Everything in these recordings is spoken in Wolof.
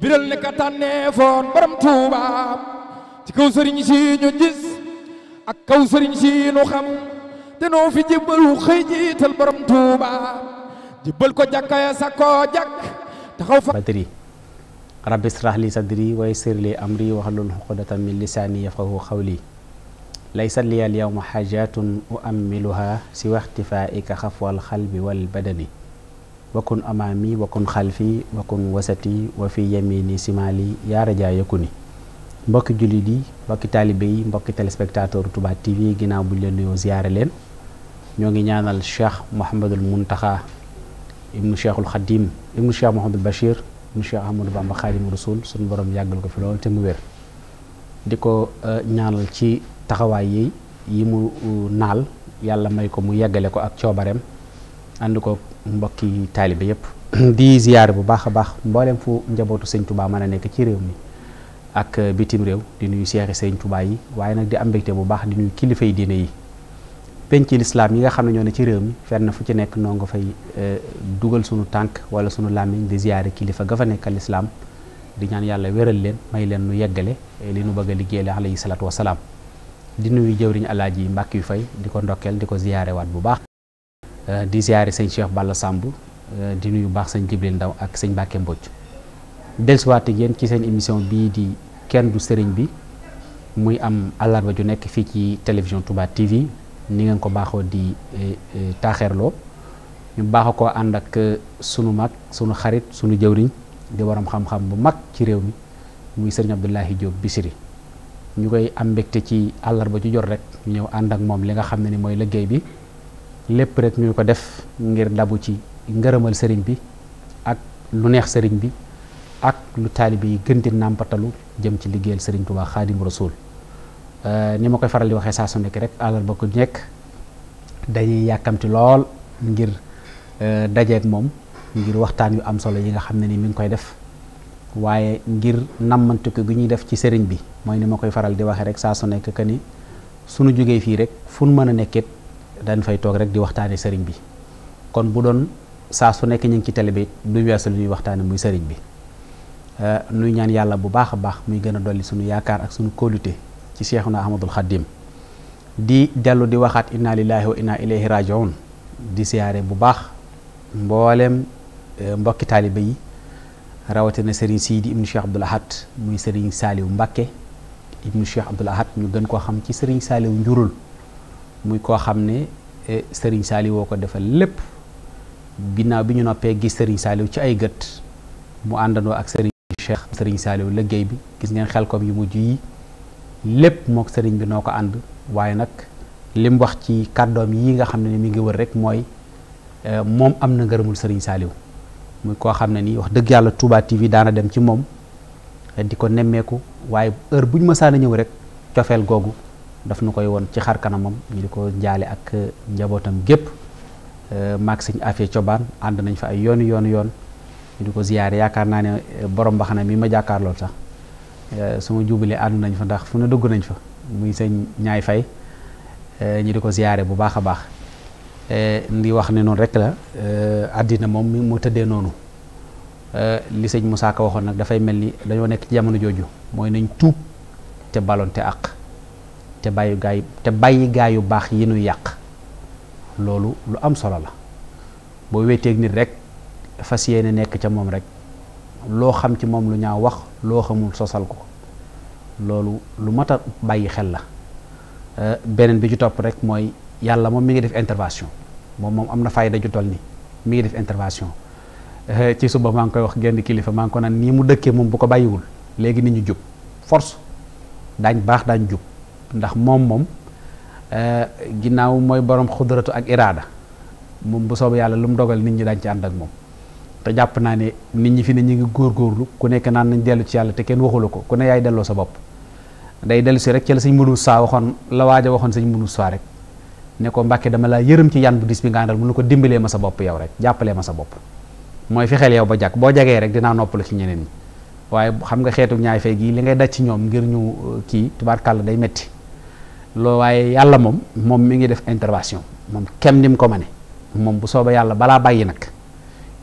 biral ne ka fon borom Touba ci kaw serigne ci ñu gis ak kaw serigne ci ñu xam te no fi jébbalu xëy jiital borom Touba jibal ko jakkay sa ko jak taxaw fa batri rabbi israh li sadri wa yassir li amri wa halul uqdatan min lisani yafqahu qawli laysa liya al yawma hajatun uammiluha si waxtifaaika xafwal xalbi wal badani wakun amaami wakun xalfi wakun wasati wa fi yamini simali yaaraja yakuni mbokki jullit yi mbokki taalibe yi mbokki téléspectateur Touba TV ginnaaw buñ leen nuyoo ziyaare leen ñoo ngi ñaanal cheikh mouhamadul muntaxa ibnu cheikhul xadim ibnu cheikh mouhamadul bachir ibnu cheikh ahmadou bamba xaadimu rasul suñu borom yàggal ko fi lool te mu wér di ko euh, ñaanal ci taxawaay yi yi mu euh, naal yàlla may ko mu yàggale ko ak coobareem ànd ko mbokki taalibe yëpp di ziyaar bu baax a baax mboolem fu njabootu sëñ Touba mën a nekk ci réew mi ak euh, bitim réew di nuyu seexi sëñ Touba yi waaye nag di am mbégte bu baax di nuyu kilifa yi diine yi penc lislaam yi nga xam ne ñoo ne ci réew mi fenn fu ci nekk noo nga fay euh, dugal sunu tànk wala sunu làmmiñ di ziyaare kilifa ga fa nekkal lislaam di ñaan yàlla wéral leen may leen nu yeggale eh, li nu bëgg a liggéeyale alayhi salaatu wasalaam di nuyu jëwriñ alaaji mbàkk yu fay di ko ndokkeel di ko ziyaarewaat bu baax Euh, di ziaré seigne Cheikh Balla Samb euh, di nuyu bax seigne Jibril Ndaw ak seigne Mbàkke Mbodj dellusiwaat ak yeen ci seigne émission bi di kenn du sëriñ bi muy am alarba ju nek fi ci télévision Touba TV ni ngeen ko baxo di euh, taxerlo ñu baax ko ànd ak sunu mak sunu xarit sunu jeuwriñ di waram xam-xam bu mak ci réew mi muy sëriñ Abdoulahi Diop bisiri ñukay am bekté ci alarba ju jor rek ñew and ak mom li nga xamné ni liggéey bi lepp rek ñu ko def ngir dabu ci ngeureumal sëriñ bi ak lu neex sëriñ bi ak lu taalibe yi gën di nàmpatalu jëm ci liggéeyal sëriñ khadim rasoul euh ni ma koy faral di waxe sa su nek rek alal ba ko ñek dañuy yakamti lool ngir euh, ak mom ngir waxtaan yu am solo yi nga xamné ni mi ngi koy def waye ngir nammantuko gi ñuy def ci sëriñ bi moy ni ma koy faral di waxe rek sa su nek ke ni sunu joggé fi rek fuñu mëna dañ fay tok rek di waxtane sëriñ bi kon bu doon sa su nek ñing ci télé bi du weesu lu ñuy waxtane muy sëriñ bi euh nuy ñaan yàlla bu baax baax muy gëna doli suñu yaakar ak suñu kolité ci cheikhuna Ahmadul khadim di dellu di waxat inna lillahi wa inna ilayhi rajiun di siaré bu baax mboolem mbokk talibé yi rawati na sëriñ Sidi ibnu Cheikh abdul Ahad muy sëriñ saliw mbacké ibnu Cheikh abdul Ahad ñu gën ko xam ci sëriñ saliw njurul muy koo xam ne e, Serigne saaliwoo ko defal lépp ginnaaw bi ñu noppee gis Serigne saaliw ci ay gët mu àndandoo ak Serigne Cheikh Serigne Saliou liggéey bi gis ngeen xel kom yu mujj yi lépp moo sëriñ bi noo ko ànd waaye nag lim wax ci kàddoom yi nga xam ne ni mi ngi wër rek mooy e, moom am na ngërëmul Serigne saaliw muy koo xam ne nii wax dëgg yàlla Touba TV daana dem ci moom di ko nemmeeku waaye heure bu ñu mësaan a ñëw rek cofeel googu. daf nu koy won ci xar kanamam ñu di ko njaale ak euh, njabootam gépp euh, maag sëñ Afia Cobaan ànd nañ fa ay yoon yoon yoon ñu di ko ziyaare yaakaar naa ne euh, borom mbaxana mi ma jàkkaarlool sax su ma jubalee ànd nañ fa ndax fu ne dugg nañ fa muy sëñ ñaay fay ñu di ko ziyaare bu baax a baax ndi wax ne noonu rek la àddina moom mi mu tëddee noonu li sëñ Moussa Ka waxoon nag dafay mel ni dañoo nekk ci jamono jooju mooy nañ tuub te balonte àq te bayu gaay te bàyyi gaay yu bax yi ñu yaq lolu lu am solo la wété ak nit rek fasiyene nek ci mom rek lo xam ci mom lu ñaaw wax lo xamul sosal ko lolu lu mata a xel la euh, benen bi ci top rek moy yalla mom mi ngi def intervention mom mom amna fayda ju toll ni mi ngi def intervention euh, ci suba ma ngi koy wax genn kilifa ma ngi ko nan ni mu dekké mom bu ko bayiwul légui nit ñu jup force dañ bax dañ jub ndax moom moom eh, ginnaaw mooy borom xudratu ak iraada moom bu soob yàlla lu mu dogal nit ñi dañ ci ànd ak moom te jàpp naa ne nit ñi fi ne ñu ngi góorgóorlu ku nekk naan nañ dellu ci yàlla te kenn waxula ko ku ne yaay delloo sa bopp day dellu si rek ci la sëñ mënu saa waxoon la waaja rek ne ko dama laa yërëm ci yan bu dis bi nga àndal mënu ko dimbalee ma sa bopp yow rek jàppalee sa bopp mooy fexeel yow ba jàkk boo jagee rek dinaa noppalu ci ñeneen ñi waaye xam ñu kii tubaarkàlla day metti lo waaye yalla mom mom mi ngi def intervention mom kem nim ko mané mom bu soba yalla bala bayyi nak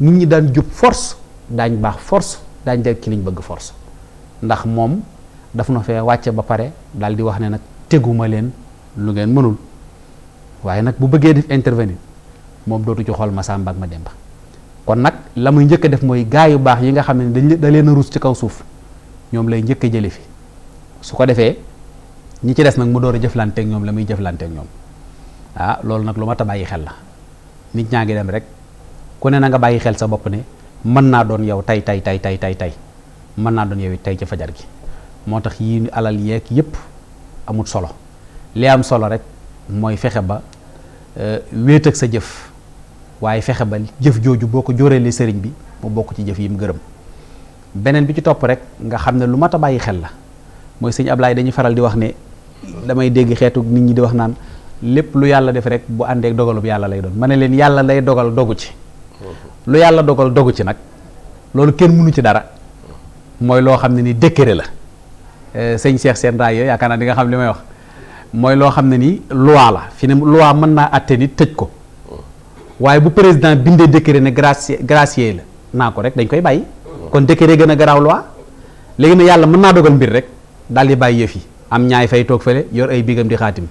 nit ñi daan jup force dañ bax force dañ def ki liñ bëgg force ndax mom, daf na fe wacce ba paré dal di wax né nak téguma leen lu ngeen mënul waye nak bu bëggé def intervenir mom dootu ci xol ma sàmba ak ma demba kon nak def moy gayu yu bax yi nga xamné dañ da leen a fe, ci kaw suuf ñom lay jëlé fi su ko défé ñi ci des nag mu door a jëflanteeg ñoom la muy jëflanteeg ñoom ah loolu nag lu mat a bàyyi xel la nit ñaa ngi dem rek ku ne na nga bàyyi xel sa bopp ne mën naa doon yow tay tay tay tay tay tay mën naa doon yow it tay ci gi moo tax yii alal yeeg yépp amut solo li am solo rek mooy fexe ba euh, wéet ak sa jëf waaye fexe ba jëf jooju boo ko jóoreele sëriñ bi mu bokk ci jëf yi mu gërëm beneen bi ci topp rek nga xam ne lu mat a bàyyi xel la mooy sëñ Ablaye dañuy faral di wax ne damay dégg xeetu nit ñi di wax naan lépp lu yàlla def rek bu àndee dogalub yàlla lay doon ma ne leen yàlla lay dogal dogu ci lu yàlla dogal dogu ci nag loolu kenn mënu ci dara mooy loo xam ne ni décret la eh, sëñ Cheikh seen raay yooyu yaakaar naa di nga xam li may wax mooy loo xam ne ni loi la fi ne loi mën naa àtte nit tëj ko waaye bu président bindee décret ne gracier gracier la naa ko rek dañ koy bàyyi kon décret gën a garaaw loi léegi na yàlla mën naa dogal mbir rek daal di bàyyi yëf yi am ñaay fay toog fële yor ay bigam di xaatim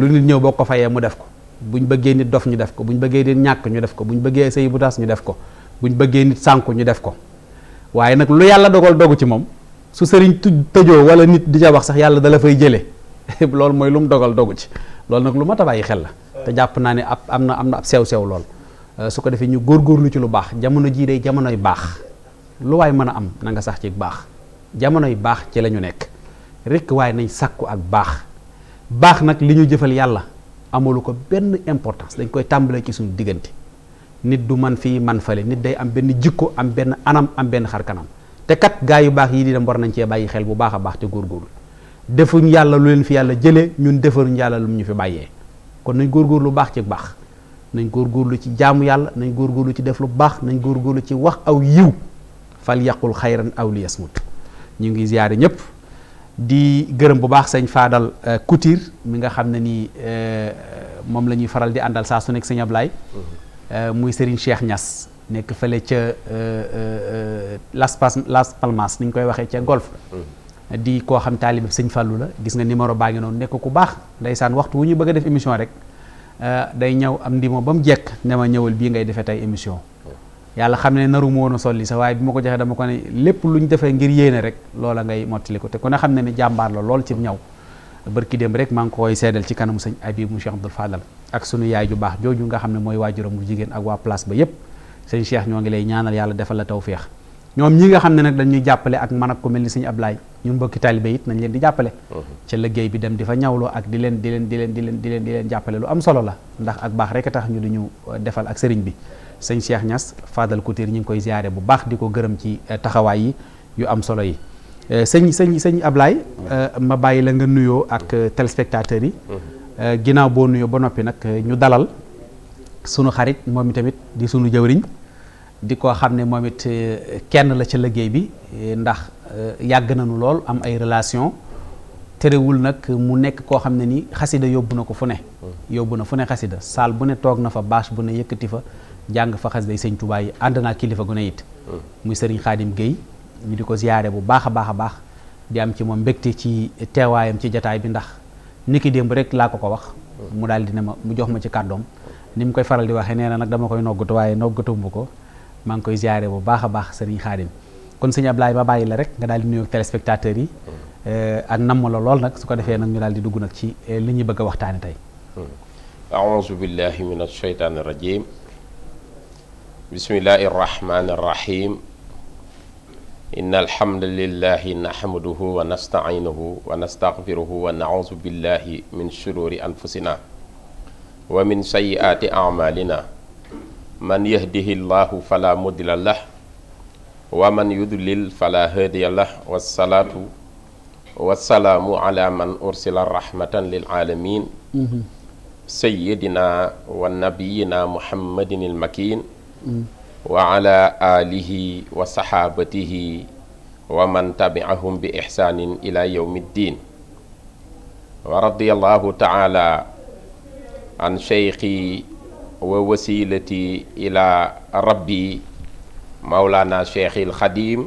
lu nit ñëw boo ko fayee mu def ko buñ bëggee nit dof ñu def ko buñ bëggee nit ñàkk ñu def ko buñ bëggee sëy bu tas ñu def ko buñ bëggee nit sànku ñu def ko waaye nag lu yàlla dogal dogu ci moom su sëriñ tu tëjoo wala nit di ca wax sax yàlla dala fay jëlee lool mooy lu mu dogal dogu ci loolu nag lu ma a bàyyi xel la te jàpp naa ne ab am na am na ab sew-sew lool euh, su ko defee ñu góor góor lu ci lu baax jamono jii day jamonoy baax lu waay mën a am na nga sax ci baax jamonoy baax ci la ñu nekk rekk waaye nañ sàkku ak baax baax nag li ñu jëfal yàlla amulu ko benn importance dañ koy tàmbalee ci suñu diggante nit du man fii man fale nit day am benn jikko am benn anam am benn xar kanam te kat gaa yu baax yii di dem war nañ cee bàyyi xel bu baax a baax te góor góorgóorlu defuñ yàlla lu leen fi yàlla jëlee ñun defaruñ yàlla lu ñu fi bàyyee kon nañ lu baax ci baax nañ góor góorgóorlu ci jaamu yàlla nañ góor góor lu ci def lu baax nañ góorgóorlu ci wax aw yiw fal yàqul xayran aw li di gërëm bu baax sañ faadal euh, Couture mi nga xam ne nii euh, moom la ñuy faral di àndal saa su nekk sëñ Ablaye mm-hmm. euh, muy Serigne Cheikh Niass nekk fële ca Las Pas Las Palmas ni ñu koy waxee ca golf mm-hmm. di koo xam taalibe sëñ Fallou la gis nga numéro baa ngi noonu nekk ku baax saan waxtu wu ñu bëgg a def émission rek day ñëw am ndimo ba mu jekk ne ma ñëwal bii ngay defee tey émission yalla xamne naru mo wona soli sa way bima ko joxe dama ko ne lepp luñu defé ngir yéene rek loola ngay mottali ko te ko ne xamne ni jambar la lool ci ñaw barki dem rek mang koy sédel ci kanam sëñ Habib mu Cheikh Abdoul Fadal ak sunu yaay ju bax joju nga xamne moy wajuram bu ak wa place ba yépp sëñ Cheikh ñoo lay ñaanal yalla defal la tawfiq ñom ñi nga xamne nak dañuy jappalé ak manak ko melni ni ablay ñun bokki talibé yit nañ leen di jappalé ci liggéey bi dem di fa ak di leen di leen di leen di leen di leen jappalé lu am solo la ndax ak bax rek tax ñu duñu eh, defal ak sëriñ bi sëñ Cheikh Niass Fadal Couture ñu ngi koy ziare bu baax di ko gërëm ci eh, taxawaay yi yu am solo yi eh, sëñ sëñ sëñ Ablaye eh, ma bàyyi la nga nuyoo ak téléspectateurs yi ginnaaw boo nuyoo ba noppi nag ñu dalal sunu xarit moom i tamit di sunu jëwriñ di ko xam ne moom it kenn la ci liggéey bi ndax yàgg nañu lool am ay relation terewul nag mu nekk koo xam ne ni xasida yóbbu na ko fu ne mm. yóbbu na fu ne xasida saal bu ne toog na fa bâche bu ne yëkkati fa jàng fa xas day sëñ Tuubaa yi ànd naa kilifa gu ne it muy sëriñ Xaadim Guèye ñu di ko ziyaare bu baax a baax a baax di am ci moom mbégte ci teewaayam ci jataay bi ndax niki démb rek laa ko ko wax mu daal di ne ma mu jox ma ci kàddoom ni mu koy faral di waxee nee na nag dama koy noggatu waaye bu ko maa ngi koy ziyaare bu baax a baax sëriñ Xaadim kon sëñ laay ma bàyyi la rek nga daal di nuyu téléspectateurs yi eh, ak namm la lool nag su ko defee nag ñu daal di dugg nag ci eh, li ñuy bëgg a waxtaane tey hmm. aouzu billahi min asheytaani rajim بسم الله الرحمن الرحيم إن الحمد لله نحمده ونستعينه ونستغفره ونعوذ بالله من شرور أنفسنا ومن سيئات أعمالنا من يهده الله فلا مضل له ومن يضلل فلا هادي له والصلاة والسلام على من أرسل رحمة للعالمين سيدنا ونبينا محمد المكين وعلى آله وصحابته ومن تبعهم بإحسان إلى يوم الدين ورضي الله تعالى عن شيخي ووسيلتي إلى ربي مولانا شيخ الخديم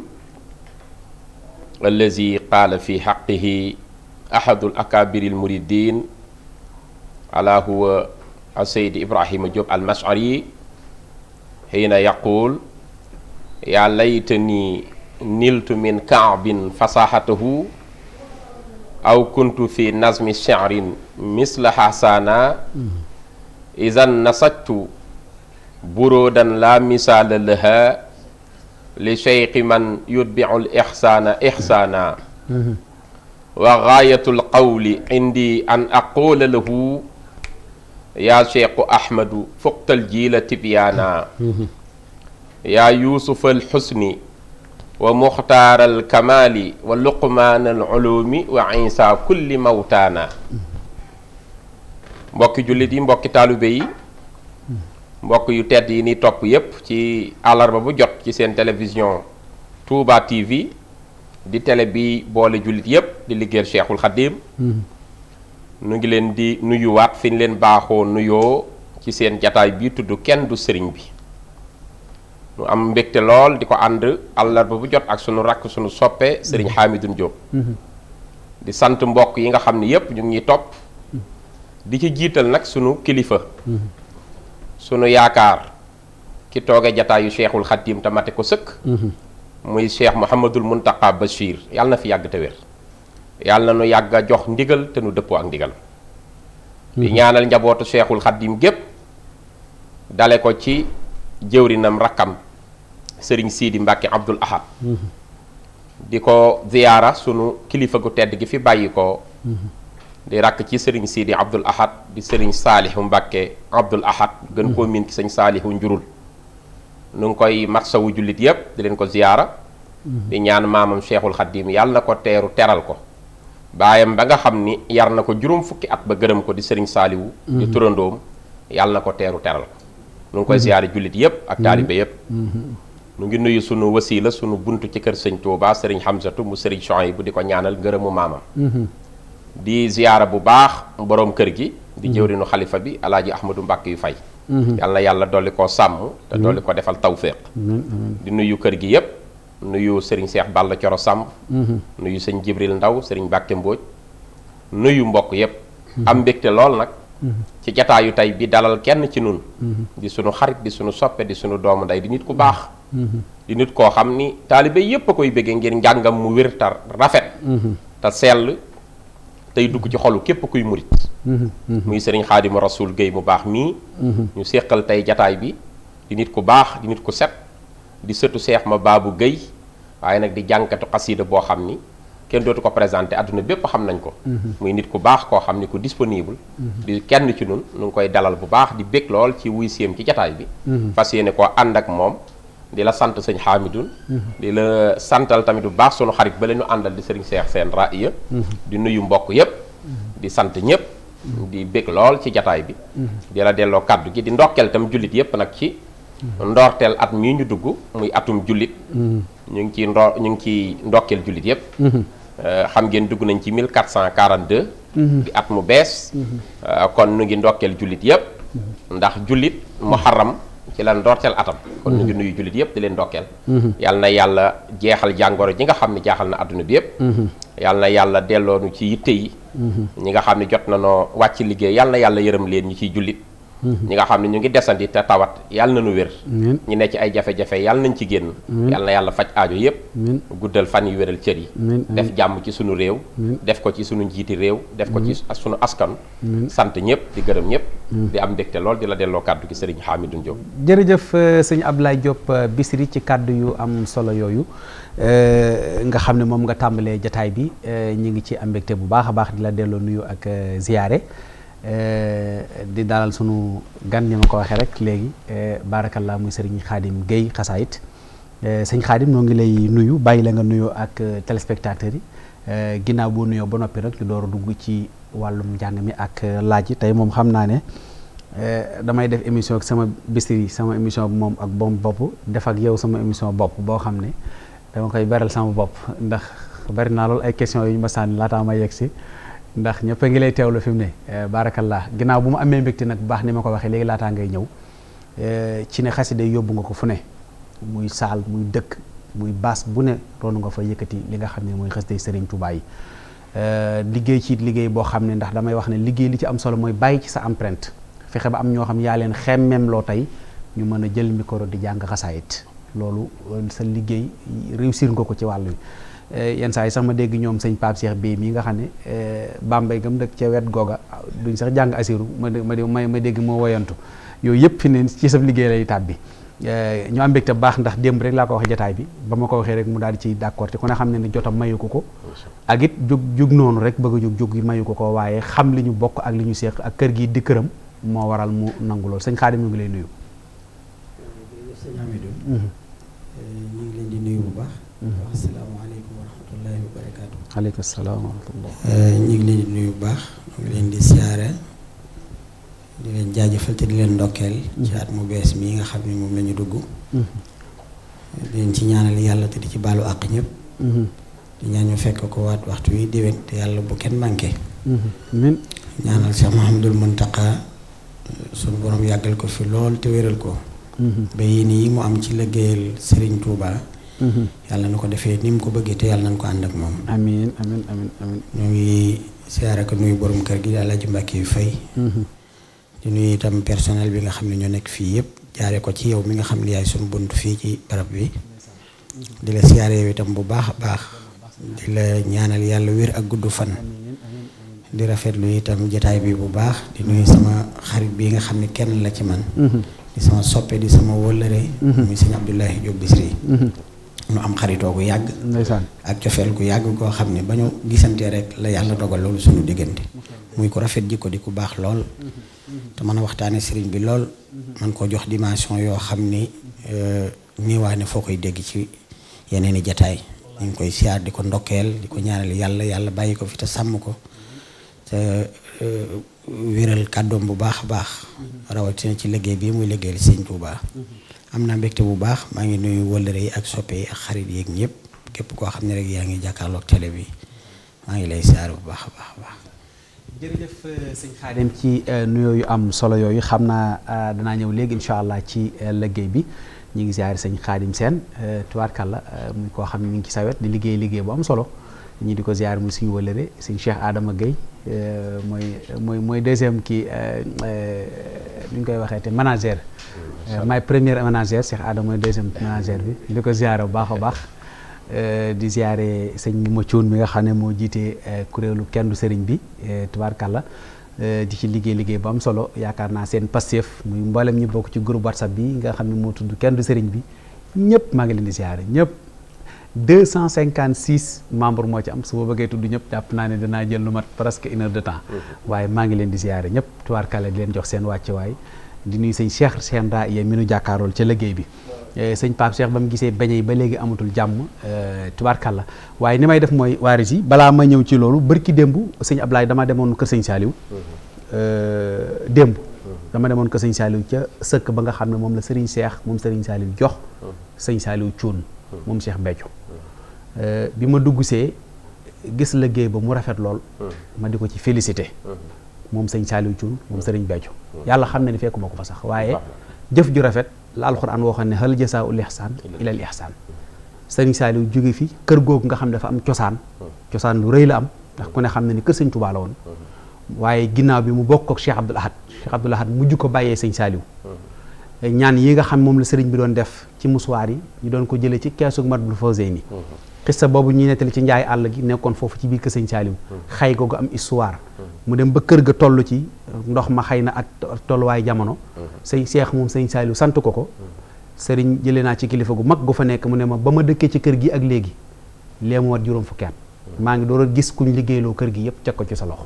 الذي قال في حقه أحد الأكابر المريدين على هو السيد إبراهيم جوب المشعري حين يقول يا ليتني نلت من كعب فصاحته أو كنت في نظم شعر مثل حسانا إذا نسجت برودا لا مثال لها لشيخ من يتبع الإحسان إحسانا وغاية القول عندي أن أقول له يا شيخ أحمد فقت الجيل تبيانا يا يوسف الحسن ومختار الكمال ولقمان العلوم وعيسى كل موتانا مبكي جولي دي مبكي طالبي مبكي يوتيد ني توب ييب سي الاربا بو جوت سي سين تيليفزيون توبا تي في دي تيلي بي بولي جولي ييب دي ليغير شيخ الخديم nu ngi leen di nuyuwaat fi ñu leen baaxoo nuyoo ci seen jataay bii tudd kenn du sëriñ bi nu am mbégte lool di ko ànd àllarba bu jot ak sunu rakk sunu soppe sëriñ Hamidou Diop di sant mbokk yi nga xam ni yépp ñu ngi ñuy topp di ci jiital nag sunu kilifa sunu yaakaar ki tooge jataayu cheikhul xadim te mate ko sëkk mm-hmm. muy cheikh Mouhamadul Mountakha Bachir yàlla na fi yàgg te yàlla na nu yàgg a jox ndigal te nu dëppoo ak ndigal di ñaanal njabootu seexul xaddim gépp dale ko ci jëwrinam rakkam sëriñ siidi mbàkke abdul ahad mhm. di ko ziyaara sunu kilifa gu tedd gi fi bàyyi ko mhm. di rakk ci sëriñ siidi abdul ahad di sëriñ saalihu mbàkke abdul ahad gën koo mhm. miin ci sëñ saalihu njurul nu ngi koy matsawu jullit yépp di leen ko ziyaara di ñaan maamam seexul xaddim yàlla na ko teeru teral ko baayam ba nga xam ni yar na ko juróom fukki at ba gërëm ko di sëriñ saaliwu mm-hmm. di turandoom yàlla na ko teeru teral ko nu ngi koy siyaare mm-hmm. jullit yëpp ak taalibe yëpp mm-hmm. nu ngi nuyu sunu wasiila sunu bunt ci kër sëñ Touba sëriñ Hamzatu mu sëriñ bu di ko ñaanal ngërëmu maamam di ziyaara bu baax boroom kër gi di jëwrinu xalifa bi alaaji ahmadu mbàkk yu fay yàlla yàlla dolli koo sàmm te dolli ko defal tawféex di nuyu kër gi yëpp nuyu sëriñ Seex Balla Coro Samb mhm. nuyu sëñ Jibril Ndaw sëriñ Bàkke Mbóoj nuyu mbokk yépp mhm. am mbégte lool nag mhm. ci jataayu tey bi dalal kenn ci nun di sunu xarit di sunu soppe di sunu doomu ndey di nit ku baax di nit koo xam ni taalibe yépp a koy bëggee ngir njàngam mu wér te rafet te sell tey dugg ci xolu képp kuy murit muy sëriñ Xaadimu Rasuul Géey mu baax mii ñu séqal tey jataay bi di nit ku baax di nit set di sëtu seex ma bu Géey waaye nag di jànkatu xasiida boo xam ni kenn dootu ko présenté àdduna bépp xam nañ ko mhm. muy nit ku baax koo xam ni ku disponible mhm. di kenn ci nun nu ngi koy dalal bu baax di bég lool ci wuy séem ci jataay bi mhm. fas yéene koo ànd ak moom di la sant sëñ Xaamidun di la santal tamit bu baax sunu xarit ba la ñu àndal di sëriñ Seex seen raaya di nuyu mbokk yépp di sant ñépp di bég lool ci jataay bi di la delloo kàddu gi di ndokkeel tamit jullit yépp nag ci ndoorteel at mii ñu dugg muy atum jullit mm-hmm. ñu ngi ci ndoo ñu ngi ci ndokkeel jullit yépp mm-hmm. euh, xam ngeen dugg nañ ci 1442 mm-hmm. di at mu bees euh, kon nu ngi ndokkeel jullit yépp ndax jullit muharram ci la ndoorteel atam kon ñu ngi nuyu jullit yépp di leen ndokkeel yàlla na yàlla jeexal jàngoro ji nga xam ne jaaxal na àdduna bi yépp yàlla na yàlla delloonu ci yitte yi ñi nga xam ne jot na noo wàcc liggéey yàlla na yàlla yërëm leen ñi ciy jullit ñi nga xam ne ñu ngi desandi te tawat yàlla na nu wér ñi ne ci ay jafe-jafe yàlla nañ ci génn yàlla na yàlla faj aajo yépp guddal fan yi wéral cër yi def jàmm ci sunu réew def ko ci sunu njiiti réew def ko ci sunu askan sant ñëpp di gërëm ñëpp di am mbégte lool di la delloo kàddu gi sëriñ Hamidou Diop jërëjëf euh, sëñ Abdoulaye Diop euh, Bichri ci kàddu yu am solo yooyu euh, nga xam ne moom nga tàmbalee jataay bi ñu ngi ci am mbégte bu baax a baax di la delloo nuyu ak ziyaare Eh, di dalal sunu gan ni ma ko waxee rek léegi eh, baarakallah muy sëriñ Xaadim Guèye xasaayit eh, sëñ Xaadim noo ngi lay nuyu bàyyi la nga nuyoo ak téléspectateurs yi ginnaaw boo nuyoo ba noppi rek ñu door a dugg ci wàllum njàng mi ak laaj yi tey moom xam naa ne damay def émission ak sama Bichri sama émission moom ak boom bopp def ak yow sama émission bopp boo xam ne dama koy beral sama bopp ndax bari naa lool ay question yu ñu ma sànni laataa ma yegg si. ndax ñëpp a ngi lay teewlu fi mu ne eh, baarakallah ginnaaw bu mu amee mbégte nag bu baax ni ma ko waxee léegi laataa ngay ñëw eh, ci ne xasida yóbbu nga ko fu ne muy saal muy dëkk muy baas bu ne roonu nga fa yëkkati li nga xam ne mooy xasida Serigne Touba yi eh, liggéey ci liggéey boo xam ne ndax damay wax ne liggéey li ci am solo mooy bàyyi ci sa empreinte fexe ba am ñoo xam yaa leen xemmeem loo tey ñu mën a jël micro di jàng xasaayit loolu sa liggéey réussir nga ko ci wàll wi Eh, yenn saa yi sax ma dégg ñoom sëñ Pape Cheikh bii mii nga xam ne eh, Bambey gam dëkk ca wet googa duñ sax jàng asiru ma ma ma dégg moo woyantu yooyu yëpp fi ne ci sab liggéey lay tàbbi eh, ñu am mbégte baax ndax démb rek laa ko wax jataay bi ba ma ko waxee rek mu daal di ciy d'accord te ku ne xam ne ne jotam mayu ko ko ak it jug jug noonu rek bëgg a jug mayu ko ko waaye xam li ñu bokk ak li ñu seeq ak kër gi di këram moo waral mu nangu lool sëñ Xaadim ñu ngi lay nuyu mhm. leen di nuyu bu baax mhm. aleykum salaam wa rahmatullah eh, ñu ngi leen di nuyu bu baax ñu ngi leen di siyaare di leen jaajëfal te di leen ndokkeel ci at mu bees mii nga xam ne moom la ñu dugg mm-hmm. di leen ci ñaanal yàlla te di ci baalu àq mm-hmm. di ñaan ñu fekk ko waat waxtu wi déwén te yàlla bu kenn manqué mm-hmm. amiin ñaanal Cheikh Muntaqa borom ko fi lool te wéral ko ba yéen mu am ci liggéeyal Serigne Touba yalla nako defé nim ko bëggé té yalla nañ ko and ak mom amin. amin amin amin ñu ngi siyaare ko nuyu borom kër gi ji Mbàkke Fay. Mhm. di nuyu tam personnel bi nga xamni ñu ñoo nekk fii yëpp jaare ko ci yow mi nga xamni yaay suñu buntu fi ci barab bi. di la siyaare yow tam bu baax baax. di la ñaanal yalla wër ak guddu fan. di lu itam jotaay bi bu baax di nuyu sama xarit bi nga xamni kenn la ci man. Mhm. di sama soppé di sama wóllëre. Mhm. muy seigne Abdoulahi Diop Bisri. nu am xaritoo gu yàgg. ndeysaan ak cofeel ku yàgg koo xam ne ba ñu gisantee rek la yàlla dogal loolu suñu diggante. muy ko rafet jikko di ku baax lool. te mën a waxtaanee sëriñ bi lool. man koo jox dimension yoo xam ni euh, nii waa ne foo koy dégg ci yeneen i jataay. ñu ngi koy siyaar di ko ndokkeel di ko ñaanal yàlla yàlla bàyyi ko fi te sàmm ko. te euh, wéral kàddoom bu baax a baax. rawatina ci liggéey bii muy liggéeyal sëriñ Tuubaa am na mbégte bu baax maa ngi nuyu wëllëre yi ak soppe yi ak xarit yeeg ñëpp képp koo xam ne rek yaa ngi jàkkaarloog télé bi maa ngi lay saar bu baax a baax a baax. jërëjëf euh, sëñ Xaadim ci euh, nuyoo yu am solo yooyu xam naa euh, danaa ñëw léegi incha allah ci liggéey bi ñu ngi ziare sëñ Xaadim seen tubaarkàlla muy koo xam ne ñu ngi ci sawet di liggéey liggéey bu am solo ñu di ko ziare muy suñu wëllëre sëñ Cheikh Adama Guèye mooy mooy mooy deuxième kii nu ñu koy waxee te manager. Euh, maay première ménagère Cheikh Adama mooy deuxième ménagère bi di ko ziare bu baax a baax euh, di ziare sëñ bi ma cuun mi nga xam ne moo jiite euh, kuréelu kenn du sëriñ bi tubaarkàlla di ci liggéey liggéey ba am solo yaakaar naa seen Pastef muy mboolem ñu bokk ci groupe WhatsApp bi nga xam ne moo tudd kenn du sëriñ bi ñëpp maa ngi leen di cent ñëpp 256 membres moo ci am su ma bëggee tudd ñëpp jàpp naa ne danaa jël lu mat presque une heure de temps mm-hmm. maa ngi leen di ziare ñëpp tubaarkàlla di leen jox seen wàccuwaay di nuyu sëñ Cheikh Sène Raaya mi nu jàkkaarool ca liggéey bi eh, sëñ Pape Cheikh ba mu gisee beñe yi ba léegi amatul jàmm eh, tubaarkàlla waaye ni may def mooy waaris yi balaa ma ñëw ci loolu bërki démb sëñ Ablaye dama demoon kër sëñ Saliou mm-hmm. eh, démb dama demoon kër sëñ Saliou ca sëkk ba nga xam ne moom la sëriñ seex moom sëriñ Saliou jox mm-hmm. sëñ Saliou Thioune mm-hmm. moom Cheikh Béthio bi ma duggsee gis liggéey ba mu rafet lool ma di ko ci félicité moom sëñ Saliou Thioune moom hmm. sëriñ Béthio hmm. yàlla xam na ni fekkuma ko fa sax waaye jëf ju rafet la alxuraan waxoon ne hal jasaa'ul ihsaan ilal ihsaan sëriñ Saliou jóge fi kër googu nga xam dafa am cosaan hmm. cosaan lu rëy la am ndax ku ne xam na ni kër sëñ Touba la woon waaye ginnaaw bi mu bokk ak Cheikh Abdoul Ahad Cheikh Abdoul Ahad mujj ko bàyyee sëñ Saliou ñaan yi nga xam moom la sëriñ bi doon def ci musuwaar yi ñu doon ko jëlee ci keesu Matlaboul Fawzayni sa boobu ñuy nettali ci njaay àll gi nekkoon foofu ci biir kër sëñ Saaliw xay googu am histoire mu dem ba kër ga tollu ci ndox ma xëy na ak tolluwaay jamono sëñ Seex moom sëñ Saaliw sant ko ko sëriñ jëlee naa ci kilifa gu mag gu fa nekk mu ne ma ba ma dëkkee ci kër gi ak léegi lee mu war juróom fukki maa ngi door gis kuñ liggéeyloo kër gi yëpp teg ko ci sa loxo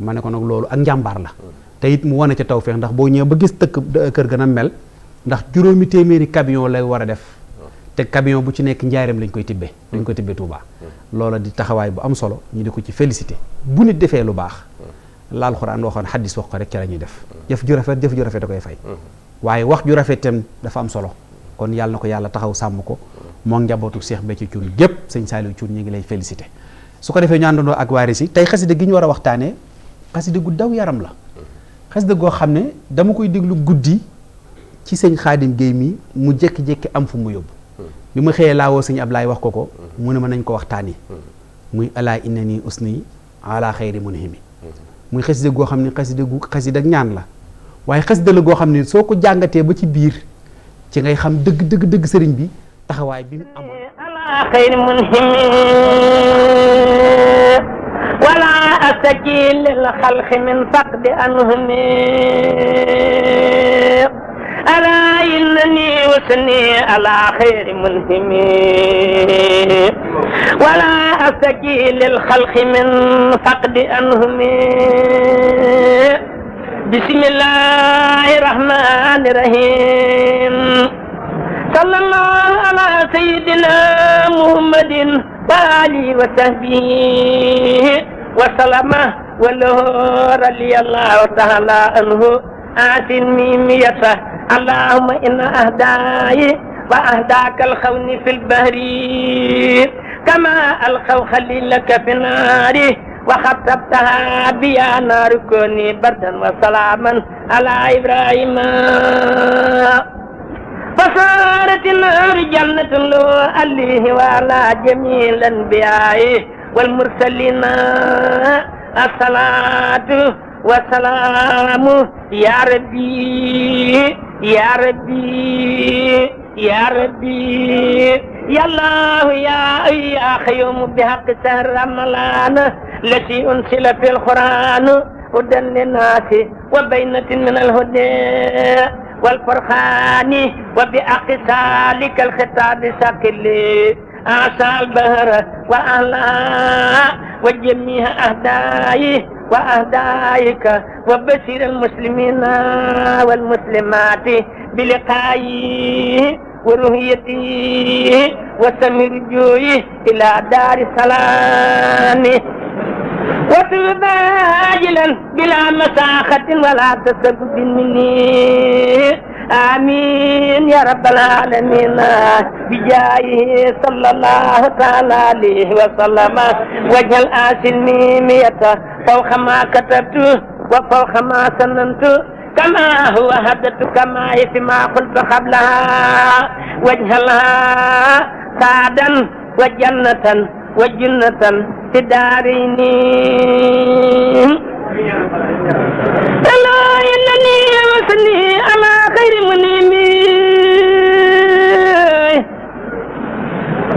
ma ne ko nag loolu ak njàmbaar la te it mu wane ca tawféex ndax boo ñëwee ba gis tëkk kër ga na mel ndax juróomi téeméeri camion lay war a def te camion bu ci nekk njaareem lañ koy tibbee dañ koy tibbee Touba loola di taxawaay bu am solo ñu di ko ci félicité bu nit defee lu baax la alxuraan waxoon xaddis wax ko rek ci la ñuy def jëf ju rafet jëf ju rafet da koy fay waaye wax ju rafet dafa am solo kon yàlla ko yàlla taxaw sàmm ko moom njabootu Cheikh Béthio Thioune gépp sëñ Saliou Thioune ñu ngi lay félicité su ko defee ñu àndandoo ak waaris si tey xasida gi ñu war a waxtaanee xasida gu daw yaram la xasida goo xam ne dama koy déglu guddi ci sëñ Xaadim Géey mi mu jékki-jékki am fu mu yóbbu bi ma xëyee laawoo sëñ Ablaay wax ko ko mu ne ma nañ ko waxtaani mm-hmm. muy alaa inna nii usni ala xayri munhimi mm-hmm. muy xasida goo xam ne xasida gu xasida ak ñaan la waaye xasida la goo xam ne soo ko jàngatee ba ci biir ci ngay xam dëgg dëgg sëriñ bi taxawaay bi mu amoon ala xayri munhimi wala astaki lil xalqi min faqdi anhumi ala يوسني على خير منهم ولا أستكي للخلق من فقد أنهم بسم الله الرحمن الرحيم صلى الله على سيدنا محمد وآله وصحبه وسلم وله رضي الله تعالى عنه آتني ميته اللهم إن أهداي وأهداك الخون في البهر كما ألقوا خليلك في النار وخطبتها بيا نار كوني بردا وسلاما على إبراهيم فصارت النار جنة له عليه وعلى جميع أنبيائه والمرسلين الصلاة والسلام يا ربي يا ربي يا ربي يا الله يا يا خيوم بحق سهر رمضان التي أنزل في القرآن هدى للناس وبينة من الهدى والفرخان لك الخطاب ساكل أعصى البهر وأهلها وجميع أهدائه وأهدائك وبشر المسلمين والمسلمات بلقائه ورؤيته وسمي رجوعه إلى دار سلامه وتب عاجلا بلا مساخة ولا تسبب مني آمين يا رب العالمين بجايه صلى الله تعالى عليه وسلم وجه واجعل ميمية فوق ما كتبت وفوق ما سننت كما هو هدت كما في ما قلت قبلها واجعلها سعدا وجنة وجنة في دارين ألا إنني وسني أم خير منيمي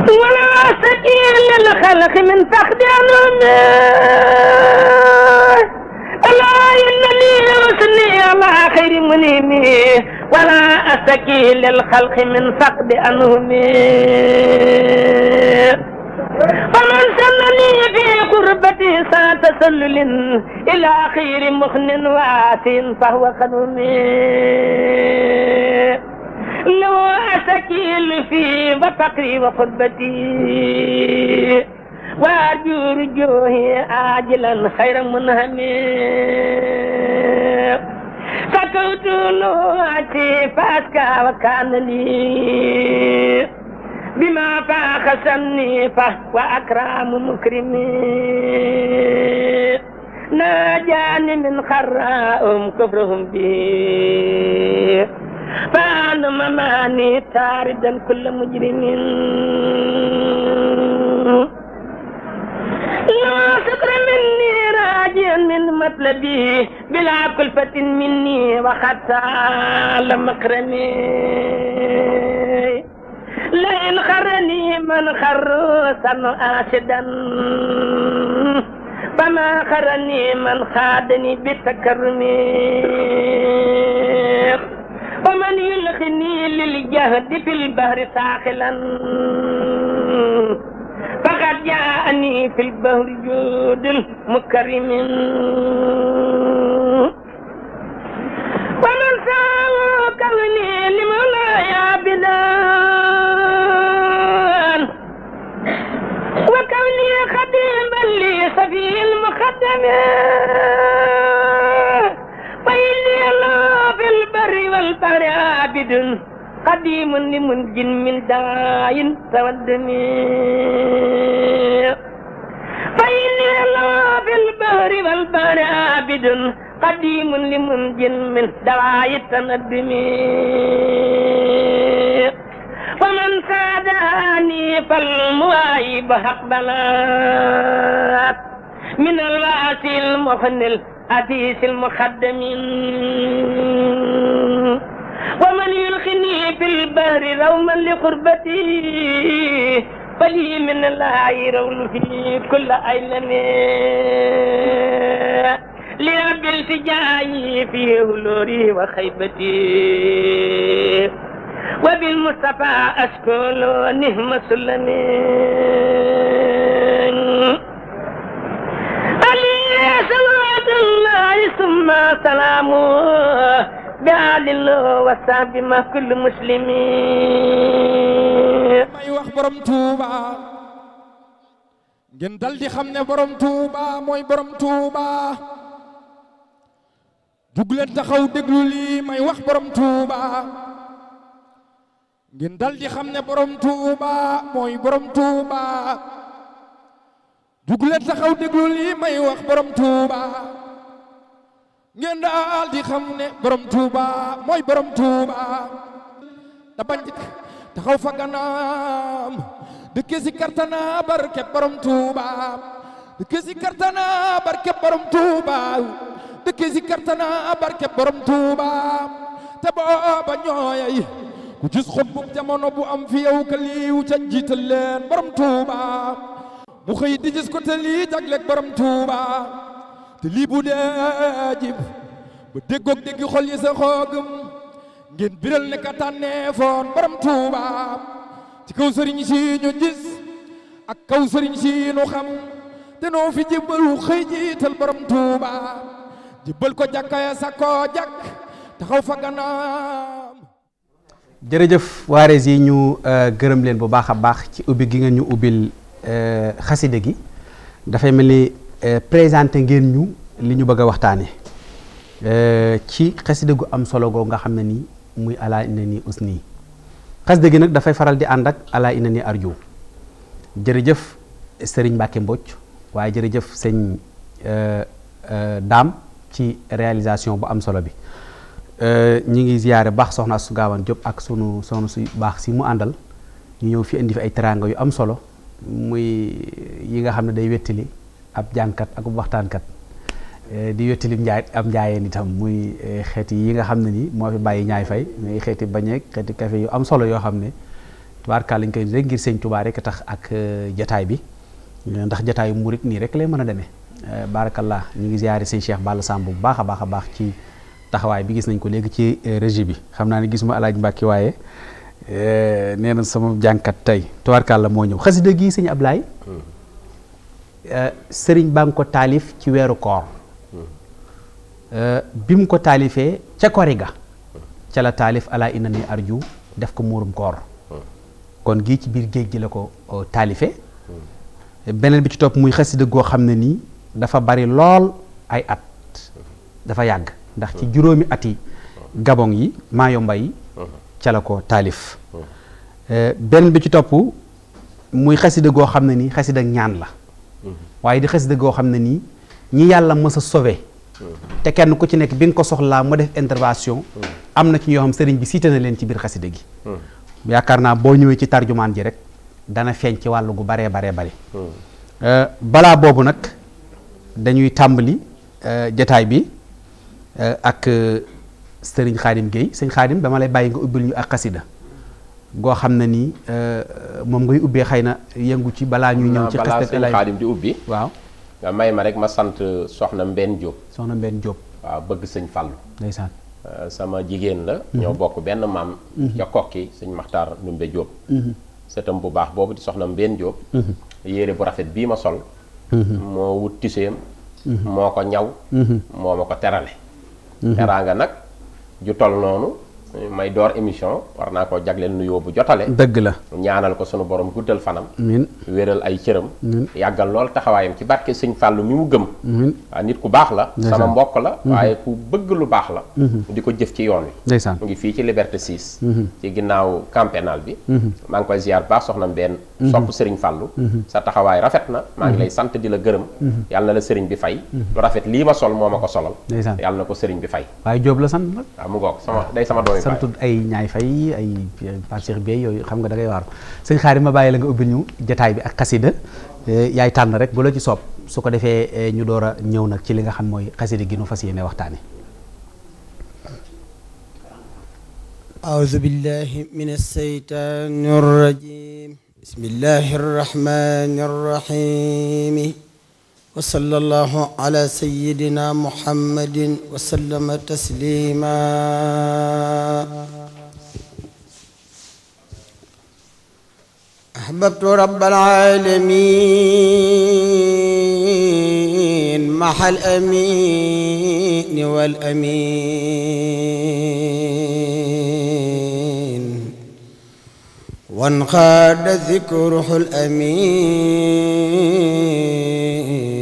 ولا سكين للخلق من فخد علومي خير منيمي ولا أستكي للخلق من فقد أنومي فمن سمني في قربتي ساعة تسلل إلى خير مخن وآت فهو خدمي لو أشكيل في وفقري وخطبتي وأرجو رجوعي آجلا خير منهمي سكوت نواتي فاسكا وكان لي بما فاخ سنيفه وأكرام مكرمين ناجاني من خراهم كفرهم به فأنا مماني تاردا كل مجرم لا شكر مني راجيا من مطلبي بلا كلفة مني وخطا لمكرمي لئن خرني من خروسا آشدا فما خرني من خادني بتكرمي ومن يلخني للجهد في البهر ساخلا فقد جاءني في البهر جود مكرم ومن فعل كوني لمولاي عبدا وكوني خديما لي صفي المخدم وإني الله في البر والبحر عابد قديم لمنج من داع تودمي فإني الله في البهر والبهر عابد قديم لمنج من دعاء التندم ومن ساداني فالمواهب حقبنا من الواسي المخن الأديس المخدم ومن يلخني في البهر روما لقربتي بلي من الله العير في كل عين لرب التجاهي في هلوري وخيبتي وبالمصطفى أشكر نهم سلمين علي صلوات الله ثم سلامه بعال الله وصحب ما كل مسلمين may wax borom Touba ngeen dal xam ne borom Touba mooy borom Touba jug leen dal di xam ne borom Touba mooy borom Touba jug taxaw déglu lii may wax borom Touba ngeen daal di xam ne borom Touba mooy borom Touba da bañ taxaw fa gànnaam dëkk si kartana barke borom Touba dëkk si kartana barke borom Touba dëkk si kartana barke borom Touba ñooyay ku gis xutbu jamono bu am fi yow ka liiw ca borom Touba bu xëy di gis ko te lii borom Touba. lii bu dee jib ba déggoog déggi xol yi sa xoogum ngeen biral ne tànneefoon borom Tuuba ci kaw sëriñ si ñu gis ak kaw sëriñ si ñu xam te noo fi jébbalu xëy jiital borom Tuuba jébbal ko jàkka ya sa ko jàkk taxaw fa ganaam jërëjëf waarees yi ñu euh, gërëm leen bu baax a baax ci ubbi gi ngeen ñu ubbil euh, xaside gi dafay mel ni Euh, présenté ngeen ñu li ñu bëgg a waxtaanee euh, ci xasida gu am solo goo nga xam ne nii muy alaa ina nii usni xasida gi nag dafay faral di ànd ak alaa ina nii arju jërëjëf sëriñ Mbacke Mbodj waaye jërëjëf sëñ euh, daam ci réalisation bu am solo bi ñu ngi ziyaare baax soxna su gaawan Diop ak sunu soxna su baax si mu àndal ñu ñëw fi indi fi ay teraanga yu am solo muy yi nga xam ne day wettali ab jànkat ak ab waxtaankat eh, di yottali njaay ab njaayeen itam muy eh, xeet yi nga xam ne nii moo fi bàyyi ñaay fay muy xeeti bañeek xeeti café yu am solo yoo xam ne tubaarkaal lañ koy rek ngir sëñ Tuubaa rek tax ak eh, jataay bi ndax jataayu murit nii rek lay mën a demee baarakallah ñu ngi ziyaare sëñ Cheikh Balla Samb bu baax a baax a baax ci taxawaay bi gis nañ ko léegi ci régie bi xam naa ne gisuma alaaj Mbàkke waaye nee na sama jànkat tey tubaarkaal la moo ñëw xasida gi sëñ Ablaay Euh, sëriñ baa ngi ko taalif ci weeru koor euh, bi mu ko taalifee ca kori ga ca la taalif ala inna ni arju def ko muurum koor kon gii ci biir géej gi la ko euh, taalife beneen bi ci topp muy xasida goo xam ne nii dafa bari lool ay at dafa yàgg ndax ci juróomi ati gabon yi maayomba yi ca ko taalif beneen bi ci topp muy xasida goo xam ne nii xasida ñaan la waaye di xasida goo xam ne nii ñi yàlla mës a te kenn ku ci nekk bi nga ko soxlaa mu def intervention am na ci ñoo xam sëriñ bi siite na leen ci biir xasida gi yaakaar naa boo ñëwee ci tarjumaan ji rek dana feeñ ci wàllu gu baree baree bari euh, balaa boobu nag dañuy tàmbali euh, jataay bi euh, ak sëriñ Xaadim géey sëñ Xaadim dama lay bàyyi nga ubbil ñu ak xasida go xamna ni euh mom ngay ubbee xayna na yëngu ci bala ñu ñëw ci xestete lay xadim di ubbi waaw nga may ma rek ma sante euh, soxna mbenn job soxna mbenn job waaw bëgg señ fallu ndaysan euh, sama jigen la mhm. ñoo bokk benn mam mhm. ci kokki sëñ maxtaar numbe job mhm. setam bu baax bobu di soxna mbenn job yéré bu rafet bi ma sol mo wut tiseem moko ñaw momako téralé téranga nak ju toll nonu may door émission war naa ko jagleel nuyoo bu jotale. dëgg la ñaanal ko sunu borom guddal fanam. amiin wéral ay cëram. yàggal lool taxawaayam ci barke sëñ Fàllu mi mu gëm. nit ku baax la. sama mbokk la. Mm-hmm. waaye ku bëgg lu baax la. Mm-hmm. di ko jëf ci yoon wi. ndeysaan mu ngi fii ci Liberté 6. Mm-hmm. ci ginnaaw camp bi. maa ngi koy ziar baax soxna Mbène. sopp sëriñ Fàllu sa taxawaay rafet na. maa ngi lay sant di la gërëm. yàlla na la sëriñ bi fay. lu rafet lii ma sol moo ma ko solal. yàlla na ko sëriñ bi fay. waaye Jóob la sant nag. waaw ah, mu ngoog sama day sama doom santud ay ñaay fay ay Pape Cheikh yooyu xam nga da ngay waaru sëñ xaari ma bàyyi la nga ubbil ñu jataay bi ak xasida yaay tànn rek bu la ci soob su ko defee ñu door ñëw nag ci li nga xam mooy xasida gi nu fas yéene waxtaane أعوذ بالله من الشيطان بسم الله الرحمن الرحيم وصلى الله على سيدنا محمد وسلم تسليما أحببت رب العالمين مع الأمين والأمين وانقاد ذكره الأمين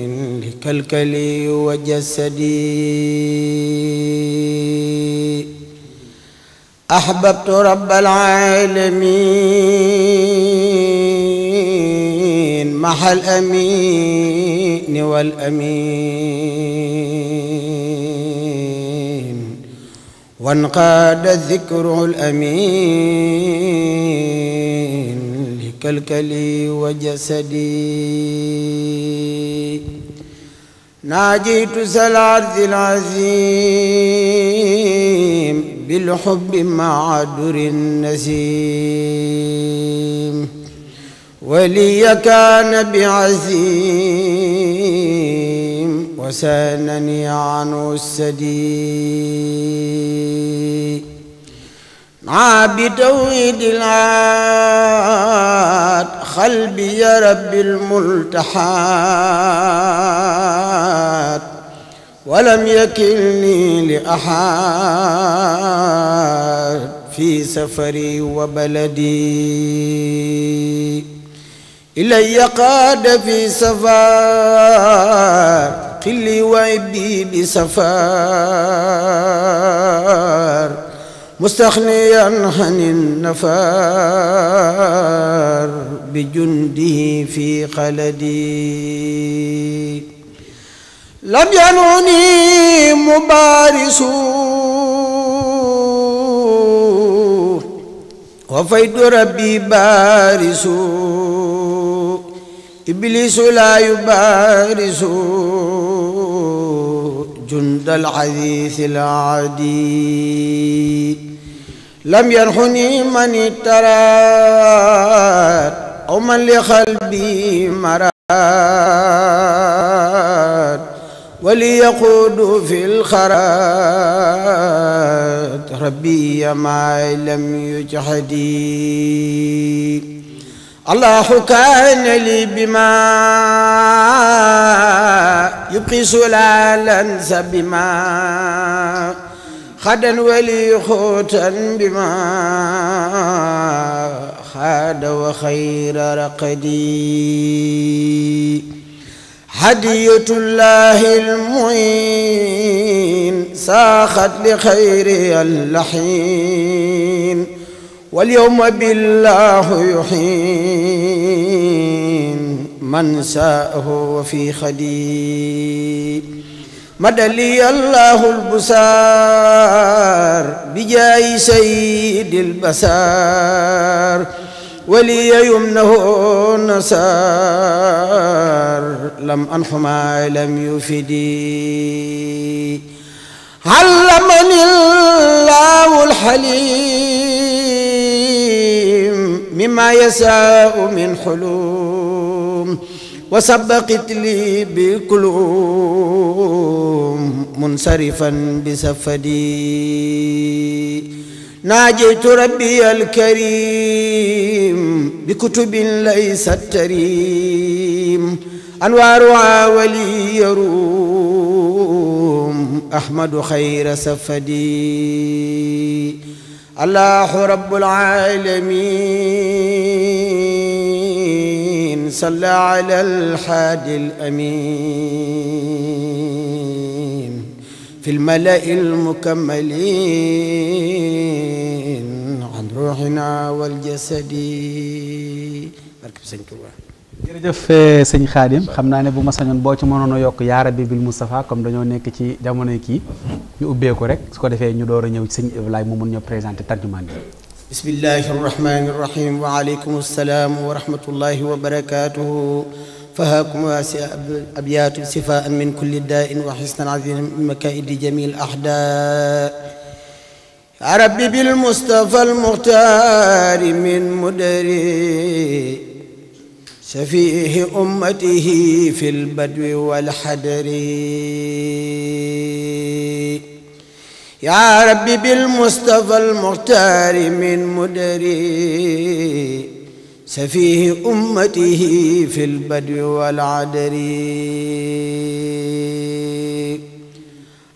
كالكلي وجسدي أحببت رب العالمين مع الأمين والأمين وانقاد ذكر الأمين لكلكلي وجسدي ناجيت ذا العرض العظيم بالحب مع در النسيم ولي كان بعزيم وسانني عنه السديم مع بتوحيد العاد قلبي يا رب الملتحات ولم يكلني لأحد في سفري وبلدي إلي قاد في سفر قلي وعدي بسفر مستخنيا عن النفار بجنده في خلدي لم ينعني مبارس وفيد ربي بارس إبليس لا يبارس جند العزيز العديد لم ينحني من اترات أو من لقلبي مرات وليقود في الخرات ربي ما لم يجحدي الله كان لي بما يبقي سلالا سبما خدا ولي خوتا بما خاد وخير رقدي هدية الله المعين ساخت لخير اللحين واليوم بالله يحين من ساءه في خدي مد لي الله البصار بجاي سيد البصار ولي يمنه النصار لم أنحما ما لم يفدي علمني الله الحليم مما يساء من حلوم وسبقت لي بكلوم منصرفا بسفدي ناجيت ربي الكريم بكتب ليست تريم أنوارها ولي يروم أحمد خير سفدي الله رب العالمين الدين صلى على الحادي الأمين في الملأ المكملين عن روحنا والجسد barke sëñ Touba jërëjëf sëñ Khadim xam naa ne bu ma sañoon boo ci mënoon a yokk yaara bi bil Moustapha comme dañoo nekk ci jamono kii ñu ubbeeku rek su ko defee ñu door a ñëw ci sëñ Ibrahima mu mun ñoo présenté tarjumaan bi بسم الله الرحمن الرحيم وعليكم السلام ورحمة الله وبركاته فهاكم واسع أبيات صفاء من كل داء وحسنا عظيم من مكائد جميل أحداء عرب بالمصطفى المختار من مدري سفيه أمته في البدو والحدر يا ربي بالمصطفى المختار من مدري سفيه أمته في البدو والعدر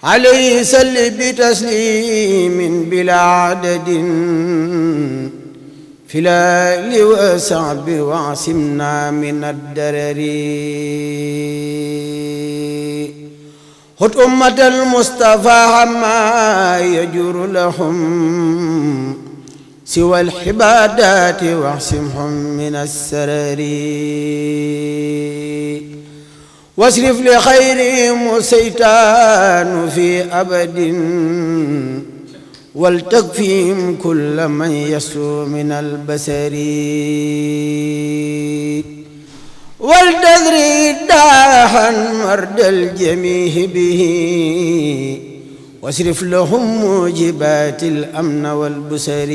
عليه سل بتسليم بلا عدد في الآل وسعب وعصمنا من الدرر هد أمة المصطفى عما يجر لهم سوى الحبادات واحسمهم من السرر واصرف لخيرهم سيطان في أبد ولتكفيهم كل من يسوء من البسر ولتذري داحا مرد الجميع به واصرف لهم موجبات الأمن والبسر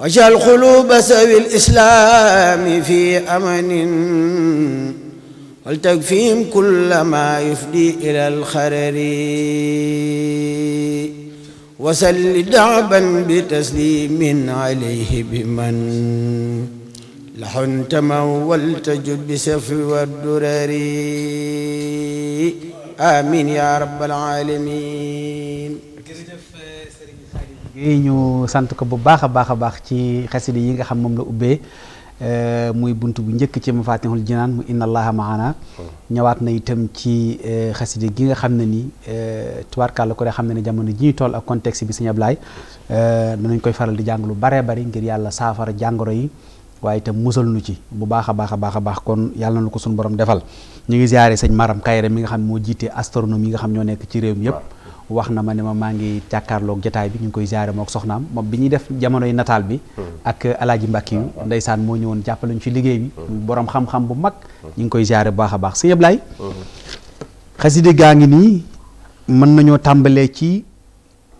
واجعل قلوب سوي الإسلام في أمن ولتكفيهم كل ما يفدي إلى الخرر وسل دعبا بتسليم عليه بمن لحنت مولت جد بسفر والدرر آمين يا رب العالمين ñu sant ko bu baax a baax a baax ci xasida yi nga xam moom la ubbee eh, muy bunt bu njëkk ci mafatihul jinaan mu inna allaha maana ñëwaat na itam ci eh, xasida gi nga xam ne ni eh, tubaarkàlla ko de xam na ni jamono ji ñu toll ak contexte bi sëñ Ablaay danañ koy faral di jàng lu baree bari ngir yàlla saafara jàngoro yi waye itam musal nu ci bu baakha baakha baakha baax kon yalla nañu ko sun borom defal ñi ngi ziaré sëñ Maram Kayre mi nga xam mo jité astronomie nga xam ño nek ci réew yépp wax na ma ma maa ngi ak jotaay bi ñu koy ziaré mook soxnaam moom bi ñuy def yi natal bi ak aladji Mbàkke yu ndeysaan moo ñëwoon jàppale ci liggéey bi borom xam-xam bu mag ñu ngi koy ziaré baakha baax sëñ ci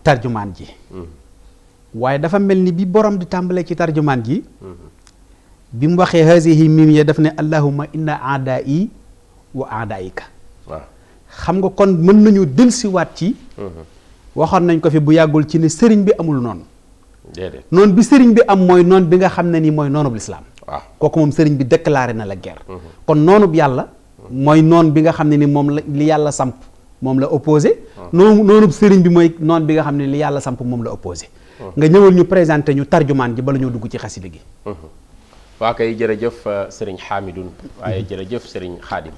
tarjuman ji mm-hmm. waye dafa melni bi borom di tambalé ci tarjuman ji mm-hmm. bi mu waxee haasihi mim ya daf ne allahuma inna aada yi wa aada yika waaw xam nga kon mën nañu dellusiwaat ci mhm. waxoon nañ ko fi bu yàggul ci ne sëriñ bi amul noonu noon bi sëriñ bi am mooy noon bi nga xam ne nii mooy noonub lislaam waaw kooku moom sëriñ bi déclaré na la guerre mhm. kon noonub yàlla mhm. mooy noon bi nga xam ne ni moom la li yàlla samp moom la opposé noonu noonub sëriñ bi mooy noon bi nga xam ne li yàlla samp moom la opposé nga ñëwal ñu présenté ñu tarjumaan ji bala ñu dugg ci xas xasida gi waa kay jërëjëf euh, sëriñ Xaamidun waaye mm-hmm. jërëjëf sëriñ Xaadim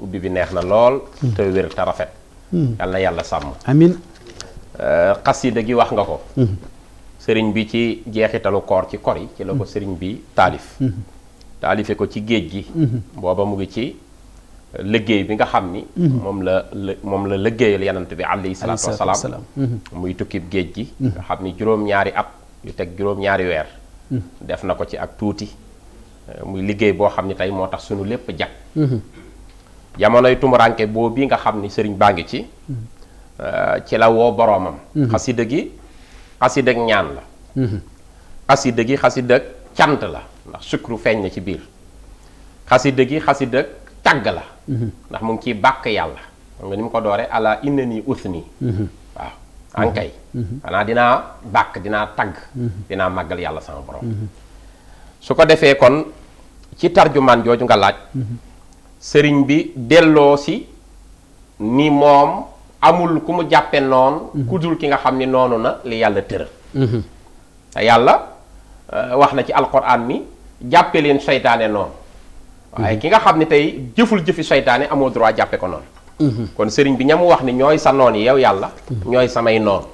ubbi bi neex na lool mm-hmm. te wér te rafet mm-hmm. yal na yàlla sàmm amin euh, xasida gi wax nga ko sëriñ bi ci jeexitalu koor ci kor yi ci la ko sëriñ bi taalif taalife ko ci géej gi booba mu ngi ci liggéey bi nga xam ni moom la moom la liggéeyal yanant bi alayhi salaatu wasalaam muy tukkib géej gi nga xam ni juróom-ñaari at yu teg juróom-ñaari weer def na ko ci ak tuuti euh, muy liggéey boo xam ni tey moo tax sunu lépp jag mhm. jamonoy tumuranke boo bii nga xam ni sëriñ baa ngi ci mhm. euh, ci la woo boroomam mhm. xasida gi xasida ak ñaan la xasida gi xasida ak cant la ndax sukru feeñ na ci biir xasida gi xasida ak tàgg la ndax mu ngi ciy bàkk yàlla xam nga ni mu ko doore ala inna uth nii ankay mm-hmm. xanaa dinaa bàkk dinaa tagg mm-hmm. dinaa màggal yàlla sama borom mm-hmm. su ko defee kon ci tarjumaan jooju nga laaj sëriñ bi delloo si ni moom amul ku mu jàppee noonu ku dul ki nga xam ni noonu na li yàlla tëral te yàlla euh, wax na ci alquran ni jàppee leen seytaane noonu waaye ki nga xam ni tey jëful jëfi seytaane amoo droit jàppee ko noonu kon sëriñ bi ñamu wax ni ñooy sa noon yi yow yàlla ñooy samay noon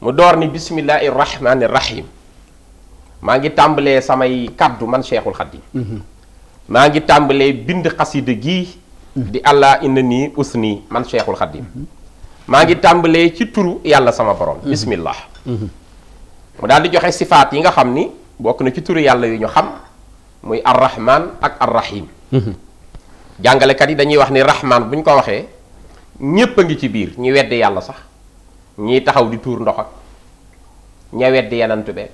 mu door ni bismillahi rahmani rahim maa ngi tàmbalee samay kàddu man cheikhul xadim maa ngi tàmbalee bind xasida gii di allah inna nii usni man cheikhul xadim maa ngi tàmbalee ci turu yàlla sama borom bismillah mu daal di joxe sifaat yi nga xam ni bokk na ci turu yàlla yu ñu xam muy arrahman ak arrahim jàngalekat yi dañuy wax ni rahman bu ñu ko waxee ñépp a ngi ci biir ñi weddi yàlla sax ñiy taxaw di tuur ndox ak ña weddi yanantu be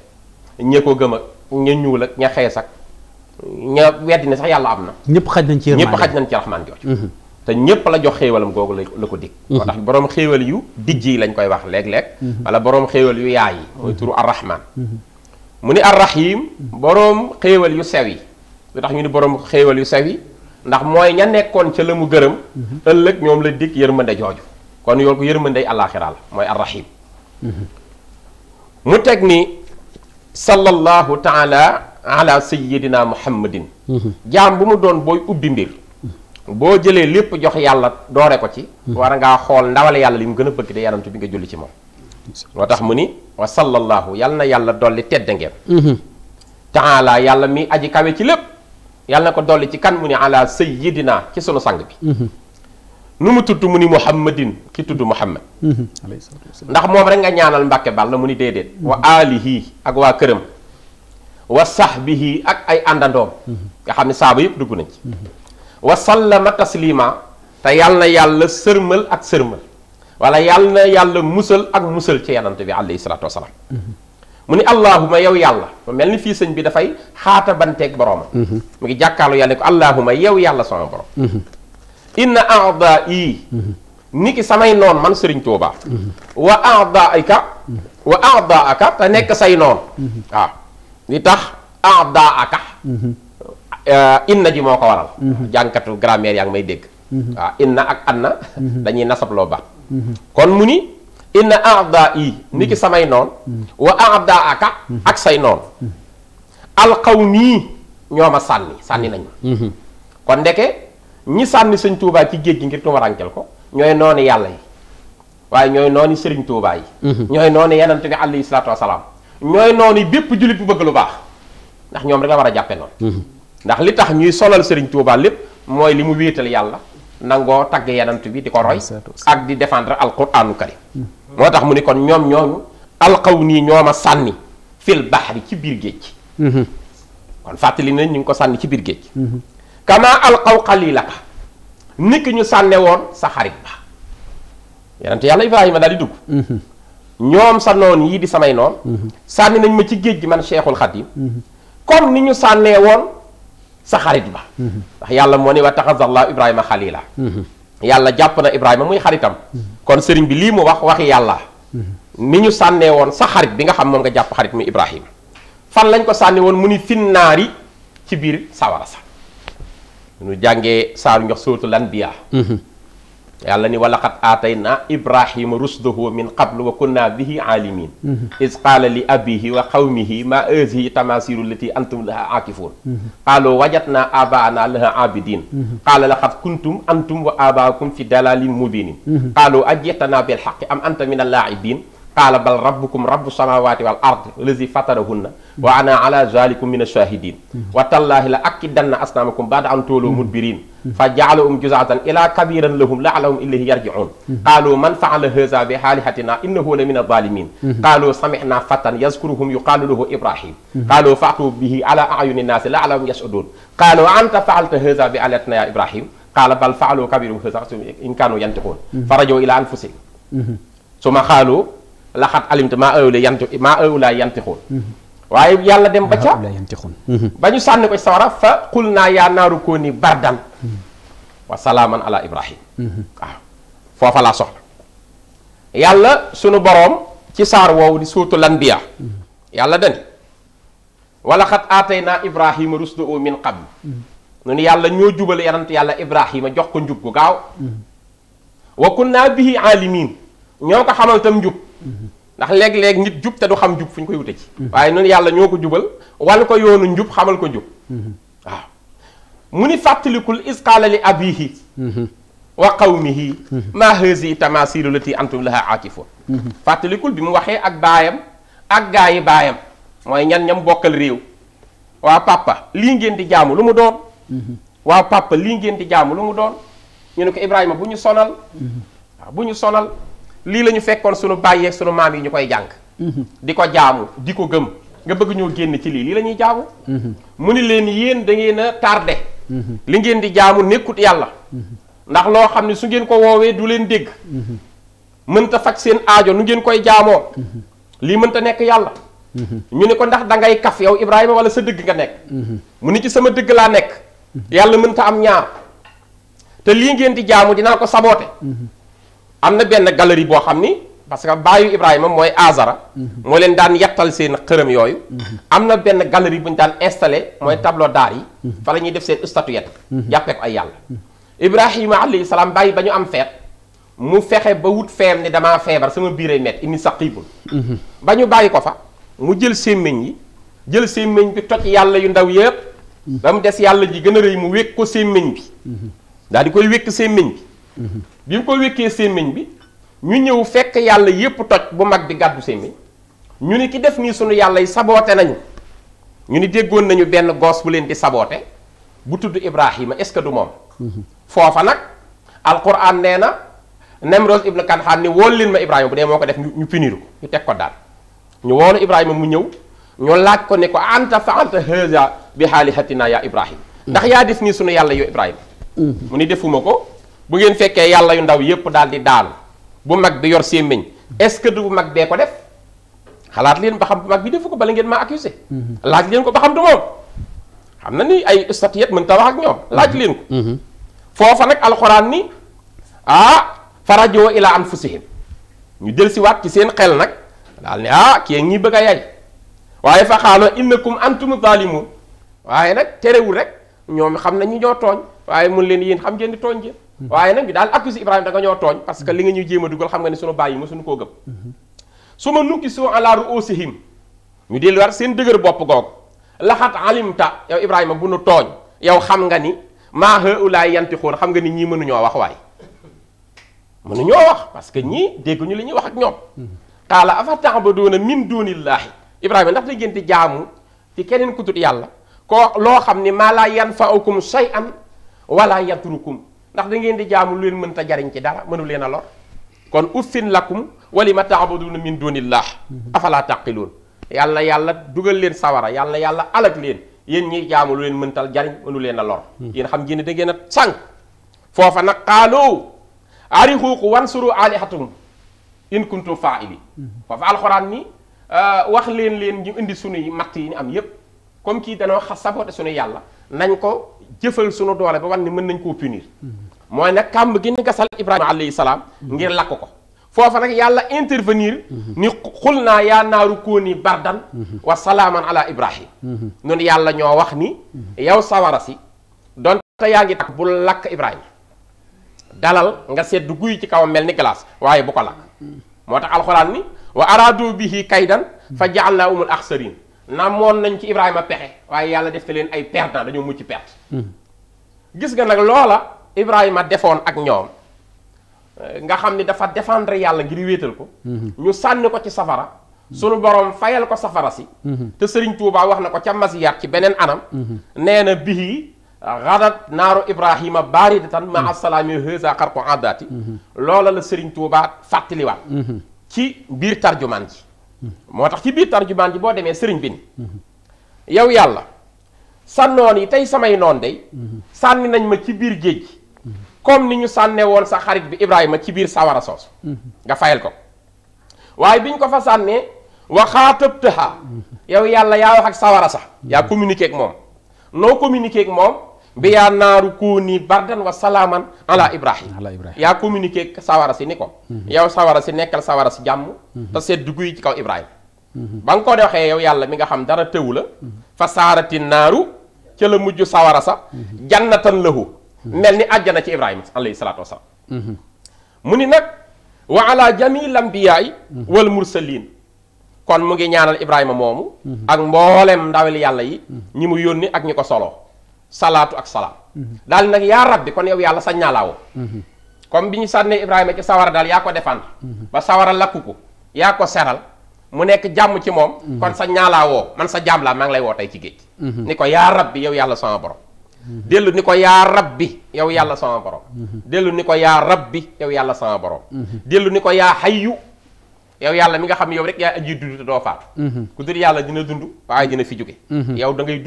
ña ko gëm ak ña ñuul ak ña xees ak ña weddi ne sax yàlla am na ñëpp xaj nañ ci ñëpp xaj nañ ci rahman jooju mhm. te ñëpp la jox xéewalam googu la ko dig mhm. moo tax boroom xéewal yu dijj yi lañ koy wax léeg-léeg mhm. wala boroom xéewal yu yaay yi mooy turu arrahman mu ni arrahim boroom xéewal yu sew yi lu tax ñu ni boroom xéewal yu sew yi ndax mooy ña nekkoon ca la mu gërëm mhm. ëllëg ñoom la dikk yërmande jooju kon yool ko yërmandey àllaaxira la mooy arrahim mhm. mu teg ni sallallahu taala ala sayyidina muhammadin mhm. jaam bu mu doon booy ubbi mbir boo jëlee lépp jox yàlla doore ko ci war ngaa xool ndawal yàlla li mu gën a bëgg de yaramtu bi nga julli ci moom moo tax mu ni wa sallallahu yàlla na yàlla dolli tedda ngeen yàlla mi aji kawe ci lépp yàlla na ko dolli ci kan mu ni ala sayyidina ci sunu sang bi mhm. nu mu tudd mu ni muhammadin ki tudd muhammad mhm. ndax moom rek nga ñaanal mbakke bal mu ni déedéet mhm. wa alihi ak waa këram wa sahbihi ak ay àndandoom nga xam ne saaba yëpp dugg nañ ci wa sallama taslima te yàlla na yàlla sërmal ak sërmal wala yàlla na yàlla musal ak musal ci yanante bi alayhi salaatu wasalaam muni Allahumma yaw yalla mo melni fi ni bi da fay khata xaata banteeg mhm. mu ngi jakkalu yalla ko allahumma yaw yalla sama borom mhm. inna aada mhm. niki samay non man serigne tuuba wa aadaika wa aadaaka ta nek say non. wa ni tax aadaaka eh, inna ji moko waral yang grammaire yang may deg wa inna ak anna dañuy nasab lo ba kon muni. inna aada yi ni ki samay noon wa aada aka ak say noon alxaw nii ñoo ma sànni sànni nañ ma mhm. kon ndeke ñi sànni sëñ tuubaa ci géej gi ngir tumarankel ko ñooy nooni yàlla yi waaye ñooy nooni sëriñ tuubaa yi mhm. ñooy nooni yenante bi alayhi salaatu wasalaam ñooy nooni bépp jullit bu bëgg lu baax ndax ñoom rek la war a jàppe noonu mhm. ndax li tax ñuy solal sëriñ tuubaa lépp mooy li mu wéetal yàlla nangoo tagg yanant bi di ko roy ak di défendre alquranu karim moo tax mu ni kon ñoom ñooñu alxaw nii ñoom a sànni fil baxri ci biir géej gi mhm. kon fàttali nañ ñu ngi ko sànni ci biir géej gi mhm. kama alxaw xalilaka ni ki ñu sànne woon sa xarit ba yanant yàlla ibrahima daal di dugg mhm. ñoom sa noon yii di samay noon sànni nañ ma ci géej gi man cheikhul xadim comme ni ñu sànnee woon sa xarit ba yàlla moo ni wa taxazallahu ibrahima xalila yàlla jàpp na ibrahima muy xaritam kon sëriñ bi lii mu wax waxi yàlla ni ñu sànnee woon sa xarit bi nga xam moom nga jàpp xarit mu ibrahima fan lañ ko sànni woon mu ni finnaari ci biir sawara sa ñu jàngee saaru njox sóotu lan biyaa يلا ني ولقد اتينا ابراهيم رشده من قبل وكنا به عالمين اذ قال لابيه وقومه ما هذه تماسير التي انتم لها عاكفون قالوا وجدنا ابانا لها عابدين قال لقد كنتم انتم واباكم في دلال مبين قالوا اجئتنا بالحق ام انت من اللاعبين قال بل ربكم رب السماوات والارض الذي فطرهن وانا على ذلك من الشاهدين وتالله لاكدن اصنامكم بعد ان تولوا مدبرين فجعلهم جزعه الى كبيرا لهم لا لعلهم اليه يرجعون قالوا من فعل هذا بحالهتنا انه لمن الظالمين قالوا سمعنا فتى يذكرهم يقال له ابراهيم قالوا فاتوا به على اعين الناس لعلهم يسعدون قالوا انت فعلت هذا بآلتنا يا ابراهيم قال بل فعلوا كبيرهم ان كانوا ينتقون فرجوا الى انفسهم ثم قالوا laxat alimta maa awula yanti maa awula yantixuun mhm. waaye yàlla dem ba ca mhm. ba ñu sànni ko ci sawara fa xul naa yaa naaru koo ni bardan mhm. wa ala ibrahim foofa laa soxla yàlla sunu boroom ci saar woowu di suutul anbiya yàlla dani wala xat aataynaa ibrahima rusdahu min qabl nu ni yàlla ñoo jubale yanant yàlla ibrahima jox ko njub gu gaaw wa kun naa bihi aalimin ñoo ko xamal tam njub ndax léeg-léeg nit jub te du xam jub fu ñu koy wute ci mhm. waaye noonu yàlla ñoo ko jubal wan ko yoonu njub xamal ko njub mhm. waaw mu ni fàttalikul isqaala li abihi mhm. wa qawmihi maa hazihi tamaasilu lati antum laha aakifoon fàttalikul bi mu waxee ak baayam ak gaa yi baayam mooy ñan ñam bokkal réew waa papa lii ngeen di jaamu lu mu doon waa papa lii ngeen di jaamu lu mu doon ñu ne ko Ibrahima bu ñu sonal waaw bu ñu sonal lii la ñu fekkoon sunu bàyyi ak sunu maam yi ñu koy jàng mhm. di ko jaamu di ko gëm nga bëgg ñoo génn ci lii lii lañuy ñuy jaamu mhm. mu ni leen yéen da ngeen a tardé mhm. li ngeen di jaamu nekkut yàlla ndax loo xam ne su ngeen ko woowee du leen dégg mënta faj seen aajo nu ngeen koy jaamoo lii mënta nekk yàlla ñu ne ko ndax dangay ngay kaf yow Ibrahima wala sa dëgg nga nekk mu ni ci sama dëgg laa nekk yàlla mënta am ñaar te lii ngeen di jaamu dinaa ko saboote am na benn galerie boo xam ni parce que baayu Ibrahima mooy Azara. Mhm. moo leen daan yettal seen xërëm yooyu. Mhm. am na benn galerie bu ñu daan installé mooy mhm. tableau d'art yi. fa la ñuy def seen statuette. jàppee ko ay yàlla. Ibrahima alayhi salaam bàyyi ba ñu am feet. mu fexe ba wut feem ne damaa feebar sama biiray met inni saqibun ba ñu bàyyi ko fa mu jël sémmiñ yi jël sémmiñ bi toj yàlla yu ndaw yëpp. ba mu des yàlla ji gën a rëy mu wékk ko sémmiñ bi. daal di koy wékk sémmiñ bi mu ko wékkee sémmiñ bi ñu ñëw fekk yàlla yépp toj bu mag bi gàddu sémmiñ ñu ni ki def nii sunu yàlla yi saboote nañu ñu ni déggoon nañu benn goos bu leen di saboote bu tudd Ibrahima est-ce que du moom foofa nag alquran nee na Nemroos ibn Kanxaan ni wool leen ma Ibrahima bu dee moo ko def ñu piniru ko ñu teg ko daal ñu woolu Ibrahima mu ñëw ñu laaj ko ne ko anta fa anta haza bi haalihatina ya Ibrahima ndax yaa def nii suñu yàlla yu Ibrahima defuma ko bu ngeen fekkee yàlla yu ndaw yépp daal di daanu bu mag bi yor sémmiñ est-ce que du bu mag dee ko def xalaat leen ba xam bu mag bi defu ko bala ngeen maa accusé mm-hmm. laaj leen ko ba xam du moom xam na ni ay statiyet mën ta wax ak ñoom mm-hmm. laaj leen ko mm-hmm. foofa nag alxuraan ni ah farajoo ilaa anfusihim ñu del si waat ci seen xel nag daal ni ah kii ñi bëgg a yaay waaye fa xaaloo innakum antum zalimun waaye nag terewul rek ñoom xam na nañu ñoo tooñ waaye mun leen yéen xam ngeen di tooñ Mm-hmm. waaye nag ñu daal accuse Ibrahima da nga ñoo tooñ parce que li nga ñuy jéem a dugal xam nga ne sunu bàyyi mosuñu koo gëm mm-hmm. su ma nukki soo alaaru oosihim ñu delluwaat seen dëgër bopp goog laxat alimta yow Ibrahima bu nu tooñ yow xam nga ni maa haulaay yanti xoon xam nga ni ñii mënuñoo wax waay mënuñoo wax parce que ñii mm-hmm. dégguñu li ñuy wax ak ñoom qaala afa ta'buduuna min duunillaahi Ibrahima ndax da ngeen di jaamu ci keneen ku yàlla koo loo xam ni maa laa yanfa'ukum shay'an wala yatrukum ndax da ngeen di jaamu lu leen mënta jariñ ci dara mënu leen a lor kon uffin lakum wali ma taabuduna min dunillah afala taqiluun yàlla na yàlla yàlla dugal leen sawara yàlla yàlla alag leen yéen ñiy jaamu lu leen mëntal jariñ mënu leen a lor hmm. yéen xam ngeen ne da ngeen sànq foofa nag xaaloo arixuuqu wansuru alihatum in kuntum faa'ili hmm. foofa alxuraan ni wax leen leen ñu indi sunuy matt yi ñu am yépp comme kii danoo xas saboté sunu yàlla nañ ko jëfal sunu doole ba wan ni mën nañ koo punir mooy na kàmb gi ni gasal Ibrahima alayhi salaam ngir lakk ko foofa nag yàlla intervenir ni xul naa yaa naaru kooni bardan wa ala Ibrahim nun yàlla ñoo wax ni yow sawara si doon te yaa ngi takk bu lakk Ibrahima dalal nga sedd guy ci kaw mel ni glace waaye bu ko lakk moo tax alxuraan ni wa araadu bihi kaydan fa jaalnaahumul axsariin namoon nañ ci Ibrahima pexe waaye yàlla def te leen ay perdant dañoo mucc perte. Hmm. gis nga nag loola Ibrahima defoon ak ñoom eh, nga xam ni dafa défendre yàlla ngir wéetal ko. Hmm. ñu sànni ko ci safara. sunu borom fayal ko safara si. Hmm. te Serigne Touba wax na ko ca Masiyaat ci beneen anam. nee na bii xadat naaru Ibrahima baaridatan ma asalaami hësa xar ko àddaati. loola la Serigne Touba fàttaliwaat. ci biir tarjumaan ji. moo tax ci biir tarjumaan ji boo demee sëriñ bi yow yàlla sa noon yi tey samay noon day sànni nañ ma ci biir géej gi comme ni ñu sànne sa xarit bi Ibrahima ci biir sawara soosu nga fayal ko waaye biñ ko fa sànnee waxaatab tëxaa yow yàlla yaa wax ak sawara sax yaa communiqué ak moom noo communiqué ak moom biya narukuni bardan wa salaman ala hmm. ibrahim Ya communiqué hmm. sawara si niko ya yow sawara si nekkal sawara si jàmm te seet duguy ci kaw ibrahim hmm. bang nga ko waxee yow yalla mi nga xam dara tewu fa saarati naaru ca la sawara sa jannatan lahu melni ni ci ibrahim alayhi salatu wasalaam muni nak wa ala jamil ambiyaay wal mursalin kon mu ngi ñaanal ibrahim momu ak mboolem ndawel yalla yi ñi mu ak ñiko solo salaatu ak salaam. daal nag yaa rabbi kon yow yàlla sañ naa laa comme bi ñu sànnee Ibrahima ci sawara daal yaa ko defaan ba sawara lakk ko yaa ko seral mu nekk jàmm ci moom. kon sa ñaalaa man sa jaam laa maa ngi lay woo tey ci géej. ni ko yaa rabbi yow yàlla sama borom. dëll ni ko yaa rabbi yow yàlla sama borom. dellu ni ko yaa rabbi yow yàlla sama borom. ni ko yaa xayyu yow yàlla mi nga xam yow rek yaa aji dund te doo faatu. Mhm. ku dul yàlla dina dund waaye dina fi jóge. Mhm. yow da ngay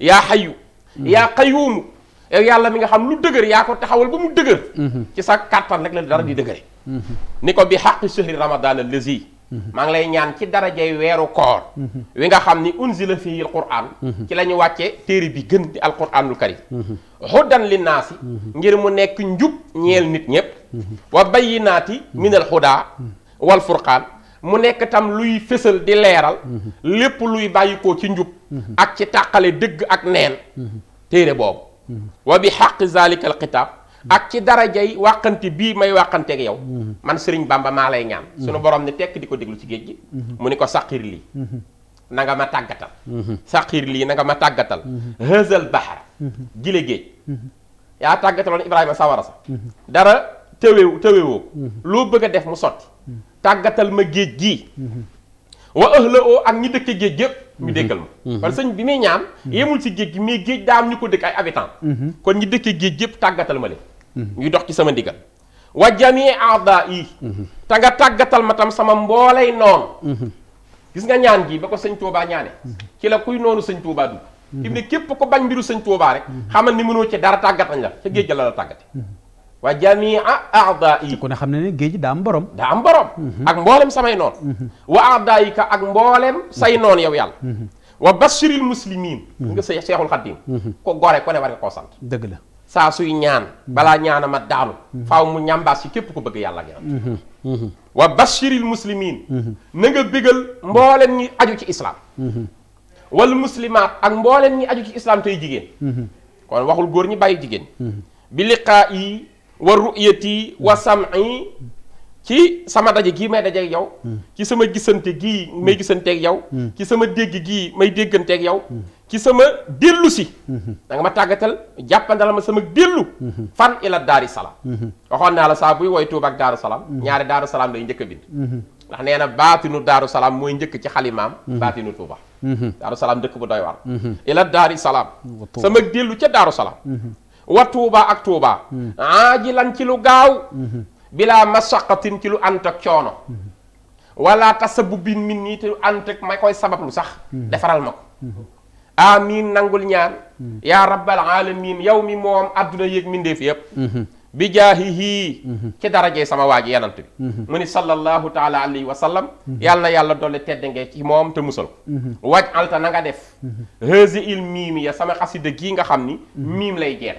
yaa xayu yaa xayuumu yow yàlla mi nga xam lu dëgër yaa ko taxawal ba mu dëgër mhm. ci sa kàttan rek la dara di dëgëre mhm. ni ko bi xaqi sëhri ramadan allazi mhm. maa ngi lay ñaan ci darajay weeru koor wi nga xam ni la unzila fihi alquran ci la ñu wàccee téere bi gën di alquranul karim xudan linnaasi ngir mu nekk njub ñeel nit ñépp wa bayyinaati min alxuda wal furqaan mu nekk tam luy fësal di leeral mhm. lépp luy bàyyikoo ci njub mhm. ak ci tàqale dëgg ak neen mhm. téere boobu wa bi xaq zalika al ak ci dara darajay wàqante bii may wàqante yow man sëriñ Bamba maa lay ñaan sunu borom ni tekk di ko déglu ci géej gi mu ni ko sàqiir lii na nga ma tàggatal saqir lii na nga ma tàggatal hëzal bahar gile géej yaa tàggataloon Ibrahima sawara sa dara tëwewu tëwewoo loo bëgg a def mu sotti tàggatal ma géej gii wa ëxla ak ñi dëkk géej gépp ñu déggal ma mhm. parce sëñ bi muy ñaan mhm. yemul si géej gi mais géej daa am ñu ko dëkk ay habitants mhm. kon ñi dëkk géej gépp tàggatal ma leen ñuy dox ci sama ndigal wa jamii aada yi te nga tàggatal ma tam sama mboolay noonu gis nga ñaan gi ba ko sëñ Tuubaa ñaane ci la kuy noonu sëñ Tuubaa dugg fi ne képp ko bañ mbiru sëñ Tuubaa rek xamal ni mënoo ci dara tàggatañ la ca géej la la tàggate wa a aada yi ku ne xam ne ne géej daa am borom daa am borom mhm. ak mboolem samay noon mhm. wa aada yi ka ak mboolem say mhm. noon yow yàlla wa bashiril muslimin nga sëy seexul xaddim ko gore ko ne war nga dëgg la saa suy ñaan balaa ñaan a ma daanu mu ñambaas ci képp ko bëgg yàlla nga wa bashiril muslimin na nga bégal mboolem ñi aju ci islam wal muslimaat ak mboolem ñi aju ci islam tey jigéen kon waxul góor ñi bàyyi jigéen bi liqaa yi wa ru'yati wa sam'i ci sama dajé gi may dajeeg yow hmm. ci sama gisanté gi may gisanteeg yow hmm. ci sama dégg gi may dégganteeg yow hmm. ci sama dellu si da nga ma tagatal jàppandala ma sama dellu fan ila daari salam. waxon na la sa buy way tuub ak daaru salam ñaari daaru salam lay njëkk bind ndax neena na baatinu salam moy mooy ci khalimam batinu tuba daaru salam dëkk bu doy war ila daari salam sama dellu ci daaru salam wa tuuba ak tuuba aajilan ci lu gaaw bilaa masaqatin ci lu ànd ak coono wala tasabubin min nii te lu ànd ak ma koy sabablu sax defaral ma ko amiin nangul ñaan yaa rabbal alamin yow mi moom adduna yéeg mindeef yépp bi jaahihi ci darajee sama waa ji yanant bi mu ni sallallahu taala alayhi wa sallam yàlla na yàlla dolli tedd ci moom te musal ko waaj alta na def heusi il miim ya sama xasida gii nga xam ni miim lay jeex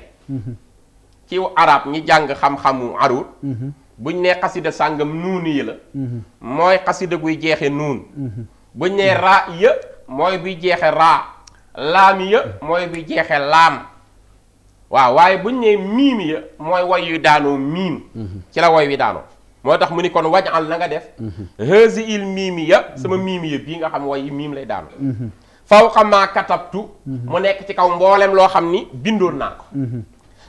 ci arab ñi jàng xam-xamu arut mhm. buñ nee xasida sàngam nuuni yi la mhm. mooy xasida guy jeexe nuun mhm. buñ nee raa ya mooy buy jeexe raa laam ya mooy buy jeexe laam waaw waaye buñ nee miim ya mooy way yu daanoo miim ci la woy wi daanoo moo tax mu ne kon wajal na nga def heusi il miimi ya sama miimi ya bii nga xam way miim lay daanu faw xam katabtu mu nekk ci kaw mboolem loo xam ni bindoon naa ko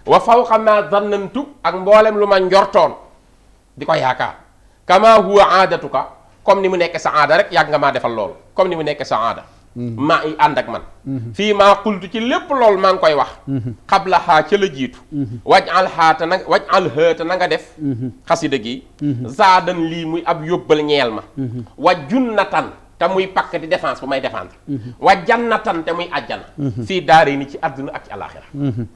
wa fawqa ma zannantu ak mboolem lu ma njortoon di ko yaakaar kama huwa ka comme ni mu nekkee sa aada rek yàgg nga maa defal loolu comme ni mu nekkee sa aada mm-hmm. maa i ànd ak man mm-hmm. fii maa xultu ci lépp lool maa ngi koy wax xabla mm-hmm. xaa ca la jiitu waj al xaata na waj al nga def xasida gi zaadan lii muy ab yóbbal ñeel ma waj junnatan تموي باك دي ديفانس بماي ديفاندر وجناتان تموي اجانا في دارين في ادنا اك الاخره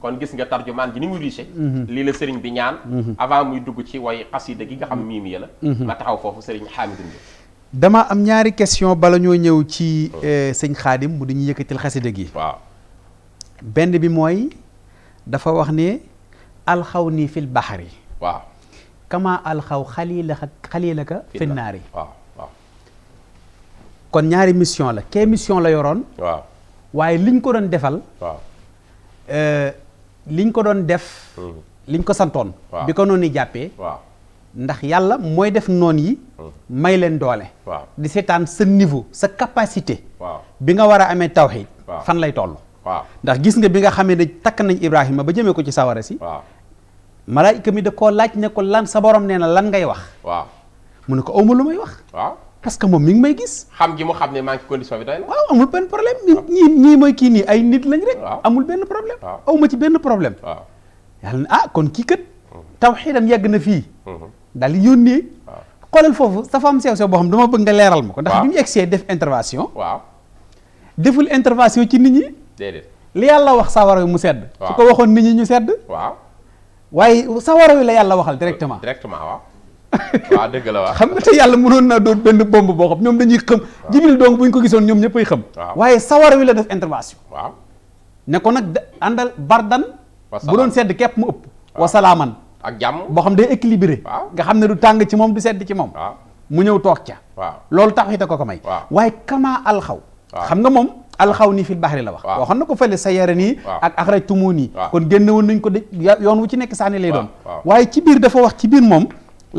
كون غيس nga ترجمان دي نيمو ريشي لي لا سيرين بي نيان افان موي دوجو سي واي قصيده كيغا خام ميمي لا ما تاخاو فوفو سيرين حامد نيو داما ام نياري كيسيون بالا نيو نيو سي سيرين خادم مو دي ييكتي القصيده كي واو بن بي موي دا فا واخني الخوني في البحر واو كما الخو خليلك خليلك في النار واو kon ñaari mission la kee mission la yoroon. waaw waaye liñ ko doon defal. waaw euh, liñ ko doon def. Mhm. liñ ko santoon. bi ko noonu jàppee. waaw ndax yàlla mooy def noon yi. Mhm. may leen doole. waaw di seetaan sa niveau sa capacité. waaw bi nga war a amee tawxiid fan lay toll. waaw ndax gis nga bi nga xamee na takk nañ Ibrahima ba jëmee ko ci sawara si. waaw malaayika mi da koo laaj ne ko lan sa borom nee na lan ngay wax. waaw mu ne ko awma lu may wax. waaw parce que ming mi ngi may gis. xam gi mu xam ne maa ngi condition bi doy na. waaw amul benn problème ñii ñii mooy kii nii ay nit lañ rek. amul problème. aw ci benn problème. waaw ah kon kii kat. Mhm. tawxiidam yàgg na fii. Mhm. daal di yónnee. waaw xoolal foofu sa femme sew sew boo xam dama bëgg nga leeral ma ndax bi ñu def intervention. waaw deful intervention ci nit ñi. déedéet li yàlla wax sawara wi mu sedd. su ko waxoon nit ñi ñu sedd. waaw waaye la waxal directement. directement waaw. waaw dëgg la waaw xam nga te yàlla mënoon naa doon benn bomb boo xam ñoom dañuy xam jibril donc buñ ko gisoon ñoom ñëppay xam waaye sawar wi la def intervention waaw ne ko nag àndal bardan bu doon sedd képp mu ëpp wasalaaman jàmm boo xam day équilibré nga xam ne du tàng ci moom du sedd ci moom mu ñëw toog ca loolu tax it a ko ko may waaye kama alxaw xam nga moom alxaw nii fil baxri la wax waxoon na ko fële sa yare nii ak axraj tumu nii kon génne woon ko de yoon wu ci nekk saani lay doon waaye wax ci biir moom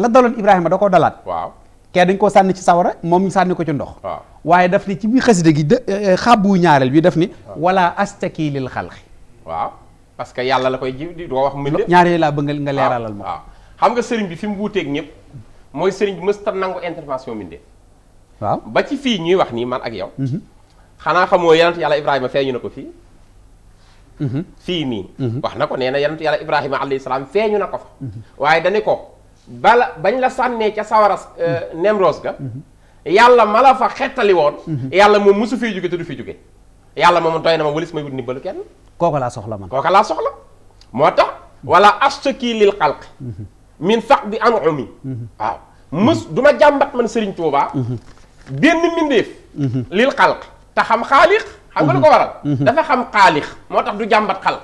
la daloon Ibrahima da koo dalaat. waaw kee dañ koo sànni ci sawara moom ñu sànni ko ci ndox. waaye daf ni ci biir xasida gi de eh, xàbbu ñaareel bi def ni. wala astaki lil xalqi. waaw parce que yàlla la koy ji di ko wax. mbindéef ñaar yooyu laa bëgg nga leeralal ma. xam nga sëriñ bi fi mu wuuteeg ñëpp mooy sëriñ bi mës ta nangu intervention mbindéef. waaw ba ci fii ñuy wax nii man ak yow. Mhm. xanaa xamoo yonent yàlla Ibrahima feeñu na ko fii. Mhm. fii nii. Mhm. wax na ko nee na yonent yàlla Ibrahima alayhi salaam feeñu na ko waaye dane ko bala bañ la sànnee ca sawaras euh, nemros ga yàlla ma la fa xettali woon yàlla moom mosu fee jóge te du fi jóge yàlla moom doy na ma walis may wut ndimbalu kenn kooka laa soxla man kooka laa soxla moo tax wala astaki lil xalq min faqdi an'umi waaw mës du ma jàmbat man Sëriñ Tuubaa benn mbindeef lil xalq te xam xaalix xam nga lu ko waral dafa xam xaalix moo tax du jàmbat xalq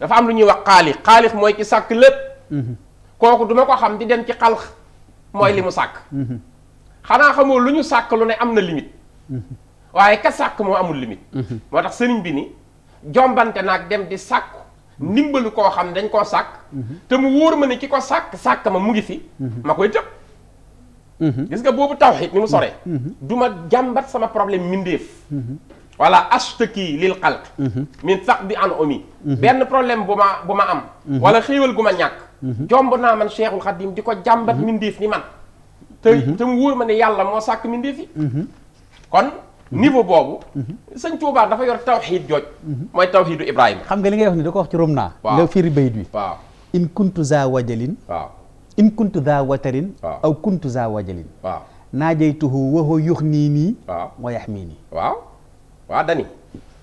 dafa am lu ñuy wax xaalix xaalix mooy ki sàkk lépp koku duma ko xam di dem ci xalx moy limu sak xana xamo luñu sak lu ne am limit limite waaye ka sak mo amul limite motax serigne bi ni jombante nak dem di sak nimbal ko xam dañ ko sak te mu wóor ma ni kiko sak sak ma mu ngi fi makoy koy gis nga bobu tawhid ni mu sama problème mindeef wala ashtaki lil qalb min sax di an omi ben problème buma buma am wala xewal guma ñak Mhm. jomb naa man Cheikhul Khadim di ko jàmbat mhm. mindeef ni man mhm. te mu wóor ma ne yàlla moo sàkk mindeef yi kon niveau boobu sëñ Tuubaa dafa yor tawxiid jooj mooy tawxiidu Ibrahima xam nga li nga wax ni da ko wax ci rom naa nga firi bayit wi waaw in kuntu za wajalin waaw in kuntu za watarin aw kuntu za wajalin waaw naajaytuhu wa huwa yuxnii nii wa yaxmii nii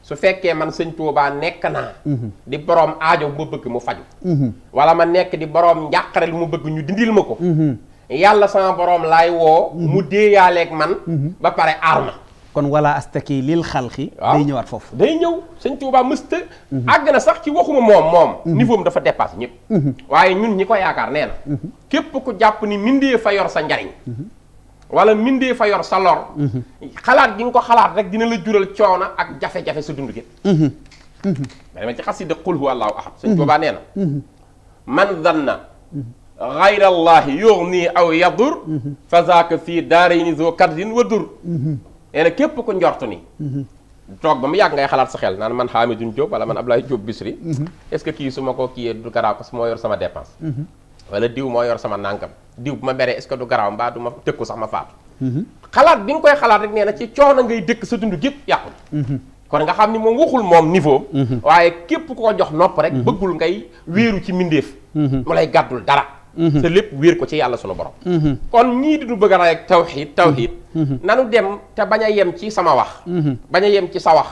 su fekkee man sëñ Tuubaa nekk na mhm. di boroom aajo bu ma bëgg mu faju mhm. wala ma nekk di boroom njàqare lu mu bëgg ñu dindil ma ko mhm. yàlla sama boroom laay woo mu déeyaaleeg man ba pare aar ma kon wala astaki lil xalqi day ñëwaat foofu day ñëw sëñ Tuubaa mësta àgg na sax ci waxuma moom moom niveau dafa dépassé ñëpp waaye ñun ñi ko yaakaar nee na képp ko jàpp ni mindee fa yor sa njariñ wala mindee fa yor sa lor. Mhm. xalaat gi nga ko xalaat rek dina la jural coona ak jafe-jafe sa dund gi. Mhm. Mhm. da ma ci xasida qul huwa allahu ahad. sëñ Tuubaa nee man danna. gayra allahi yugni aw yadur. fa zaaka fii daarayni zoo kardin wa dur. nee na képp ku njort ni. toog ba mu yàgg ngay xalaat sa xel naan man Hamidou Diop wala man Ablaye Diop Bichri. est-ce que kii su ma ko kii du garaaw parce moo yor sama dépense. wala diw mo yor sama nànkam diw bu ma beree est-ce que du graw ba du ma dëkku sax ma faatu mhm. xalaat bi mu koy xalaat rek neena ci choona ngay dekk sa dund gépp yàqu mhm. kon nga xamni ni moom waxul moom niveau mhm. waye kep ko jox nop rek beggul ngay wéeru ci mindeef mu lay gadul dara te lepp wéer ko ci yalla sunu borom kon ñi di du bëgg a ak tawhid tawhid nanu dem te baña yem ci sama wax bañ a yem ci sa wax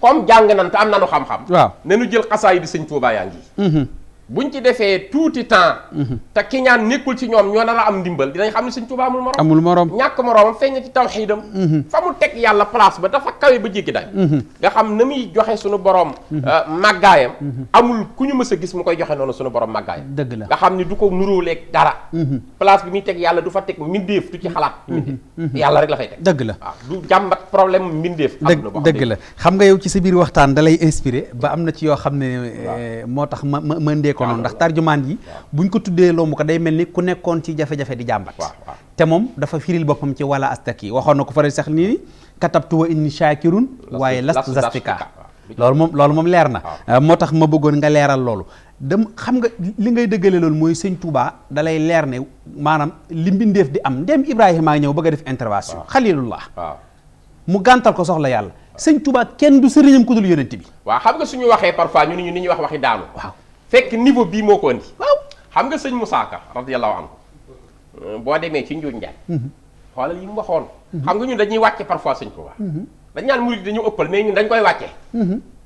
comme jang nan te am nanu xam-xam waaw nanu jël xasaa yi touba yaangi Tuubaa bu buñ ci defee tuuti temps te ki ñaan nekkul ci ñoom ñoo nar a am ndimbal dinañ xam ne suñ Tuubaa amul amul morom ñàkk moroomam feeñ na ci tawxiidam mhm. fa mu teg yàlla place ba dafa kawe ba jéggi day mhm. nga xam na muy joxe suñu borom mhm. euh, màggaayam amul ku ñu mës a gis mu koy joxe noonu suñu borom màggaayam dëgg la nga xam ne du ko nuróoleeg dara place bi muy teg yàlla du fa teg mbindeef du ci xalaat mbindeef yàlla rek la fay teg dëgg la waaw du jàmbat problème mbindeef am dëgg la xam nga yow ci sa biir waxtaan da lay ba am na ci yoo xam ne euh, moo tax ma ma mën kon noonu ndax tarjumaan yi buñ ko tuddee loomu ko day mel ni ku nekkoon ci jafe-jafe di jàmbat te moom dafa firil boppam ci wala astaki waxoon na ko faral sax nii katabtu wa inni shaakirun waaye lastu zastika loolu moom loolu moom leer na moo tax ma bëggoon nga leeral loolu dem xam nga li ngay dëggale loolu mooy sëñ Touba dalay leer ne maanaam li mbindeef di am ndem Ibrahima a ñëw bëgg a def intervention xalilullah mu gàntal ko soxla yàlla sëñ Touba kenn du sëriñam ku dul yonent bi waaw xam nga suñu waxee parfois ñu ni ñuy wax waxi daanu waaw fekk niveau bi moo ko andi waaw xam nga seigne Moussa Ka radiyallahu anhu euh, bo demé ci njur njaay mhm. xolal yi mu mhm. xam nga ñu dañuy wacce parfois seigne Touba mhm. dañ ñaan murid dañu ëppal mais ñun dañ koy wacce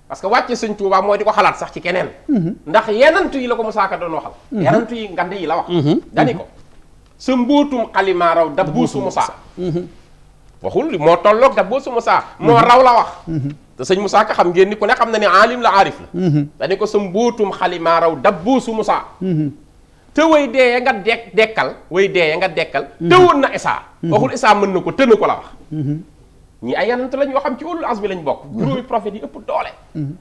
parce que wacce seigne Touba moy di xalat sax ci kenen ndax yenantu yi lako Moussa Ka no xal yenantu yi ngand yi la wax dani ko sa mbootum xalimaa raw su Moussa waxul tollok dabbu su Moussa mo raw la wax te sëñ Moussa ka xam ngeen ni ku ne xam na ne alim la aarif la mhm. dañu ko sa mbóotum xalimaa raw dabbuusu Moussa mhm. te way deeye nga dek dekkal way deeye nga dekkal mhm. te woon na Isaa waxul Isaa mën na ko tëna ko ñii ay yanant lañ yoo xam ci ulul azmi lañ bokk juróomi prophète yi ëpp doole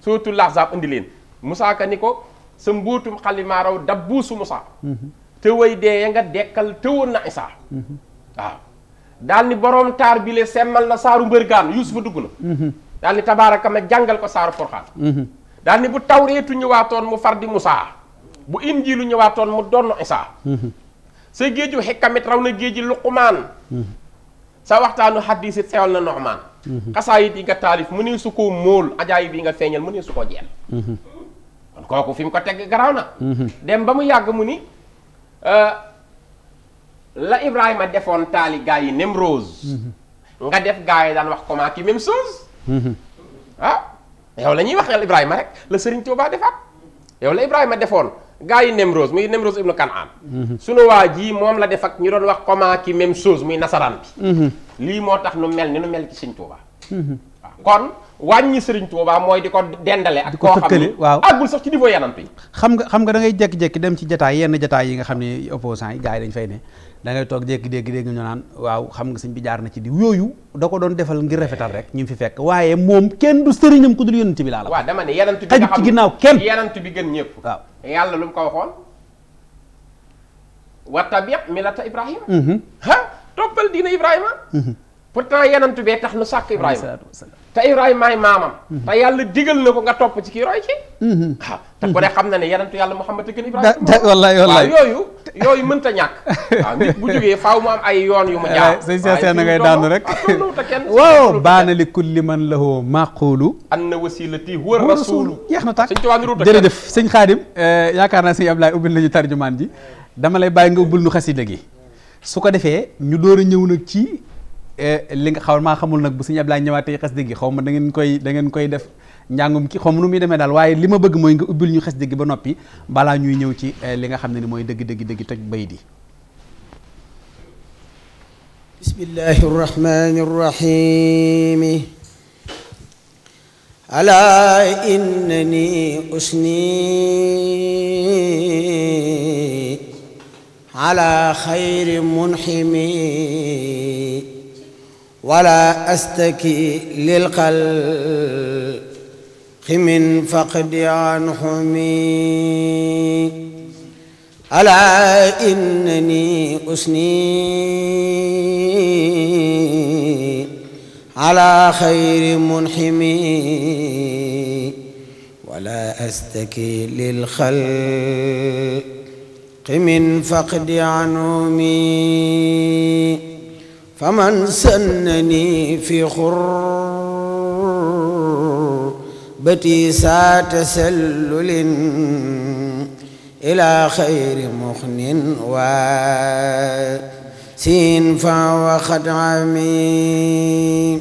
surtout lahzab indi leen Moussa ka ni ko sa mbóotum xalimaa raw dabbuusu Moussa te nga dekkal te woon na Isaa waaw daal ni boroom taar bi le semmal na saaru mbërgaan Yuusufa dugg na dal ni tabaraka ma jangal ko saaru furxaan mhm. dal ni bu tawreetu ñëwaatoon mu fardi musa musaa bu injiilu ñëwaatoon mu donn isaa mhm. se géeju hikamit rawna na luqman luqumaan mhm. sa waxtanu hadith it sewal na nu'man qasayid yi nga talif mu ne su koo móol nga feñal mu ne su kon koku fim ko tegg grawna dem ba mu yàgg mu ni euh, la Ibrahima defon tali gaay Nemrose nga def gaay dan daan wax comment ki même chose ah yow la ñuy waxal Ibrahima rek la Serigne Touba defaat yow la Ibrahima defoon gaa yi Nemrose muy Nemrose ibnu Kanaan mhm. sunu waa jii moom la defak ñu doon wax comment ki même chose muy nasaraan bi. Mhm. lii moo tax nu mel ni nu mel ci Serigne Touba. Mhm. Ah, kon wàññi Serigne Touba mooy di ko dendale ak koo xam ne waaw àggul sax ci niveau yanant yi xam nga xam nga dangay ngay jékki-jékki dem ci jataay yenn jataay yi nga xam ne opposants yi gaa yi dañ fay ne da ngay tok deg deg deg ñu naan waaw xam nga señ bi jaar na ci di yoyu da ko doon defal ngir rafetal rek ñu fi fekk waye mom kenn du serignam ku dul yonent bi la la waaw dama ne yonent bi nga xam ci ginnaaw kenn yonent bi gën ñepp waaw yalla lu mu ko waxoon tabiq milata ibrahim hmm ha toppal diina ibrahima mhm. pourtant yonent bee tax nu sàkk ibrahima te Ibrahima maay maamam. Mhm. te yàlla digal na ko nga topp ci kii roy ci. waaw mhm. ah, te ku ne mhm. xam na ne yenentu yàlla Muhammad a gën Ibrahima. da wallaay wallaay waaw yooyu yooyu mënta ñàkk. waaw nit bu jógee faaw mu am ay yoon yu mu jaar. waaw sëñ Cheikh na ngay daanu rek. waaw baana li kulli man lahu maqulu. an na wasilati huwa rasulu. jeex na tàkk jërëjëf sëñ Xaadim. Eh, yaakaar naa sëñ Ablaye ubbil nañu tarjumaan ji dama lay bàyyi nga ubbul nu xasida gi su ko defee ñu door a ñëw nag ci Eh, li nga xaw maa xamul nag bu sëñ Ablaye ñëwaatee xasida gi xaw ma da ngeen koy da ngeen koy def njàngum ki xaw ma nu muy demee daal waaye li ma bëgg mooy nga ubbil ñu xasida gi ba noppi balaa ñuy ñëw ci eh, li nga xam ne ni mooy dëgg dëgg dëgg toj bay di bismillahi rahmani rahimi alaa innani usni ala xayri ولا أستكي للقلق من فقد عن حمي ألا إنني أسني على خير منحمي ولا أستكي للخلق من فقد عنومي فمن سنني في خربتي ساعة تسلل إلى خير مخن وسين فهو وخد عمي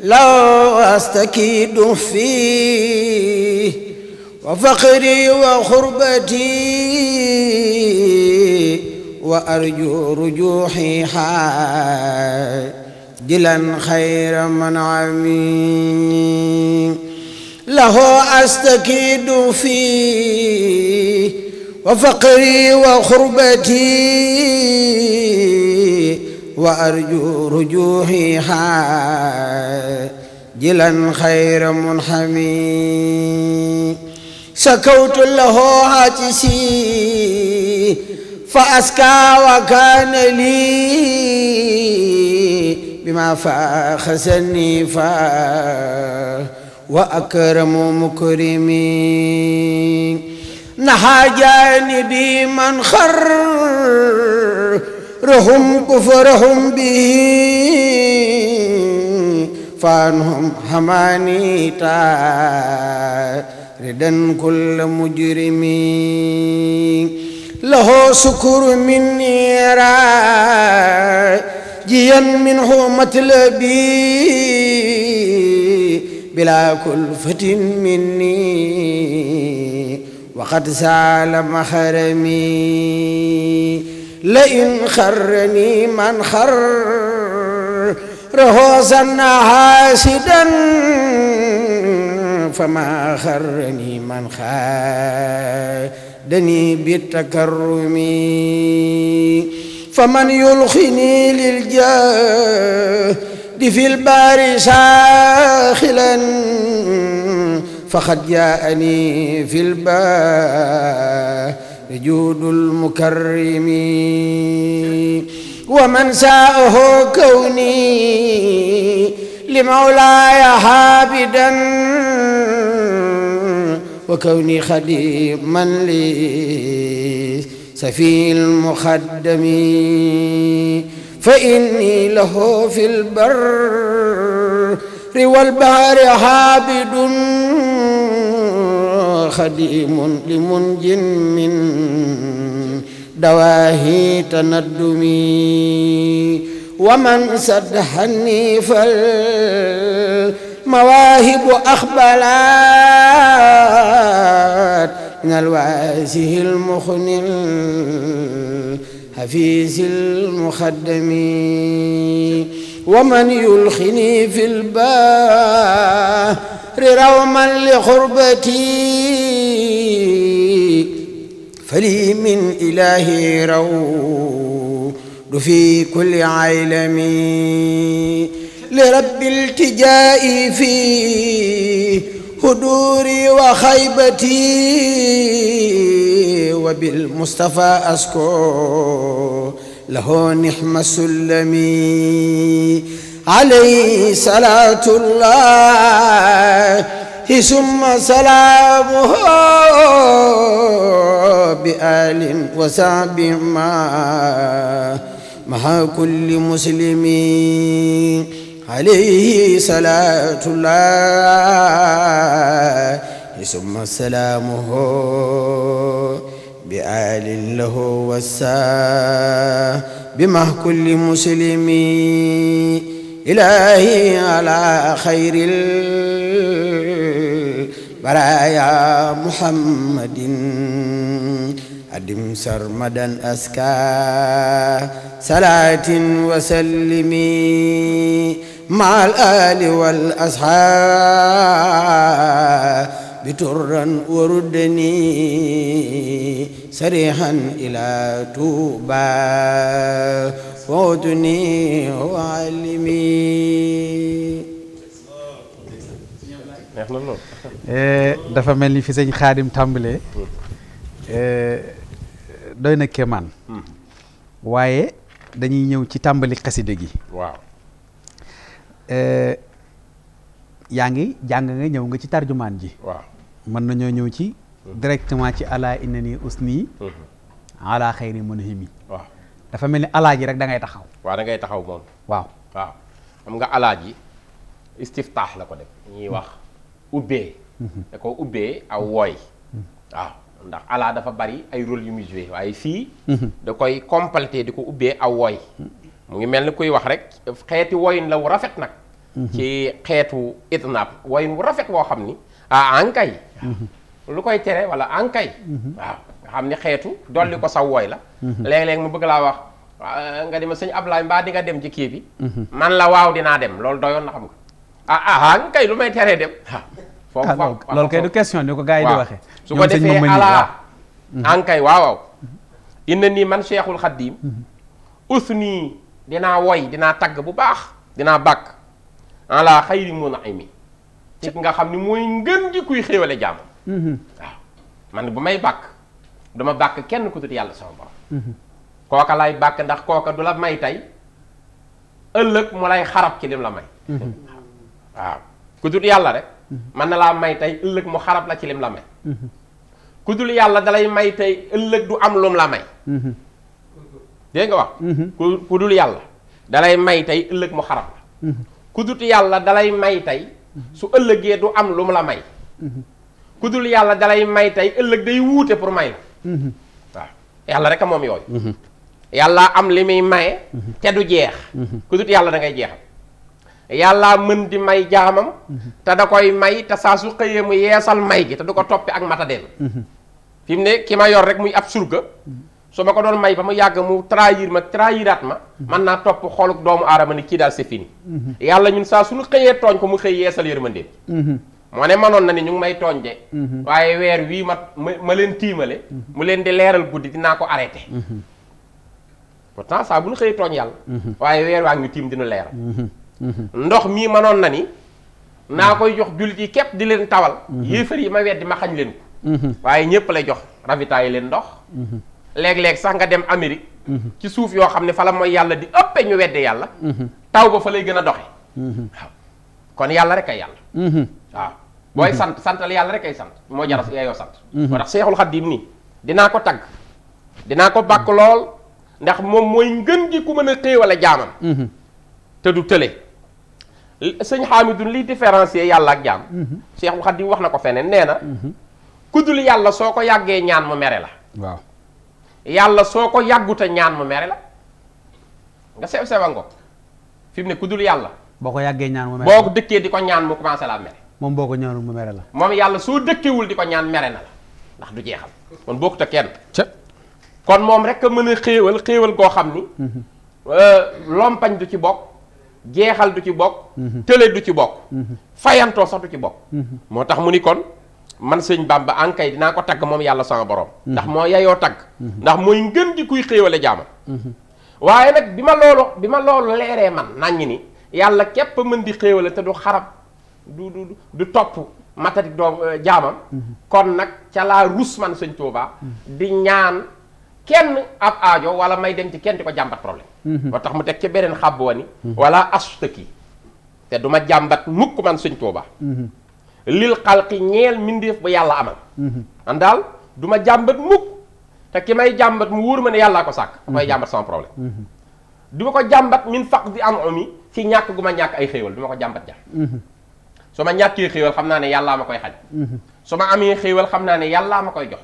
لو أستكيد فيه وفقري وخربتي وأرجو رجوحي حاجلا خير من عمي له أستكيد فيه وفقري وخربتي وأرجو رجوحي حاجلا خير منحمي شكوت له عاتسي فأسكى وكان لي بما فاخسني فا وأكرم مكرمين نحى جانبي من رهم كفرهم به فانهم حماني تاردا كل مجرمين له سكر مني راجيا منه مطلبي بلا كلفة مني وقد سال محرمي لئن خرني من خر رهوزا حاسدا فما خرني من خر لني بالتكرم فمن يلخني للجاه في البار ساخلا فقد جاءني في البار جود المكرم ومن ساءه كوني لمولاي حابدا وكوني خديما لي سفي المخدم فإني له في البر والبحر عابد خديم لمنج من دواهي تندمي ومن سدحني فال مواهب أخبلات من الواسه المخن الحفيز المخدم ومن يلخني في البار روما لخربتي فلي من إلهي رود في كل عالمي لرب التجائي في هدوري وخيبتي وبالمصطفى أسكو له نحم سلمي عليه صلاة الله ثم سلامه بآل وسعب ما مع كل مسلمين عليه صلاة الله ثم سلامه بآل له والسا بما كل مسلم إلهي على خير البرايا محمد أدم سرمدا أسكى صلاة وسلمي مع الآل والأصحاب بتر وردني سريحا إلى توبة فوتني وعلمي دفا ملي في سيدي خادم تامبلي دوينا كمان واي دانيو تي تامبلي قصيده واو Euh, yaa ngi jàng nga ñëw nga ci tarjumaan ji. waaw mën nañoo ñëw ci. Mm-hmm. directement ci ala inna ni usni. Mm-hmm. ala xayri munhimi. waaw dafa mel ni alaa ji rek da ngay taxaw. waa da ngay taxaw moom. waaw waaw xam nga alaa ji istiftaax la ko def. wax mm-hmm. ubbee. da ko ubbee aw wooy. waaw ndax alaa dafa bari ay rôle yu muy waaye fii. da koy complété di ko ubbee aw woy mu ngi mel ni kuy wax rek xeeti woyin la wu rafet nag mhm. ci xeetu itnaab woyin wu rafet woo xam ni ah ankay mhm. lu koy tere wala ankay mhm. waaw xam ni xeetu dolli ko saw wooy la léeg bëgg laa wax nga dima sëñ Ablaay mbaa di nga dem ci kii bi man la waaw dinaa dem loolu doyoon na xam nga ah, ah, ah lu may teree dem ah. foofu loolu kay du question ni ko gars yi di waxee su ko defee alaa ankay waaw waaw nii man cheikhul xaddim us nii dinaa woy dinaa tagg bu baax dinaa bàkk ala xayri mun'imi ci nga xam ni mooy ngën ji kuy xéewale jaamam mhm. waaw man bu may bàkk dama bàkk kenn ku yàlla sama mhm. kooka lay bàkk ndax kooka du la may tey ëllëg mu xarab ci lim la mhm. yàlla rek mën na laa may tey ëllëg mu xarab la ci lim la may ku yàlla dalay may tey ëllëg du am lum la may dégg nga wax. Mhm. ku ku dul yàlla dalay may tey ëllëg mu xarab la. Mhm. ku dut yàlla dalay may tey mhm. su ëllëgee du am lu mu la may. ku yàlla dalay may tey ëllëg day wuute pour may la. waaw yàlla rek moom yooyu. yàlla am li muy maye. te du jeex. ku dut yàlla da ngay yàlla mën di may jaamam. te da koy may te saa su xëyee mu yeesal may gi te du ko toppe ak matadeem. fi mu ne ki ma yor rek muy ab surga. su ma ko doon may ba mu yàgg mu trahir ma trahiraat ma man naa topp xoolu doomu aadama ni kii daal c'est mhm. yàlla ñun saa suñu xëyee tooñ ko mu xëy yeesal yërmandeem mhm. moo ne manoon na ni ñu ngi may tooñ de mhm. waaye weer wii ma ma leen tiimale mu leen di leeral guddi dinaa ko arrêté pourtant saa bu ñu xëyee tooñ yàlla waaye weer waa ngi ñu tiim dinu leeral ndox mii manoon na ni naa koy jox jullit yi képp di leen tawal yéefar yi ma weddi ma xañ leen ko waaye ñépp lay jox ravitaay leen ndox léeg-léeg sax nga dem Amérique. Mhm. ci suuf yoo xam ne fa la mooy yàlla di ëppee ñu wedde yàlla. Mhm. taw ba fa lay gën a doxe mhm. kon yàlla rek ay yàlla. waaw sant santal rek ay sant moo jar a yaayoo sant. moo tax seexul xaddim nii dinaa ko tagg dinaa ko bàkk lool ndax moom mooy ngën gi ku mën a xéewale jaamam. te du tële. sëñ Xaamidun liy différencier yàlla ak jaam. seexul xaddim wax na ko feneen nee na. yàlla soo ko yàggee ñaan mu mere la yàlla soo ko yàgguta ñaan mu mere la nga sew sewa ngo fi mu ne ku dul yàlla boo ko yàggee ñaan mu mere boo ko dëkkee di ko ñaan mu commencé laa mere moom boo ko ñaanul mu mere la moom yàlla soo dëkkewul di ko ñaan mere na la ndax du jeexal kon bokkut ak kenn kon moom rek a mën a xéewal xéewal koo xam ni mhm. euh, lompañ du ci bokk jeexal du ci bokk mhm. tële du ci bokk mhm. fayantoo sax du ci bokk moo tax mu ni kon man sëñ Bamba ankay dina ko tag mom yalla sama borom ndax mo yayo tag ndax moy ngeen di kuy xewale jaamam waye nak bima lolo bima lolo ma man nañ ni yalla kep mën di xewale te du xarab du du du top matati do euh, jaamam kon nak ca la rousse man sëñ Touba di ñaan kenn ab aajo wala may dem ci kenn diko ko jàmbat problème ba tax mu tek ci benen xabbo ni hmm. wala astaki te duma jambat mukk man sëñ Touba lil xalqi ñeel mindeef ba yalla amal mhm. man daal du ma jàmbat te ki may jambat mu wuur man yalla ko sak koy mhm. jambat sans problème mhm. duma ko jambat min faqdi di am omi ci ñak gu ma ay xewal duma ko jambat ja suma ma ñàkkee xéewal xam ne yalla ma koy xaj suma ma xewal xamna ne yalla ma koy jox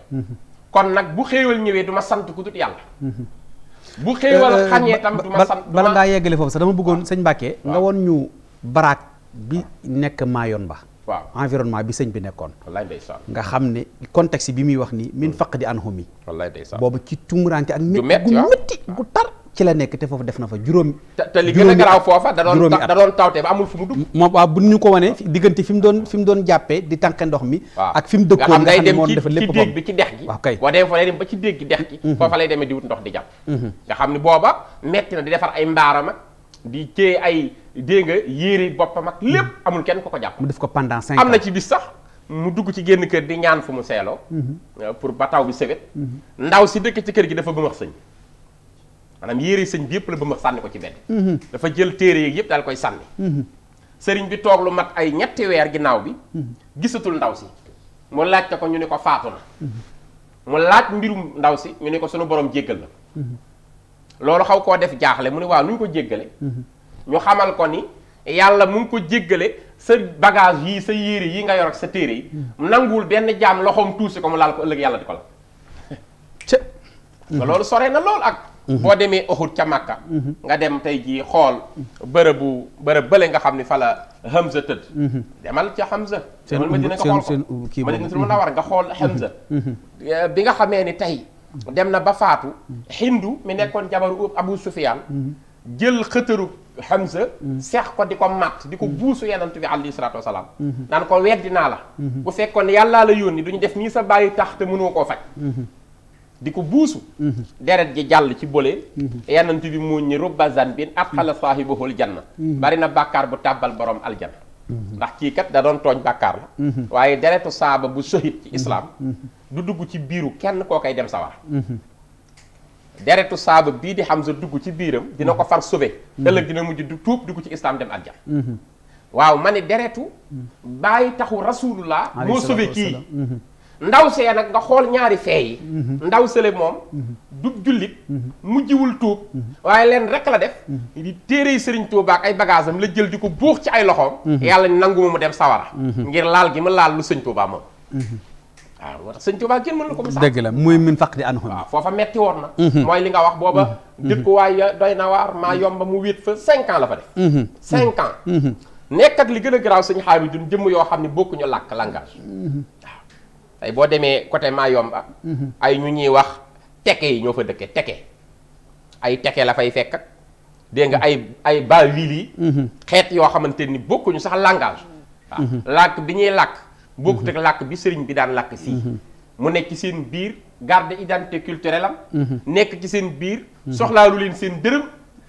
kon nak bu xewal ñewé duma sant ku tut yalla bu xewal euh, xagne tam duma ma sant bala ngaa yeggale fofu sa dama bëggoon ah. señ mbacké nga ah. won ñu barak bi nek mayon ba waaw environnement bi sëñ bi nekkoon nga xam ne contexte bi muy wax ni min faq di an humi boobu ci tumuraanke ak métti gu foofu def na fa juróomi te li da doon da doon tawte ba amul fu mu dugg fi mu doon fi mu doon jàppee di tànqe ndox mi ak fi mu dëkkoon nga xam ne moom dafa lépp déeg bi ci dex gi waaw kay boo demee fa lay dem ba ci mm-hmm. lay demee di wut ndox di jàpp mm-hmm. metti na di defar ay mbaaram ak bi ci ay dégg nga yéere boppam ak lépp mm-hmm. amul kenn ku ko jàpp. mu def ko pendant cinq am na ci bis sax mu dugg ci génn kër di ñaan fu mu seeloo. Mm-hmm. Euh, pour ba taw bi sewet. Mm-hmm. ndaw si dëkk ci kër gi dafa bëmax sëñ. maanaam yéere sëñ yëpp la bëmax sànni ko ci benn. dafa jël téere yeeg yëpp daal koy sànni. sëriñ bi toog lu mat ay ñetti weer ginnaaw bi. gisatul ndaw si. mu laaj ko ko ñu ne ko faatu na. mu laaj mbirum ndaw si ñu ne ko sunu borom jéggal la. loolu xaw koo def jaaxle mu ne waaw nu ñu ko jéggale mhm. ñu xamal ko ni yàlla mu ngi ko jéggale sa bagage yii sa yére yi nga yor ak sa téere yi mhm. nanguwul benn jaam loxoom tuusi ko mu laal ko ëllëg yàlla di ko la loolu sore na lool ak mhm. boo demee Uhud ca Makka nga dem tey jii xool bërëbu bërëb bële nga xam ni fala la Hamza tëdd demal ca Hamza seen ma dina nga xool ko ma dina nga nga xool Hamza eh, bi nga xamee ni tey dem na ba faatu hindu mi nekkoon jabaru abu sufiyaan jël xëtëru Hamza seex ko di ko matt di ko buusu yenant bi alayhi salaatu wasalaam naan ko weddi naa la bu fekkoon yàllaa la yoon yónni duñu def nii sa bàyyi tax te mënoo koo faj di ko buusu deret ji jàll ci bële yenant bi muuñ ni rubba zanbin at xala saahibahu aljanna bari na bàkkaar bu tàbbal borom aljanna ndax kii kat da doon tooñ bàkkaar la mhm. waaye deretu saaba bu sohit ci islaam mhm. mhm. du dugg ci biiru kenn koo koy dem sawar deretu saaba bii di xam sa dugg ci biiram dina ko far sauvé ëllëg dina mujj du tuub dugg ci islaam dem àjjana waaw ma ne deretu bàyyi taxu rasulullah moo sauvé kii ndaw see nag nga xool ñaari fee yi mhm. ndaw sële moom mhm. du jullit mhm. mujjiwul tuub waaye leen rek la def di téere sëriñ Tuubaa ak ay bagaasam la jël di ko buux ci ay loxoom yàlla nangu ma mu dem sawara ngir laal gi ma laal lu sëñ Tuubaa moom waaw moo tax sëñ Tuubaa kenn mënu ko misaal dëgg la muy min faq di an waaw foofa metti na mooy li nga wax booba dëkk waaye doy na waar maa yomba mu wéet fa cinq ans la fa def cinq ans nekkat li gën a garaaw sëñ xaari dun jëmm yoo xam ne bokkuñu làkk langage tey boo demee côté Mayomba. Mhm. ay ñu ñuy wax teke yi ñoo fa dëkke teke ay teke la fay fekk dégg nga ay ay ba wili mhm. xeet yoo xamante ni bokkuñu sax langage mhm. waaw làkk bi ñuy làkk bokkut ak làkk bi sëriñ bi daan làkk sii mu nekk ci seen biir garde identité culturelle am nekk ci seen biir soxlaalu leen seen dërëm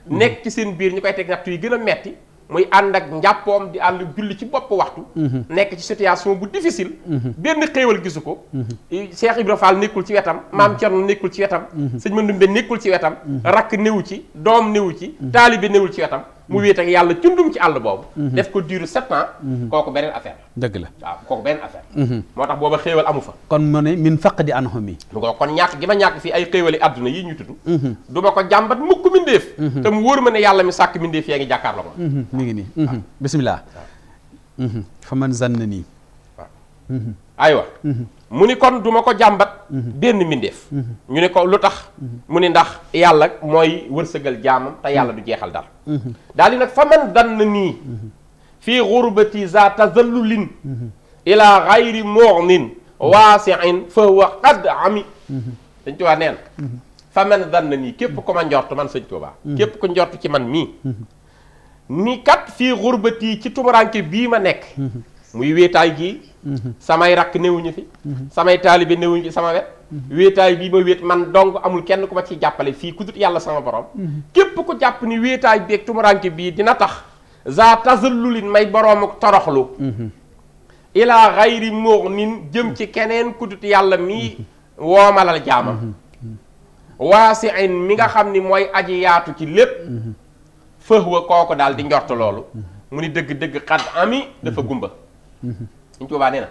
nekk ci seen biir ñu koy teg nattu yi gën a metti muy ànd ak njàppoom di ànd julli ci bopp waxtu mhm. nekk ci situation bu difficile mhm. benn xéewal gisu ko mhm. Cheikh Ibra Fall nekkul ci wetam maam Cerno nekkul ci wetam sëñ Mandumbe nekkul ci wetam rakk néew ci doom néew ci taalibe néewul ci wetam mu wéet ak yàlla cundum ci àll boobu mhm. def ko diiru sept ans mhm. kooku beneen affaire dëgg la waaw kooku beneen affaire mhm. moo tax booba xéewal amu fa kon mu ne min faq di anhum yi mu ko kon ñàkk gi ma ñàkk fii ay xéewali adduna yi ñu tudd du ma ko jàmbat mukk mindeef te mu wóor ma ne yàlla mi sàkk mindeef yaa ngi jàkkaarloo ma mi ngi nii bismillah fa man zanna nii aywa mu ni kon duma ko jàmbat mhm. benn mbindeef mhm. ñu ne ko lu tax mhm. mu ni ndax yàlla mooy wërsëgal jaamam te yàlla du jeexal dara daal di nag fa man na nii fii xurbati za tazallulin ila xayri mornin waasiin fa huwa qad ami sëñ Tuubaa nee na fa man dann nii képp ku ma njort man sañ Tuubaa képp ko njort ci man mii ni kat fii xurbati ci tumuraanke bii ma nekk muy wéetaay gii mhm. samay rakk newuñu fi mhm. samay taalibe newuñu fi sama wet mhm. wéetaay bii ma wéet man dong amul kenn ku ma ciy jàppale fii ku yàlla sama borom képp ko jàpp ni wéetaay beeg tumuranke bii dina tax za tazallulin may boroomu toroxlu ilaa xayri muxnin jëm ci keneen ku yàlla mii woomalal jaamam waasiin mi nga xam ni mooy aji yaatu ci lépp fëhwa kooku daal di njort loolu mu ni dëgg-dëgg xad ami dafa gumba suñ tuubaa nee na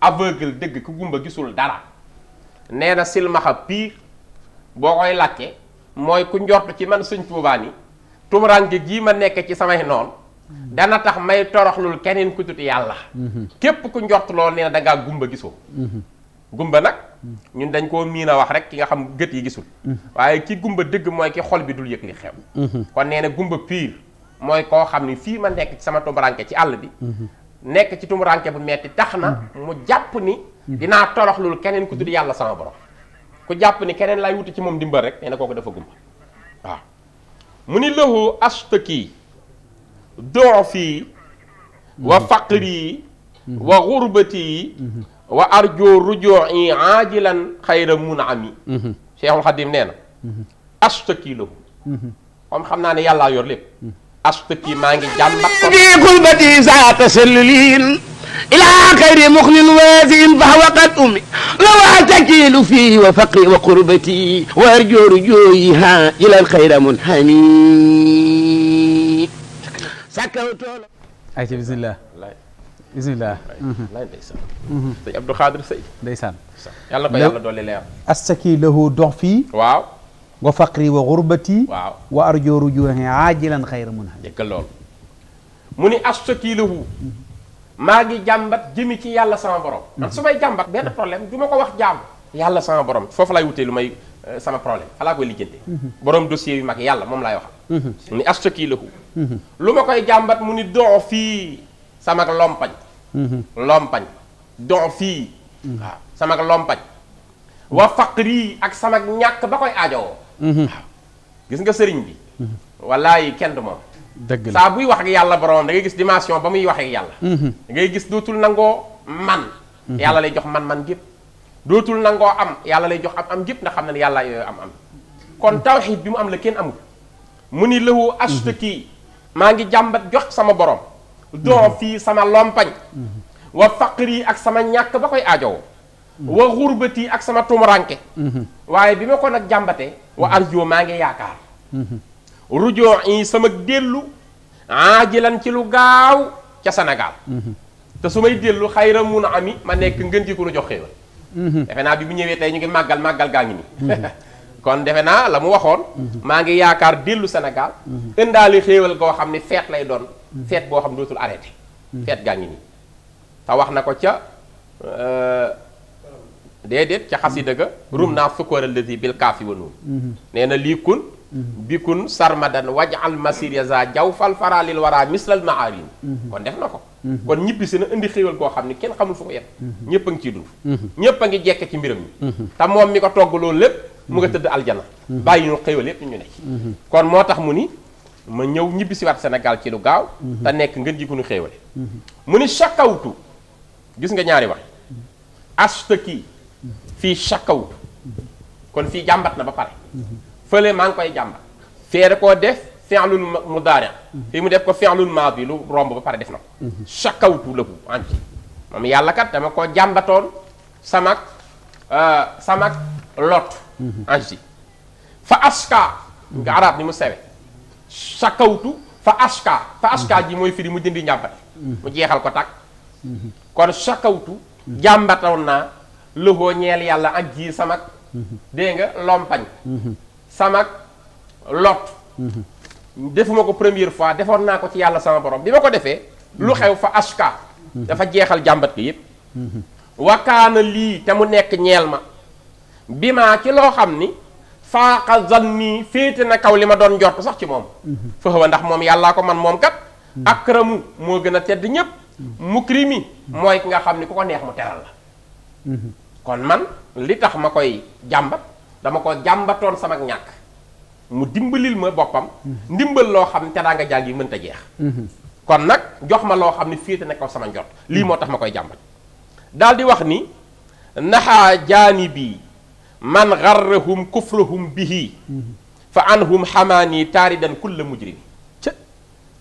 aveugle dëgg ku gumba gisul dara nee na silmaxa piir boo koy lakke mooy ku njort ci man suñ tuubaa ni tumuranke gii ma nekk ci samay noon dana tax may toroxlul keneen ku tuti yàlla képp ku njort loolu nee dangaa gumba gisoo gumba nag ñun dañ koo miin a wax rek ki nga xam gët yi gisul waaye ki gumba dëgg mooy ki xol bi dul yëg li xew kon nee na gumba piir mooy koo xam ni fii ma nekk ci sama tumuranke ci àll bi nekk ci tumuraanke bu metti tax na mhm. mu jàpp ni mhm. dinaa torox keneen ku tudd yàlla sama borom ku jàpp ni keneen lay wuti ci moom dimbal rek nee na kooku dafa gumba waaw mu ni lahu astaki dofi wa mhm. faqri wa gurbati wa arjo ruju'i ajilan xayra munami cheikhul xadim nee na astaki lahu comme xam naa ne yàllaa yor lépp astu kii maa ngi jàmbat ko bi kulbati saa tasallulin إلى خير مخن وازن فهو قد أمي لو أتكيل فيه وفقري وقربتي وأرجو رجويها إلى الخير منحني سكوت أيتي بسم الله بسم الله لا نdeysaan sëñ Abdou Khadre Seye ndeysaan yàlla ba yàlla doole leer astaki lahu dox fii waaw wa faqri wa ghurbati wa arju rujuhi ajilan xayra mun jëkk lol muni ni magi jambat jimi ci yalla sama borom mm-hmm. ndax su jambat, biar mm-hmm. problème duma ko wax jamm yalla sama borom fofu lay wuté lumay euh, sama problème fala koy lijeenté mm-hmm. borom dossier yu mak yalla mom lay wax muni ni luma koy jambat muni do fi sama sama lompañ lompañ do fi sama sama lompañ wa faqri ak sama ñàkk ba ajo. waaw mm-hmm. gis nga sëriñ bi mm-hmm. wallaay kenn du moom dëgg la saa buy wax yàlla borom dangay gis dimension ba muy wax ak yàlla mm-hmm. da ngay gis dootul nangoo man yàlla lay jox man-man gépp dootul nangoo am yàlla lay jox am am gépp ndax xam ne ne yàlla yooyu am am kon tawxiid bi mu am la kenn amul mu ni lahu ashtaki maa ngi jàmbat jox sama borom doo fii sama lompañ wa faqri ak sama ñàkk ba koy aajowoo wa xurbati ak sama tumuranke mhm. waaye bi ma ko nag jàmbate wa mhm. arjoo maa ngi yaakaar mhm. rujoo yi sama déllu dellu aajilan ci lu gaaw ca Sénégal te su may dellu xayra mun a ami ma nekk ngën gi ku nu jox xéewal defe naa bi mu ñëwee tey ñu ngi màggal màggal gaa ngi nii kon defe naa la mu waxoon maa ngi yaakaar dellu Sénégal ëndaali xéewal goo xam ni feet lay doon feet boo xam dootul arrêté feet gaa ngi nii te wax na ko ca euh, déedéet ca xasida ga rum naa sukkooral lësi bil kaafi wa nuun nee na lii kun bikun sarmadan waj al masir za jaw fal faraalil waraa mislal maarin kon def na ko kon ñibbisi na indi xéewal koo xam ne kenn xamul fu ko yem ñëpp a ngi ciy dund ñëpp ngi jekke ci mbiram mi te mi ko togg loolu lépp mu nga tëdd aljana bàyyi ñu xéewal yépp ñu ne ci kon moo tax mu ni ma ñëw ñibbisi waat senegal ci lu gaaw te nekk ngeen jikunu xéewale mu ni chakawtu gis nga ñaari wax ashtaki fii chakawut kon fii jàmbat na ba pare fële maa ngi koy jàmbat fee koo def fi'lun mudaari fii mu def ko fi'lun maadi lu romb ba pare def na ko chakawtu lahu an moom yàlla kat dama koo jàmbatoon samak euh, samak lot an ci fa aska nga arab ni mu sewe chakawtu fa aska fa aska ji mooy firi mu dindi njàmbat mu jeexal ko tag kon chakawtu jàmbatoon naa lëxoo ñeel yàlla ak ji samak dégg nga lompañ samak lot defuma ko première fois defoon naa ko ci yàlla sama borom bi ma ko defee lu xew fa aska dafa jeexal jàmbat ko yépp wakaana lii te mu nekk ñeel ma bi maa ci loo xam ni faaqa zanni féete na kaw li ma doon njort sax ci moom fëxwa ndax moom yàllaa ko man moom kat akramu moo gën a tedd ñëpp mukrimi mooy ki nga xam ni ku ko neex mu teral la kon man li tax ma koy jàmbat dama ko jàmbatoon sama ñàkk mu dimbalil ma boppam mhm. ndimbal loo xam ne te daa nga jàng mënta jeex mhm. kon nag jox ma loo xam ne féete ne ko sama njot lii moo tax ma koy jàmbat daal di wax ni naxaa jaani bii man garrahum kufrahum bihi mhm. fa anhum xamaani taaridan kulla mujrimi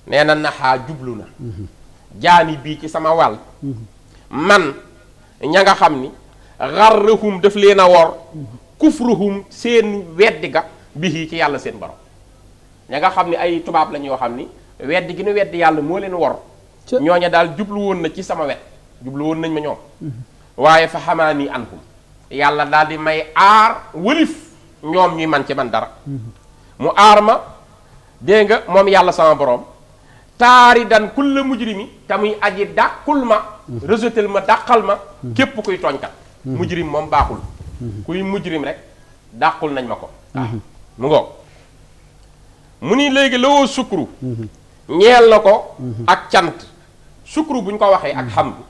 nee na naxaa jublu na bii ci sama wal man ña nga xam ni xarrahum daf leen a wor kufruhum seen weddi ga bihi ci yàlla seen borom ña nga xam ne ay tubaab la ñoo xam ni weddi gi nu weddi yàlla moo leen wor ñooña daal jublu woon na ci sama wet jubluwoon nañ ma ñoom waaye fa xamaani anhum yàlla daal di may aar wëlif ñoom ñuy man ci man dara mu aar ma dégg nga moom yàlla sama boroom taari dan kulla mujrimi te muy aji dàqul ma rejetel ma dàqal ma mm-hmm. képp kuy tooñkat Mm-hmm. mujrim moom baaxul mm-hmm. kuy mujrim rek dàqul nañ ma ko waaw mm-hmm. ah, mu ngoog mu ni léegi lawoo sukru ñeel na ko ak cant sukru bu ñu ko waxee ak xamdu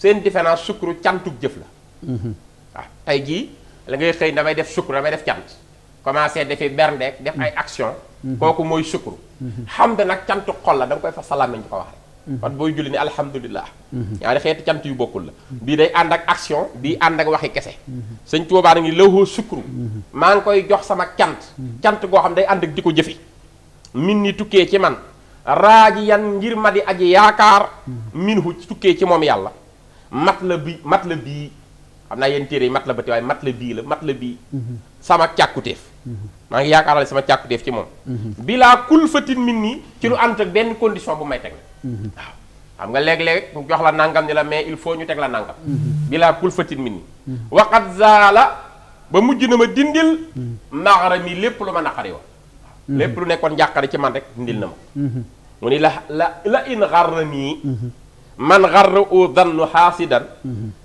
seen différence sukru cantu jëf la waaw ah, tey jii la ngay xëy damay def sukru damay def cant commencé defi berndeek def ay action kooku mooy sukru xamdu nag cantu xol la da nga koy fa salaam ñu ko wax kon booy julli ni alhamdulilah ñaari xeeti cant yu bokkul la bii day ànd ak action bii ànd ak waxi kese sëñ Tuubaa na ngi lawhoo sukru maa ngi koy jox sama cant cant goo xam day ànd ak di ko jëfe min ni tukkee ci man raaji yan ngir ma di aji yaakaar min hu tukkee ci moom yàlla mat la bi mat la bii xam naa yéen téere yi mat la ba te waaye mat la bii la mat la bii sama càkkutéef maa ngi yaakaarale sama càkkutéef ci moom mhm. bilaa kul fatin min nii ci benn condition bu may waaw xam nga léeg-léeg mu jox la nangam ni la mais il faut ñu teg la nangam. Mhm. bilaa kul fatin min ni waqat zaala ba mujj na ma dindil. maxara mhm. mi lépp lu ma naqari mhm. lépp lu nekkoon njàqari ci man rek dindil na ma. mu ni la la la in xarra nii. man xarra u dannu xaasidan.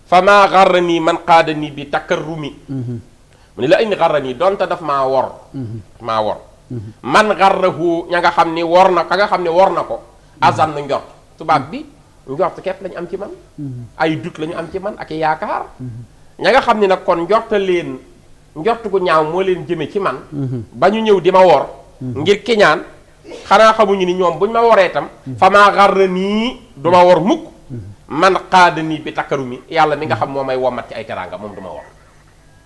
fa maa xarra nii man xaada nii bi takkarrumi. mu ni la in xarra nii donte daf ma wor. maa wor. man xarrahu ña nga xam ni wor na ka nga xam ne wor na ko. azan na njort tubaab bi njort képp lañu am ci man ay dut lañu am ci man ak yaakaar ña nga xam ne nag kon njorta leen njort gu ñaaw moo leen jëme ci man ba ñu ñëw di ma wor ngir kiñaan xanaa xamuñu ni ñoom buñ ma woree tam fa maa xarra nii du ma wor mukk man xaada nii bi takkaru mi yàlla mi nga xam moom may womat ci ay teraanga moom du ma wor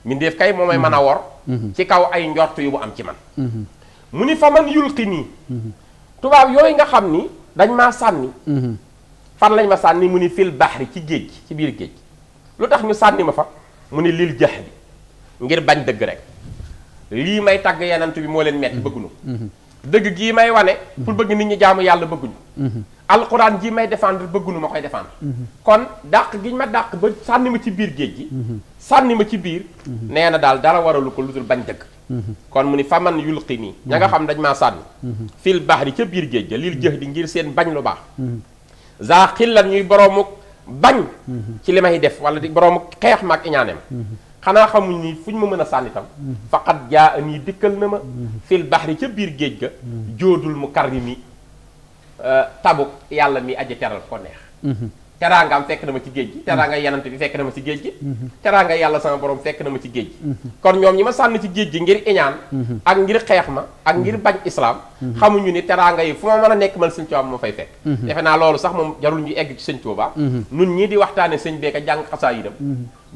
mindeef kay moom may mën a wor ci kaw ay njort yu mu am ci man mm-hmm. mu ni fa man yulqi nii mm-hmm. tubaab yooyu nga dañ maa sànni mm-hmm. fan lañ ma sànni mu ni fil baxri ci géej gi ci biir géej lu tax ñu sànni ma fa mu ni lil jax bi ngir bañ dëgg rek lii may tagg yenant bi moo leen metti bëgguñu mm-hmm. dëgg gii may wane mm-hmm. pour bëgg nit ñi jaamu yàlla bëgguñu alxuraan ji may défendre bëggunu ma koy défendre kon dàq gi ñu ma dàq ba sànni ma ci biir géej gi sànni ma ci biir mhm. nee na daal dara waralu ko lu dul bañ dëgg mhm. kon mu ni faman yulqi nii ña nga mhm. xam dañ maa sànni fil bahri ca biir géej ga lil jëx di ngir seen bañ lu baax za xillan ñuy boroomuk bañ ci li may def wala di boroomuk xeex maag iñaaneem xanaa xamuñ ni fuñ ma mën a sànni tam faqat jaa nii dikkal na ma fil bahri ca biir géej ga joodul mu karri mi euh, tabuk yàlla mi aji teral ko neex teraangaam fekk na ma ci géej gi teraanga yenante bi fekk na ma ci géej gi mhm. teraanga yàlla sama borom fekk na ma ci géej gi mhm. kon ñoom ñi ma sànni ci géej gi ngir iñaan mhm. ak ngir xeex ma ak ngir bañ islaam xamuñu ni teraanga yi fu ma mën a nekk man sëñ Tuubaa ma fay fekk defe naa loolu sax moom jarul ñu egg ci sëñ Tuubaa nun ñii di waxtaane sëñ beeka jàng xasaa yi dem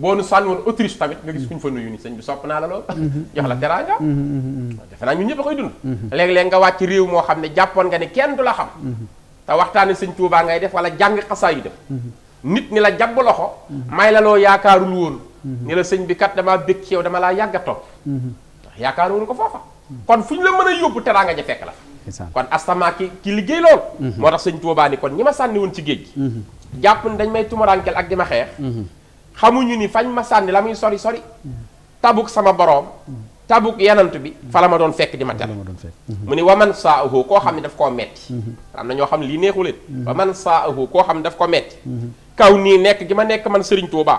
boo nu sànni woon autrice tamit nga gis kuñ fa nuyu nii sëñ bi sopp naa la lool jox la teraanga defe naa ñëpp a koy dund léeg-léeg nga wàcc réew moo xam ne jàppoon nga ne kenn du la xam te waxtaane sëñ Tuubaa ngay def wala jàng xasaa yi def nit ni la jàbb loxo may la loo yaakaarul woon ni la sëñ bi kat damaa bëgg ci yow dama laa yàgg a topp woon ko foofa kon fu ñu la mën a yóbbu nga ja fekk la kon astama ki ki liggéey lool mhm. moo tax sëñ Tuubaa ni kon ñi ma sànni woon ci géej gi mhm. jàpp ni dañ may tumuraankel ak di ma xeex mhm. xamuñu ni fañ ma sànni la muy sori sori tabuk sama boroom tabuk yanantu bi fa la ma doon fekk di matal tere mhm. mu ni waman saahu ko xamni kulit, daf ko metti am na ño xam li neexulit waman saahu ko xam daf ko metti kaw ni nek gi ma nek man serigne touba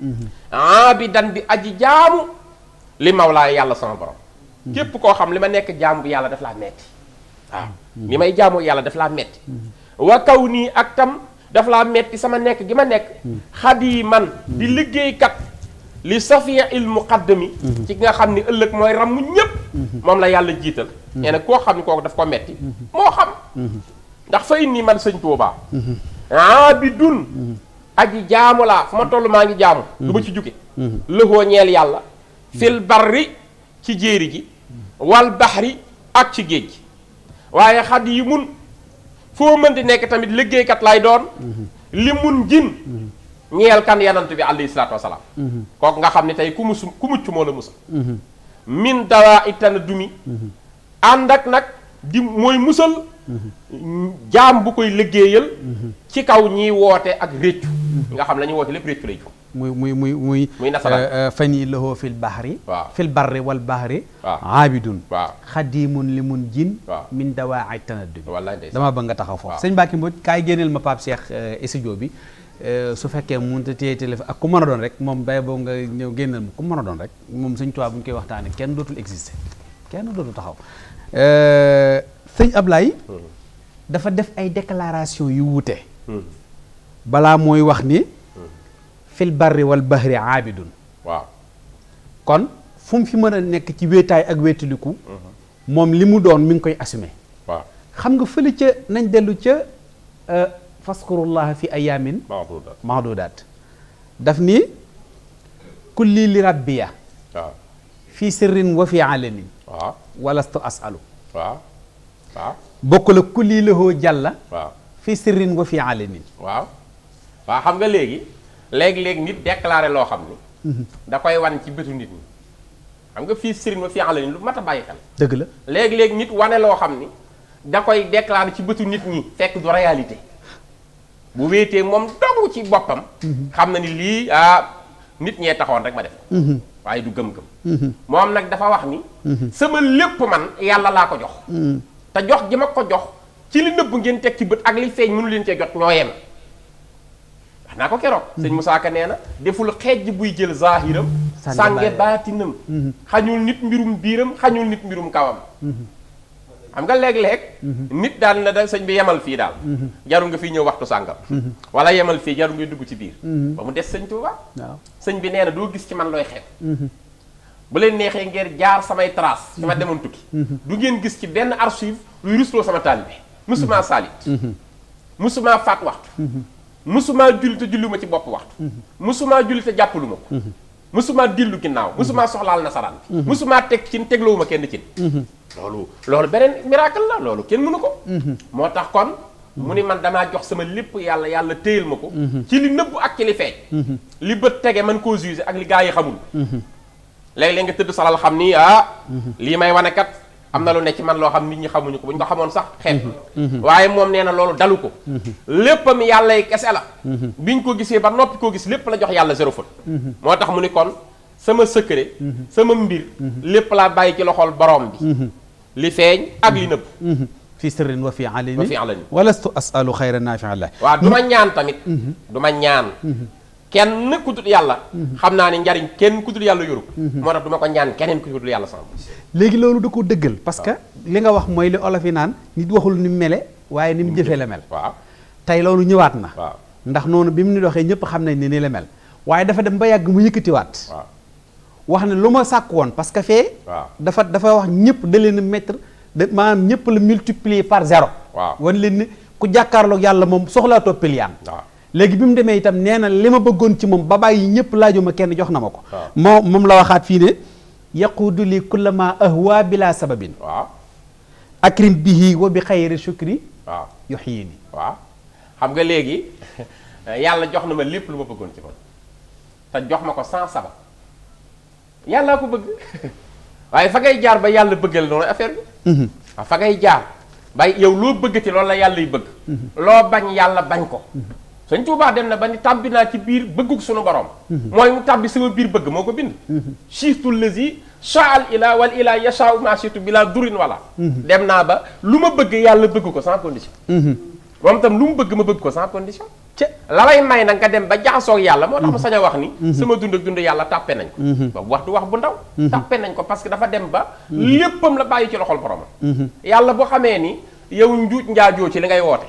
mhm. abidan bi aji jaamu li mawlaa yàlla sama borom mhm. kep ko xam li ma nek jaamu bi yàlla daf la metti mi may jaamu daf la metti wa kawni ak tam daf la metti sama nek gi ma nek khadiman di kat li safiya il muqaddami mhm. ci nga xam ni ëllëg mooy ràmm ñépp mhm. moom la yàlla jiital mhm. nee na koo xam ni kooku daf ko metti moo xam ndax fa inni man sëñ Tuubaa aabidun aji jaamu laa fu ma toll maa ngi jaamu du ma ci juge lëxoo ñeel yàlla fil barri ci jéeri ji wal baxri ak ci géej gi waaye xad yi mun foo mën di nekk tamit liggéeykat lay doon li mun jin ñeel kan yanant bi alayhi salaatu wasalaam mhm. kooku nga xam ne tey ku mus ku mucc moo la musal mhm. min dawaa itana mhm. ànd ak nag di mooy musal jaam bu koy liggéeyal ci kaw ñiy woote ak réccu nga xam la ñuy woote lépp réccu lay jur muy muy muy muy muy nasara euh, euh, fan yi lahoo fil bahri waaw fil barri wal bahri aabidun waaw xadimun li mun jin min dawaa ay tanaddum dama bëgg nga taxaw foofu sëñ Mbacké Mbodj kaay génneel ma Pape seex euh, studio bi Euh, su fekkee mënut a téye téléphone ak ku mën a doon rek moom bay boobu nga ñëw génnal ma ku mën a doon rek moom sëñ Tuubaa bu ñu koy waxtaanee kenn dootul exister kenn dootul taxaw euh, sëñ hmm. def ay déclaration yu wuute. Hmm. balaa mooy wax ni. Hmm. fil barri wal bahri aabidun waaw kon fu mu fi mën a nekk ci wéetaay ak wéetaliku. moom li mu doon mi ngi koy assumer. waaw xam nga fële ca nañ dellu ca. Euh, فاذكروا الله في ايام معدودات معدودات دافني كل لربيا آه. في سر وفي علن آه. ولست اسال آه. آه. بكل كل له جل آه. في سر وفي علن واه آه. خمغا لغي لغ لغ نيت ديكلاري لو خامني داكاي وان سي بيتو نيت خمغا في سر وفي علن لو متا باي خال دغلا لغ لغ نيت واني لو خامني داكاي ديكلاري سي بيتو نيت ني فك دو رياليتي bu wéetee moom dong ci boppam. xam na ni lii ah nit ñee taxoon rek ma def waaye du gëm-gëm. moom nag dafa wax ni. sama lépp man yàlla laa ko jox. te jox gi ma ko jox ci li nëbb ngeen teg ci bët ak li feeñ mënu leen cee jot ñoo yem. wax naa ko keroog. Mm-hmm. sëñ Moussa Ka nee na deful xeej buy jël zaahiram. sànge baatinam mm-hmm. xañul nit mbirum biiram xañul nit mbirum kawam. Mm-hmm. xam nga léeg-léeg mhm. nit daan na da sëñ bi yemal fii daal mhm. jaru nga fii ñëw waxtu sàngam mhm. wala yemal fii jaru ngay dugg ci biir ba mu des sëñ Tuuba sëñ bi nee na doo gis ci man looy xeet bu leen neexee ngeen jaar samay tras su ma demoon tukki du ngeen gis ci benn archive luy rusloo sama taalibe musuma saalit musuma faat waxtu musuma julli te julli ma ci bopp waxtu musuma julli te jàppalu ma ko musuma dillu ginnaaw musuma soxlaal nasaraan bi musuma teg cin teglawuma kenn cin loolu loolu beneen miracle la loolu kenn mënu ko mhm. moo tax kon mu ni man damaa jox sama lépp yàlla yàlla téyal ma ko mhm. ci li nëbbu ak ci li feeñ mhm. li bët tege man koo jugé ak li gaa yi xamul léeg-léeg nga tëdd salal xam nii ah lii may wane kat am na lu ne ci man loo xam nit ñi xamuñu ko bu ñu ko xamoon sax xeet waaye moom nee na loolu dalu ko léppam yàlla yi kese la biñ ko gisee ba noppi koo gis lépp la jox yàlla zéro faute moo tax mu ni kon sama secret sama mbir lépp laa bàyyi ci loxol borom li feeñ ak li nëbb mhm. fi sirrin wa fi alani wa fi alani walastu asalu xayra naafi allah waaw mhm. mhm. du ma ñaan tamit du ma ñaan kenn ku yàlla xam naa ne njariñ kenn ku yàlla yoru moo tax du ma ko ñaan keneen ku dul yàlla sama léegi loolu da ko dëggal parce que li nga wax mooy li olof yi naan nit waxul ni mu mele waaye ni mu jëfee la mel waaw tey loolu ñëwaat na ndax noonu bi mu ni doxee ñëpp xam nañ ni ni la mel waaye dafa dem ba yàgg mu yëkkatiwaat wax ne lu ma sàkk woon parce que fee. dafa dafa wax ñëpp da leen a mettre da maanaam ñëpp la multiplier par zéro. waaw wan leen ni ku jàkkaarloog yàlla moom soxlaatoo piliyaan. léegi bi mu demee itam nee na li ma bëggoon ci moom ba bàyyi ñëpp laajuma kenn jox na ma ko. moo moom la waxaat fii ne. yaquudu li kullama ahwa bila sababin. waaw akrim bihi wa bi xayri shukri. waaw yuxyini waaw xam nga léegi yàlla jox na ma lépp lu ma bëggoon ci moom te jox ma ko sans sabab. yàllaa ko bëgg waaye fa ngay jaar ba yàlla bëggal noonu affaire bi mhm. waaw fa ngay jaar bay yow loo bëggati loolu la yàllay yi bëgg mhm. loo bañ yàlla bañ ko mhm. sëñ Tuubaa dem na ba ni tàbbi naa ci biir bëggug suñu borom mooy mu tàbbi sama biir bëgg moo ko bind siitu lesi saal ila wal ila yasau masitu bi laa durin wala dem naa ba lu ma bëgg yàlla bëgg ko sans condition moom itam lu mu bëgg ma bëgg ko sans condition la lay may nak nga dem ba jaxasoog yàlla moo tax ma saña wax ni mhm. sama dund ak dund yalla tapé nañ ko mhm. ba waxtu wax bu ndaw mhm. tapé nañ ko parce que dafa dem ba leppam la bayyi ci loxol borom yalla bu xamé ni yow njuuj njaajoo ci li ngay wote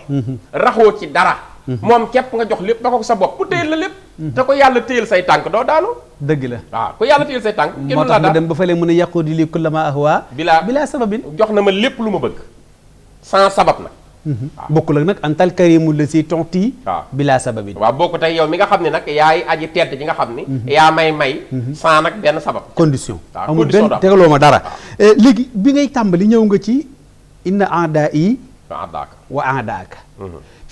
raxo ci dara mom kep nga jox lepp bako sa bopp bu teyel la lépp te ko yalla teyel say tank do dalu deug la wa ku yalla teyel say tank moo tax nga dem ba fele mën yaqudi li kullama ahwa bila sababin jox na ma lépp sans sabab nak Mm-hmm. bokkul ak nag antal karimul lati si tonti waaw bilaa sabab waaw bokku tey yow mi nga xamni nak yaay aji tedd gi nga xamni mm-hmm. ya may may mm-hmm. sa nak ben sabab condition ah, amul ben tegaloo ma dara ah. eh, legui bi ngay tambali ñew nga ci inna adai wa adak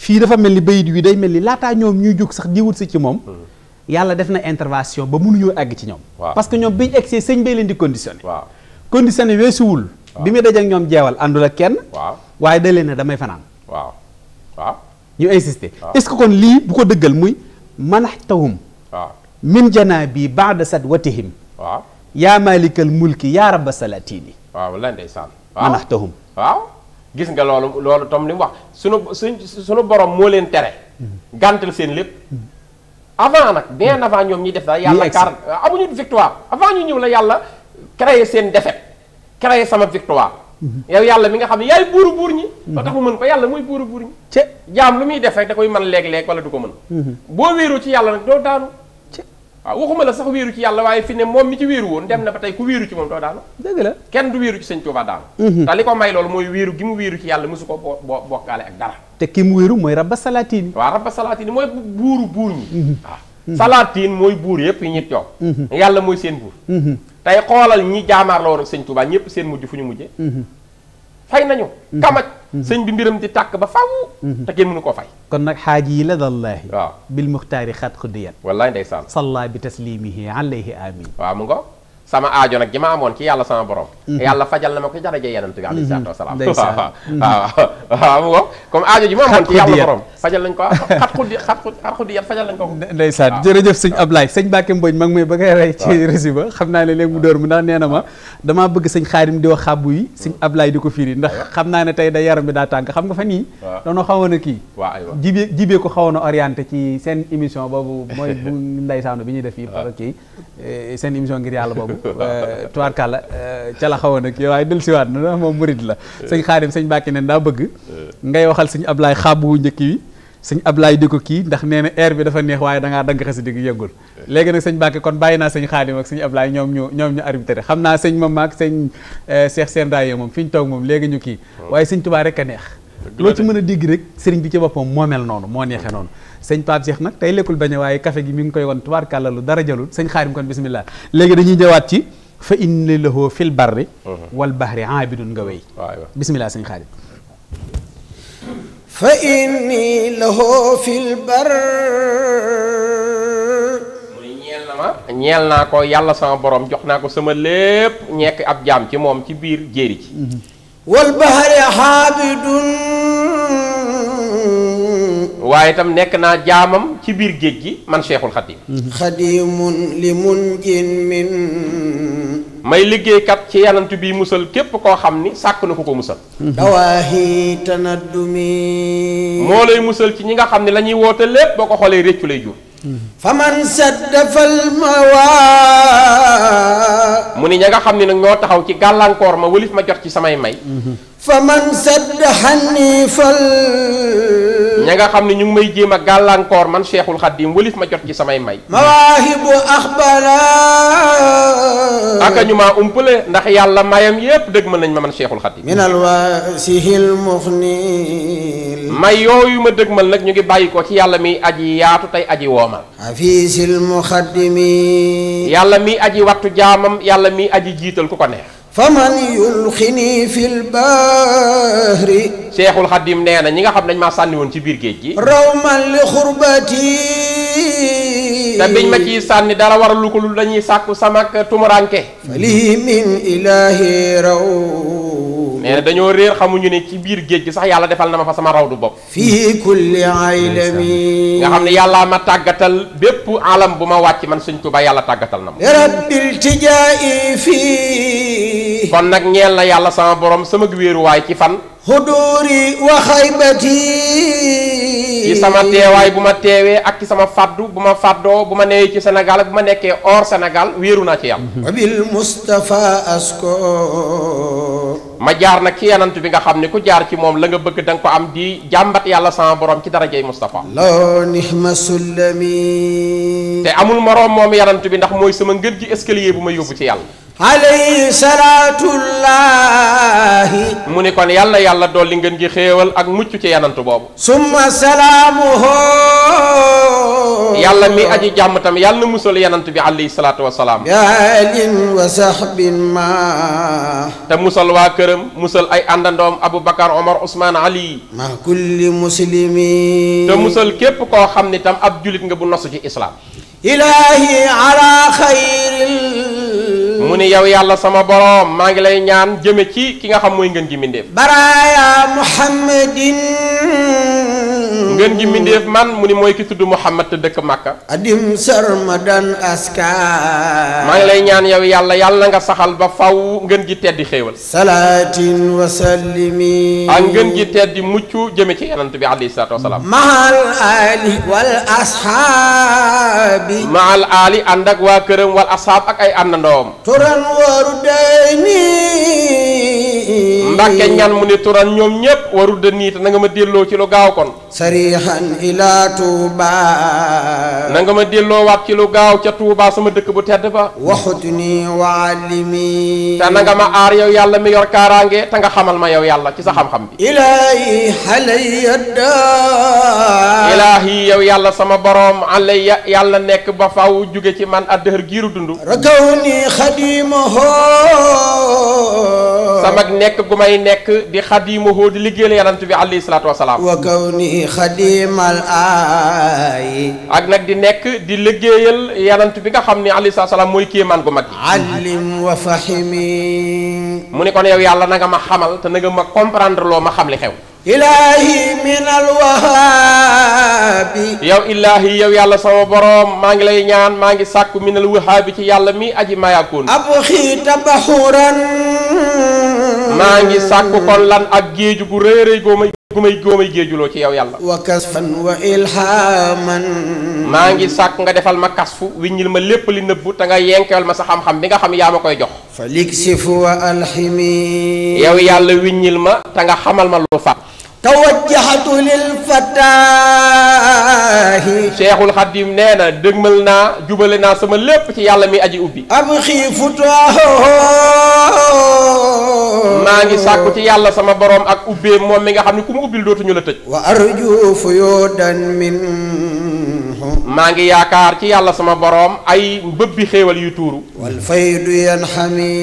fi dafa melni beuyit wi day melni lata ñom ñu juk sax diwul wut ci mom yalla def na intervention ba mënu ñu ag ci ñom parce que ñom biñ excès señ sëñ bay leen di conditionner conditionner wessuul bi mi dajal ñom jéwal andul ak kenn waaw waaye day leen ne damay fanaan. waaw waaw. ñu insister est-ce que kon lii bu ko dëggal muy manaxtahum min janaa bi baada sadwatihim waaw yaa maalikal mulki yaa rabba salatini waaw lan ndeysaan manaxtahum waaw gis nga loolu loolu tam li wax sunu sunu borom moo leen tere gàntal seen lépp avant nag bien avant ñoom ñuy def daal yàlla kaar amuñu victoire avant ñu ñëw la yàlla créer seen défaite créer sama victoire Mm-hmm. yow yàlla mi nga xam ne yaay buuru buur ñi ba tax mu mën ko yàlla mooy buuru buur ñi ci jaam lu muy def rek da koy mën léeg du ko mën mm-hmm. boo wéeru ci yàlla nag doo daanu waaw waxuma la sax wéeru ci yàlla waaye fi ne moom mi ci wéeru woon dem na ba tey ku wéeru ci moom doo daanu kenn du wéeru ci sëñ Tuubaa daanu mm-hmm. li ko may loolu mooy wéeru gi mu wéeru ci yàlla mosu ko bo bokkaale ak dara te ki mu wéeru mooy rabba salaatini waaw rabba salaatini mooy buuru buur ñi waaw salaatin mooy buur yëpp yi ñit yàlla mooy seen buur tey xoolal ñi jaamaarloo woon ak sëñ Touba ñëpp seen mujj fu ñu mujjee. Mhm. fay nañu. Mhm. kamaj mhm. sëñ bi mbiram di tàkk ba faw te kenn mënu koo fay. kon nag xaaji yi la dallaahi. waaw bil muxtaari xat xuddiyat. wallaahi ndeysaan. salla bi taslimihi alayhi amin. waaw mu ngo sama ajo nag ji ma amoon ci yàlla sama borom mhm. yàlla fajal na ma ko jaraje yenentu bi mhm. alayhi salaatu wasalaam mhm. waaw waaw mu ko comme aajo ji ma amoon ci yàlla borom fajal ko xat xuddi xat xud xat xuddi yat fajal nañ ko ndeysaan jërëjëf sëñ Ablaye sëñ Mbacke Mbodj mag may ba ngay rey ba xam naa ne léegi mu dóor mu ndax nee ma damaa bëgg sëñ Xaadim di wax xàbbu yi sëñ mm. Ablaye di ko firi ndax xam naa ne tey da yaram bi daa tànk xam nga fa nii doonoo xawoon a kii jibee jibee ko xawoon a orienté ci seen émission boobu mooy bu ndeysaanu bi ñuy def fii parce que seen émission ngir yàlla boobu Eh, tubaarkàlla eh, ca la xawoon ak yow waaye dellusiwaat na moom murid la eh. sëñ xaadim sëñ Mbàkke neen daa bëgg ngay waxal sëñ Ablaay xaabu wu njëkk wi sëñ Ablaay di ko kii ndax nee na air bi dafa neex waaye dangaa dagg xasida gi yëggul léegi nag sëñ Mbàkke kon bàyyi naa sëñ xaadim ak sëñ Ablaay ñoom ñu ñoom ñu arbitré xam naa sëñ Mame ak sëñ Cheikh Sène Raye moom fi ñu toog moom léegi ñu kii waaye sëñ Tuubaa rek a neex loo ci mën a digg rek sëriñ bi ci boppam moo mel noonu moo neexee noonu sëñ Pape Cheikh nag tey lekkul bañ waaye kafe gi mu ngi koy won tubaarkàlla lu dara jalul sëñ xaarim kon bisimilah léegi dañuy ñëwaat ci fa inni lahu fil barri uh-huh. wal bahri aabidun nga wéy bisimilah sëñ xaarim fa inni lahu fil barri ñeel naa ko yàlla sama borom jox naa ko sama lépp ñekk ab jaam ci moom ci biir jéeri ci mm-hmm. والبحر حامد waye tam nek na jaamam ci bir geej gi man cheikhul xadim khadimun limunjin min may kat ci yalantu bi musal kep ko xamni sak na ko ko musal dawahi tanaddumi mo lay musal ci ñinga xamni lañuy wote lepp boko woote reccu lay jur faman saddafal mawa muni ñinga xamni nak ñoo taxaw ci galankor ma wulif ma jot ci samay may faman saddaxani fal ña nga xam ñu may jema galankor man cheikhul khadim walif ma jot ci samay may mawaahibu akhbara aka ñuma umpele ndax yalla mayam yep dëgg man nañ ma man cheikhul khadim min alwaasihil mukhni may yoyu ma dëgmal nak ñu ngi bayiko ci yalla mi aji yaatu tay aji woma afisil muxaddimi yalla mi aji wattu jaamam yalla mi aji jital ku ko neex فمن يلخني في البحر شيخ الخديم نانا نيغا خا خن نما ساني سي بير جيجي روما لخربتي te biñ ma ciy sànni dara waralu ko lu dañuy sàkku sama tumuranke fali min ilaahi raw nee na dañoo réer xamuñu ne ci biir géej gi sax yàlla defal na ma fa sama raw du bopp fii kulli aylami nga xam ne yàlla ma tàggatal bépp alam bu ma wàcc man suñ Tuubaa yàlla tàggatal na ma rabbil tijaai fii kon nag ñeel na yàlla sama borom sama wéeruwaay ci fan huduri wa xaybati ci sama teewaay bu ma teewee ak ci sama fàddu bu ma fàddoo bu ma newee ci Sénégal ak bu ma nekkee hors Sénégal wéeru naa ci yàlla wabil Mustafa asko ma jaar na ci yanantu bi nga xam ne ku jaar ci moom la nga bëgg danga ko am di jàmbat yàlla sama borom ci darajey Mustafa loo nihma sullami te amul moroom moom yanantu bi ndax mooy sama ngën ji escalier bu ma yóbbu ci yàlla عليه صلاه الله موني كون يالا يالا دول لي نغي خيوال اك موتو تي يانانتو بوب ثم سلامه يالا مي ادي جام تام يالا مسول يانانتو بي عليه الصلاه والسلام يا ال وسحب ما تا مسول وا كرم مسول اي اندندوم ابو بكر عمر عثمان علي ما كل مسلم تا مسول كيب كو خامني تام اب جوليت نغي بو نوسو تي اسلام الهي على خير الله mu ni yow yàlla sama boroom maa ngi lay ñaan jëme ci ki nga xam mooy ngeen ji mbindéef baraaya muhammadin ngeen gi mindeef man mu ni ki tuddu muhammad te dekk makka adim sarmadan aska ma ngi lay ñaan yow yalla yalla nga saxal ba faw ngeen gi teddi xewal salatin wa sallimi ak ngeen gi teddi muccu jëme ci yonent bi alayhi salatu wasalaam maal ali wal ashabi. maal ali andak wa kërëm wal ashab, ak ay andandom turan waru dayni mbàkke ñaan mu ne turan ñoom ñépp warul ma delloo ci lu gaaw kon sarihan ila tuuba ma delloo waat ci lu gaaw ca tuuba sama dëkk bu tedd ba ni waalimi te na ma aar yow yàlla mi yor kaaraange te nga xamal ma yow yàlla ci sa xam-xam bi ilaahi alayya ilaahi yow yàlla sama boroom alayya yàlla nekk ba faw jóge ci man addëhër giiru dund rakaw ni xadimaho samak nekk guma may nekk di xadiimahu di liggéeyal yonent bi alayhi salaatu wasalaam wa kawni xadiimal aayi ak nag di nekk di liggéeyal yonent bi nga xam ni alayhi salaatu wasalaam mooy kéemaan gu mag allim wa fahimi mu ne kon yow yàlla na ma xamal te na ma comprendre loo ma xam li xew ilaahi min alwahaabi yow ilaahi yow yàlla sama boroom maa ngi lay ñaan maa ngi sàkku min alwahaabi ci yàlla mi aji mayaakoon ab maa ngi sàkku kon lan ak géeju gu rëy rëy góomay góomay góomay géejuloo ci yow yàlla wa kasfan wa ilhaman maa ngi sàkk nga defal ma kasfu wiññil ma lépp li nëbbu te nga yenkewal ma sa xam-xam bi nga xam yaa ma koy jox fa liksifu wa alhimi yow yàlla wiññil ma te nga xamal ma lu fàtt tawajjaxatu lil fataahi Cheikhul Xadim nee na dëgmal naa jubale naa sama lépp ci yàlla mi aji ubbi am xiifu maa ngi sàkku ci yàlla sama borom ak ubbee moom mi nga xam ne ku mu ubbil dootuñu la tëj wa arju fuyudan min Mm-hmm. maa ngi yaakaar ci yàlla sama boroom ay mbëbbi xéewal yu tuuru wal faydu yan xami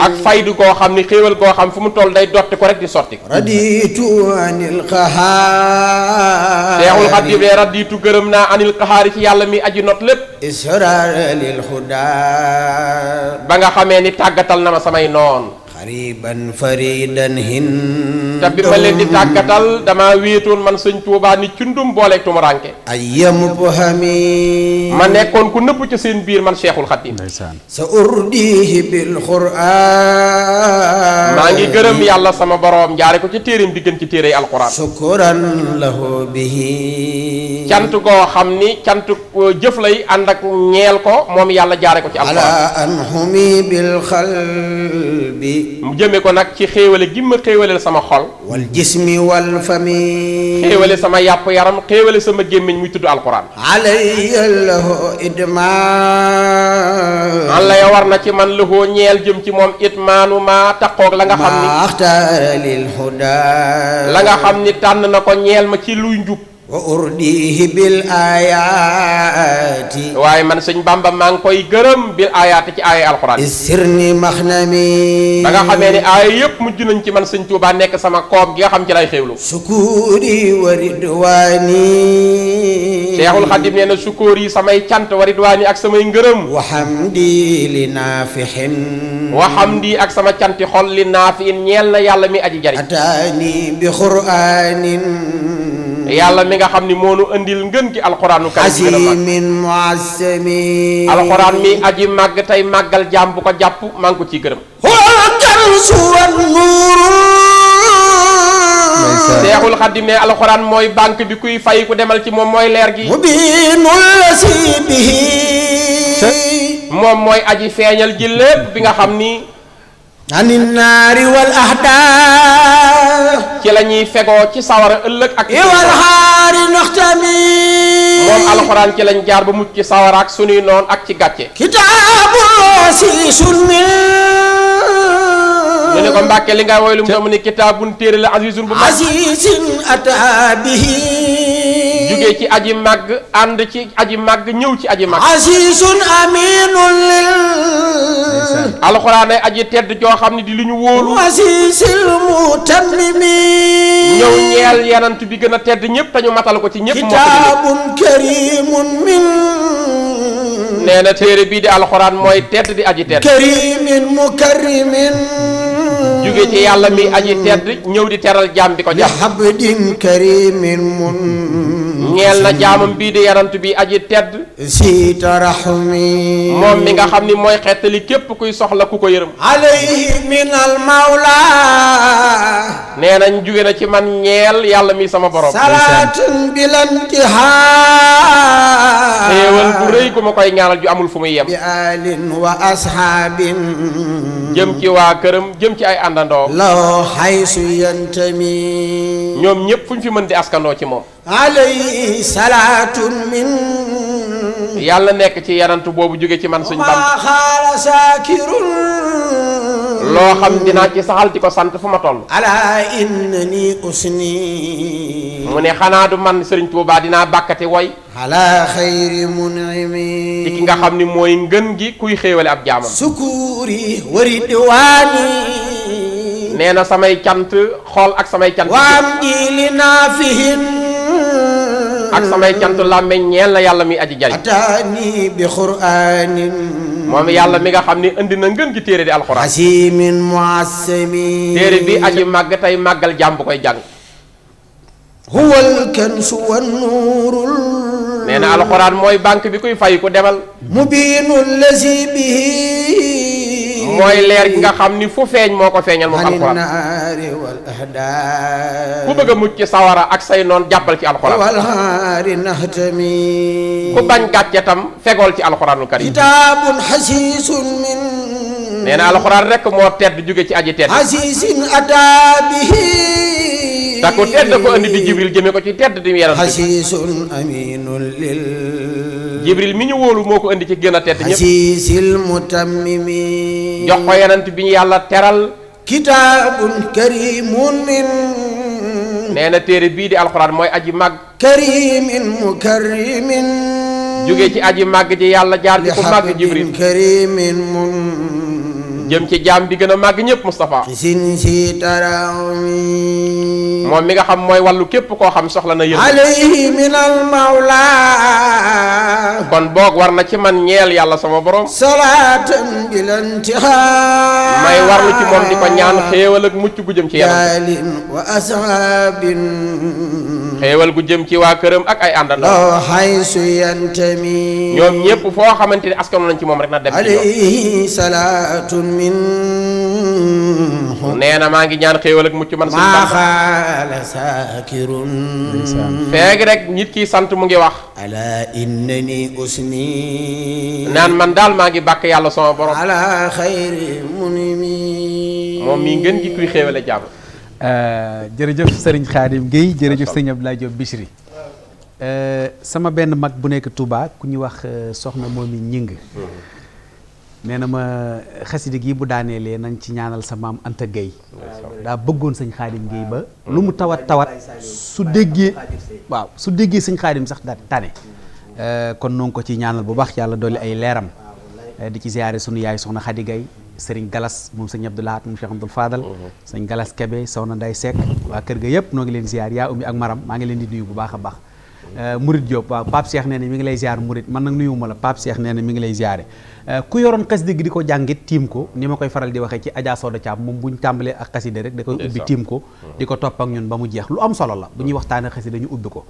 ak faydu koo xam ni xéewal koo xam fu mu toll day dotti ko rek di sotti ko raditu anil qahaar seexul xadiim ne raditu gërëm naa anil qahaari ci yàlla mi aji not lépp israanil ba nga xamee ni tàggatal na ma samay noon xariban faridan hin te bi ma leen di tàggatal dama wéetoon man sëñ Tuubaa ni cundum booleeg tumuranke ay yamub hami ma nekkoon ku nëbb ca seen biir man Cheikhul Xadim sa urdihi bil quraan maa ngi gërëm yàlla sama boroom jaare ko ci téereem bi gën ci téere alquran sukuran lahu bihi cant goo xam ni cant euh, jëf lay ànd ak ñeel ko moom yàlla jaare ko ci alquran ala anhumi bil qalbi mu jëme ko nag ci xéewale gi ma xéewaleel sama xol wal jismi wal fami xéewale sama yàpp yaram xéewale sama gémmiñ muy tudd alquran alayya lahu idman an la ya war na ci man lahoo ñeel jëm ci moom itmaanu ma taqoog la nga xam ni maxtaaralil huda la nga xam ni tànn na ko ñeel ma ci luy njub wa urdihi bil ayati way man sëñ bamba mang koy geureum bil ayati ci aaya alquran isirni maxnami da nga xamé ni aaya yep mujj nañ ci man sëñ touba nek sama koob gi nga xam ci lay xewlu sukuri wa ridwani seexul xadim nee samay cant wa ridwani ak samay ngeureum wa hamdi linafihin wa hamdi ak sama canti xol li ñel na yalla mi aji jari atani bi qur'anin yàlla mi nga xam ni moo nu andil ngën ki alxuraanu karim azimin muassimi alxuraan mi aji màgg tey màggal jaam bu ko jàpp maa ngi ko ciy gërëm seexul xaddim ne alxuraan mooy banque bi kuy fay ku demal ci moom mooy leer gi moom mooy aji feeñal ji lépp bi nga xam ni ani naari wal ahdaa. ci la ñuy fegoo ci sawara ëllëg ak. iwal xaari noxtami. moom alxuraan ci lañ jaar ba mucc ci sawara ak sunuy noon ak ci gàcce. kitaabu si sunmi. mu ne ko mbàkke li nga woy lu mu ne kitaabun téere la azizun bu mag azizin ataa bihi jugee ci aji màgg ànd ci aji màgg ñëw ci aji màgg. asiisun aminun lil. alxuraan ay aji tedd joo xam ne di lu ñu wóolu. asiisil mutammimi. ñëw ñeel yanant bi gën a tedd ñëpp te ñu matal ko ci ñëpp. kitaabun min. nee téere bii di alxuraan mooy tedd di aji tedd. kariimin mukarrimin. jóge ci yalla mi aji tedd ñew di teral jam bi ko jàpp habdin karimin mun ñeel na jaamam bi di yarantu bi aji tedd si tarahmi moom mi nga xamni moy mooy xettali képp kuy soxla kuko ko alayhi min al maula. neena ñu jóge na ci man ñel yalla mi sama borom salaatun bilantiha ewal bu reey ko ma koy ñaanal ju amul fu muy yem bi alin wa ashabin jëm ci wa kërëm jëm ci ay àndandoo. law xaysu yantami. ñoom ñëpp fu fi mën di askandoo ci moom. alayhi nekk ci yarantu boobu jóge ci man suñ loo xam dinaa ci saxal ko sant fu ma toll. ala innani usni. mu ne xanaa du man Serigne Touba dinaa bàkkati woy. ala xayri munimi. ci ki nga xam ni mooy ngën gi kuy xéewale ab jaamam. sukuri waridwaani. nee na samay cant xool ak samay cant. waam ji li naa ak samay cant làmmeñ ñeel na yàlla mi aji jariñ. ataani bi qur'aanin moom yàlla mi nga xam ni indi na ngeen ci téere di alxuraan. asimin muassimi téere bi aji màgg tey màggal jàmm bu koy jàng. huwal kansu wan mooy banque bi kuy fay ku demal. mubiinul lazi bihi mooy leer gi nga xam ni fu feeñ moo ko feeñal moom alxuraan ku bëgg a ci sawara ak say noon jàppal ci alxuraan ku bañ gàcce tam fegool ci alxuraanul karim nee na alxuraan rek moo tedd jóge ci aji tedd ta tedd ko andi di jibril jëme ko ci tedd di yaram hasisun aminul lil jibril mi ñu wóolu moo ko andi ci gën tedd ñëpp hasisil mutammimi jox ko yenant bi ñu yàlla teral kitabun karimun min neena téere bii di alquran mooy aji mag karimin mukarrimin jóge ci aji mag ji yàlla jaar ci ku mag jibril karimin mun jëm ci jaam bi gën a màgg ñëpp Moustapha sin si tarami moom mi nga xam mooy wallu képp koo xam soxla na yërmande alayhi minal mawla kon boog war na ci man ñeel yàlla sama borom salaatan bilantiha may warlu ci moom di ko ñaan xéewal ak mucc gu jëm ci yaram wa ashabin xéewal gu jëm ci waa këram ak ay àndandoo haysu yantami ñoom ñëpp foo xamante ni askan nañ ci moom rek na dem alayhi salaatun minhu na maa ngi ñaan xéewal ak mucc man. suñu bàq maaxaala feegi rek nit ki sant mu ngi wax. ala innani usni. naan man daal maa ngi bàkk yàlla sama borom. ala xayri munimi. moom mi ngeen gi kuy xéewale jàmm. Euh, jërëjëf sëriñ Khadim Guèye jërëjëf Serigne Abdoulaye Diop Bichri euh, sama benn mag bu nekk Touba ku ñuy wax euh, soxna moom i ñing nee na ma xasida gi bu daaneelee nañ ci ñaanal sa maam Anta Gueye daa bëggoon sëñ Xaadim Gueye ba lu mu tawat tawat su déggee waaw su déggee sëñ Xaadim sax daa tane euh, kon noo ko ci ñaanal bu baax yàlla dolli ay leeram euh, di ci ziyaare sunu yaay soxna Xadi Gueye sëriñ Galas moom sëñ Abdou Lahat moom Cheikh Abdoul Fadal sëñ Galas Kebe soxna Nday Seck waa kër ga yëpp noo ngi leen ziyaar yaa ummi ak maram maa ngi leen di nuyu bu baax a baax Euh, Murit Diop waaw Pape Cheikh nee na mi ngi lay ziar Murit man nag nuyuwuma la Pape Cheikh nee na mi ngi lay ziare euh, ku yoroon xasida gi di ko jàngit tiim ko ni ma koy faral di waxee ci Adja Soda Thiam moom bu ñu tàmbalee ak xasida rek da koy ubbi ko di ko topp ak ba mu jeex lu am solo la bu ñuy waxtaane xasida ñu ubbi ko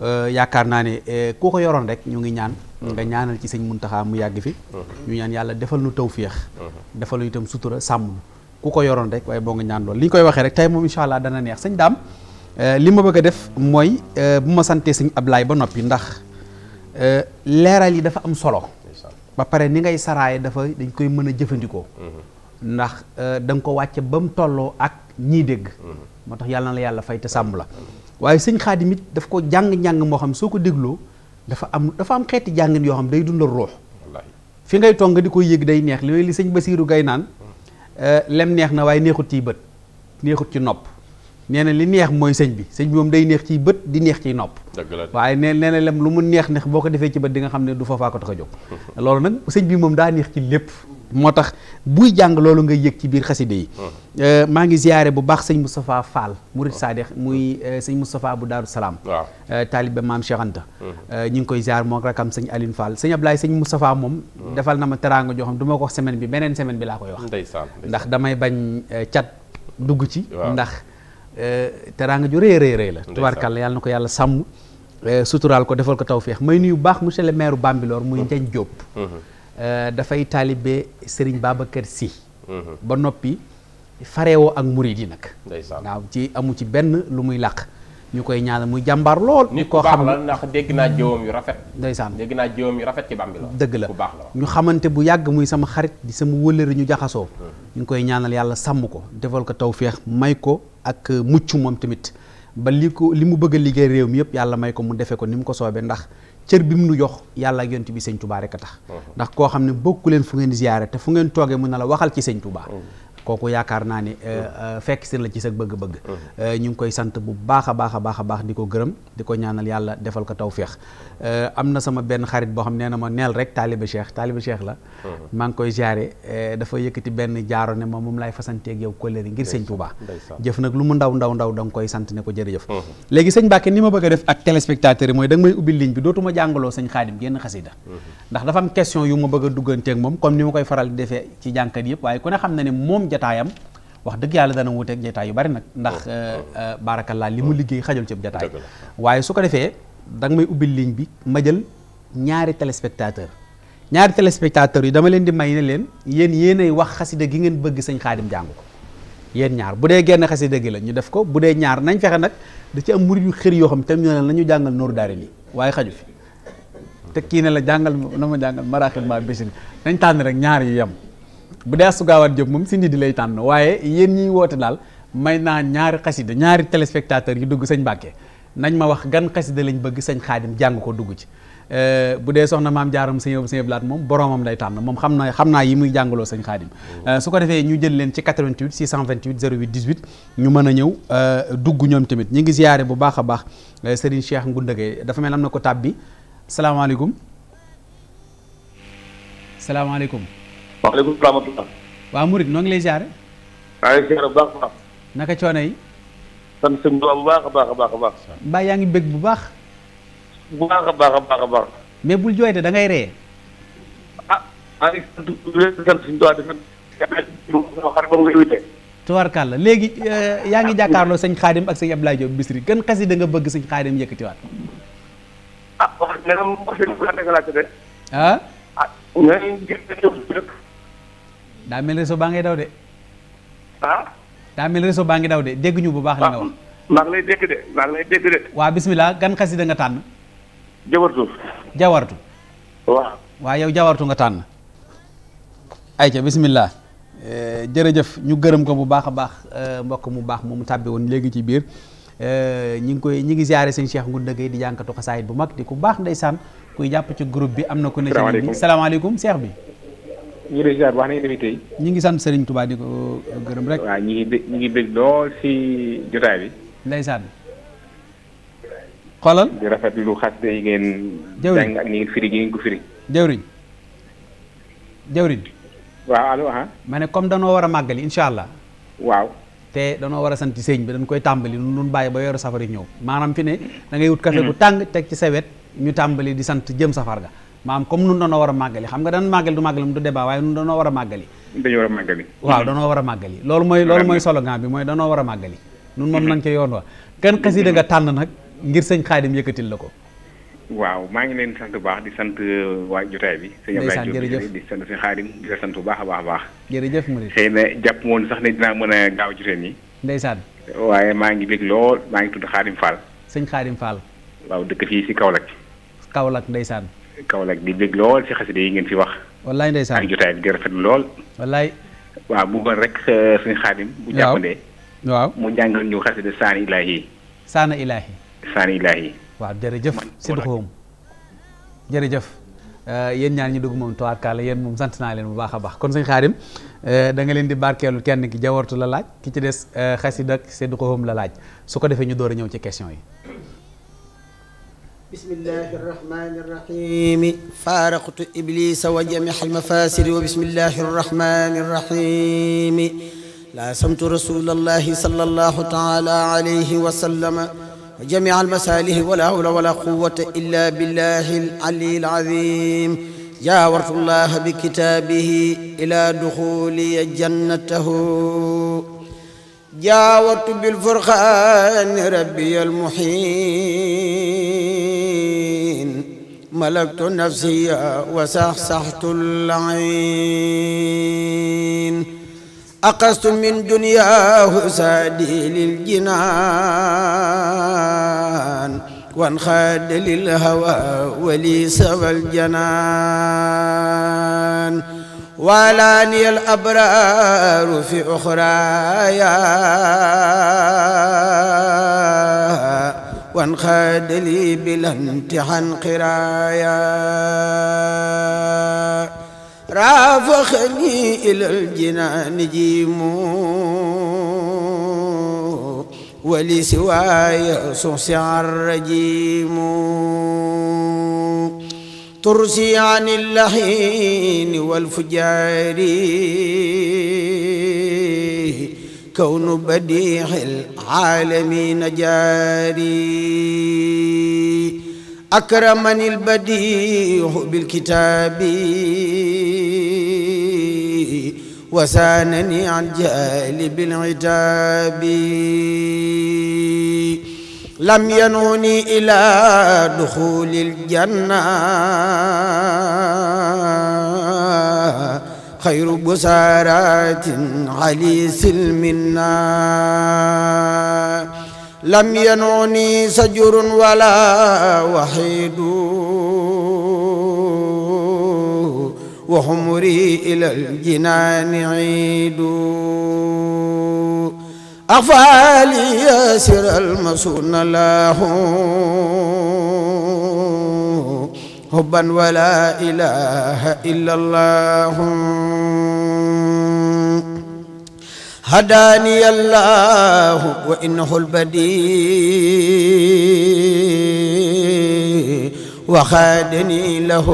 euh, yaakaar naa ne ku ko yoroon rek ñu ngi ñaan nga ñaanal ci sañ mun Muntaxa mu yàgg fi ñu ñaan yàlla defal nu feex defal nu itam sutura sàmm ku ko yoroon rek waaye boo nga ñaan lool li ñu koy waxee rek tey moom incha allah dana neex sëñ daam Euh, li ma bëgg a def mooy euh, bu ma santee sëñ Ablaay ba noppi ndax euh, leeral yi dafa am solo ba pare ni ngay saraaye dafa dañ koy mën a jëfandikoo mhm. ndax da nga ko wàcce ba mu tolloo ak ñii dégg mhm. moo tax yàlla na la yàlla fay te sàmm la waaye sëñ Xaadim it daf ko jàng-njàng moo xam soo ko dégloo dafa am dafa am xeeti jàngin yoo xam day dundal ruux fi ngay toog di koy yéeg day neex li li sëñ siiru gay naan lem neex na waaye neexut ci bët neexut ci nopp nee na li neex mooy sëñ bi sëñ bi moom day neex ciy bët di neex ciy nopp waaye nee nee na lu mu neex neex boo ko defee ci bët di nga xam ne du foofaa ko tax a jóg loolu nag sëñ bi moom daa neex ci lépp moo tax buy jàng loolu nga yëg ci biir xaside yi uh-huh. euh, maa ngi ziyaare bu baax sëñ Moustapha Fall murid uh-huh. Saadix muy euh, sëñ Moustapha bu Daaru Salaam euh, taalibe maam Cheikh Anta uh-huh. ñu ngi koy ziyaar moo rakam sëñ Aline Fall sëñ Ablaye sëñ Moustapha moom defal na ma teraanga joo xam du ma ko wax semaine bi beneen semaine bi laa koy wax ndax damay bañ cat dugg ci ndax Eh, teraanga ju rëy rëy rëy la tubaarkàlla yàlla na ko yàlla sàmm eh, suturaal ko defal ko tawféex may nuyu baax monsieur le maire Bambilor muy mm-hmm. Ndiagne mm-hmm. eh, Diop dafay sëriñ baaba Babacar si mm-hmm. ba noppi fareewoo ak murid yi nag waaw ci amu ci benn lu muy làq ñu koy ñaanal muy jàmbaar lool. nit koo xam la ndax dégg naa jëwam yu rafet. ndeysaan dégg naa jëwam yu rafet ci Bambilor. dëgg la ñu xamante bu yàgg muy sama xarit di sama wëllëri ñu jaxasoo. Mm. ñu koy ñaanal yàlla sàmm ko defal ko tawféex may ko. ak euh, mucc moom tamit ba li ko li mu bëgg a liggéey réew mi yëpp yàlla may ko mu defee ko ni mu ko soobee ndax cër bi mu nu jox yàlla ak bi sëñ Touba rek a tax. ndax koo xam ne bokku leen fu ngeen ziyaare te fu ngeen toogee mun na la waxal ci sëñ Touba. kooku yaakaar naa ne euh, mm. euh, fekk si la ci sa bëgg-bëgg mm. euh, ñu ngi koy sant bu baax a baax a baax a baax di ko gërëm di ko ñaanal yàlla defal ko tawféex am na sama benn xarit boo xam nee na ma neel rek taaliba cheikh taaliba cheikh la mm. maa ngi koy jaare dafa yëkkati benn jaaro ne ma moom laay fasanteeg yow kóllëre ngir sëñ Tuubaa jëf nag lu mu ndaw ndaw ndaw da nga koy sant ne ko jërëjëf léegi sëñ Mbàkke ni ma bëgg a def ak téléspectateur yi mooy da nga may ubbi ligne bi dootuma jàngaloo sëñ Xaadim génn xasida mm-hmm. ndax dafa am question yu ma bëgg a dugganteeg moom comme ni ma koy faral di defee ci jànkat yëpp waaye ku ne xam na ne moom jataayam wax dëgg yàlla dana wuteeg jataay yu bari nag ndax oh. euh, euh, baarakallaa li mu oh. liggéey xajal ci ab jataay waaye su ko defee da may ubbil ligne bi ma jël ñaari téléspectateur ñaari téléspectateur yi dama leen di may ne leen yen yéenay wax xasida gi ngeen bëgg sañ xaadim jàng ko yéen ñaar bu dee genn xasida gi la ñu def ko bu dee ñaar nañ fexe nag da am murid yu xër yoo xam tam ñu ne nañu jàngal nooru daare nii waaye xaju fi te kii ne la jàngal na ma jàngal maraaxil ma bésin nañ tànn rek ñaar yu yem bu dee sugaawaat Diop moom si nit di lay tànn waaye yéen ñiy woote daal may naa ñaari xasida ñaari téléspectateur yi dugg sañ Mbàkke nañ ma wax gan xasida lañ bëgg sëñ Xaadim jàng ko dugg ci euh, bu dee soxna maam jaaram sëñ sëñ blaat moom boromam lay tànn moom xam na xam naa yi muy jàngaloo sañ Xaadim euh, su ko defee ñu jël leen ci 88 628 08 18 ñu mën a ñëw euh, dugg ñoom tamit ñu ngi ziyaare bu baax a baax Serigne Cheikh Ngoundege dafa mel am na ko tàbbi salaamaaleykum salaamaaleykum waaleykum salaam wa rahmatulah. waaw Mouride noo ngi bu baax a baax. naka coono yi. sant baax baax baax baax. mbaa yaa ngi bëgg bu baax. bu baax baax baax mais bul jooyte da ngay ree. ah maa ngi sant léegi euh, yaa ngi jàkkaarloo sañ Xaadim ak sëñ Abdoulaye Diop Bichri gën xasida nga bëgg sëñ Xaadim yëkkatiwaat. ah daa mel réseau baa ngay daw de. ah. réseau baa ngi daw de dégg ñu bu baax. li nga ah, wax maa ngi lay dégg de maa ngi lay dégg de. waa bismillah gan xasida nga tànn. jawartu. jawartu. waa yow jawartu nga tànn. ayca bismillah. Eh, jërëjëf ñu gërëm ko bu baax a baax eh, mbokk mu baax mu tàbbi woon léegi ci biir eh, ñi ngi koy ñi ngi ziare sëñ Cheikh Ngounda Gueye di jànkatu xasaayit bu mag di ku baax ndeysaan kuy jàpp ci group bi am na ko ne ci nit ñi salaamaaleykum seex bi ñu ngi ziar wax nañu ñu ngi sant Serigne Touba di ko euh, gërëm rek. waaw ñu ngi bég ñu ngi bég lool si jotaay bi. ndeysaan. xoolal di rafetlu xasida yi ngeen. jëwriñ jàng ak ni ngeen firi gi ngeen ko firi. jëwriñ jëwriñ. waaw allo. Ah. ma ne comme danoo war a màggali incha allah. waaw. te danoo war a sant sëñ bi dañ koy tàmbali nu lu bàyyi ba yoru safari ñëw maanaam fi ne da ngay wut café bu tàng teg ci sa wet ñu tàmbali di sant jëm safar ga maam comme nun doonoo war a màggali xam nga dan màggal du màggal du débat waaye nun doonoo war a màggali dañoo war a màggali waaw danoo war a màggali loolu mooy loolu mooy slogan bi mooy danoo war a màggali nun moom nañ yoon wa kan xasida tànn nag ngir sëñ Xaadim yëkkatil la ko waaw maa ngi leen sant bu baax di sant uh, waa jotaay bi sëñ Abdoulaye Diop di sant sëñ Xaadim di la sant bu baax a baax baax jërëjëf Murid xëy na jàpp woon sax ne dinaa mën a gaaw ci ren yi ndeysaan maa ngi bég lool maa ngi tudd Xaadim Fall sëñ Xaadim Fall waaw dëkk fii si Kaolack Kaolack ndeysaan Kaolack di bég lool ci xasida yi ngeen fi wax. wallaay ndeysaan ak jotaay bi di rafetlu lool. wallaay. waaw bu bëggoon rek euh, suñu xaadim. bu jàppandee. waaw mu jàngal ñu xasida saani ilaahi. saana ilaahi. saana ilaahi. waaw jërëjëf sidxoom jërëjëf euh, yéen ñaan ñi dugg moom tuwaarkaale yéen moom sant naa leen bu baax a baax kon sëñ xaadim euh, da nga leen di barkeelu kenn ki jawartu la laaj ki ci des xasida ko sidxoom la laaj su ko defee ñu door a ñëw ci question yi بسم الله الرحمن الرحيم فارقت إبليس وجميع المفاسد وبسم الله الرحمن الرحيم سمت رسول الله صلى الله تعالى عليه وسلم وجميع المساله ولا حول ولا قوة إلا بالله العلي العظيم جاورت الله بكتابه إلى دخولي جنته جاورت بالفرقان ربي المحيم ملكت نفسي وسحسحت العين أقصت من دنياه سادي للجنان وانخاد للهوى ولي سوى الجنان ولاني الأبرار في أخرايا وانخاد لي بلا امتحان قرايا رافخني إلى الجنان جيمو ولسواي صوصي الرجيم ترسي عن اللحين والفجار كون بديع العالمين جاري أكرمني البديع بالكتاب وسانني عن جالب العتاب لم ينوني إلى دخول الجنة خير بسارات علي سلمنا لم ينعني سجر ولا وحيد وحمري إلى الجنان عيد أفعالي ياسر المسون لهم حبا ولا إله إلا الله هداني الله وإنه البديع وخادني له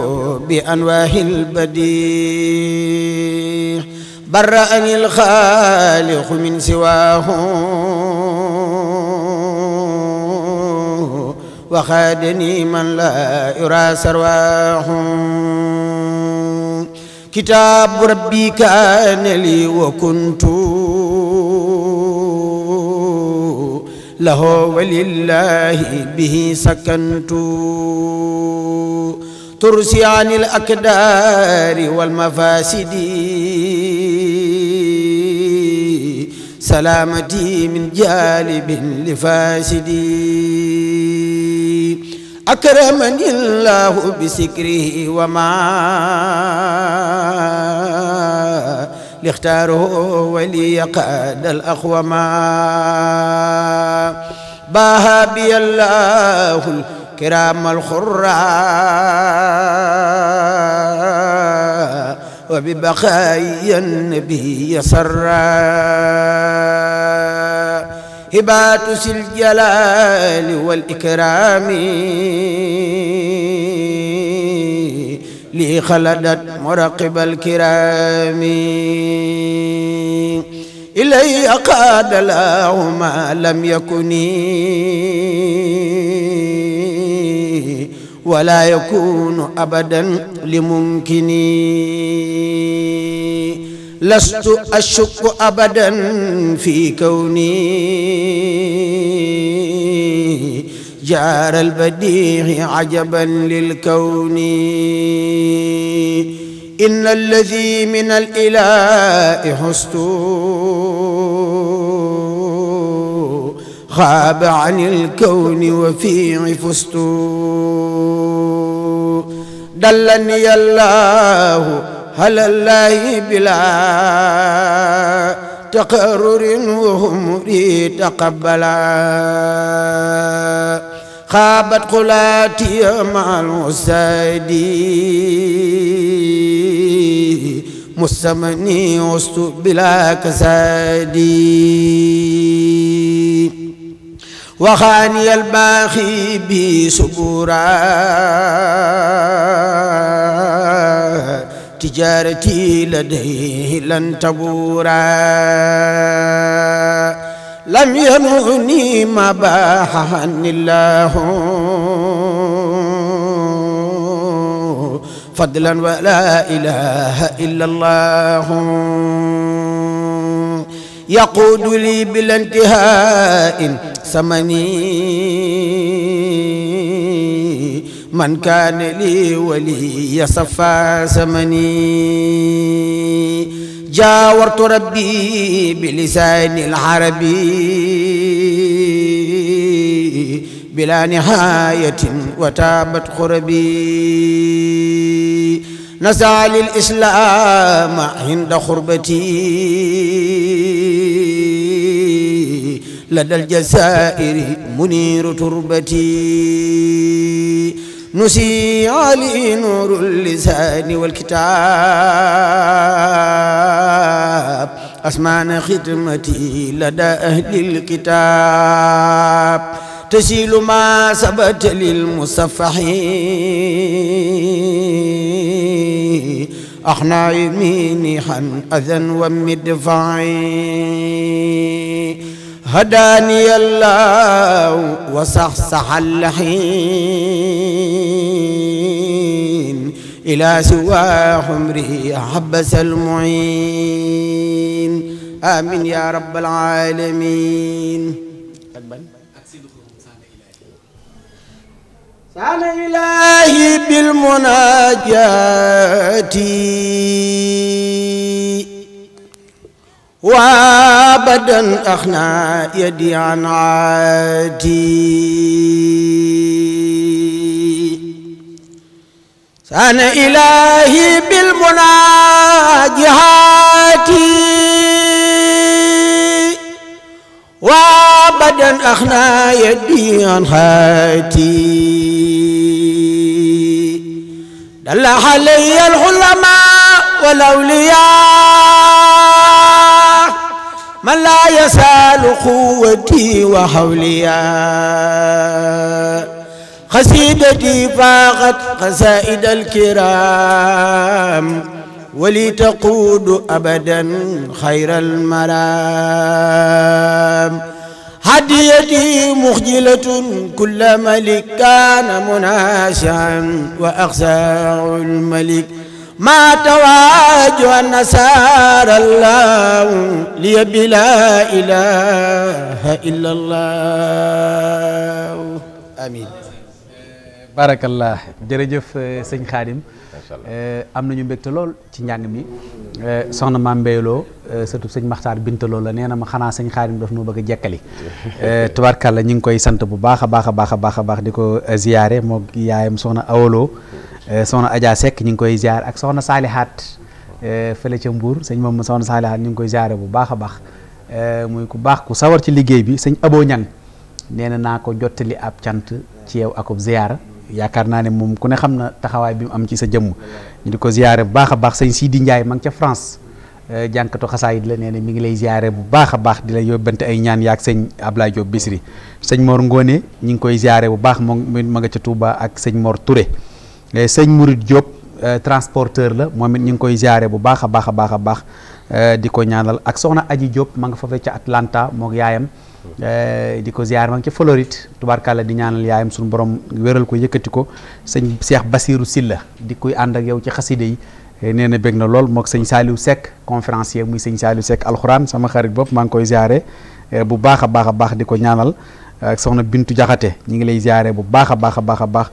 بأنواه البديع برأني الخالق من سواه وخادني من لا يرى سرواه كتاب ربي كان لي وكنت له ولله به سكنت ترسي عن الأكدار والمفاسد سلامتي من جالب لفاسدي أكرمني الله بسكره وما لاختاره ولي قاد الأخوما باها بي الله الكرام الخرى وببقايا النبي صرّا هبات ذي الجلال والإكرام لي خلدت مرقب الكرام إلي أقاد له ما لم يكني ولا يكون أبدا لممكني لست أشك أبدا في كوني جار البديع عجبا للكون إن الذي من الإله حست غاب عن الكون وفيه فزت دلني الله هل الله بلا تقرر وهم لي تقبلا خابت قلاتي مع سيدي مستمني وسط بلا كسادي وخاني الباخي بي سبورا تجارتي لديه لن تبورا لم ينغني ما باح عني الله فضلا ولا إله إلا الله يقود لي بلا انتهاء ثمني من كان لي ولي صفى سمني جاورت ربي بلسان العربي بلا نهاية وتابت خربي نسعى للإسلام عند خربتي لدى الجزائر منير تربتي نسي علي نور اللسان والكتاب أسمعنا خدمتي لدى أهل الكتاب تسيل ما سبت للمصفحين أخنا يميني حن أذن ومدفعين هداني الله وصحصح اللحين إلى سوى حمره حبس المعين آمين يا رب العالمين سال إلهي بالمناجات وابدا اخنا يدي عن عادي سان الهي بالمناجهات وابدا اخنا يدي عن هاتي دل علي العلماء والأولياء من لا يسال قوتي وحوليا قصيدتي فاقت قصائد الكرام ولي تقود أبدا خير المرام هديتي مخجلة كل ملك كان مناشعا وأخزاع الملك ما تواجه النسار الله لي بلا إله إلا الله آمين barakallah jërëjëf eh, sëñ Xaadim eh, am nañu mbégte lool ci njàng mi eh, soxna maam Mbeyloo surtout sëñ Maxtaar Binta lool la nee na ma xanaa sëñ Xaadim daf noo bëgg a jekkali tubaarkàlla ñu ngi koy sant bu baax a baax a baax a baax di ko ziyaare moo yaayam soxna awoloo Eh, soxna Adja Seck ñu ngi koy ziar ak soxna Saalihaat eh, fële ca Mbour sëñ moom soxna Saalihaat ñu ngi koy ziare bu baax a baax eh, muy ku baax ku sawar ci liggéey bi sëñ Abo Ñang nee na naa ko jottali ab cant ci yow akub ziar yaakaar naa ne moom ku ne xam na taxawaay bi mu am ci sa jëmm ñu di ko ziare bu baax a baax sëñ Sidi Ndiaye ma ngi ca France jànkatu xasaayit la nee na mi ngi lay ziare bu baax a baax di la yóbbante ay ñaan yaak sëñ Ablaye Diop Bisri sëñ Mor Ngone ñu ngi koy ziare bu baax moom ma nga ca Touba ak sëñ Mor Touré. Eh, sëñ Mouride Diop eh, transporteur la moom it ñu ngi koy ziare bu baax a baax a baax a baax eh, di ko ñaanal ak soxna Aji Diop ma nga foofee ca Atlanta moog yaayam di ko ziare ma nga ca Floride tubaarkàlla di ñaanal yaayam suñu borom wéral ko yëkkati ko sëñ Cheikh Basirou Silla di koy ànd ak yow ci xaside nee na bég na lool moog sëñ Saliou Seck conférencier muy sëñ Saliou Seck alxuraan sama xarit bopp maa ngi koy ziare bu baax a baax a baax di ko ñaanal ak soxna Bintu Jaxate ñu ngi lay ziare bu baax a baax a baax a baax.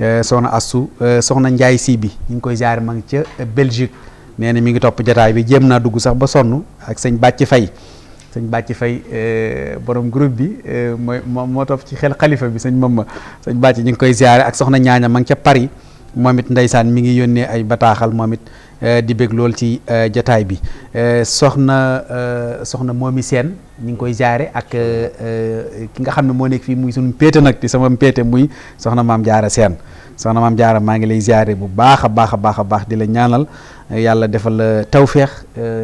Eh, soxna Astou eh, soxna Njaay si bi ñu ngi koy jaar ma ngi ca eh, Belgique nee na mi ngi topp jataay bi jéem naa dugg sax ba sonn ak sëñ Bàcc Fay sëñ Bàcc Fay borom groupe bi mooy moom moo topp ci xel xalifa bi sëñ ma sëñ Bàcc ñu ngi koy ziare ak soxna ñaaña ma ngi ca Paris moom it ndeysaan mi ngi yónnee ay bataaxal moom it Euh, di bég lool ci euh, jataay bi euh, soxna soxna Momy seen ñu ngi koy jaare ak ki nga xam ne moo nekk fii muy suñu péete nag di sama péete muy soxna maam jaara seen soxna maam jaara maa ngi lay jaare bu baax a baax a baax a baax di la ñaanal yàlla defal la tawféex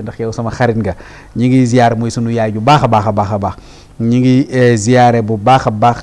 ndax yow sama xarit nga ñi ngi ziar muy sunu yaay bu baax a baax a baax a baax ñi ngi ziare bu baax a baax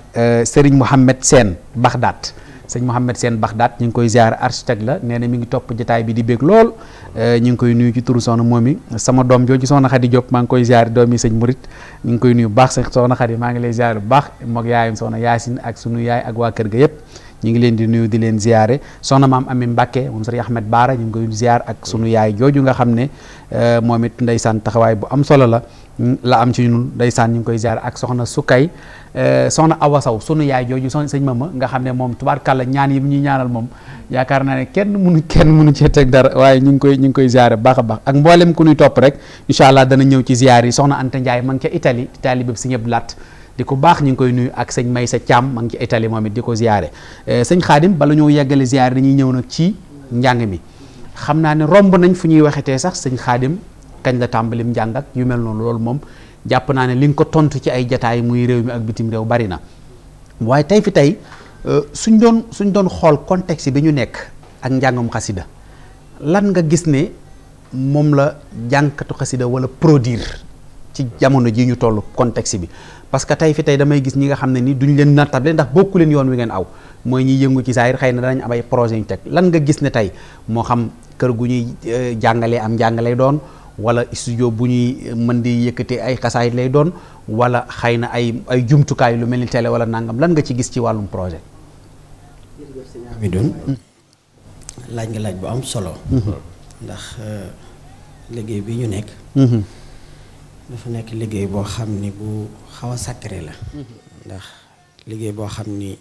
Serigne Mouhamed Sène Baxdaat sëñ Mouhamed Sène Baghdad ñu ngi koy ziar architecte la nee na mi ngi topp jotaay bi di bég lool euh, ñu ngi koy nuyu ci turu soxna moom mi sama doom jooju soxna Khady Diop maa ngi koy ziar doomi sëñ Murit ñu ngi koy nuyu bu baax sax soxna Khady maa ngi lay ziar bu baax moog yaayam soxna Yaasin ak sunu yaay ak waa kër ga yëpp ñu ngi leen di nuyu di leen ziare soxna maam Ami Mbacke moom sëriñ Ahmed Baara ñu ngi koy ziar ak sunu yaay jooju nga xam ne euh, moom it ndeysaan taxawaay bu am solo la la am ci ñun saan ñu ngi koy ziar ak soxna Sukay Eh, soxna Awa Sow sunu yaay jooju soxna sëñ Mama nga xam ne moom tubaarkàlla ñaan yi mu ñuy ñaanal moom yaakaar naa ne kenn munu kenn munu cee teg dara waaye ñu ngi koy ñu ngi koy ziare baax a baax ak mboolem ku ñuy topp rek incha allah dana ñëw ci ziar yi soxna Anta Ndiaye ma ngi ca Italie Italie bépp si ñëpp laat di ko baax ñu ngi koy nuyu ak sëñ Maysa Thiam ma ngi ca Italie moom it di ko ziare eh, sëñ Xaadim bala ñoo yeggale ziare dañuy ñëw nag ci njàng mi xam naa ne romb nañ fu ñuy waxetee sax sëñ Xaadim kañ la tàmbalim njàng ak yu mel noonu loolu moom jàpp naa ne li nga ko tontu ci ay jataay muy réew mi ak bitim réew bari na waaye tey fi tey euh, suñ doon suñ doon xool contexte bi ñu nekk ak njàngum xasida lan nga gis ne moom la jànkatu xasida wala produire ci jamono ji ñu toll contexte bi parce que tey fi tey damay gis ñi nga xam ne nii duñ leen nattable ndax bokku leen yoon wi ngeen aw mooy ñu yëngu ci saayir xëy na danañ am ay projet ñu teg lan nga gis ne tey moo xam kër gu ñuy euh, jàngalee am njàngalee doon wala studio bu ñuy mën di yëkkatee ay kasaay lay doon wala xëy na ay ay jumtukaay lu mel ni teele wala nangam lan nga ci gis ci wàllum projet. laaj nga laaj bu am solo. Mm-hmm. ndax euh, liggéey bi ñu nekk. Mm-hmm. dafa nekk liggéey boo xam ni bu xaw a sacré la. Mm-hmm. ndax liggéey boo xam ni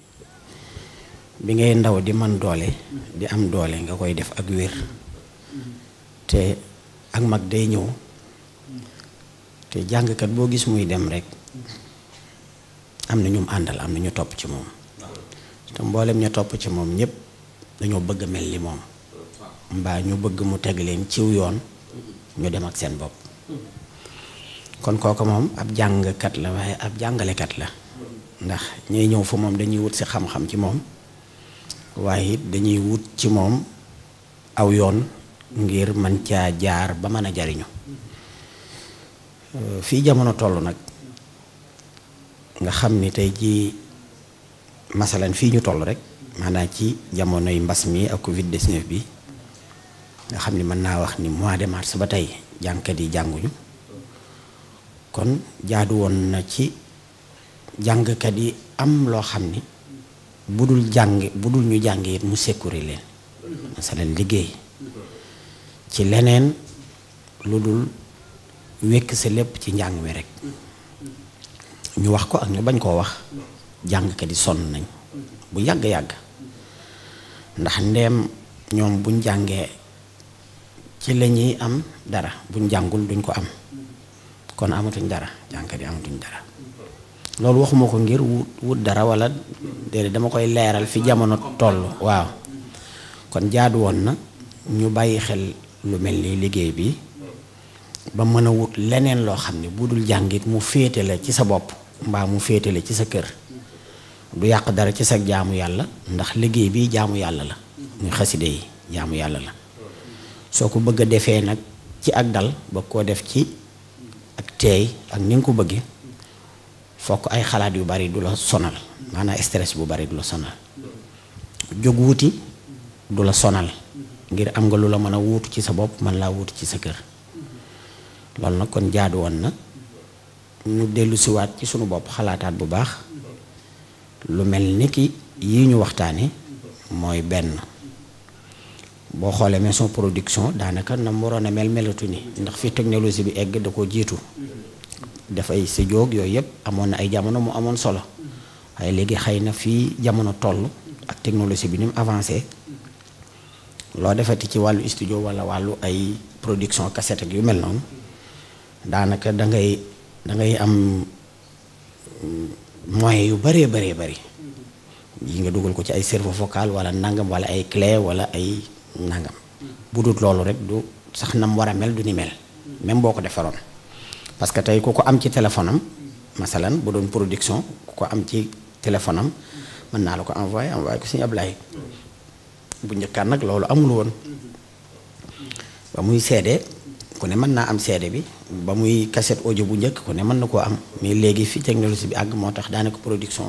bi ngay ndaw di man doole. di am doole nga koy def ak wér. te ak mag day ñëw te jàngkat boo gis muy dem rek am na ñum àndal am na ñu topp ci moom te mboolem ña topp ci moom ñëpp dañoo bëgg mel ni moom mbaa ñu bëgg mu teg leen ciw yoon ñu dem ak seen bopp kon kooku moom ab jàngkat la waaye ab jàngalekat la ndax ñay ñëw fa moom dañuy wut si xam-xam ci moom waaye it dañuy wut ci moom aw yoon ngir man ca jaar ba mana jariñu euh, fi jamono tollu nak nga xamni tay ji masalan fi ñu tollu rek manana ci yi mbass mi ak Covid 19 bi nga xamni ni na wax ni mois de mars ba tay yi kon jaadu won na ci jàngkat yi am lo xamni budul jang budul ñu jàng mu sécuriser len masalan liggéey ci leneen ludul dul wekk sa lépp ci njang mi rek ñu wax ko ak ñu bañ ko wax ka di son nañ bu yag yag ndax ndem ñom buñ jangé ci la am dara buñ jangul duñ ko am kon amatuñ dara ka di amatuñ dara loolu waxumako ngir wut dara wala dede dama koy leral fi jamono tollu waaw kon jaadu won na ñu bayyi xel lu mel ni liggéey bi ba mën a wut leneen loo xam ne bu dul jàngit mu féete ci sa bopp mbaa mu féetale ci sa kër du yàq dara ci sag jaamu yàlla ndax liggéey bi jaamu yàlla la muy xaside yi jaamu yàlla la soo ko bëgg a defee nag ci ak dal ba koo def ci ak teey ak ni nga ko bëggee fokk ay xalaat yu bari du la sonal maanaa stress bu bari du la sonal jóg wuti du la sonal ngir am nga lu la mën a wuutu ci sa bopp man laa wuutu ci sa kër loolu nag kon jaadu woon na ñu dellusiwaat ci sunu bopp xalaataat bu baax lu mel ni ki yi ñu waxtaane mooy benn boo xoolee maison production daanaka na mu waroon a mel melatu ni ndax fi technologie bi egg da ko jiitu dafay si jóg yooyu yëpp amoon na ay jamono mu amoon solo waaye léegi xëy na fii jamono toll ak technologie bi ni mu avancé loo defati ci wàllu studio wala wàllu ay production cassette ak yu mel noonu daanaka dangay ngay da ngay am mm, moyen yu bëree bëree bëri yi nga dugal ko ci ay cerveau vocal wala nangam wala ay clé wala ay nangam bu dut loolu rek du sax nam war a mel du ni mel même boo ko defaroon parce que tey ku ko am ci téléphone am masalan bu doon production ku ko am ci téléphone am mën naa la ko envoyé envoyé ko suñu Ablaye bu njëkkaat nag loolu amul woon ba muy seede ku ne mën naa am seede bi ba muy cassette audio bu njëkk ku ne mën na koo am mais léegi fi technologie bi àgg moo tax ko production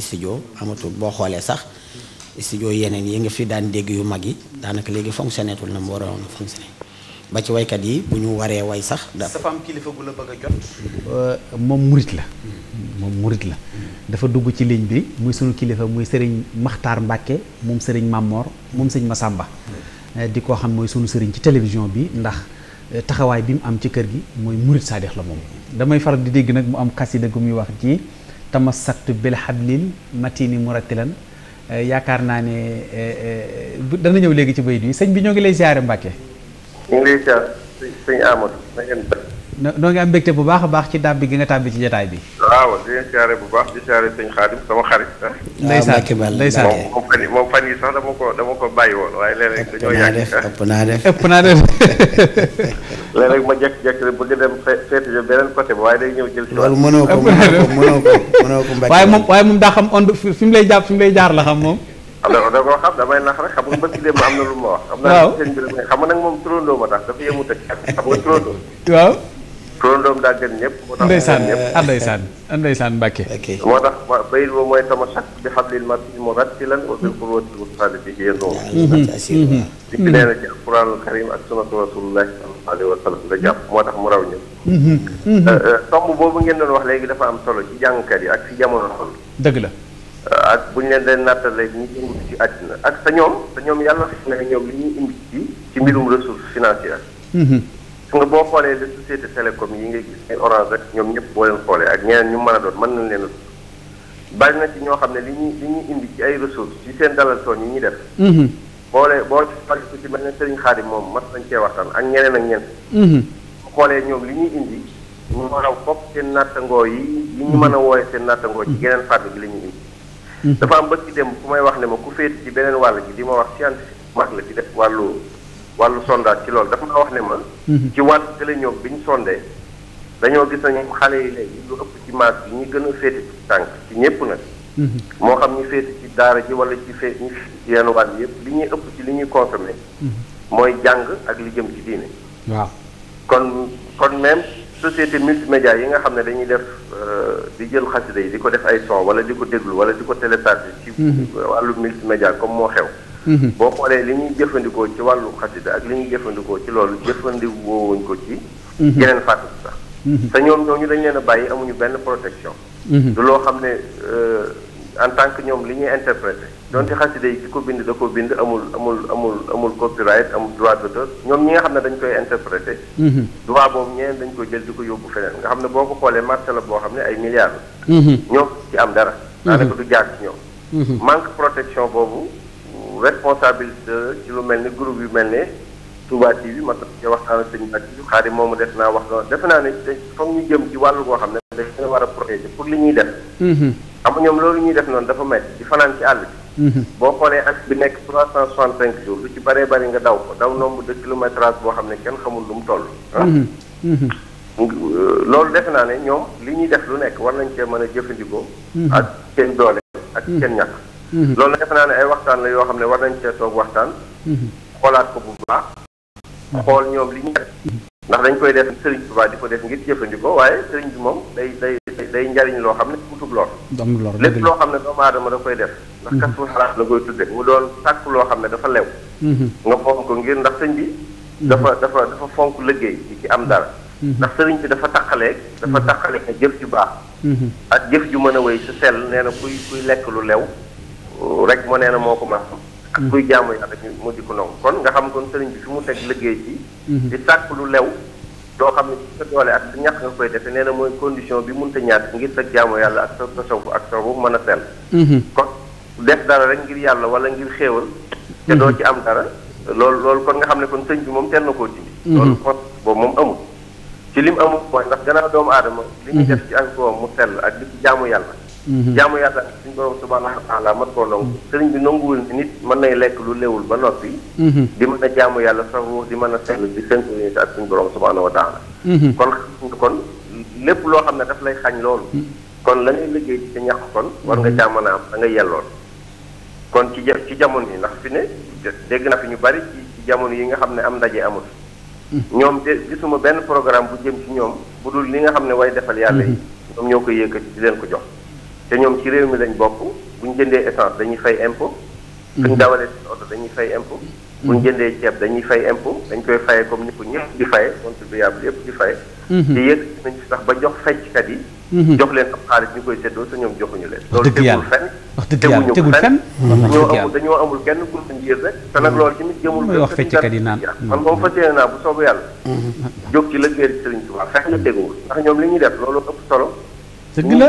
studio amatul boo xoolee sax studio yeneen yi nga fi daan dégg yu mag yi daanaka léegi fonctionné tul na mu waroon a fonctionné ba ci waykat yi bu ñu waree way sax. dafa am kilifa gu la bëgg a jot. Euh, moom murit la. moom murit la. dafa dugg ci ligne bi muy sunu kilifa muy sëriñ Maxtaar Mbàkke moom sëriñ Mamor moom sëñ ma Masamba. Euh, di ko xam mooy sunu sëriñ ci télévision bi ndax euh, taxawaay bi mu am ci kër gi mooy murit saadix la moom. damay faral di dégg nag mu am xasida gu muy wax ci tamassaktu bil hablil matini murattilan yaakaar naa ne dana ñëw léegi ci bayit yi sëñ bi ñoo ngi lay ziare Mbàkke. ñu ngi lay ziar suñu Amadou na ngeen def. noo ngi am mbégte bu baax a baax ci dàbbi gi nga tàbbi ci jotaay bi. waaw di leen siyaare bu baax di siyaare sëñ Xaadim sama xarit. Ah. ndeysaan ndeysaan moom fan yi moom fan yi sax dama ko dama ko bàyyi woon waaye léeg-léeg dañoo yàgg ëpp naa def ëpp naa def léeg-léeg ma jekk-jekk rek bëgg dem feeti jo beneen côté ba waaye day ñëw jël si loolu mënoo ko mënoo ko mënoo ko waaye moom waaye moom daa xam ond fi mu lay jàpp fi mu lay jaar la xam moom da da ko xam damay nax rek xam nga bëgg dem am lu ma wax xam naa sëñ bi rek xam nga nag moom turandoo ma tax dafa yëmu tëj xam nga turandoo waaw turandoom daa gën ñëpp moo tax ndeysaan ndeysaan ndeysaan mbàkke moo tax bayit boobu mooy sama sak di ci nee na ci alquranul karim ak sunatu rasulullahi sallallahu alayhi wa sallam nga jàpp moo tax mu raw ñëpp tomb boobu ngeen doon wax léegi dafa am solo ci jàngkat yi ak jamono dëgg la ak bu ñu leen dee nattalee ñu yëngu ci àddina ak sa ñoom sa ñoom yàlla xam ne ñoom li ñuy indi ci ci mbirum ressource financière. Mm-hmm. su nga boo xoolee les sociétés télécom yi nga gis ay orange rek ñoom ñëpp boo leen xoolee ak ñeneen ñu mën a doon mën nañ leen a bari na ci ñoo xam ne li ñuy li ñuy indi ci ay ressources ci seen dalal toon yi ñuy def. boolee mm-hmm. boo xoolee ku ci mel ne Serigne Khadim moom mas nañ cee waxtaan ak ñeneen ak ñeneen. Mm-hmm. boo xoolee ñoom li ñuy indi. ñu war a foog seen nattangoo yi. yi ñu mën a wooyee seen nattangoo ci geneen fànn gi la ñuy indi. dafa am bët ci dem ku may wax ne ma ku féete ci beneen wàll gi di ma wax scientifique mag la ci def wàllu wàllu sondage ci lool dafa ma wax ne ma mhm. ci wàllu gëléñoog bi ñu sondee dañoo gis nañu xale yi léegi lu ëpp ci maas yi ñu gën a féete ci tànk ci ñépp nag mhm. moo xam ñu féete ci daara ji wala ci fee ñu ci yenn wàll yëpp li ñuy ëpp ci li ñuy consommé mhm. mooy jàng ak li jëm ci diine waaw kon kon même société multimédia yi nga xam ne dañuy def euh, di jël xasida yi di ko def ay son wala di ko déglu wala di ko télécharger ci mhm. wàllu multimédia comme moo xew mhm. boo xoolee li ñuy jëfandikoo ci wàllu xasida ak li ñuy jëfandikoo ci loolu jëfandikoo wuñ ko ci mhm. yeneen fànn sax te ñoom ñooñu dañ leen a bàyyi amuñu benn protection du loo xam ne euh, en tant que ñoom li ñuy interpréter donte xasida yi ki ko bind da ko bind amul amul amul amul copyright amul droit d'auteur ñoom ñi nga xam ne dañ koy interprété mm-hmm. droit boobu ñeneen dañ ko jël di ko yóbbu feneen nga xam ne boo ko xoolee marché la boo xam ne ay milliards mm-hmm. ñoom ci am dara mm-hmm. daanaka du jaar ci ñoom manque protection boobu responsabilité ci lu mel ni groupe yu mel ne Touba TV ma ci waxtaan ak sëñ Mbacke xaari moomu def naa wax noonu defe naa ne foog ñu jëm ci wàllu boo xam ne dañ leen war pour li ñuy def xam ñoom loolu ñuy def noonu dafa metti di fanaan ci àll bi Mhm. boo xoolee at bi nekk 365 jours lu ci bëree bëri nga daw ko daw nombre de kilométrage boo xam ne kenn xamul lu mu toll. Ah. Mhm. Mhm. Euh, loolu defe naa ne ñoom li ñuy def lu nekk war nañ cee mën a jëfandikoo. ak seen doole ak seen ñax loolu defe naa ne ay waxtaan la yoo xam ne war nañ cee toog waxtaan. xoolaat ko bu baax. xool ñoom li ñuy def. ndax dañ koy def sëriñ Tuubaa di ko def ngir jëfandikoo waaye sëriñ bi moom day day day njariñ loo xam ne utub lor lépp loo xam ne doomu aadama da koy def ndax mhm. kasbu xalaat la koy tudde mu doon sàkk loo xam ne dafa lew mhm. nga fonk ko ngir ndax sëñ bi mhm. dafa dafa fonk liggéey di ci am dara ndax sëriñ bi dafa taqaleeg dafa taqaleeg ak jëf ju baax ak jëf ju mën a wéy sa sell nee na kuy kuy lekk lu lew rek moo nee na moo ko ma ak mm-hmm. kuy jaamu yàlla ñu mu di ko nangu kon nga xam kon sëriñ bi fi mu teg liggéey bi mm-hmm. di sàkk lu lew doo xam ne ci sa doole ak sa ñàkk nga koy defe nee na mooy condition bi mënta ñàkk ngir sa jaamu yàlla ak sa tasawuf ak sa bu mën a sell mm-hmm. kon rek ngir yàlla wala ngir xéewal te doo ci am dara loolu loolu kon nga xam ne kon sëñ bi moom teel na koo dindi loolu kon boobu moom amul ci lim amul mooy ndax gannaaw doomu aadama li muy def ci ak mu sell ak di ci jaamu yàlla Mhm. jaamu yàlla suñu borom subhaanahu wa taala mat koo nangu mhm. sëriñ bi nanguwul ni nit mën nay lekk lu lewul ba noppi mhm. di mën a jaamu yàlla sax ruux di mën a sell di synchronisé ak suñu borom subhaanahu wa taala kon kon lépp loo xam ne daf lay xañ loolu kon la ngay liggéey ci sa ñax kon war nga caa mën a am da yelloon kon ci jëf ci jamono yi ndax fi ne dégg na fi ñu bari ci jamono yi nga xam ne am ndaje amul ñoom de gisuma benn programme bu jëm ci ñoom bu dul li nga xam ne way defal yàlla yi ñoom ñoo ko yëkkati di leen ko jox te ñoom ci réew mi lañ bokk bu ñu jëndee essence dañuy fay impo suñ mm-hmm. dawalee seen oto dañuy fay impôt. Mm-hmm. bu ñu jëndee ceeb dañuy fay impôt dañ koy fayee comme ni ko ñëpp di fayee contribuable yëpp di fayee. Mm-hmm. te yëg nañ fi sax ba jox fecckat yi. jox leen ab xaalis ñu koy séddoo te ñoom joxuñu leen. loolu tegul fenn wax dëgg yàlla tegul fenn dañoo amul kenn ku ñu jiir rek te nag loolu tamit jëmul mooy wax fecckat yi naan man moom fas yéene naa bu soobu yàlla jóg ci lëggéey Sëriñ Tuubaa fex nga ñoom li ñuy def loolu ëpp solo dëgg la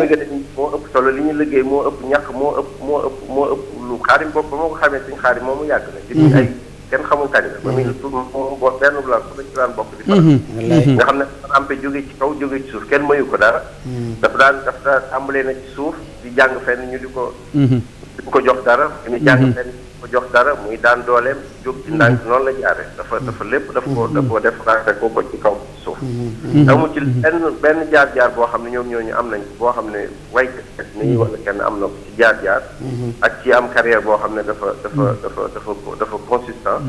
moo ëpp solo li ñu liggéey moo ëpp ñàkk moo ëpp moo ëpp moo ëpp lu xaari bopp ba moo ko xamee suñu xaarim moom mu yàgg na. ñu mhm. ay kenn xamul kañ la. ba muy tur mhm. moom boo benn daan bokk di faral. nga xam ne ampe jóge ci kaw jóge ci suuf kenn mayu ko dara. Mhm. dafa daan dafa daan ambalee na ci suuf di jàng fenn ñu di ko. di ko jox dara. ñu jàng fenn. ko jox dara muy daan dooleem jóg ci ndànk mm-hmm. noonu la jaare dafa mm-hmm. dafa lépp dafa ko mm-hmm. daf ko def rafe ko ko ci kaw suuf amu ci benn benn jaar-jaar boo xam ne ñoom ñooñu am nañ boo xam ne waykat nañuy wax ne kenn am na ko ci jaar-jaar ak ci am carrière boo xam ne dafa dafa dafa dafa dafa consistant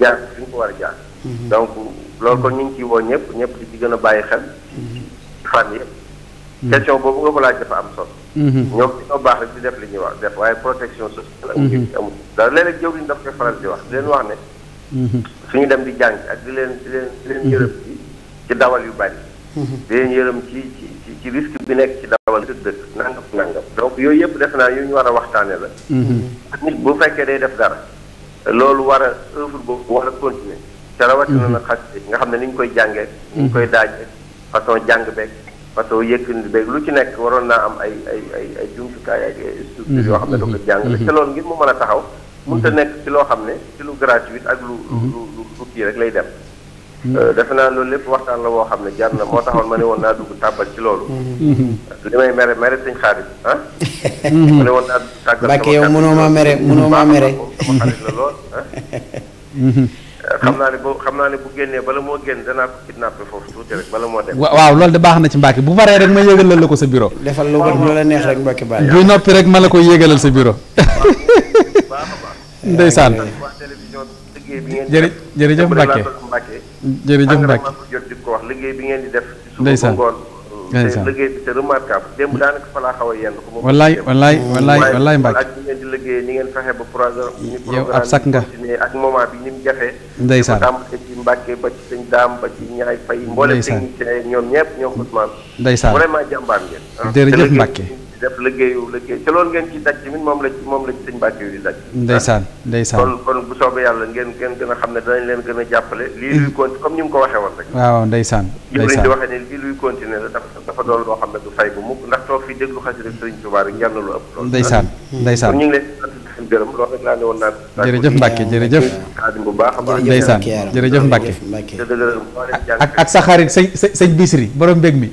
jaar fi ñu ko war a jaar donc loolu kon ñu ngi ciy woo ñëpp ñëpp di ci gën a bàyyi xel ci fànn Mm-hmm. question boobu nga ko laaj dafa am solo. Mm-hmm. ñoom ñoo baax rek di def li ñuy wax def waaye protection sociale. amul mm-hmm. amul daal léeg-léeg jëw liñ daf koy faral di wax di leen wax ne. suñu dem di jàng ak di leen di leen di leen yërëm ci dawal yu bari. di leen yërëm ci ci ci risque bi nekk ci dawal dëkk dëkk nangam nangam. donc yooyu yëpp def naa yooyu ñu war a waxtaanee la. nit bu fekkee day def dara. loolu war a œuvre boobu war a continuer. te rawatina nag xas nga xam ne li ñu koy jàngee. ni ñu koy daajee façon jàng beeg. parce que yëkkandi beeg lu ci nekk waroon naa am ay ay ay jumtukaay ak ay structure yoo xam ne mhm. da ko jàngale mhm. te loolu ngir mu mën a taxaw mënut mhm. a nekk ci loo xam ne ci lu gratuit ak lu lu lu kii rek lay dem euh, defe naa loolu lépp waxtaan la woo xam ne jar na moo taxoon ma ne woon naa dugg tàbbal ci loolu euh, li may mere mere sëñ xaalis ah ma ne woon naa dugg tàggal Mbàkke yow mënoo maa mere mënoo maa mere lool ah? xam naa ne bu xam naa ne bu génnee bala moo génn danaa ko kidnappé foofu tuuti rek bala moo dem. waaw loolu de baax na ci Mbacke bu paree rek ma yégalal la ko sa bureau. defal lu lu la neex rek Mbacke Ba. bu noppi rek ma la koy yégalal sa bureau. ndeysaan. jërë jërëjëf Mbacke jërëjëf Mbacke. jot di ko wax liggéey bi ngeen di def. ndeysaan te liggéey bi c'est remarquable démb daanaka fa laa xaw a yenn ko wallaay wallaay wallaay wallaay Mbacke ak ñi di liggéey ni ngeen fexe ba programme ni programme continuer ak moment bi ni mu jafee ndeysaan tàmbalee ci Mbacke ba ci sëñ daam ba ci ñaay fay mboolem technicien ñoom ñëpp ñoom Ousmane ndeysaan vraiment jàmbaar ngeen ah. jërëjëf def liggéeyu liggéey ci loolu ngeen ci daj min moom la ci moom la ci sëñ Mbacke di daj. ndeysaan ndeysaan kon kon bu soobee yàlla ngeen ngeen gën a xam ne danañ leen gën a jàppale. lii luy continuer comme ni mu ko waxee woon rek. waaw ndeysaan ndeysaan di waxee ne lii luy continuer la dafa dafa doon loo xam ne du fay bu mukk ndax toog fi déglu xas rek sëriñ Touba rek yàlla lu ëpp. ndeysaan ndeysaan kon ñu ngi leen di sant seen gërëm loolu rek laa ne woon naa. jërëjëf Mbacke jërëjëf xaadim bu baax a baax ndeysaan jërëjëf Mbacke ak sa xarit sëñ sëñ Bisri borom mbég mi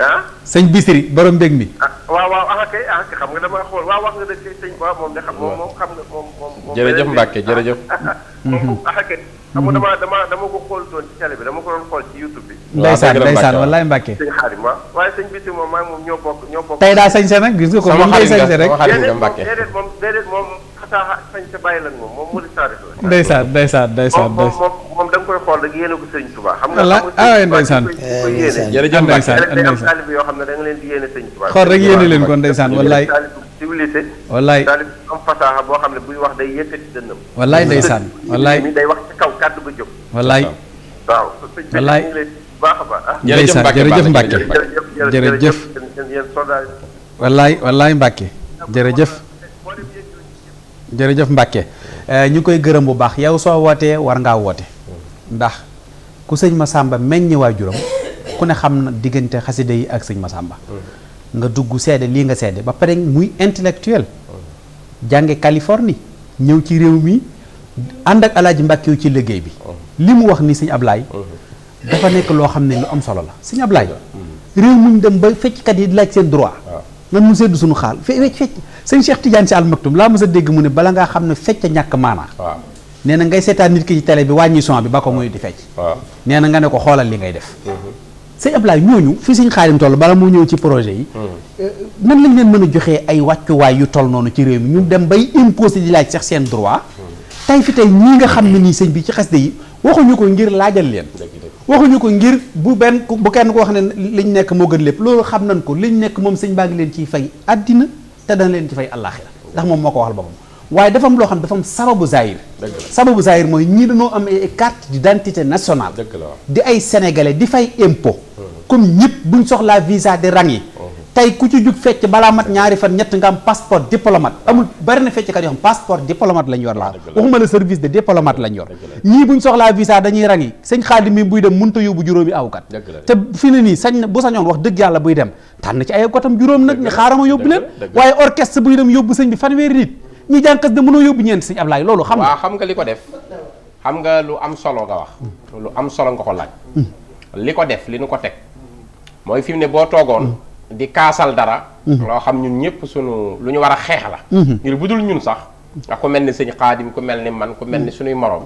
ah sëñ Bisiri borom mbég mi. ah waaw waaw ah kay ah xam nga damaa xool waaw wax nga dëgg sëñ bi waaw moom de xam moom xam nga moom moom. jërëjëf Mbacke jërëjëf. moom ah kay. xam nga mhm. damaa dama dama ko xool doon ci télé bi dama ko doon xool ci YouTube bi. ndeysaan ndeysaan wallaay Mbacke. sëñ xaadim waaw waaye sëñ Bisiri moom maa ngi moom ñoo bokk ñoo bokk. tey daa sañse nag gis nga ko moom day sañse rek. sama xarit nga sama xarit nga Mbacke déedéet moom déedéet Moussa sañ la moom moom Mouride Sadikh la. ndeysaan ndeysaan ndeysaan moom moom moom da nga koy xool rek yéene ko sëñ Touba. xam nga amul sëñ ah, Touba ndeysaan ndeysaan yoo xam ne da leen di yéene sëñ Touba. xool rek yéene leen ko ndeysaan wallaay civilisé wallaay taalib am fasaaxa boo xam ne buy wax day yëkkati dënnam. wallaay ndeysaan wallaay day wax ci kaw kàddu ba jóg. wallaay waaw wallaay baax a baax ah. ndeysaan jërëjëf Mbacke jërëjëf jërëjëf wallaay wallaay Mbacke jërëjëf jërëjëf Mbacke eh, ñu koy gërëm bu baax yow soo wootee war ngaa woote ndax ku sëñ ma Masamba meññi waajuram ku ne xam na diggante xasida yi ak sëñ Masamba nga dugg seede lii nga seede ba pare muy intellectuel jànge Californie ñëw ci réew mi ànd ak alaaji Mbàkke ci liggéey bi li mu wax nii sëñ Ablaay dafa nekk loo xam ne lu am solo la sëñ Ablaay réew muñ dem ba fecckat yi laaj seen droit nan mu seddu suñu xaal fe fecc sëñ Cheikh Tidiane si almaktum laa mës dégg mu ne bala ngaa xam ne fecc ñàkk maanaa nee na ngay seetaan nit ki ci télé bi wàññi son bi ba ko muy di fecc nee na nga ne ko xoolal li ngay def mhm. sëñ Ablaye ñooñu fi sëñ Xaadim toll bala moo ñëw ci projet yi mhm. euh, nan lañ leen mën a joxee ay wàccuwaay yu toll noonu ci réew mi ñu dem bay imposé di laaj sax seen droit mhm. tey fi tey ñii nga xam ne nii sëñ bi ci xas xasida yi waxuñu ko ngir laajal leen waxuñu ko ngir bu benn bu kenn ko wax ne liñ nekk moo gën lépp loolu xam nañ ko liñ nekk moom sëñ baa ngi leen ciy fay àddina te dana leen ci fay àllaaxira ndax moom moo ko wax waxal boppam waaye dafa am loo xam dafa am sababu zaahir sababu zaahir mooy ñii dañoo am ay carte d'identité nationale di ay sénégalais di fay impôt comme ñëpp buñ soxlaa visa de rang yi tay ku ci juk fecc nyari mat ñaari fan ñet nga am passeport diplomate amul bari na fecc kat yo passeport diplomate lañ yor la waxuma le service de diplomate lañ yor ñii buñ soxla visa dañuy rangi señ khadim mi buy dem mënta juroomi aw kat te fini ni nii sañ bu sañon wax deug yalla buy dem tan ci ay gotam juroom nak ni xaarama yóbbu len waye orchestre buy dem señ bi nit ñi jankas de mëno yóbbu ñen señ ablay lolu xam nga xam nga liko def xam nga lu am solo nga wax mm. lu am solo nga ko laaj mm. liko def li nu ko tek moy fimne bo ne di kaasal dara. Mhm. loo xam ñun ñëpp sunu lu ñu war a xeex la. Mhm. ngir dul ñun sax. ndax ku mel ni sëñ xaadim ku mel ni man ku mel ni mhm. sunuy moroom.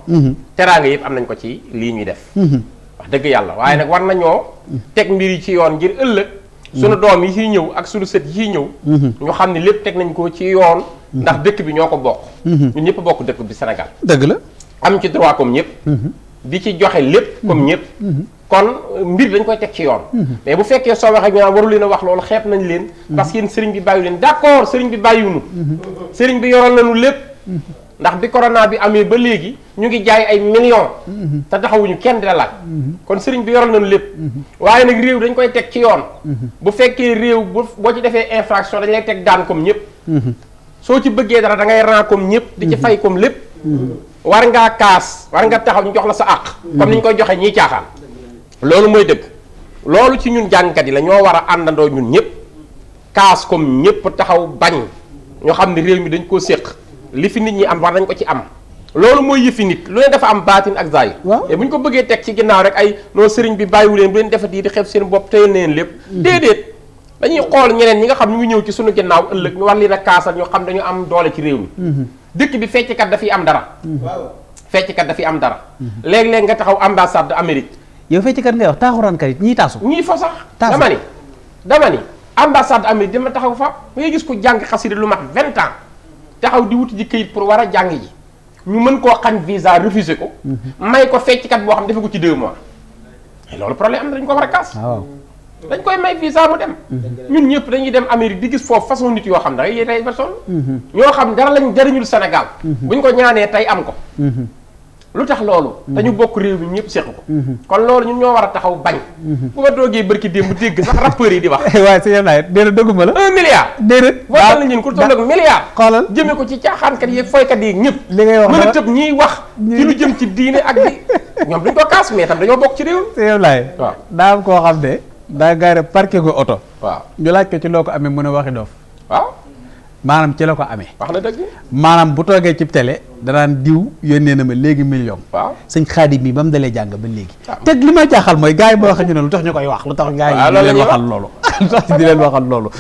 teraanga yëpp am nañ ko ci lii ñuy def. wax dëgg yàlla waaye nag war nañoo. teg mbir yi ci yoon ngir ëllëg. sunu doom yi ciy ñëw ak sunu sët yi ciy ñëw. ñu xam ni lépp teg nañ ko ci yoon. ndax dëkk bi ñoo ko bokk. ñun ñëpp bokk dëkk bi Sénégal. dëgg la am ci droit comme ñëpp. bi ci joxe lépp comme ñëpp. kon mbir dañ koy teg ci yoon mhm. mais bu fekkee soo waxee ñu naan waru leen a wax loolu xeeb nañ leen mhm. parce que yéen sëriñ bi bàyyi leen d'accord sëriñ bi bàyyiwunu mhm. sëriñ bi yoral nañu lépp ndax bi corona bi amee ba léegi ñu ngi jaay ay millions te taxawuñu kenn di la laaj kon sëriñ bi yoral nañu lépp waaye nag réew dañ koy teg ci yoon bu fekkee réew boo ci defee infraction dañ lay teg daan comme ñëpp soo ci bëggee dara da ngay ran comme ñëpp di ci fay comme lépp war ngaa kaas war nga taxaw ñu jox la sa àq comme ni koy joxe ñiy caaxaan loolu mooy dëgg loolu ci ñun jàngkat yi lañoo war a àndandoo ñun ñëpp kaas comme ñëpp taxaw bañ ñoo xam ni réew mi dañ koo séq li fi nit ñi am war nañ ko ci am loolu mooy yëfi nit lu leen dafa am baatin ak zaay te bu ñu ko bëggee teg ci ginnaaw rek ay noo sëriñ bi bàyyiwu leen bu leen defat yi di xeeb seen bopp tëye neen lépp mm-hmm. déedéet dañuy xool ñeneen ñi nga xam ñu ngi ñëw ci suñu ginnaaw ëllëg ñu war leen a kaasal ñoo xam dañu am doole ci réew mi mm-hmm. dëkk bi fecckat dafiy am dara mm-hmm. fecckat dafiy am dara léeg-léeg nga taxaw ambassade de Amérique yow kat ngay wax taaxuraankat yi ñiy taasu ñuy fa sax dama ni dama ni ambassade Amérique dama taxaw fa mu ngay gis ko jàng xasida lu mat vingt ans taxaw di wuti ji këyit pour war a jàng ji ñu mën koo xañ visa refusé ko mhm. may ko fecckat boo xam defe ko ci deux mois loolu problème am na dañu ko war a kaas ah, dañ koy may visa mu dem mhm. ñun ñëpp dañuy dem Amérique di gis foofu façon nit yoo xam ne dangay yéey tey personne mhm. ñoo xam dara lañ jariñul Sénégal buñ ko ñaanee tey am ko lu tax loolu. dañu mhm. bokk réew mi ñëpp seq ko. Mhm. kon loolu ñun ñoo war a taxaw bañ. Mhm. bu ma doogee barki démb dégg sax rappeurs yi di wax. Eh waaye sëñ Ablaye déedéet dëgguma la. un milliard. déedéet waaw waaw ñun ku toll ak milliard. xoolal jëmee ko ci caaxaankat yi foykat yi ñëpp. li ngay wax mën a tëb ñiy wax. lu jëm ci diine ak di ñoom dañ ko kaas mais tam dañoo bokk ci réew. sëñ Ablaye. waaw daa am koo xam ne. daa gaare parqué ko oto. waaw ñu laaj ko ci loo ko amee mën a waxi dof waaw maanaam ci la ko amee. wax na dëgg. maanaam bu toogee ci télé danaan diw yónnee na ma léegi million. waaw sëñ Xaadim mi ba mu dalee jàng ba léegi. Ah. te li ma jaaxal mooy gars yi ma waxee ñu ne lu tax ñu koy wax. lu tax gars yi ah, di leen waxal loolu. lu tax di leen waxal loolu.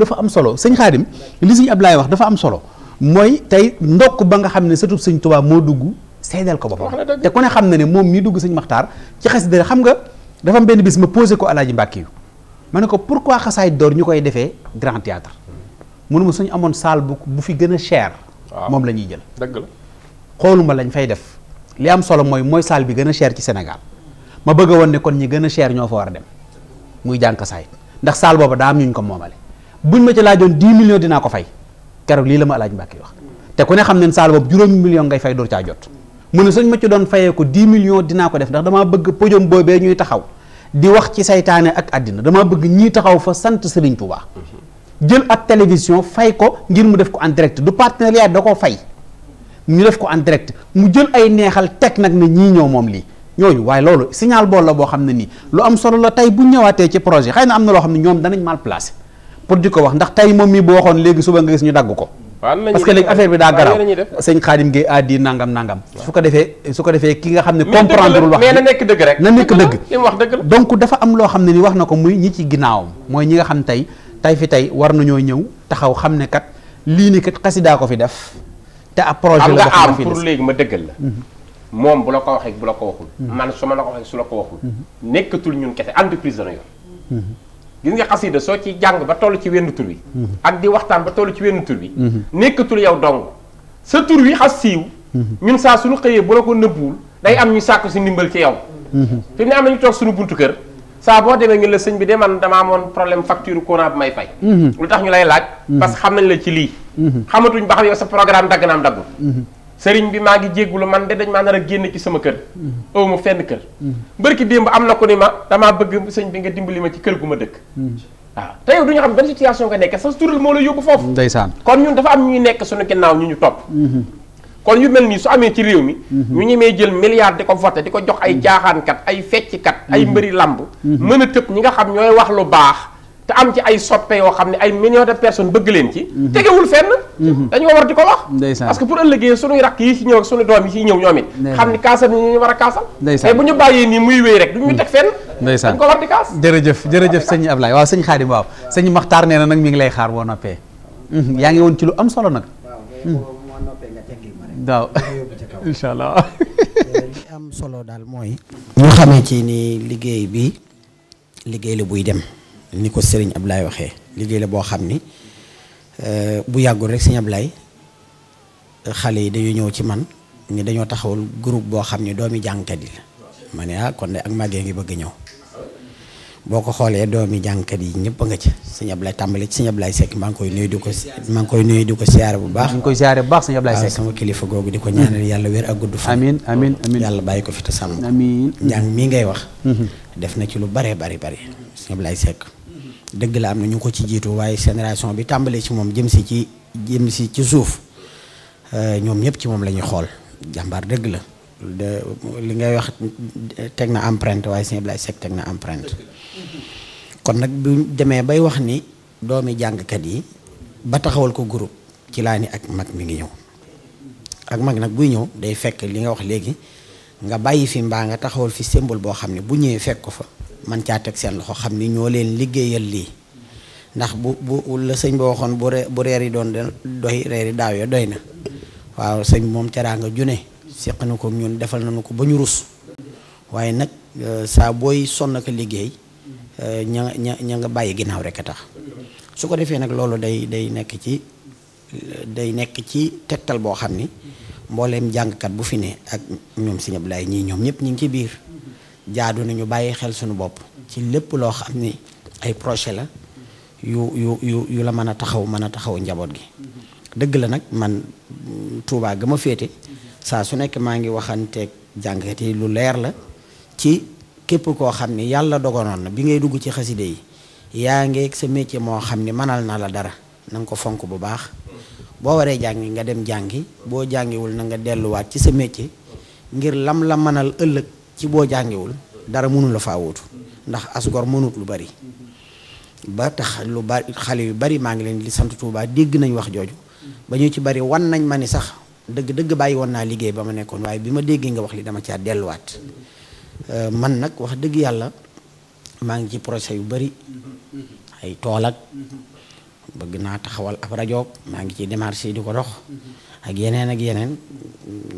dafa am solo sëñ Xaadim li sëñ Ablaye wax dafa am solo mooy tey ndokk ba nga xam ne satub sëñ tubaab moo dugg seedal ko boppam te ku ne xam na ne moom mii dugg sañ Maxtaar ci xasida xam nga dafa am bis ma posé ko Alaaji Mbàkke yu ma ne ko pourquoi xasaay door ñu koy defee grand théâtre mënuma suñu amoon saal bu bu fi gën a cher. moom la ñuy jël. dëgg xooluma lañ fay def li am solo mooy mooy saal bi gën a cher ci Sénégal ma bëgg woon ne kon ñi gën a cher ñoo fa war a dem muy jànk saay ndax saal boobu daa am ñu ñu ko moomale buñ ma ci laajoon 10 millions dinaa ko fay keroog lii la ma alaaj Mbàkke wax te ku ne xam ne saal boobu juróomi million ngay fay door caa jot. mu ne suñ ma ci doon fayee ko 10 millions dinaa ko def ndax damaa bëgg podium boobee ñuy taxaw di wax ci saytaane ak àddina damaa bëgg ñii taxaw fa sant Serigne Touba. Mhm. jël ab télévision fay ko ngir mu def ko en direct du partenariat da koo fay ñu def ko en direct mu jël ay neexal teg nag ni ñii ñoo moom lii ñooñu waaye loolu signal bool la boo xam ne nii lu am solo la tey bu ñëwaatee ci projet xay na am na loo xam ne ñoom danañ mal placé pour di ko wax ndax tey moom mii boo waxoon léegi suba nga gis ñu dagg ko. parce que léegi affaire bi daa garaaw sëñ Xaadim Gueye a di nangam nangam. su ko defee su ko defee ki nga xam ne. comprendre lul wax na nekk dëgg rek na nekk dëgg. wax dëgg la donc loo xam ne ni wax na ko muy ñi ci ginnaawam mooy ñi nga xam tey tey fi tey war nañoo ñëw taxaw xam ne kat lii ni kat xasidaa ko fi def te ab projet la am nga am pour léegi ma dëggal la mhm. moom bu la ko waxee bu la ko waxul mhm. man su la ko waxee su la ko waxul mhm. nekkatul ñun kese entreprise dana yor gis nga xasida soo ci jàng ba toll ci wenn tur wi ak di waxtaan ba toll ci wenn tur wi nekkatul yow dong sa tur wi xas siiw ñun saa suñu xëyee bu la ko nëbbuwul day am ñu sàkk si ndimbal ci yow fi ne am nañu toog suñu buntu kër saa boo demee ñu la sëñ bi de man dama amoon problème facture courant bi may fay. Mhm. lu tax ñu lay laaj. Mhm. parce que xam nañ la ci lii. Mhm. xamatuñ ba xam yow sa programme dagg naam daggul. sëriñ bi maa ngi jéggulu man de dañ maa nar a génn ci sama kër. aw fenn kër. mbërki démb am na ko ni ma damaa bëgg sëñ bi nga dimbali ma ci kër gu ma dëkk. waaw te yow du ñu xam benn situation nga nekkee sa tural moo la yóbbu foofu. ndeysaan kon ñun dafa am ñuy nekk suñu ginnaaw ñu ñu topp. kon yu mel nii su amee ci réew mi. Mhm. ñu ñemee jël milliard de ko voté di ko jox ay mhm. jaaxaankat ay fecckat ay mhm. mbëri làmb mën a tëb ñi nga xam ñooy wax lu baax. te am ci ay soppe yoo xam ne ay millions de personnes bëgg leen ci. fenn. dañoo war di ko wax. parce que pour ëllëgee suñuy rakk yi ci ñëw ak suñu doom yi ci ñëw ñoom xam ni kaasal ni a ñu bàyyee nii muy wéy rek duñ ñu teg fenn. dañ ko war di kaas. jërëjëf jërëjëf sëñ Ablaye waaw sëñ Xaadim waaw sëñ Maxtaar nee na nag mi ngi lay xaar boo noppee yaa ngi woon ci lu am solo nag. daaw incha allah. li am solo daal mooy. ñu xamee ci ni liggéey bi liggéey la buy dem ni ko Serigne Ablaye waxee liggéey la boo xam ni euh, bu yàggul rek Serigne Ablaye xale yi dañu ñëw ci man ni dañoo taxawul groupe boo xam ni doomi jàngkat yi la ma ne ah, kon de ak màggee ngi bëgg ñëw. boo ko xoolee doomi jàngkat yi ñëpp a nga ci sëñ Ablaye tàmbali ci sëñ Ablaye Seck maa ngi koy nuyu di ko maa ngi koy nuyu di ko siyaare bu baax. maa koy siyaare bu baax sëñ Ablaye Seck sama kilifa di ko ñaanal yàlla wér ak gudd fan. amiin amiin amiin yàlla ko fi te sàmm. amiin njàng mii ngay wax. Mhm. def na ci lu bare bari bari sëñ Ablaye Seck. dëgg la am na ñu ko ci jiitu waaye génération bi tàmbalee ci moom jëm si ci jëm si ci suuf euh, ñoom ñëpp ci moom la ñuy xool jàmbaar dëgg la. de li ngay wax tek na empreinte way seigne blaye sek tek na empreinte kon nak bu demee bay wax ni doomi kat yi ba taxawal ko groupe ci lani ak mag mi ngi ñew ak mag nak bu ñew day fekk li nga wax legi nga bayyi fi mba nga taxawal fi symbole bo xamni bu ñewé fekk ko fa man ca tek sen loxo xamni ño leen liggéeyal li ndax bu bu le seigne bo waxon bu reeri don doy reeri daw yo ya doyna waaw june seq na ko ñun defal nañu ko ba ñu rus waaye nag euh, saa booy sonn ak liggéey euh, ña ña ña nga bàyyi ginnaaw rek a tax su ko defee nag loolu day day nekk ci day nekk ci tegtal boo xam ni mbooleem jàngkat bu fi ne ak ñoom Sëñ Ablaay ñii ñoom ñëpp ñu ngi ci biir jaadu nañu bàyyi xel suñu bopp ci lépp loo xam ni ay projet la yu yu yu yu la mën a taxaw mën a taxaw njaboot gi dëgg la nag man mm, Tuubaa ga ma féete saa su nekk maa ngi waxanteeg jàngkat yi lu leer la ci képp koo xam ni yàlla doganoon na bi ngay dugg ci xaside yi yaa ngeeg sa métier moo xam ni mënal na la dara nanga ko fonk bu baax boo waree jàngi nga dem jàngi boo jàngiwul na nga delluwaat ci sa métier ngir lam la mënal ëllëg ci boo jàngiwul dara mënula la faa ndax asgor mënut lu bari ba tax lu bari xale yu bari maa ngi leen di sant Tuubaa dégg nañ wax jooju ba ñu ci bari wan nañ ma ni sax deug deug bayi woon liggey bama ba ma bima waaye nga wax li dama wat euh man nak wax deug yalla ma ngi ci projet yu bari ay tolak ak bëgg naa taxawal ab radio ma ngi ci démarche diko dox ak yenen ak yenen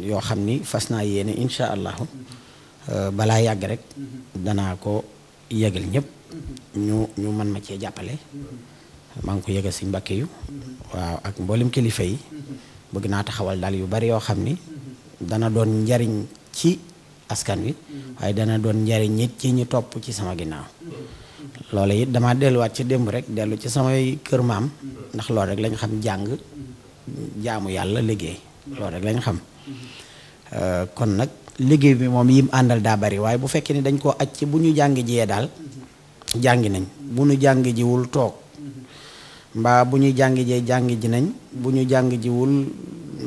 yo xamni ni yene naa yéene incha allahu euh, rek dana ko yegal ñep ñu ñu man ma ci jappalé ma ngi ko yegal sëñ Mbàkke yu waaw ak mbolim kilifa yi bëgg naa taxawal daal yu bari yoo xam ni dana doon njariñ ci askan wi waaye dana doon njariñ it ci ñu topp ci sama ginnaaw loolu it dama delluwaat ci démb rek dellu ci samay kër maam ndax loolu rek lañ xam jàng jaamu yàlla liggéey loolu rek lañ xam euh, kon nag liggéey bi moom yim àndal daa bari waaye bu fekkee ni dañ koo aj ci bu ñu jàng jiyee daal jàngi nañ bu ñu jàng toog mbaa bu ñuy jàngi jee jàngi ji nañ bu ñu jàng jiwul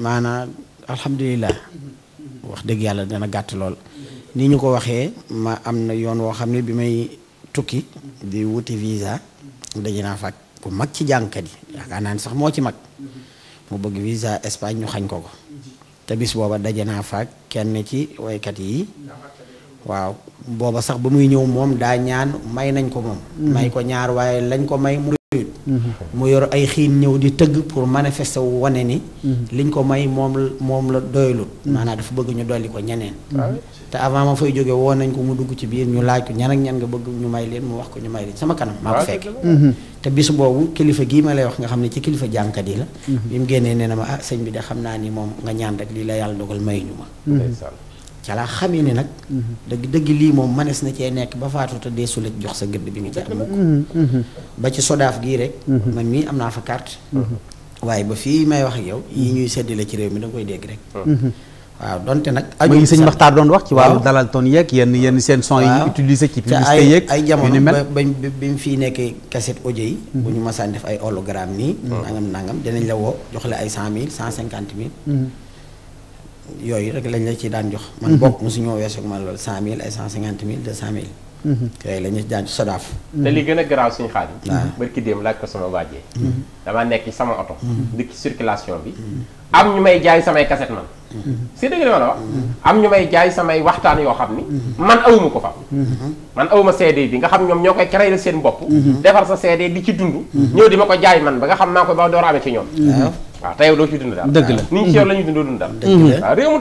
maanaa alhamdulilah wax dëgg yàlla dana gàtt lool ni ñu ko waxee ma am na yoon woo xam ne bi may tukki di wuti visa daje naa fa ku mag ci jàngkat yi yaakaar sax moo ci mag mu bëgg visa Espagne xañ ko ko te bis booba daje naa fa kenn ci waykat yi waaw booba sax ba muy ñëw moom daa ñaan may nañ ko moom may ko ñaar waaye lañ ko may mu yor ay xiin ñëw di tëgg pour manifester wu wane ni mhm. liñ ko may moom moom la doylut mhm. maanaam dafa bëgg ñu dolli ko ñeneen mhm. ah te avant ma fay jóge woon nañ ko mu dugg ci biir ñu laaj ko ñan ak ñan nga bëgg ñu may leen mu wax ko ñu may leen sama kanam maa ko ah, fekk te bis boobu kilifa gii ma lay wax nga xam ne ci kilifa jànkat yi la bi mu génnee nee na ma ah sëñ bi de xam naa ni moom nga ñaan rek li la yàlla dogal may ñu ma ca laa xamee ni nag dëgg dëgg lii moom manees na cee nekk ba faatu te dee sulet jox sa gëdd bi nga ci am mukk ba ci sodaaf gii rek man mii am naa fa carte waaye ba fii may wax yow yi ñuy seddale ci réew mi da koy dégg rek waaw donte nag aju sëñ Maxtaar doon wax ci wàllu dalal toon yeeg yenn yenn seen son yi utilisé ci publicité ay jamono ba ba bi mu fii nekkee cassette audio yi bu ñu masaan def ay hologramme nii mm-hmm. nangam nangam dinañ la woo jox la ay cent mille cent cinquante mille mm-hmm. yooyu rek lañ la ci daan jox. man mhm. bokk mosu ñoo weesu ak man loolu cent mille ay cent cinquante mille deux cent mille. Mhm. yooyu la ñuy daan ci sodaaf. Mhm. te li gën a garaaw suñu xaar yi. waaw barki démb laaj ko sama waajee. dama nekk ci sama oto. dëkk bi. am ñu may jaay samay kaset man. si dëgg la ma la wax. am ñu may jaay samay waxtaan yoo xam ni. man awuma ko fa. man awuma CD bi nga xam ñoom ñoo koy créer seen bopp. defar sa CD di ci dund. ñëw di ma ko jaay man ba nga xam naa ko ba door a amee waaw te yow doo ci dëgg la ni ñu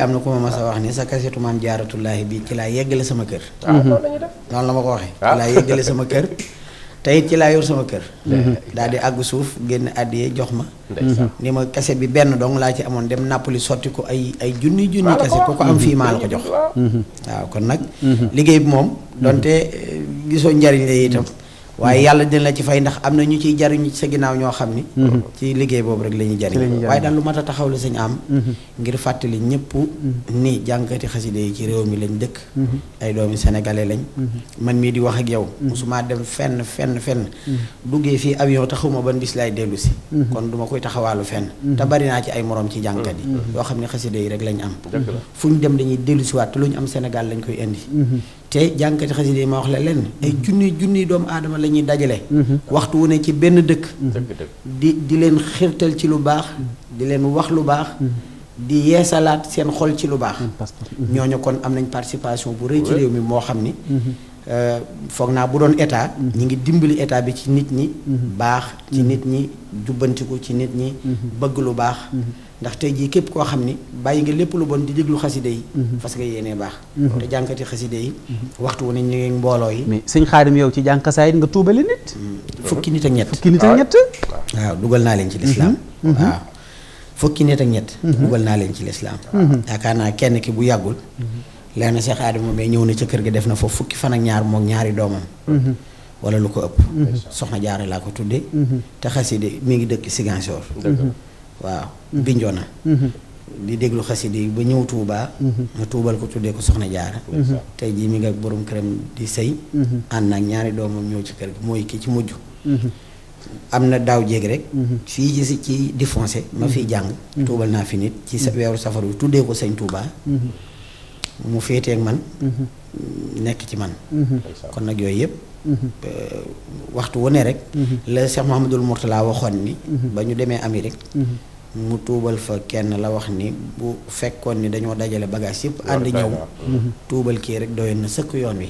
am na ku ma mas wax ni sa kasetu maam jaaratullaahi bi ci laa yeggale sama kër. waaw ah, noonu la ma ko waxee. Ah. ci laa yeggale sama kër. te it ci laa yor sama kër. daal di àgg suuf génn àddiyee jox ma. ni ma kaset bi benn dong laa ci amoon dem Napoli sotti ko ay ay junni junni kaset ko ko am fii maa la ko jox. waaw kon nag. Mhm. liggéey bi moom. Mhm. donte eh, gisoo njariñ la itam. waaye mhm. yàlla dina la ci fay ndax am na ñu ciy jariñu sa ginnaaw ñoo xam ni mhm. ci liggéey boobu rek lañuy ñuy jariñ waaye daal lu mat a taxaw la sañ am mhm. ngir fàttali ñëpp ni jàngkati xaside yi ci réew mi lañ dëkk ay doomi sénégalais lañ man mii di wax ak yow musuma dem fenn fenn fenn duggee fii avion taxuma ban bis laay dellu si kon duma koy taxawaalu fenn te bari naa ci ay moroom ci jàngkat yi yoo xam ne xaside yi rek lañ am fu ñu dem dañuy dellu siwaat te am Sénégal lañ koy indi tey jànkati xasida yi ma wax la lenn ay mhm. junni junni doomu aadama la ñuy dajale mhm. waxtu wu ne ci benn dëkk di di leen xirtal ci lu baax di leen wax lu baax mhm. di yeesalaat seen xol ci lu baax ñooñu kon am nañ participation bu rëy ci réew mi moo xam ni euh, foog naa bu doon état ñi ngi dimbali état bi ci nit ñi baax ci nit ñi jubbantiku ci nit ñi bëgg lu baax ndax tey jii képp koo xam ni bàyyi nga lépp lu bon di déglu xaside yi parce mhm. que yéenee baax te mhm. jànkati xaside yi mhm. waxtu wu ne ñu ngi mbooloo yi mais sëñ xaadim yow ci jànkasaayit nga tuubale nit fukki nit ak ñett fukki nit ak ah, ñett waaw dugal naa leen ci lislaam waaw fukki nit ñett dugal naa leen ci lislaam yaakaar naa kenn ki bu yàggul leer na Cheikh moom mais ñëw na ci kër gi def na fa fukki fan ak ñaar moom ñaari doomam wala lu ko ëpp soxna jaara laa ko tudde te xaside mu ngi dëkk Ziguinchor waaw Bignona mhm. di déglu xasida yi ba ñëw Touba. ma mhm. tuubal ko tuddee ko Soxna Jaara mhm. tey jii mi nga borom këram di sëy ànd ak ñaari doomam ñëw ci kër gi mooy ki ci mujj am na daaw jéeg rek fii gisi ci di foncé ma fi jàng tuubal naa fi nit ci weeru safar wi tuddee ko sëñ Touba. mu féetee ak man nekk ci man kon nag yooyu yëpp Euh, waxtu wu ne rek. Mhm. la Cheikh Mouhamadul Mourtala waxoon ni. Mhm. ba ñu demee Amérique. Mhm. mu tuubal fa kenn la wax ni bu fekkoon ni dañoo dajale bagage yëpp ànd ñëw tuubal kii rek doyoon na sëkk yoon wi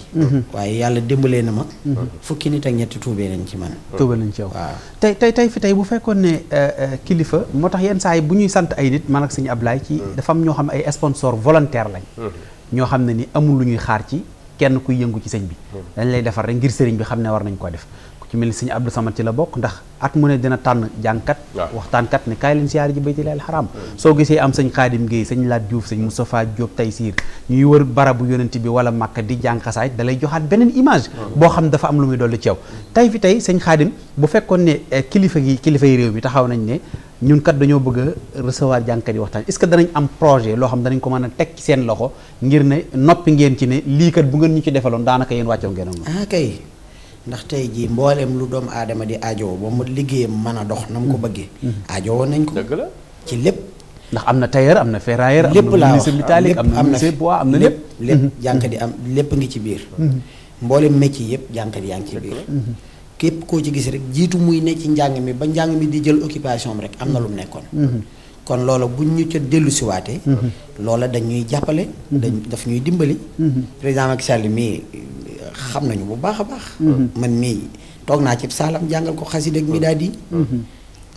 waaye yàlla dimbalee na ma fukki nit ak ñetti tuubee nañ ci man tuubal nañ ci yow waaw tey tey tey fi tey bu fekkoon ne euh, euh, kilifa moo tax yenn saa yi bu ñuy sant ay nit man ak sëñ Ablaye ci dafa am ñoo xam ne ay sponsor volontaire lañ ñoo xam ne ni amul lu ñuy xaar ci kenn kuy yëngu ci sëñ bi dañ lay defar rek ngir sëriñ bi xam ne war nañ koo def ku ci mel ni sëñ Abdou ci la bokk ndax at mu ne dina tànn jàngkat waxtaankat ne kaay leen siyaar ji bayti laal xaraam soo gisee am sëñ Xaadim Géey sëñ Laat Diouf sëñ Moustapha Diop Taysiir ñuy wër barabu yonent bi wala Màkka di jàng xasaay dalay joxaat beneen image boo xam dafa am lu muy dolli ci yow tey fi tey sëñ Xaadim bu fekkoon ne eh, kilifa gi kilifa yi réew mi taxaw nañ ne ñun dañoo bëgg a recevoir jàngkat yi waxtaan est-ce que danañ am projet loo xam danañ ko mën a teg ci seen loxo ngir ne noppi ngeen ci ne lii bu ngeen ñu ci defaloon daanaka yéen wàccoo ngeen ah kay ndax tey jii mbooleem lu doomu aadama di aajowoo ba mu liggéeyam mën a dox na mu ko mm-hmm. bëggee. Mm-hmm. aajowoo nañ ko. dëgg ci lépp. ndax am na tailleur am na ferrailleur. lépp laa wax am na lépp am na bois am na lépp. lépp mm-hmm. jàngkat yi am lépp ngi ci biir. mboolem métier yëpp jàngkat yaa ngi ci biir. képp ko ci gis rek jiitu muy ne ci njàng mi ba njàng mi di jël occupation rek am na lu mu nekkoon. Mhm. kon loola bu ñu ca dellu siwaatee. Mhm. loola dañuy jàppale. Mhm. dañ daf ñuy dimbali. président Macky Sall euh, xam nañu bu baax a baax. man mii toog naa ci saalam jàngal ko xasida ak midaad yi.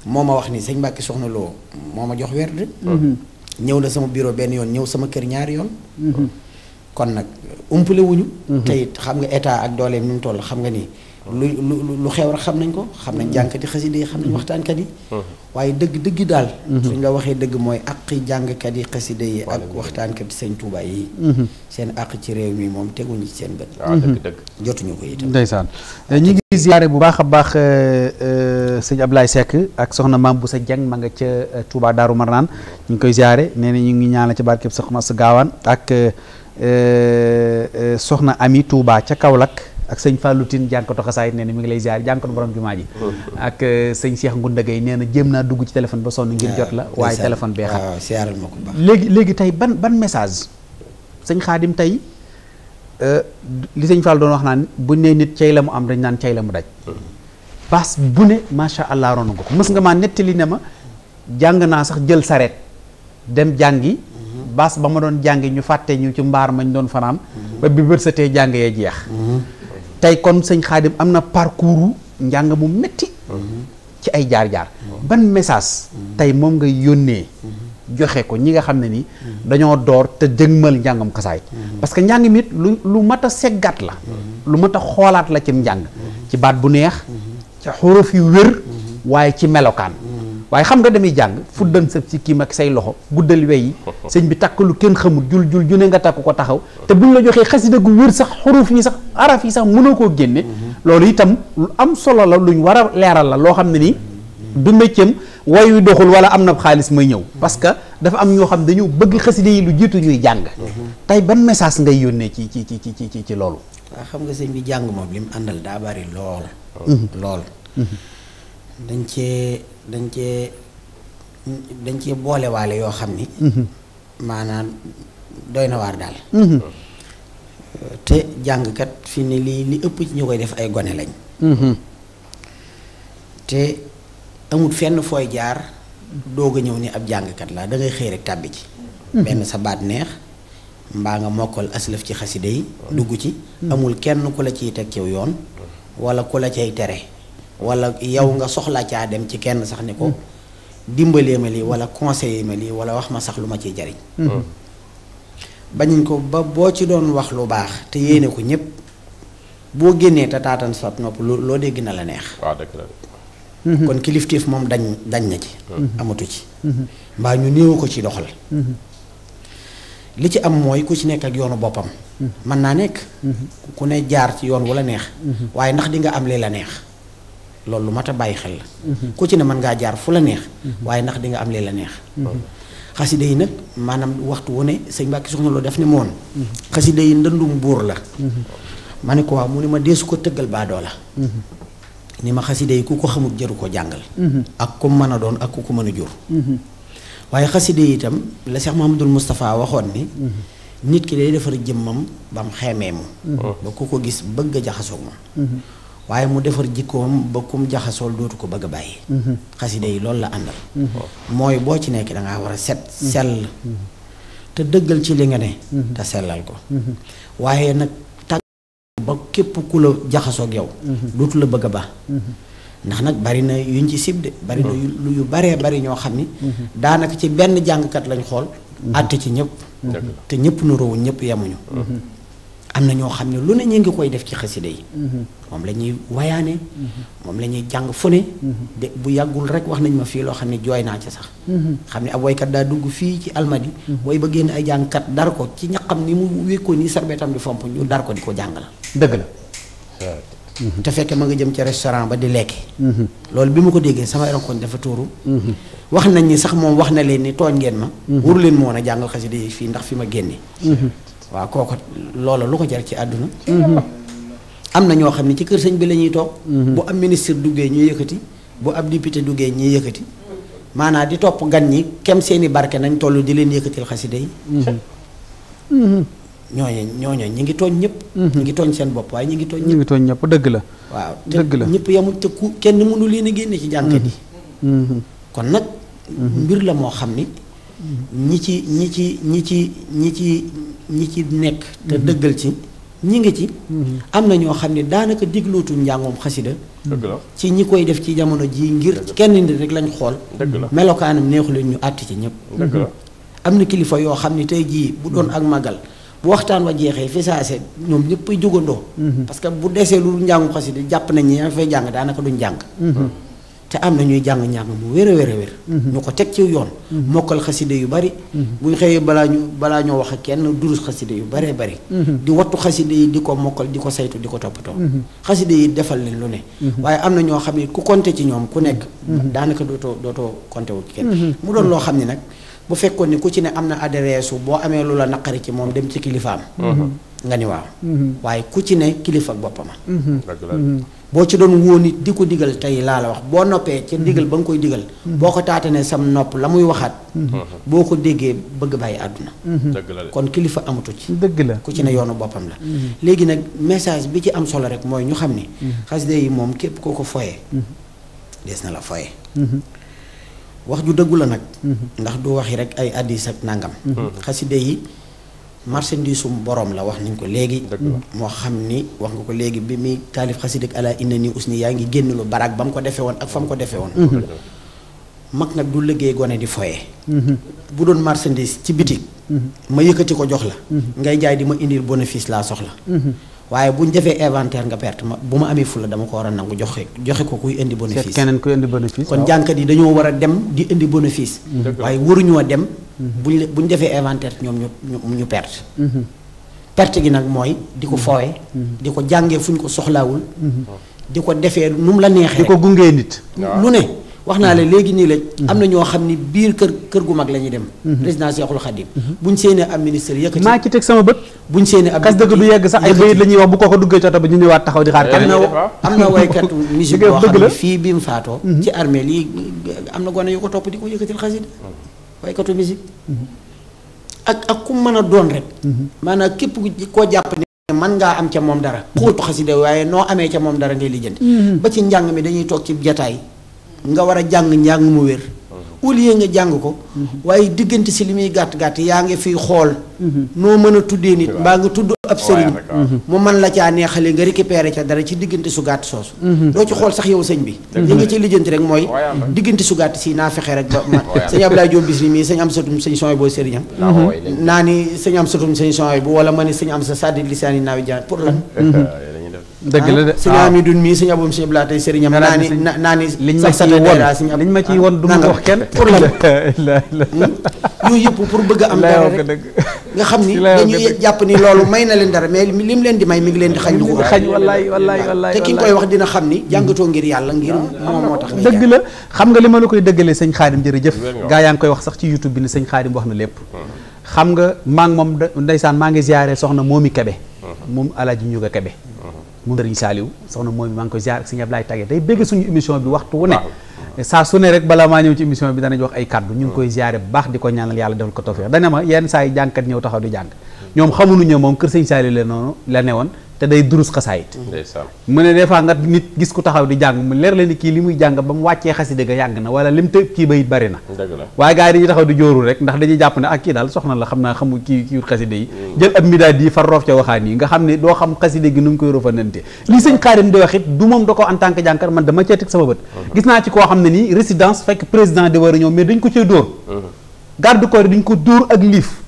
moo ma wax ni sëñ Mbàkke Soxna loo moo ma jox werd. ñëw na sama bureau benn yoon ñëw sama kër ñaari yoon. kon nag umpale wuñu. xam nga état ak dooleem ni mu toll xam nga nii lu lu lu xew rek xam nañ ko xam nañ jàngkati xasida yi xam nañ waxtaankat yi waaye dëgg dëgg daal suñ nga waxee dëgg mooy àqi jàngkat yi xasida yi ak waxtaankat yi sëñ Tuubaa yi mhm. seen àq ci réew mi moom teguñu ci seen bët ah, dëgg dëgg mhm. jotuñu ko itam ndeysaan eh, ñi ngi ziyaare bu baax a baax eh, eh, sëñ Ablaye sekk ak soxna maam bu sa jang ma nga ca Touba Daaru Marnaan ñu ngi koy ziyaare nee ñu ngi ñaanal ci barkeb soxna sa gaawaan ak soxna Ami tuubaa ca kaw Kaolack ak seigne Fallou Tine jànkatu xasaayit nee mi ngi lay ziar jànkatu borom bi maaji ak euh, seigne Cheikh Ngunda gay neena na dugg ci telephone ba son ngir jot la ah, waaye xam ah, tay ban ban message khadim tay euh li seigne Fall doon wax naan bu ne nit cey la am dañ nan cey la daj bas bu ne sha allah ron nga ko mes nga ma netti ne sax jël saret dem jangi, bas ba ma doon jàngi ñu fàtte ñu ci mbar mañ doon fanaan ba bi jeex tey kon sëñ Xaadim am na parcours njàng mu métti ci ay jaar-jaar ban message tey moom nga yónnee joxe ko ñi nga xam ne ni dañoo door te jëgmal njàngum xasaay parce que njàng mi it lu lu mat a seggat la lu mat a xoolaat la ci njàng ci baat bu neex ci xuruf yu wér waaye ci melokaan waaye xam nga damay jàng fuddan sa ci kiim ak say loxo guddal we yi sëñ bi takk lu kenn xamul jul jul ju ne nga takk ko taxaw te buñ la joxee xasida gu wér sax xuruf yi sax araf yi sax mënoo koo génne mm-hmm. loolu itam lu am solo la lu ñu war a leeral la loo xam ne nii du méccam way wi wala am na xaalis may ñëw parce que dafa am ñoo xam dañoo bëgg xasida yi lu jiitu ñuy jàng mm-hmm. tey ban message ngay yónnee ci ci ci ci ci ci loolu ah, xam nga sëñ bi jàng moom li mu àndal daa bari lool mm-hmm. lool dañ cee dañ cee dañ cee boolewaale yoo xam ni mhm. maanaam doy nawaar waar daal mhm. te jàngkat fi ni lii li ëpp ci ñu koy def ay gone lañ mhm. te amut fenn fooy jaar doog a ñëw ni ab jàngkat laa dangay ngay xëy rek tàbbi ci benn sa baat neex mbaa nga mokkal aslaf ci xasida yi dugg ci amul kenn ku la ciy teg ciw yoon wala ku la cay tere wala yow nga soxla caa dem ci kenn sax ni ko hmm. dimbalee ma lii wala conseiller ma lii wala wax ma sax lu ma ciy jariñ hmm. bañuñ ko ba boo ci doon wax lu baax te yéene ko ñépp boo génnee te taatan sa nopp loo dégg na la neex waaw dëgg hmm. kon kilifteef moom dañ dañ na ci amatu ci mbaa ñu néew ko ci doxal li ci am mooy ku ci nekk ak yoonu boppam mën naa nekk ku ne jaar ci yoon wala neex waaye ndax di nga am li la neex loolu lu mat a bàyyi xel la mhm. ku ci ne mën ngaa jaar fu la neex mhm. waaye ndax dinga am lee la neex mhm. xasida yi nag maanaam waxtu wu ne sëñ Mbàkke soxna loo def ne moon xasida yi ndëndum buur la ma ne ko waaw mu ne ma deesu ko tëggal baadoo la ni ma xasida yi ku ko xamul jaru ko jàngal ak ku mën a doon ak ku ko mën a jur waaye xasida yi itam la Cheikh Mahamadul Moustapha waxoon ni nit ki day defar jëmmam ba mu xeemee mu ba ku ko gis bëgg a jaxasoog ma waye mu defar jikkoom ba kum jaxasool dootu ko bëgg baye bàyyi mhm. xaside yi loolu la àndal moy mhm. bo ci nekk da nga wara set mhm. sel, te deugal ci li nga ne ta selal ko waye nak tag ba kep ku la jaxasoog yow dootu la bëgg ba baax ndax nak bari na yuñ ci sib de bari na yu bare bari ño xamni da daanaka ci benn kat lañ xol àtte ci ñëpp te ñëpp nu roowuñ ñëpp am na ñoo xam ne lu ne ñu ngi koy def ci xasida yi mhm. moom la ñuy wayaane mhm. moom la ñuy jàng fu mhm. de bu yàggul rek wax nañ ma fii loo xam ne jooy naa ci sax xam ne ab waykat daa dugg fii ci almadi way ba génn ay jàngkat dar ko ci ñaqam ni mu wékkoon ni sarbetam di fomp ñu dar ko di ko jàngal dëgg la te fekke ma nga jëm ci restaurant ba di lekk loolu bi ma ko déggee samay ronkoñ dafa tuuru wax nañ ni sax moom wax na leen ni tooñ ngeen ma waru leen ma a jàngal xasida yi fii ndax fi ma génne waaw kooku loola lu ko jar ci àdduna mhm. am na ñoo xam ne ci kër sëñ bi la ñuy toog mhm. bu am ministre duggee ñuy yëkkati bu ab député duggee ñuy yëkkati maanaa di topp gan ñi kem seeni barke nañ toll di leen yëkkatil xasida yi ñoo mhm. ñoo ñi ngi tooñ ñëpp ñi ngi tooñ seen bopp waaye ñi ngi tooñ ñëpp ñëpp dëgg la waaw dëgg la ñëpp yamul te kenn mënu leen a génne ci jànk yi kon nag mbir la moo xam ni ñi ci ñi ci ñi ci ñi ci ñi ci nekk te mhm. dëggal ci ñi ngi ci mhm. am na ñoo xam ne daanaka diglootuñ njàngoom xasida ci ñi koy def ci jamono jii ngir kenn nit rek lañ xool melokaanam neexu leen ñu àtt ci ñëpp mhm. am na kilifa yoo xam ne tey jii bu doon ak magal bu waxtaan wa jeexee fi saase ñoom ñëpp ay jógandoo parce que bu desee lu njàngu xasida jàpp nañ ñi fay jàng daanaka duñ jàng te am na ñuy jàng njàng mu wér a wér a wér mhm. ñu ko teg ci yoon mhm. mokkal xaside yu bari mhm. buñ xëyee balaa ñu balaa ñoo wax ak kenn durus xaside yu baree bari di wattu xaside yi di ko mokkal di ko saytu di ko toppatoo xaside yi defal leen lu ne waaye am na ñoo xam ne ku konte ci ñoom ku nekk daanaka dootoo dootoo konte wu kenn mu doon loo xam ni nag bu fekkoon ni ku ci ne am na adresse boo amee lu la naqari ci moom dem ci kilifaam nga ni waaw waaye ku ci ne kilifa ak boo ci doon wóo nit di ko digal tey laa la wax boo noppee ci digal ba nga koy digal boo ko taatanee sam nopp la muy waxaat boo ko déggee bëgg bàyyi àdduna kon kilifa amatu ci dëgg la ku ci ne yoonu boppam la mm-hmm. léegi nag message bi ci am solo rek mooy ñu xam ni mm-hmm. xasida yi moom képp koo ko foye mm-hmm. des na la foye wax ju dëggu la nag ndax du waxi rek ay addis ak nangam xasida yi marchandisum boroom la wax nañ ko léegi moo xam ni wax nga ko léegi bi muy taalif xasidik ala inna ni usni yaa ngi génn lu baraag ba mu ko defee woon ak fa mu ko defee woon mm-hmm. mag nag du liggéey gone di foye mm-hmm. bu doon marchandise ci bitik mm-hmm. ma yëkkati ko jox la ngay jaay di ma indil bénéfice laa soxla waaye bu ñu defee inventaire nga perte ma bu ma amee fula dama ko war a nangu joxe joxe ko kuy indi bénéfice. keneen kuy indi bénéfice kon jànkat yi dañoo war a dem di indi bénéfice. waaye waruñoo dem. Mhm. buñ la bu ñu defee inventaire ñoom ñu ñu perte. Mhm. perte gi nag mooy di ko mhm. foowe di ko jàngee fu ñu ko soxlaawul. di ko defee nu mu la neexee. di ko gungee nit. lu ne. wax naa la léegi nii la mhm. am na ñoo xam ni biir kër kër gu mag la ñuy dem mhm. président Cheikhoul Khadim mhm. buñ séenee am ministre yëkkati maa ci teg sama bët buñ séenee am kas dëgg du yegg sax ay bayit la ñuy wax bu ko duggee cooto ba ñu ñëwaat taxaw di xaar am na eh, waykat musique boo xam ne fii bi mu faatoo ci armée lii am na gone yu ko topp di ko yëkkatil xasida mm-hmm. waykatu musique ak ak ku mën a doon rek maanaam képp koo jàpp man ngaa am ca moom dara xóotu xasida waaye noo amee ca moom dara ngay lijjanti ba ci njàng mi dañuy toog ci jataay nga war a jàng njàng mu wér mhm. au lieu nga jàng ko mhm. waaye diggante si li muy gàtt gàtt yaa ngi fiy xool mhm. noo mën a tuddee nit mbaa nga tudd ab sëriñ mu man la caa neexale nga récupéré ca dara ci diggante su gàtt soosu doo ci xool sax yow sëñ bi li nga ciy lijjanti rek mooy diggante su gàtt si naa fexe rek ba ma sëñ Abdoulaye Diop bis ni mii sëñ am satum sëñ sooy boo sëriñam naa ni sëñ am satum sëñ sooy bu wala ma ne sëñ am sa saddi lisaani naawi jaan dëgg la de ah sëñ ah. mii sëñ Abou Moussa Bla tey sëriñam. naa ni ni liñ ma ciy won liñ ma ciy won du yëpp pour bëgg am dara nga xam ni dañuy jàpp ni loolu may na leen dara mais lim leen di may mi ngi leen di xañ lu ko xañ wallaay wallaay wallaay ki nga koy wax dina xam ni jàngatoo ngir yàlla ngir ah, moo tax dëgg la xam nga li ma la koy dëggalee sañ Xaadim jërëjëf gaa yaa ngi koy wax sax ci YouTube bi ni sëñ Xaadim wax na lépp xam nga maa ngi moom ndeysaan maa ngi ziyaare soxna moomi Kebe moom alaaji ñu ko Kebe Sëriñ Saaliw soxna moom maa ngi koy ziar ak sëñ Ablaye Tage day bëgg suñu émission bi waxtu wu ne saa su ne rek bala maa ñëw ci émission bi danañ wax ay kaddu ñu ngi koy ziare baax di ko ñaanal yàlla defal ko tawfeex dana ma yenn saa yi jàngkat ñëw taxaw di jàng mm. ñoom xamuñu ne moom kër sëñ Saaliw la noonu la ne woon te day durus xasaayit mu ne des fois nga nit gis ku taxaw di jàng mu leer la ni kii li muy jàng ba mu wàccee xasida ga yàgg na wala lim te kii bayit bari na waaye gars yi dañuy taxaw di jóorul rek ndax dañuy jàpp ne ak ah kii daal soxna la xam naa xamul kii kii xasida yi mm. jël ab midaad yi far roof ca waxaan yi nga xam ne doo xam xasida gi nu ngi koy rofanante lii sëñ xaarim di wax it du moom da ko am tant que jànkar man dama cee teg sama bët mm. gis naa ci a ko cee dóor mm. garde dañ ko dóor ak liif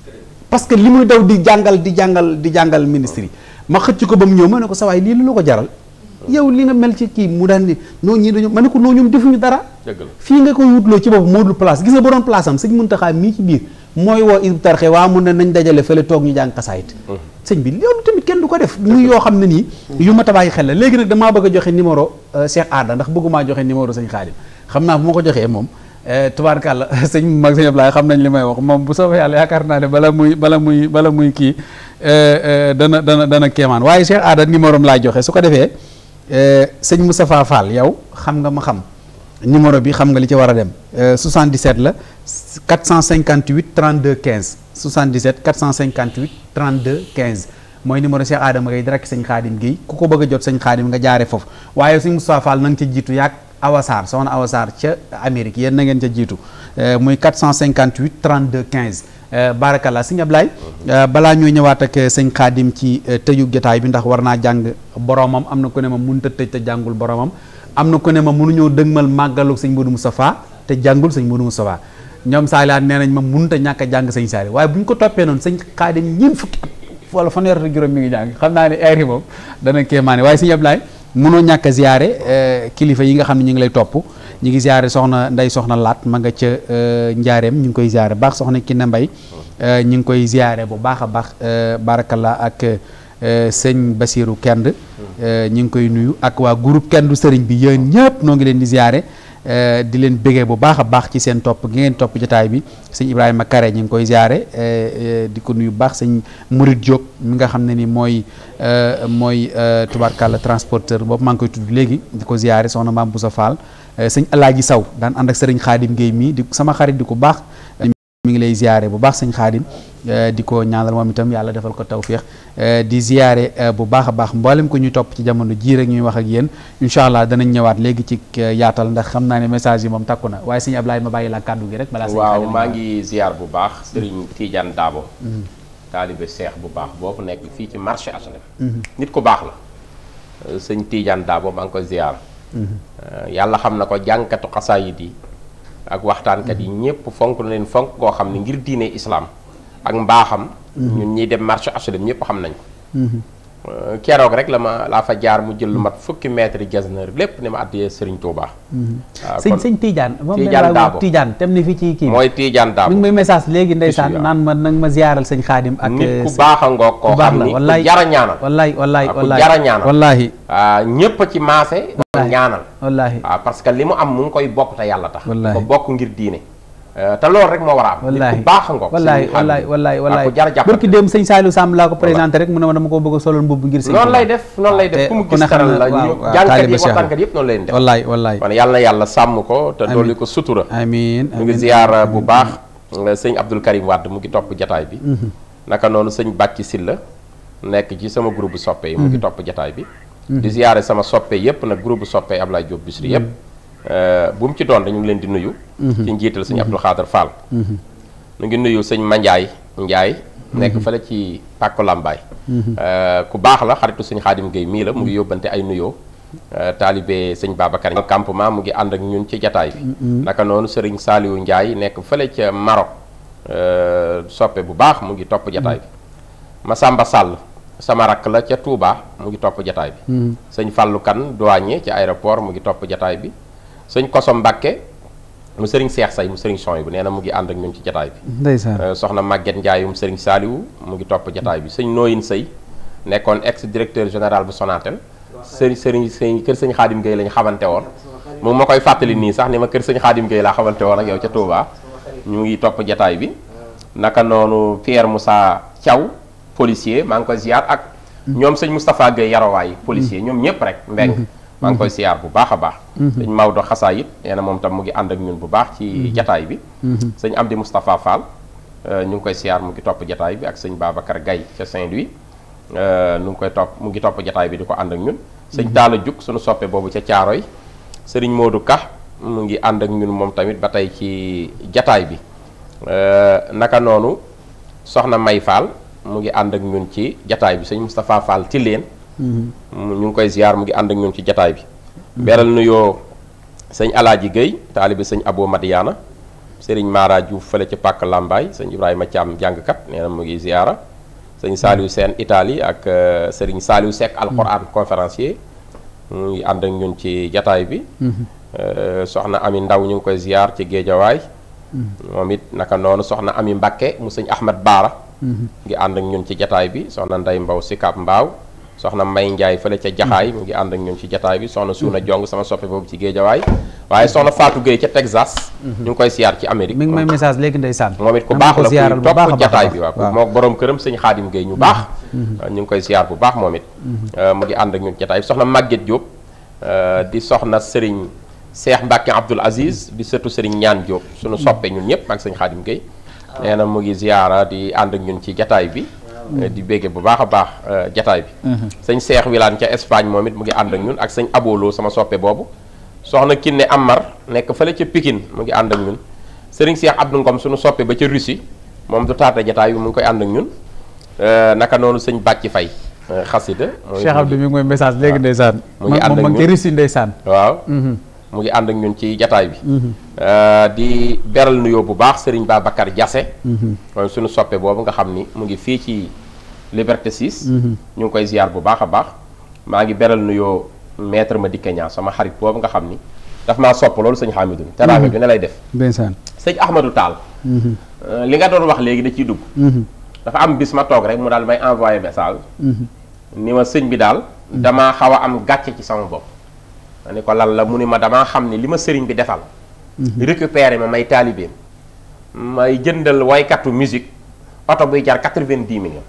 parce que li muy daw di jàngal di jàngal di jàngal ministre yi ma xëcc ko ba mu ñëw ma ne ko sawaay lii lu ko jaral yow li nga mel ci kii mu daan ni noo ñii dañu ma ne ko noo ñoom defuñu dara fii nga koy wutloo ci bopp moodul place gis nga bu doon place am sëñ Muntaxa mii ci biir mooy woo Hizbut Tarqiyyah waa mun na nañ dajale fa fële toog ñu jàng xasaayit mm-hmm. sëñ bi loolu tamit kenn du ko def muy yoo xam ne nii yu ma tabaay xel la léegi nag damaa bëgg a joxe numéro euh, Cheikh Aada ndax bëggumaa joxe numéro sëñ Xaadim xam naa bu ma ko joxee moom Eh, tubaarkàlla sëñ mag sëñ Ablaye xam nañ li may wax moom bu soobee yàlla yaakaar naa ne bala muy bala muy bala muy kii eh, eh, dana dana dana kéemaan waaye Cheikh Aada numéro am laay joxe su ko defee sëñ Moustapha Fall yow xam nga ma xam numéro bi xam nga li ci war a dem 77 la 458 32 15 77 458 32 15 mooy numéro Cheikh Adama Gueye direct sëñ Xaadim Gueye ku ko bëgg a jot sëñ Xaadim nga jaare foofu waaye sëñ Moustapha Fall na nga ci jiitu yàgg. Awasaar soxna Awasaar ca Amérique yéen na ngeen ca jiitu euh, muy 458 32 15 barakalla sëñ Ablaye euh, balaa ñoo ñëwaat ak euh, sëñ Xaadim ci tëju jotaay bi ndax war naa jàng boromam am na ku ne ma mënut a tëj te jàngul boromam am na ku ne ma mënuñoo dëgmal màggalu sëñ Modou Moustapha te jàngul sëñ Modou Moustapha ñoom saalihaat nee nañ ma mënut a ñàkk a jàng sëñ saali waaye bu ñu ko toppee noonu sëñ Xaadim ñeent fukki at wala fanweer ak juróom ñu ngi jàng xam naa ne air yi moom dana kéemaane waaye sëñ Ablaye mënoo ñàkk a ziyaare euh, kilifa yi nga xam ne ñu ngi lay topp ñu ngi ziyaare soxna nday soxna laat ma nga ca euh, njaareem ñu ngi koy ziyaare baax soxna Kine Mbay euh, ñu ngi koy ziyaare bu baax a baax barakalla ak sëñ Basiiru Kend ñu ngi koy nuyu ak waa groupe kenn du sëriñ bi yéen ñëpp noo ngi leen di ziyaare Euh, di leen bégee bu baax a baax ci seen topp ngeen topp jotaay bi sëñ Ibrahima Kare ñu ngi koy ziare euh, euh, di ko nuyu baax sëñ Mouride jóg mi nga xam ne ni mooy mooy tubaarkàlla transporteur boobu maa ngi koy tudd léegi di ko ziare soxna maam Boussa Fall sëñ ji Saw daan ànd ak sëriñ Xaadim Guèye mii di sama xarit di ko baax lay ziare bu baax sañ Xaadim euh, di ko ñaanal moom itam yàlla defal ko tawféex euh, di ziare euh, bu baax a baax mboolem ko ñu topp ci jamono jii rek ñuy wax ak yéen incha danañ ñëwaat léegi ci yaatal ndax xam naa ne message yi moom takku na waaye sëñ Ablaye ma bàyyi la kàddu gi rek. balaa sëñ Xaadim waaw maa ngi ziar bu baax Serigne mm-hmm. Tidiane Dabo. Mm-hmm. taalibe seex bu baax boobu nekk fii ci marché HLM. Mm-hmm. nit ku baax la. sëñ Tidiane daabo maa ngi koy ziar. yàlla xam na ko jànkatu xasaayid yi ak waxtaankat yi ñëpp fonk na leen fonk koo xam ne ngir diine islaam ak mbaaxam. Mhm. ñun ñiy dem marché HLM ñëpp xam nañ ko. Mhm. Euh, keroog rek la ma laa fa jaar mu jël lu mat fukki mètre jasneer lépp ni ma àddee Serigne Touba. waaw mhm. ah, kon sëñ sëñ Tidiane. Tidiane Dabo moom Tidiane ni fii ci kii. mooy Tidiane Dabo mi message léegi ndeysaan naan ma nag ma ziyaaral sëñ Xaadim. ak nit ku eh, baax a ngoog koo xam ni ku jar a ñaanal. wallaay wallaay ah, ñëpp ah, ci maase. ko ñaanal wallaahi waaw ah, parce que li mu am mu ngi koy bokk te yàlla tax ko bokk ngir diine euh, te loolu rek moo war a am wallaahi ku baax nga wallaahi wallaahi wallaahi wallaahi a ah, ma dama ko bëgg a solol mbubb ngir ah, la ñu jàngkat yi waxtaankat yëpp noonu lay def yàlla yàlla sàmm ko te dolli ko sutura amiin mu ngi ziyaara bu baax euh, sëñ Abdoul Karim Wade mu ngi topp jataay bi mhm. naka noonu sëñ Bàcci Silla nekk ci sama groupe soppe yi mu ngi mhm. topp jataay bi di ziyaare sama soppe yëpp nag groupe soppe Ablaye Diop Bichri yëpp euh, bu mu ci doon dañu ngi leen di nuyu mhm. ci njiital sëñ mhm. Abdou Khader Fall nu mhm. ngi nuyu sëñ Mandiaye Ndiaye nekk fële ci Pàkku Lambaay euh, ku baax la xaritu sëñ Xaadim Gueye mii la mu ngi yóbbante ay nuyoo euh, taalibe sëñ Babacar al mu ngi ànd ak ñun ci jataay bi naka noonu sëriñ Saliou Ndiaye nekk fële ca Maroc soppe bu baax mu ngi topp jataay bi Massamba Sall sama rakk la ca Touba mu ngi topp jataay bi hmm. sëñ Fallou Kane douanier ci aéroport mu ngi topp jataay bi sëñ Kosom Mbàkke mu sëriñ Seex Say mu sëriñ Son bu nee na mu ngi ànd ak ñun ci jataay bi euh, soxna Maguette Ndiaye mu sëriñ Saliou mu ngi topp jataay bi sëñ Nooyin Sëy nekkoon ex directeur général bu Sonatel sëriñ sëriñ sëñ kër sëñ Xaadim Gueye lañ xamante woon moom ma koy fàttali nii sax ni ma kër sëñ Xaadim Gueye laa xamante woon ak yow ca Touba ñu ngi topp jataay bi naka noonu Pierre Moussa policier mang ko ziar ak ñom seigne mustapha gay yarowaay policier ñom ñep rek mbeng mm-hmm. mang ko ziar bu baax baax seigne mawdo Xasaa tam mu ngi and ak ñun bu baax ci mm-hmm. jotaay bi mm-hmm. seigne Amdi mustapha Fall euh, ñu ngi koy ziar mu ngi top jotaay bi ak seigne Babacar gay ci Saint-Louis nu euh, ngi koy top mu ngi top jotaay bi diko ko andeng ak ñun seigne dalu Juk suñu soppe bobu ci tiaroy seigne Modou Ka mu ngi and ak ñun mom tamit batay ci jotaay bi euh, naka sohna soxna May Fall mu ngi ànd ak ñun ci jataay bi sëñ Moustapha Fall ci leen ñu mm-hmm. ngi koy ziar mu ngi ànd ak ñun ci jataay bi mm-hmm. beral nuyoo sëñ Alaaji Guèye taalibi sëñ Abo Madiana sëriñ Mara Diouf fële ci pàkk Lambaay sëñ Ibrahima Thiam jàngkat nee na mu ngi ziara sëñ Saliou mm-hmm. seen Italie ak euh, sëriñ Saliou Seck alquran conférencier mu ngi ànd ak ñun ci jataay bi euh, soxna Ami Ndaw ñu ngi koy ziar ci Géejawaay moom it naka noonu soxna Ami Mbakke mu sëñ Ahmed Baara ngi ànd ak ñun ci jataay bi soxna Ndey Mbaw si Mbaaw soxna May Njaay fële ca jaxaay mu ngi ànd ak ñun ci jataay bi soxna Suuna mm-hmm. Jong sama soppe boobu ci géejawaay waaye soxna Fatou Gueye ca Texas mm-hmm. ñu ngi koy siyaar ci Amérique mi ngi may message léegi ndeysaan moom it ku baax la ku topp jataay bi waaw moo borom këram sëñ Xaadim Gueye ñu baax mm-hmm. ñu ngi koy siyaar bu baax moom euh, mu ngi ànd ak ñun jataay bi soxna Maguette Diop euh, di soxna Serigne Cheikh Mbacke Abdoul Aziz di sëtu Serigne Ñaan Diop suñu soppe ñun ñëpp ak sëñ Xaadim Gueye nee mu ngi ziyaara di ànd ak ñun ci jataay bi di béggee bu baax a baax euh, jataay bi mm-hmm. sëñ Seex Wilaan ca Espagne moom it mu ngi ànd ak ñun ak sañ abooloo sama soppe boobu soxna am Amar nekk fële ca Pikine mu ngi ànd ak ñun sëriñ Seex Abdu Ngom suñu soppe ba ca Russie moom du taata jataay bi mu ngi koy ànd ak ñun euh, naka noonu sëñ Bàcci Fay euh, xasida Cheikh Abdou mi message léegi ndeysaan mu ngi ànd ak ñun moom ngi ca Russie ndeysaan waaw mm-hmm. mu ngi ànd ak ñun ci jataay bi euh, di beral nuyoo bu baax sëriñ Babacar Diassé mm-hmm. mooy suñu soppe boobu nga xam ni mu ngi fii ci Liberté 6 mm-hmm. ñu ngi koy ziar bu baax a baax maa ngi beral nuyoo ma di Niang sama xarit boobu nga xam ni daf maa sopp loolu sëñ Hamidou mm-hmm. teraanga ju ne lay def ndeysaan sëñ Ahmadou taal euh, li nga doon wax léegi da ciy dugg dafa am bis ma toog rek mu daal may envoyé message ni ma sëñ bi daal damaa xaw am gàcce ci sama bopp ma ko lan la muni ma dama xamni lima serigne bi defal mhm. récupérer ma may talibé may jëndal katou musique auto bu jar 90 millions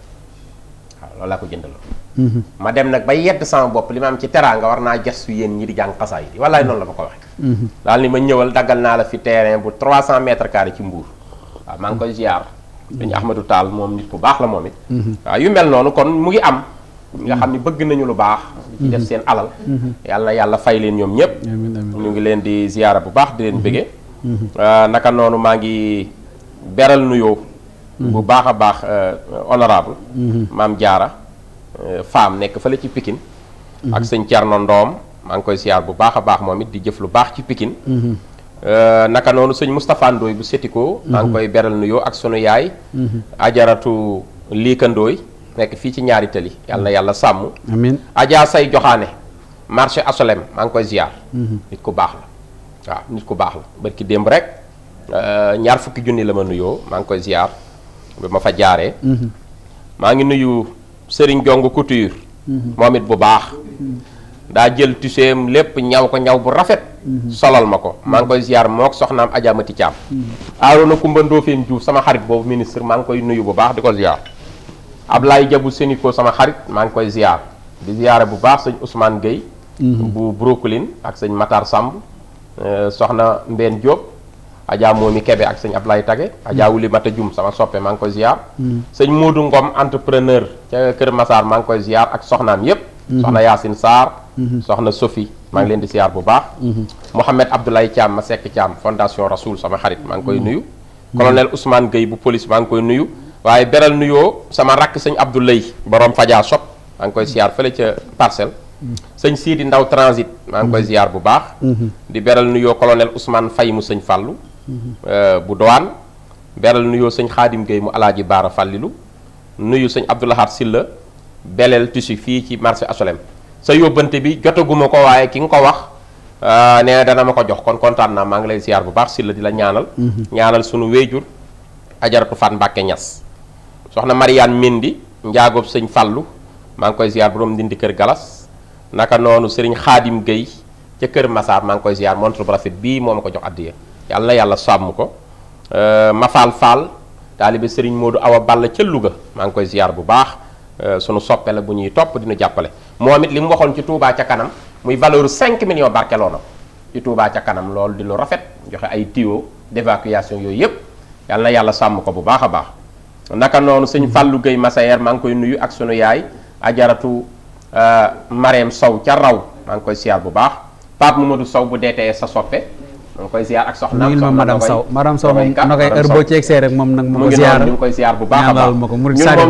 waaw la ko jëndal mhm. ma dem nak ba yedd sama bop lima am ci teranga warna naa yu yeen ñi di jang xassay yi wallahi non la ma ko waxee mhm. dal ni ma ñëwal dagal na la fi terrain bu 300 mètres carrés ci mbour ma ngi ko ziar ñu ahmadou taal mom nit ku bax la momit yu mel nonu kon mu ngi am nga xam ni bëgg nañu lu baax di def seen alal yàlla na yàlla fay leen ñoom ñëpp ñu ngi leen di ziyaara bu baax di leen mhm. bëgge mhm. euh, naka noonu maa ngi beral nuyoo mhm. bu baax a baax euh, honorable maam jaara euh, femme nekk fële ci Pikine ak sëñ Thierno Ndoom maa ngi koy ziyaar bu baax a baax moom it di jëf lu baax ci Pikine naka noonu sëñ Moustapha Ndoye bu setikoo maa ngi koy beral nuyoo ak sunu yaay ajaratu liikandooy nekk fii ci ñaari tali yàlla yàlla sàmm. amiin Adja say joxaane marché asolem maa ngi koy ziar. Mhm. nit ku baax la waaw nit ku baax la barki démb rek euh, ñaar fukki junni la ma nuyoo maa ngi koy ziar bi ma fa jaaree. Mhm. maa ngi nuyu sëriñ Jong Couture. Mhm. moom it bu baax. daa jël tuseem lépp ñaw ko ñaw bu rafet. solal ma ko maa ngi koy moo mook soxnaam Adja Mati Thiam. Arouna Kumba Ndofène Diouf sama xarit boobu ministre maa ngi koy nuyu bu baax di ko ziar. ab Ablaye Jabu Seniko sama xarit maa ngi koy ziar di ziare bu baax sëñ Ousmane Gueye mhm. bu Brooklyn ak sëñ Matar Samb euh, soxna Mbène Diop Adja Momi Kebe ak sëñ Ablaye Tage mhm. Adja Wuli Mata Jum sama soppe maa ngi koy ziar mhm. sëñ Modou ngoom entrepreneur ca Kër Massar maa ngi koy ziar ak soxnaam yépp soxna Yacine Sarr soxna Sophie maa ngi leen di ziar bu baax Mouhamed Abdoulaye Thiam ma sekk Thiam fondation Rasoul sama xarit maa ngi koy nuyu colonel Ousmane bu police maa ngi koy nuyu waaye beral nuyoo sama rakk sëñ Abdoulaye borom fajaa sob maa ngi koy siyaar fële ca parcelle sëñ Sidi Ndaw transit maa ngi koy siyaar bu baax di beral nuyoo colonel Ousmane Faye mu sëñ Fàllu euh, bu dowaan beral nuyoo sëñ Xaadim Gueye mu alaaji Baara Fàllilu nuyu sëñ Abdoulahat Silla beleel tusi fii ci marché asolem sa yóbbante bi jotaguma ko waaye ki nga ko wax euh, nee dana ma ko jox kon kontaan naa maa ngi lay siyaar bu baax Silla di la ñaanal mm-hmm. ñaanal sunu wéejur ajaratu Faat Ñas soxna Mariane mindi njaagob sëñ Fallou maa ngi koy bu borom ndindi kër Galas naka noonu sëriñ Xaadim Guèye ca kër Massar maa ngi koy ziar montre bu rafet bii moo ma ko jox addiya yàlla yàlla sàmm ko euh, Mafal Fall taalibe sëriñ Modou Awa Balla ca Louga maa ngi koy ziar bu baax euh, sunu soppe la bu ñuy topp dina jàppale moom it li mu waxoon ci Touba ca kanam muy valeur cinq millions barkeloo na ci Touba ca kanam loolu di lu rafet joxe ay tuyaux d'évacuation yooyu yëpp yàlla yàlla sàmm ko bu baax a baax naka nonu sëñ fallu gay masayer maa ngi koy nuyu ak sunu yaay ajaratu euh, mareem saw ci raw mang koy siar bu baax pap mamadou saw bu dété sa soppé mang koy siar ak soxna nuyul ma madame Sow madame Sow moom na heure bo ci egsee rek mom nak mo ko ziar ñu ngi koy siar bu baax a baax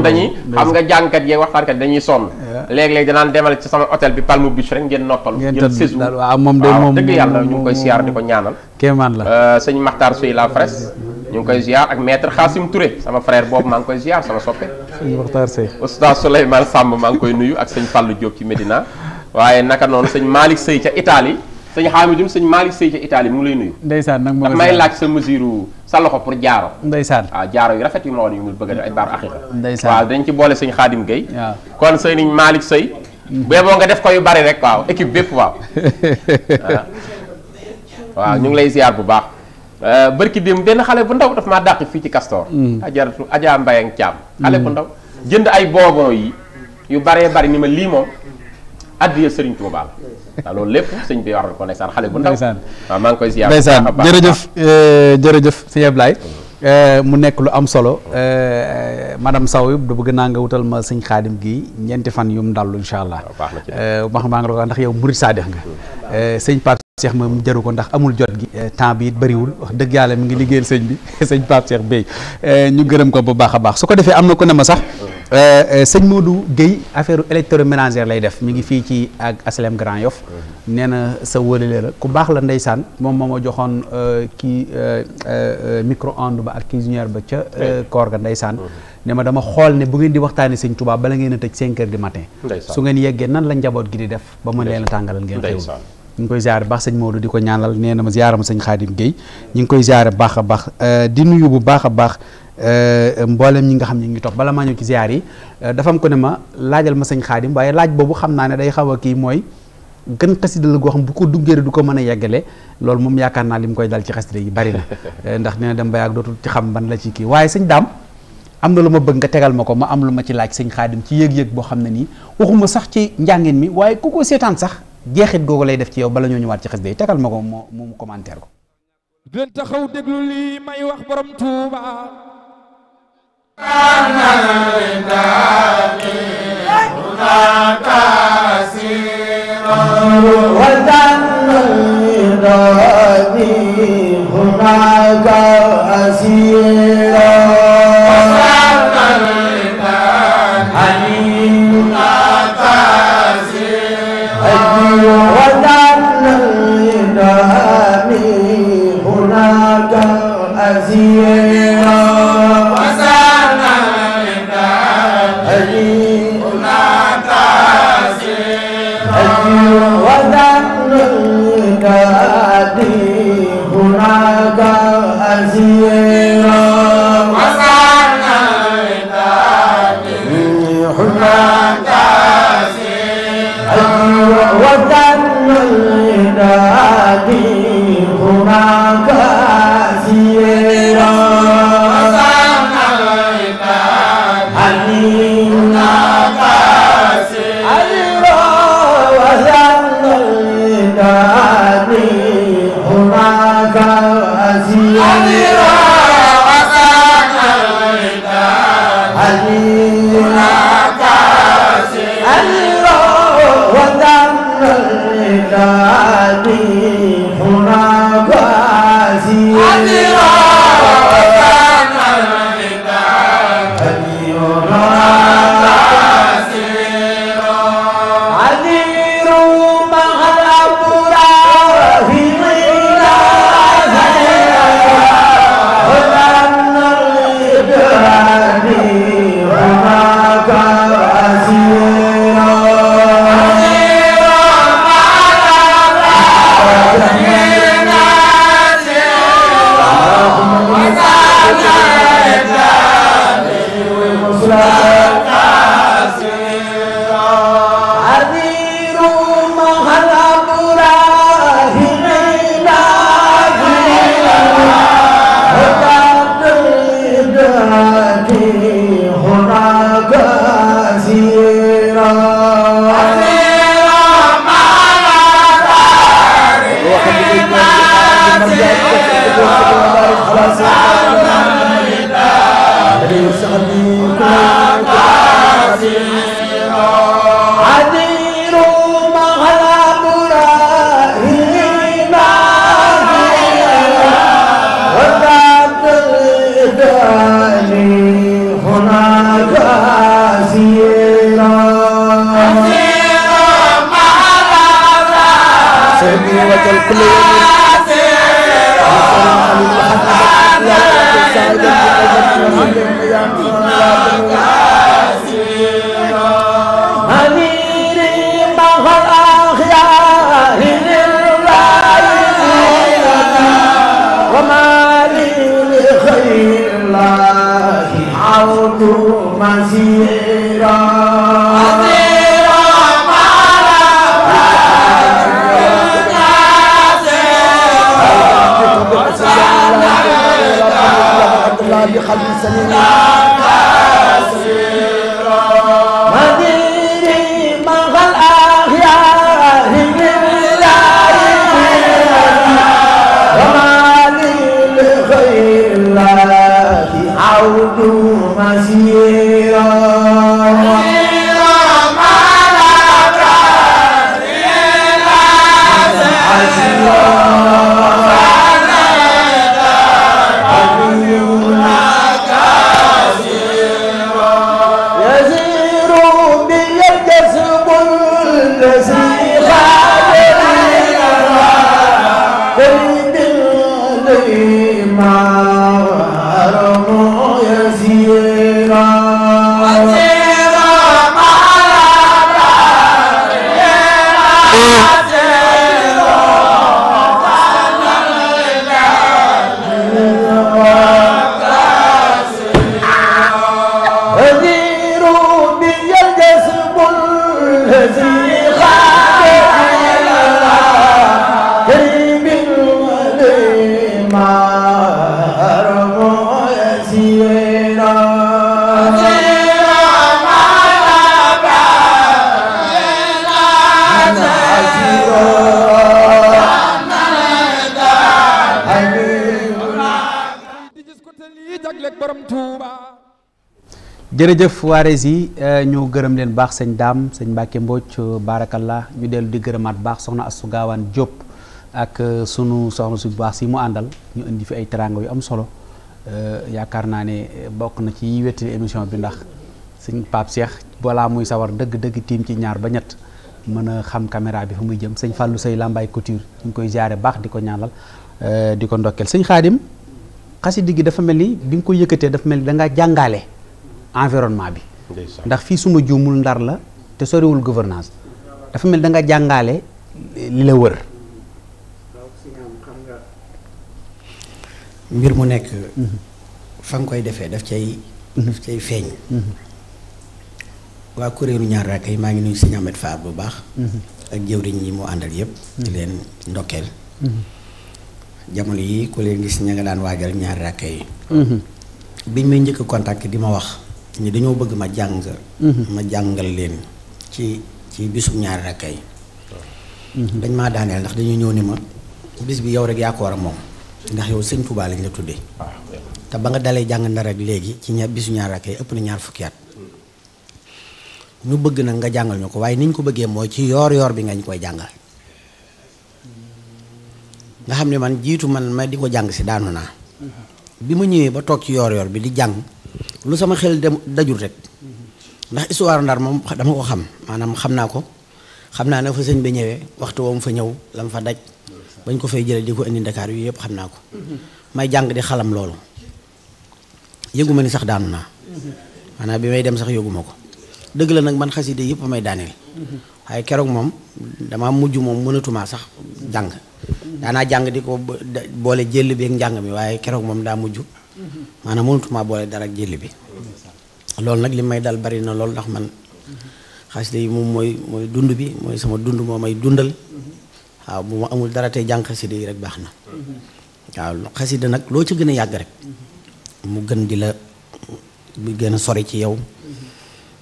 dañuy xam nga jàngkat waxtar waxtaankat dañuy sonn léeg-léeg danaan démal ci sama hôtel bi Palme Beach rek ngeen noppal ngeen sésu wa mom de mom dëgg yalla ñu koy siar di ñaanal kéemaan la euh, sëñ Maxtaar Suy la Fres ñu ngi koy ziar ak maître Khassim Touré sama frère boobu maa ngi koy ziar sama soppe sëñ Mokhtar Sey oustaz maa ngi koy nuyu ak sëñ Fallou Diop ci Medina waaye naka noonu sëñ Malick Sey ca itaali Italie sëñ Hamidou sëñ Malick Sey ca Italie mu ngi lay nuyu ndeysaan nag daf may laaj sa mesure sa loxo pour jaaro ndeysaan waaw ah, jaaro yu rafet yu ma woon yu mu bëgg a def ay baar axiqa ndeysaan waaw dañ ci boole sëñ Khadim Gueye waaw kon sëñ Malick Sey mhm. bee boo nga def ko yu bari rek waaw équipe bépp waaw ah. waaw ngi lay ziar bu baax Euh, bërki mu benn xale bu ndaw daf ma dàq fii ci Castor. Mm. ajaratu Adja Mbaye ak Thiam. Mm. xale bu ndaw jënd ay booboo yi yu baree bari ni ma lii moom addiya Serigne Touba la loolu lépp sëñ bi war na ko ndeysaan xale bu ndaw. waaw maa ngi koy ziar ndeysaan jërëjëf euh, jërëjëf sëñ mm. euh, mu nekk lu am solo madame Sow da bëgg naa nga wutal ma sëñ xaadim gi ñeenti fan yu mu dal allah. waaw baax na ci maa ngi la ko ndax yow murid saadix nga sëñ Pape Cheikh moom jaru ko ndax amul jot gi eh, temps bi bari wul wax deug yalla mi ngi liggéeyal seigne bi seigne Pape Cheikh Bey euh ñu gëreem ko bu baaxa baax su ko defee am ko ne sax euh eh, eh, seigne Modou Guèye affaire électroménager lay def mi ngi fi ci ak aslem Grand yof neena sa wëlale la ku baax la ndaysan ndeysaan moom moo ma joxoon euh micro onde ba ak cuisinière ba ca koor ga ndaysan mhm. ne dama xol ne bu ngeen di waxtaanee seigne Touba bala ngeen a tëj 5 h du matin su ngeen yeggee nan la njabot gi di def ba mën leena tangal ngeen xewul ñu ngi koy ziare baax sëñ Maodo di ko ñaanal nee na ma ziare ma sëñ Xaadim Guèye ñu ngi koy ziare baax a baax euh, di nuyu bu baax a baax euh, mboolem ñi nga xam ne ñu ngi toog bala maa ñëw ci ziare euh, am ko ne ma laajal ma sëñ Xaadim waaye laaj boobu xam naa ne day xaw a kii mooy gën xasida la xam bu ko duggee du ko mën a yeggale loolu moom yaakaar naa li mu koy dal ci xasida yi bari na ndax nee na dem ba yàgg dootul ci xam ban la ci kii waaye sañ daam am na lu ma bëgg nga tegal ma ko ma am lu ma ci laaj sëñ Xaadim ci yëg-yëg boo xam ne nii waxuma sax ci njàngeen mi waaye ku ko seetaan sax jeexit googu lay def ci yow bala ñoo ñëwaat ci xasida yi tegal ma ko moo mu commentaire ko di taxaw déglu lii may wax borom Tuuba the end. jërëjëf waares yi eh, ñu gërëm leen baax señ dam señ Mbacke mbocc barakallah ñu dellu di gërëmaat baax soxna asugawan job, ak eh, sunu soxna su baax si mu andal ñu indi fi ay teranga yu am solo eh, yaakaar naa ne bok na ci wété émission bi ndax señ pap Cheikh balaa muy sawar deug deug tim ci ñaar ba ñett mëna xam caméra bi fu muy jëm señ fallu Sey lambay Couture ñu koy jaare baax diko ñaanal euh ko ndokkel señ khadim xasidi digi dafa melni bi ngui ko yëkkatee dafa melni da nga environnement bi ndax fi suma djumul ndar la te soriwul gouvernance dafa mel da nga jàngaale eh, li la wër mbir mu nek mhm. fang koy defé daf cey mhm. daf cey feñ mhm. wa kureeru ñaar raaka yi maa ngi nuy seigne Ahmed Faar bu baax ak jëwriñ yi mo andal yépp di len ndokkeel jamono yi ko len gis ñinga daan waajal ñaar raaka biñ may ñëk contact di ma wax ni dañoo bëgg ma jàng mhm. ma jàngal leen ci ci bisu ñaar rakay dañ ma daanel ndax dañu ñëw ni ma bis bi yow rek yaa ko war a moom ndax yow sëñ Touba lañ la tuddee te ba nga dalee jàng na rek léegi ci ñaar bisu ñaar rakay ëpp na ñaar fukki at ñu bëgg nag nga jàngal ñu ko waaye niñ ko bëggee mooy ci yoor yoor bi ngañ koy jàngal nga xam ne man jiitu man ma di ko jàng si daanu naa mhm. bi ma ñëwee ba toog ci yoor yoor bi di jàng lu sama xel dem dajul rek ndax histoire ndar moom dama ko xam maanaam xam naa ko xam naa ne fa sëñ bi ñëwee waxtu wam fa ñëw lam fa daj bañ ko fay jëlee di ko indi Dakar yu yëpp xam naa ko may jàng xalam loolu yëgu ma ni sax daanu naa maanaam bi may dem sax yëguma ko dëgg la nag man xaside yëpp may daaneel keroog moom dama mujj moom mënatumaa sax jàng daanaa jàng di ko boole jël bi ak njàng mi waaye keroog moom daa mujj maanaam mënutuma boole dara ak jëli bi loolu nag li may dal bari na lool ndax man xasida yi moom mooy mooy dund bi mooy sama dund moo may dundal waaw bu ma amul dara tey jàng xasida yi rek baax na waaw xasida nag loo ci gën a yàgg rek mu gën di la bu gën a sori ci yow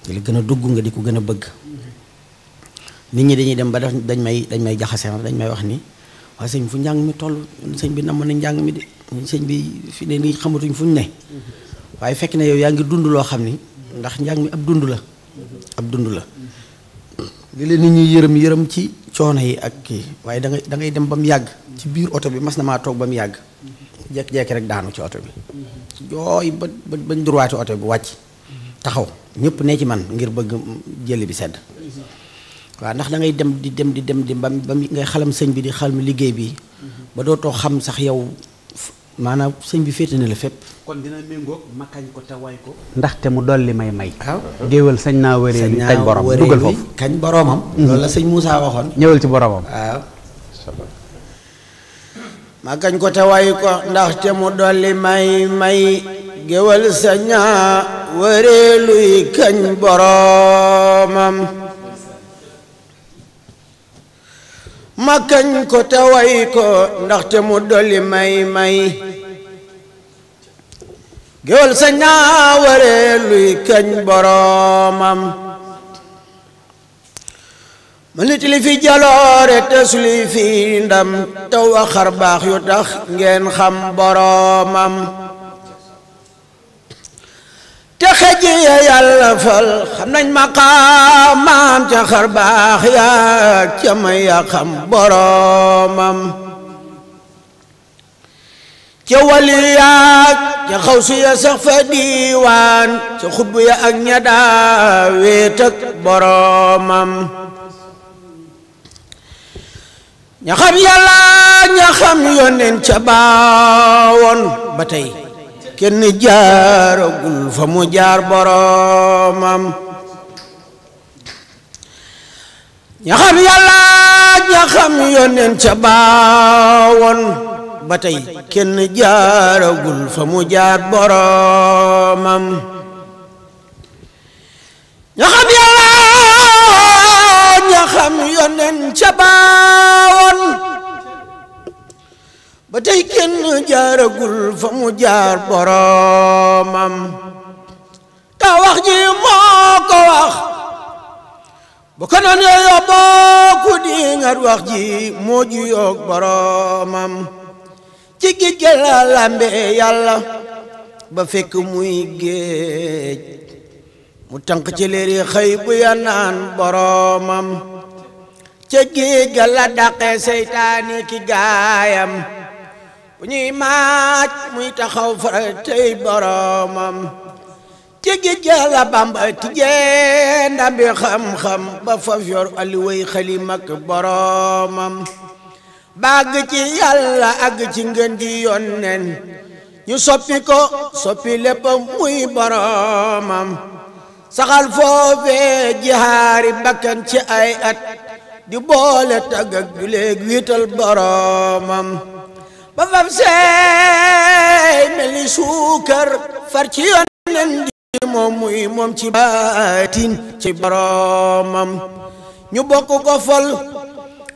di la gën a dugg nga di ko gën a bëgg nit ñi dañuy dem ba dañ may dañ may jaxase dañ may wax ni wa señ fu njang mi tollu señ bi nam na njang mi de señ bi fi ne ni xamatuñ fuñ ne waye fekk na yow nga dund lo xamni ndax njang mi ab dund la ab dund la li le nit ñi yërem yërem ci choona yi ak ki waye da nga da ngay dem bam yag ci biir auto bi mas na ma tok bam yag jek jek rek daanu ci auto bi joy ba bañ durwaati auto bi wacc taxaw ñepp ne ci man ngir bëgg jël bi sedd waaw ndax da dem di dem di dem di ba ba ngay xalam sëñ bi di xalam liggéey bi mhm. ba dootoo xam sax yow maanaam sëñ bi féete na la fépp kon dina méngóog ma ko te way ko ndaxte mu dolli may may waaw géwél sañ naa wëree bi kañ boroom mhm. ci boroomam waaw kañ ko te way ko ndaxte may may kañ boroomam ma kañ ko te way ko ndaxte mu dolli may may géwél sa ñaawaree luy kañ boroomam ma nit li fi jaloore te fi ndam te xar baax yo tax ngeen xam boroomam te xëji ya yàlla fal xam nañ maqaamaam ca xar baax ca may xam boroomam ca wali ca xawsu ya sax fa diiwaan ca xutb ya ak ña daa wéet ak boroomam ña xam ca baawoon ba tey kenn jaaragul fa mu jaar boroomam ña xam yàlla ña xam yónneen kenn jaaragul fa mu jaar boroomam ña xam yàlla ña xam ba tey kenn jaaragul fa mu jaar boroomam te wax ji moo ko wax bu ko noon yooyu booku di ngat wax ji moo ju yoog boroomam ci géej ga la làmbe yàlla ba fekk muy géej mu tànk ci léeri xëy bu ya boroomam ca géej ga la dàqe seytaani ki gaayam bu ñuy maaj muy taxaw fara tey boromam ci géej ga la Bamba tijjee ndambi xam-xam ba faf yor aliway xalim ak boromam bàgg ci yàlla àgg ci ngën di yónneen ñu soppi ko soppi lépp muy boromam saxal foofee jihaari bakkan ci ay at di boole tagg ak juleeg wiital boromam ba fam seey mel ni suukar far ci yonen di moom muy moom ci baatin ci boromam ñu bokk ko fol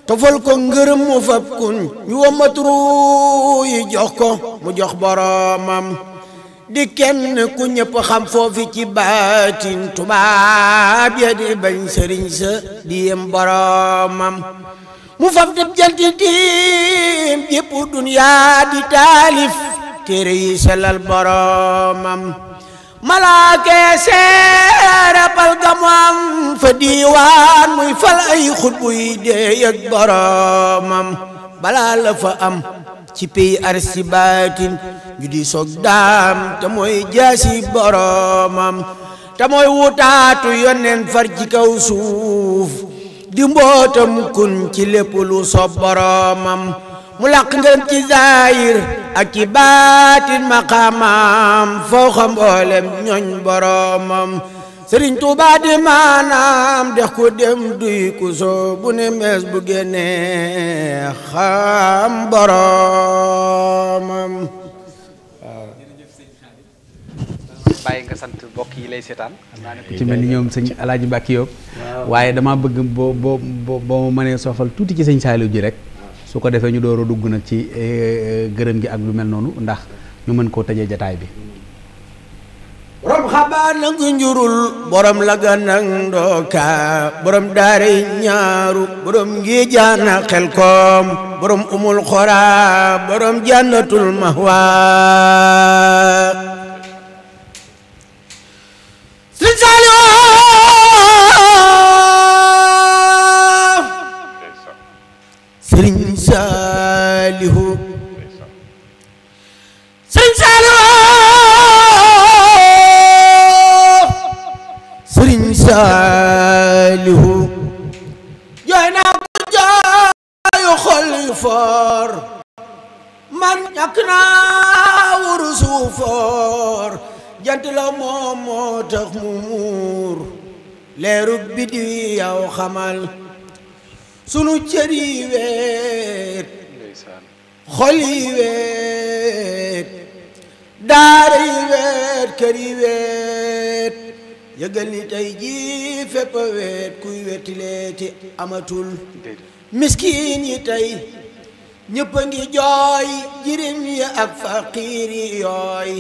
tofal ko ngërëm mu fab kun ñu wamatru yi jox ko mu jox boromam di kenn ku ñëpp xam foofi ci baatin tubaab ya di bañ sëriñ sa di yem boromam mu fab def jaltitim yépp dunyaa di taalif téere yi sellal boromam malaake seere pal gamam fa diiwaan fal ay xutbu yi dee balaa la am ci pey arsibaatin ju di soog daam te jaasi boromam te mooy wutaatu yonen far ci suuf di mbootam kun ci lépp lu soob boroomam mu làq ngërëm ci zaayir ak ci baatin maqaamam foo xam mboolem boroomam sëriñ Tuubaa di maanaam dex ku dem duy ku soo bu ne mees bu génnee bàyyi nga sant mbokk lay seetaan. ci mel ni ñoom sëñ Alaaji Mbàkke Yoob waaye damaa bëgg boo boo boo mënee soofal tuuti ci sëñ Saaliw ji rek. su ko defee ñu door a dugg nag ci eh, eh, gërëm gi ak lu mel noonu ndax ñu mën koo tëjee jataay bi. borom xabaar nag njurul boroom laganag ndooka borom daaray ñaaru borom ngi jaana xel koom borom umul xora borom jannatul mahwa Sëriñ Saalihu Sëriñ Saalihu Sëriñ Saalihu jooy naa ko jaayu xol yu foor man ñàkk naa wuru su foor jant la moom moo tax mu muur leeru biddiw yow xamal sunu cër yi weet xol yi weet daara yi weet kër yi weet yëgal ni tey jii fépp a weet kuy wetileeti amatul miskin yi tey ñëpp ngi jooy jirim yi ak faqiir yi yooy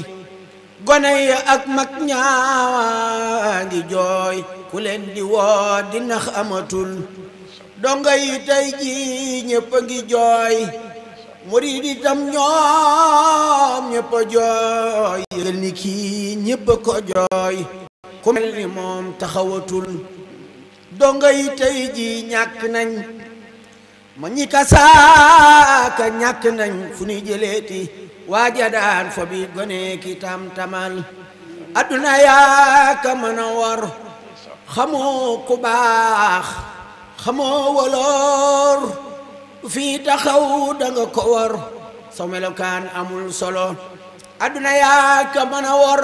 gone ya ak mag ñaawaa jooy ku leen di woo nax amatul donga yi tey ji ñëpp a ngi jooy murid itam ñoom ñëpp a jooy yëgal ni kii ñëpp a ko jooy ku mel ni moom taxawatul donga yi tey ji ñàkk nañ ma ñi kasaaka ñàkk nañ fu ñuy jëleeti waaja daan fo bi gone ki tamtamal adduna yaa ka mën a wor xamoo ku baax xamoo woloor fii taxaw da nga ko wor sa melokaan amul solo adduna yaa ka mën a wor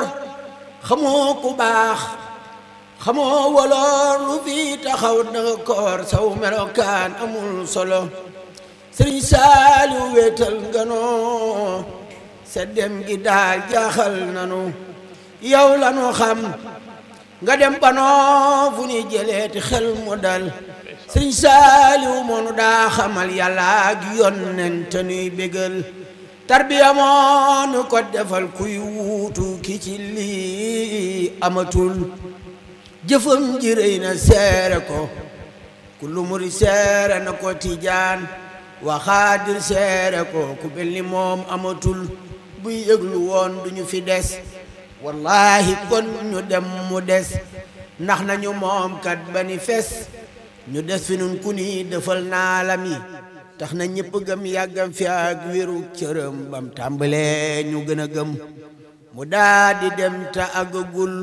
xamoo ku baax xamoo woloor lu fii taxaw da nga ko wor saw melokaan amul solo sëriñ Saaliw wéetal nga noo sa dem gi daa jaaxal nanu yow lanu xam nga dem banoo fu ñuy jëleeti xel mu dal sëñ saaliw moonu daa xamal yàlla ak yonent nuy bégal tarbiya moonu ko defal kuy wuutu ki ci lii amatul jëfam ji rëy na seere ko ku lumuri seere na ko tijaan waxaadir seere ko ku mel ni moom amatul bu yeglu won duñu fi dess wallahi kon ñu dem mu dess nax nañu mom kat bani fess fes ñu dess fi nun kuni defal na lami tax na ñepp gëm yagam fi ak wiru cërem bam tambalé ñu gëna gëm mu daadi di dem ta àggagul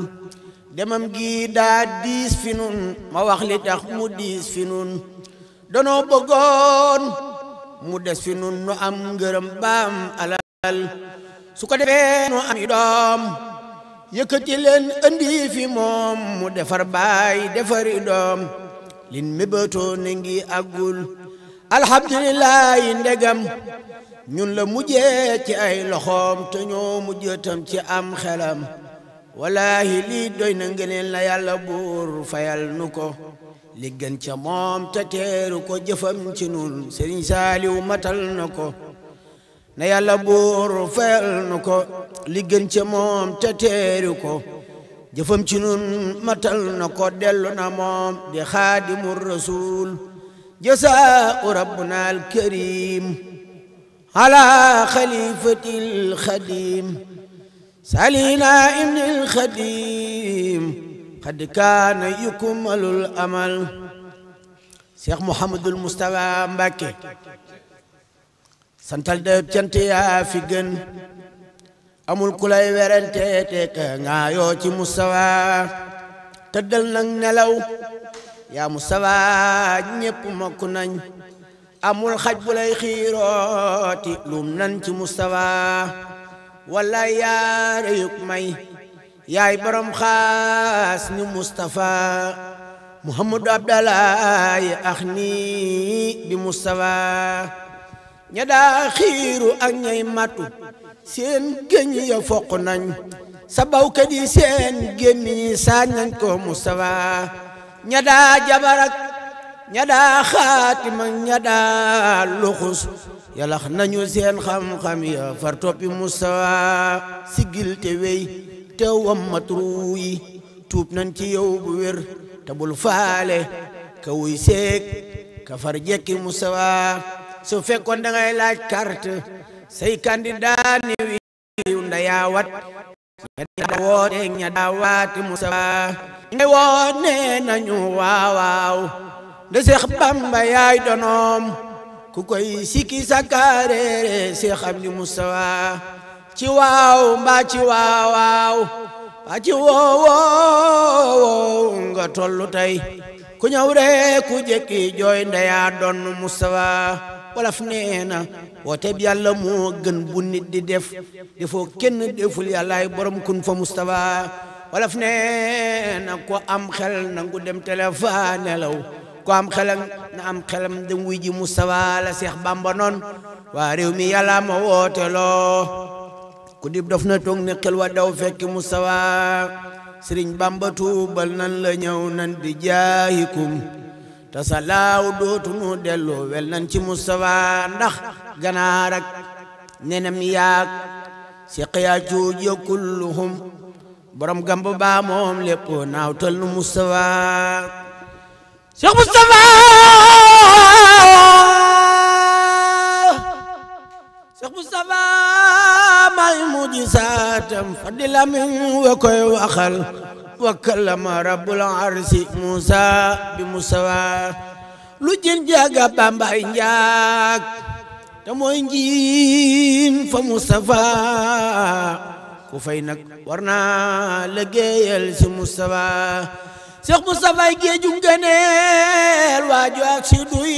demam gi daa diis fi nun ma wax li tax mu dis fi nun dono bëggoon mu dess fi nun nu am ngërëm bam alal su ko defee nu am i doom yëkkati leen moom mu defar baay defari doom lin mébétoo na ngi àggul alhamdulilahi ndegam ñun la mujjee ci ay loxoom te ñoo mujjëtam ci am xelam walaahi lii doy na ngëneel na yàlla buur fayal nu ko li gën ca moom te teeru ko jëfam ci nun Sëriñ Saaliw matal na ko na yàlla buur fel nuko ko li gën ca moom te téru ko jëfëm ci nun matal nako delu na mom di khadimur rasul jasaau rabbuna al karim ala khalifatil khadim salina ibni alxadim قد كان يكمل الامل شيخ محمد المستوى مبكي santal de cant yaa fi gën amul ku lay werante te ka ngaayoo ci mustawa tëddal nag nelaw yaa mustawa ñépp mokk nañ amul xaj bu lay xiirooti lum nan ci mustawa wallaay yaa reyuk may yaay borom xaas ni mustafa muhammadu abdalaayi ax ni bi mustawa ña daa xiiru ak ñay matu seen géñ ya foq nañ sabawkat yi seen gémmiñ yi saañ nañ ko Moustapha ña daa jabarak ña daa xaatim ak ña daa luxus yalax nañu seen xam-xam ya far toppi Moustapha sigil te wey te wammatru yi tuub nañ ci yow bu wér te faale ka wuy seeg ka far jekki Moustapha su fekkoon dangay laaj carte say candidat ni wiiw ndayaawat ña daa woote ña daa waati musa ngay nañu waawaaw nda Seex Bamba yaay donoom ku koy sikki sakaareere Seex Abdi Musa ci waaw mbaa ci waawaaw mbaa ci woowoow nga tollu tey ku ñëw rek jekki jooy ndeyaa doon Musa olaf nee na woote bi yàlla moo gën bu nit di def defoo kenn deful yàllaay borom kun fa Moustapha olaf nee na ko am xel nangu dem téléphone ko am xelam na am xelam dem wuy ji la Seex Bamba noon waa réew mi yàlla ma woote loo ku dib dof na toog ne xel wa daw fekki Moustapha sëriñ Bamba tuubal nan la ñëw nan di jaayikum te salaaw dootunu delloo wel ci Mustafa ndax ganaar ak nenam yaak si qiyaa cuuj kulluhum borom gàmb baa moom lépp naaw tal nu Mustafa Cheikh Mustafa Cheikh Mustafa may mujisaatam koy waxal wa kallama rabbul arsi Musa bi musawa lu jën jaaga bambay njaag te mooy njiin fa Mustafa ku fay nag war naa liggéeyal si Mustafa Seex Mustafa ay géeju ngëneel waaju ak si duy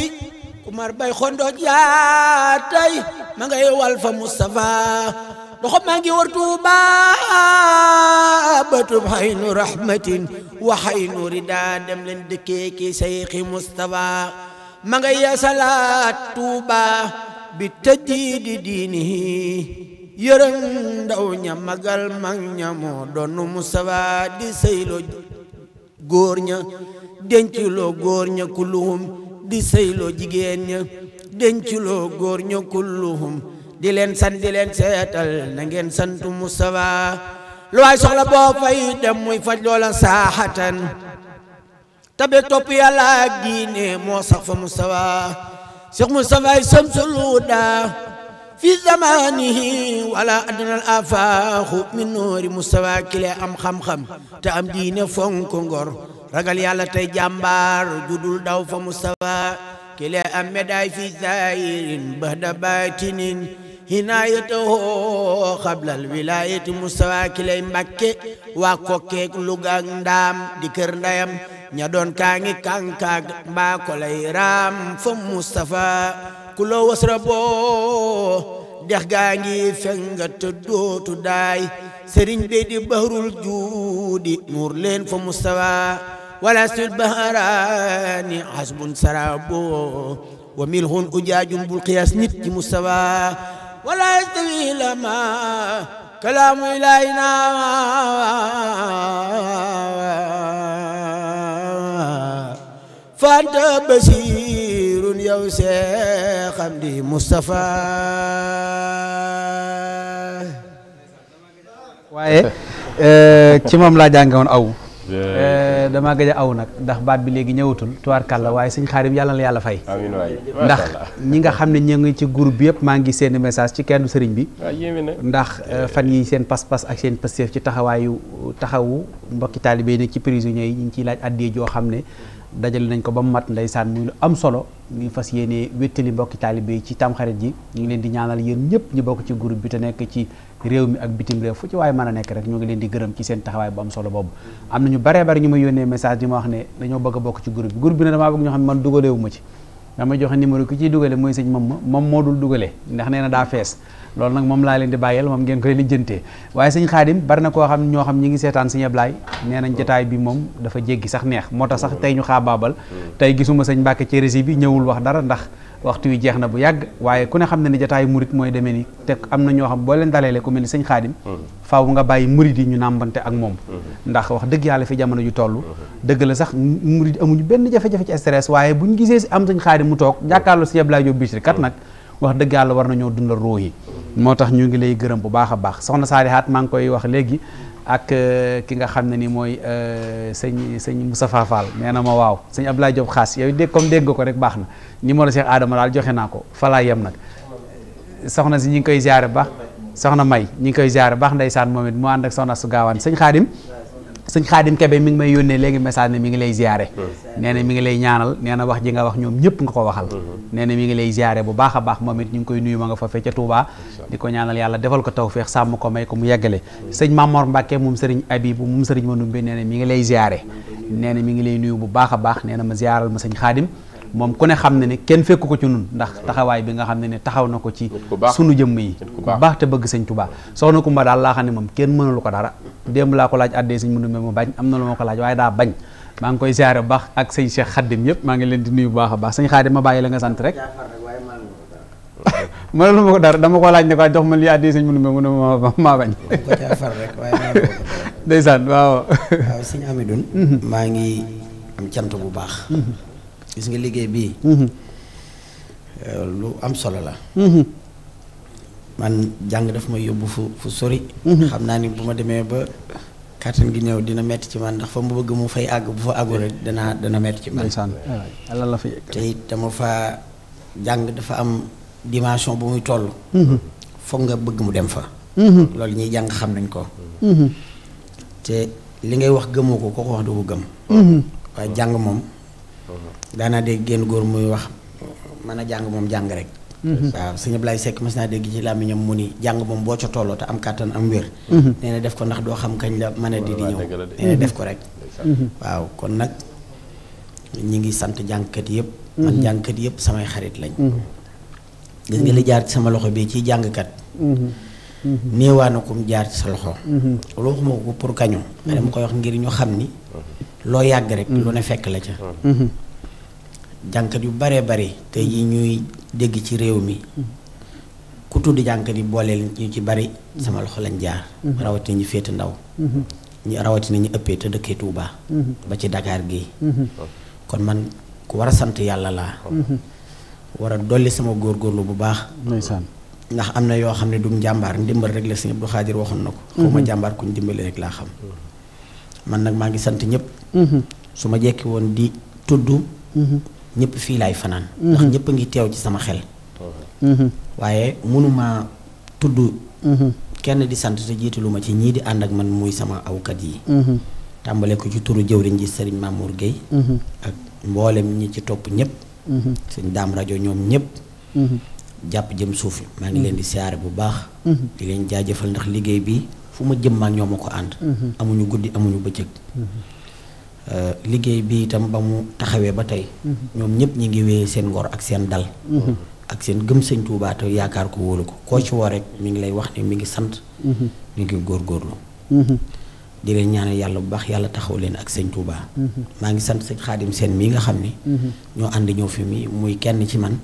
ku mar bay xondooj yaa tey ma ngay wal fa Mustafa doxom maa ngi war Tuuba batub xaynu rahmatin wa xaynu rida dem leen dëkkee ki Seyxi Mustafa ma nga yasalaat Tuuba bi tëddiidi diinihi yërëm ndaw ña magal mag ña moo doon Mustafa di sëylo góor ña denculoo góor ña kulluhum di sëyloo jigéen ña denculoo góor ña kulluhum di len sant di len setal na ngeen santu Moustapha lo waay soxla bo fay dem muy faj loola sahatan tabe top ya la gine mo sax fa Moustapha Cheikh Moustapha ay sam suluda fi zamanihi wala al afaaxu min nur Moustapha kile am kham kham. ta am dine fonko ngor ragal yalla tay jambar judul daw fa Moustapha kile am medai fi zairin bahda batinin hinaayatahoo xablal wilaayati mustawa kilay mbàkke waa kokkeeg lugaak ndaam di kër ndayam ña doon kaa ngi kànkaag mbaa kolay raam fa mustafa dex gaa ngi fenga te dootu daay sëriñ bi juudi nuur leen fa mustawa wala sul hasbun sarabo wa milhun ujaajum bul qiyaas nit ci ولا يستوي لما كلام إلهنا فأنت بشير يا شيخ حمدي مصطفى waaye ci moom laa jàngoon aw Eh, damaa gëj a aw nag ndax baat bi léegi ñëwatul tubaarkàlla waaye sëñ xaarim yàlla na yàlla fay ndax ñi nga xam ne ñu ngi ci groupe bi yëpp maa ngi seen message ci kenn sëriñ bi ndax eh, eh. fan yi seen pas-pas ak seen pasteef ci taxawaayu taxawu mbokki taalibe yi nekk ci prisonniers yi ñu ngi ciy laaj addee joo xam ne dajale nañ ko ba mu mat ndeysaan muy lu am solo ñu fas yéene wéttali mbokki taalibe yi ci tamxarit ji ñu ngi leen di ñaanal yéen ñëpp ñu bokk ci groupe bi te nekk ci réew mi ak bitim réew fu ci waaye mën a nekk rek ñu ngi leen di gërëm ci seen taxawaay bu am solo boobu am nañu baree bari ñu ma yónnee message di ma wax ne dañoo bëgg a bokk ci groupe bi groupe bi ne damaa bëgg ñoo xam ne man dugalewu ma ci dama joxe numéro ki ciy dugale mooy sëñ mam ma moom moo dul dugale ndax nee na daa fees loolu nag moom laa leen di bàyyeel moom ngeen koy lijjantee waaye sëñ xaadim bari koo xam ñoo xam ñi ngi seetaan sëñ Ablaay nee nañ bi moom dafa jéggi sax neex moo tax sax tey ñu xaabaabal mm. tey gisuma sëñ Mbàkke ci régie bi ñëwul wax dara ndax waxtu wi jeex na bu yàgg waaye ku ne xam ne ni jataayu murit mooy demee ni te am na ñoo xam boo leen daleele ku mel ni sëñ xaadim mhm. faaw nga bàyyi murit yi ñu nàmbante ak moom mhm. ndax wax dëgg yàlla fi jamono ju toll mhm. dëgg la sax murit amuñu benn jafe-jafe ci stress waaye buñ gisee si am sëñ xaadim mu toog jàkkaarloo si yeb laa jo biis kat nag wax dëgg yàlla war na ñoo dundal roo yi moo tax ñu ngi lay gërëm bu baax a baax soxna saari maa ngi koy wax léegi ak euh, ki nga xam ne ni mooy euh, sëñ sëñ Moustapha Fall nee na ma waaw sëñ Abdoulaye Diop xaas yow dégg comme dégg ko rek baax na ñi numéro Cheikh Adama daal joxe naa ko falaa yem nag soxna si ñi ngi koy ziare baax soxna May ñi ngi koy ziare baax ndeysaan moom it mu ànd ak soxna su gaawaan sëñ Xaadim sëñ xaadim kebe mi ngi may yónnee léegi message ne mi ngi lay ziare hmm. nee na mi ngi lay ñaanal nee wax ji nga wax ñoom ñëpp nga ko waxal hmm. nee na mi ngi lay ziare bu baax a baax moom it ñu ngi koy nuyu ma nga foofee ca Touba ko ñaanal yàlla defal ko tawféex sàmm ko may ko mu yeggale hmm. sëñ Mamor Mbàkke moom sëriñ Abibu moom sëriñ Manumbe nee na mi ngi lay ziare nee na mi ngi lay nuyu bu baax a baax nee na ma ziaral ma sëñ xaadim moom ku ne xam ne ni kenn fekk ko ci nun ndax taxawaay bi nga xam ne ne taxaw na ko ci sunu jëmm yi ku baax te bëgg sëñ Tuubaa soxna Kumba daal laa xam ne moom kenn mënul ko dara démb laa ko laaj addee sëñ mënu ma bañ am na lu laaj waaye daa bañ maa ngi koy siyaare bu baax ak sëñ Cheikh Khadim yëpp maa ngi leen di bu baax a baax sëñ Khadim ma bàyyi la nga sant rek mëna lu dara dama ko laaj ne ko jox ma lii addee sëñ mënu ma mënu ma maa bañ ko caa far rek waaye ndeysaan waaw waaw sëñ Amidoun maa ngi am bu baax gis nga liggéey bii lu am solo la mm-hmm. man jàng daf ma yóbbu fu fu sori mm-hmm. xam naa ni bu ma demee ba kàttan gi ñëw dina metti ci man ndax fa mu bëgg mu fay àgg bu fa rek dana dana metti ci man ala la fa te it dama fa jàng dafa am dimension bu muy toll mm-hmm. foog nga bëgg mu dem fa loolu ñuy jàng xam nañ ko te li ngay wax gëmoo ko ko wax du ko gëm waaye jàng moom dana de gen gor muy wax mana jang mom jang rek mhm. waaw seigne blay sek mas naa deg ci làmmiñam mu jang mom bo ci tolo ta am katan am wér mhm. neena def ko nak do xam kañ la mané di di ñew neena def ko rek mhm. waaw kon nak ñi ngi sant kat yëpp man kat yëpp samay xarit lañ gis nga li jaar ci sama loxo bi ci jang kat na jaar ci sa loxo loxo moko pour kañu dama koy wax ngir ñu xam ni loo yàgg rek mm-hmm. lu ne fekk la ca mm-hmm. jànkat yu bare bari te yi ñuy dégg ci réew mi ku tudd jànkat yi booleel ñu ci bari sama mm-hmm. loxo lañ jaar rawatina ñu féete ndaw ñu rawatina ñu ëppee te dëkkee Touba. ba ci dakaar gi kon man ku war a sant yàlla laa war a dolli sama góorlu bu baax ndeysaan ndax am na yoo xam ne dum njàmbaar ndimbal rek la sëñ Abdou Xaadir waxoon na ko xaw ma jàmbaar kuñ dimbali rek laa xam man nag maa ngi sant ñëpp Mm-hmm. su ma jekki woon di tudd mm-hmm. ñëpp fii laay fanaan mm-hmm. ndax ñëpp a ngi teew ci sama xel waaye mënuma tudd kenn di sant lu ma ci ñii di ànd ak man muy sama awkat yi tàmbale ko ci turu jëwriñ ji sëriñ Mamour Guèye ak mboolem ñi ci topp ñëpp suñ daam rajo ñoom ñëpp jàpp jëm suuf maa ngi leen di siyaare bu baax di leen jaajëfal ndax liggéey bi fu ma jëm maag ñoo ma ko ànd amuñu guddi amuñu bëccëg Euh, liggéey bi itam ba mu taxawee ba tey mm-hmm. ñoom ñëpp ñi ngi wéyee seen ngor ak seen dal mm-hmm. ak seen gëm sëñ Tuubaa te yaakaar ko wóolu ko koo ci woo rek mi ngi lay wax ne mi ngi sant mi mm-hmm. ngi góorgóorlu di leen ñaanal yàlla bu baax yàlla taxaw leen ak sëñ Tuubaa maa ngi sant sëñ Xaadim Seen mii nga xam ni ñoo ànd ñëw fi mi muy kenn ci man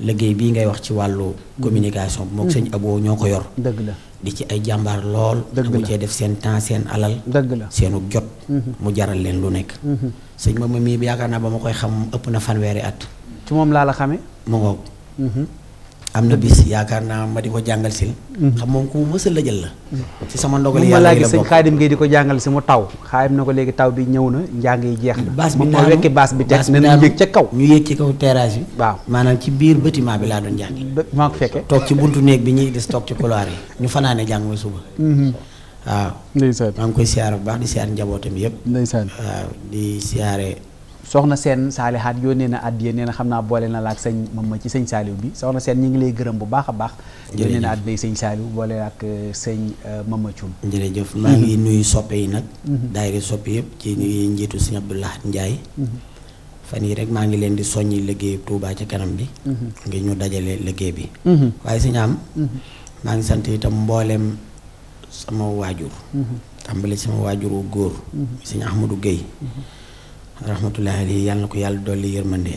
liggéey bii ngay wax ci wàllu communication bi mook sëñ Abo ñoo ko yor dëgg la di ci ay jàmbaar lool. dëgg la cee def seen temps seen alal. dëgg la seenu jot. Mhm. mu jaral leen lu nekk. Mhm. sëñ ma ma mii yaakaar naa ba ma koy xam ëpp na fanweeri at. ci moom laa la xamee. mu ngoog. Mhm. am na bis yaakaar naa ma di ko jàngal sil mhm. xam moom ku mu mësal la mhm. jël la ci sama ndogal yàlla gi la bokk sëñ di ko jàngal si taw xaadim na ko léegi taw bi ñëw na njàng yi jeex na baas bi moo wekki baas bi teg na ñu yëg ca kaw ñu yëg ci kaw terrasse bi waaw maanaam ci biir bâtiment bi laa doon jàngi maa ko fekke toog ci buntu néeg bi ñuy des toog ci couloir yi ñu fanaane jàng ma suba mhm. waaw ndeysaan maa ngi koy siyaar bu baax di siyaar njabootam yëpp ndeysaan waaw di siyaare soxna seen saalihaat yónnee na àddiya nee xam naa boole na la ak sëñ Mama ci sañ Saaliw bi soxna seen ñu ngi lay gërëm bu baax a baax yónnee na àddiya sëñ Saaliw boole ak euh, sëñ euh, Mama Thioum jërëjëf maa ngi mhm. nuyu soppe yi nag mhm. daayira soppe yëpp ci nuyu mhm. njiitu sëñ Abdoulahat Ndiaye fan yii rek maa ngi leen di soññi liggéey tuubaa ci kanam bi ngir ñu dajale liggéey bi waaye sëñ am maa ngi sant itam mboolem sama waajur tàmbali sama waajur wu góor sëñ Ahmadou rahmatullahi alayhi yàlla na ko yàlla dolli yërmande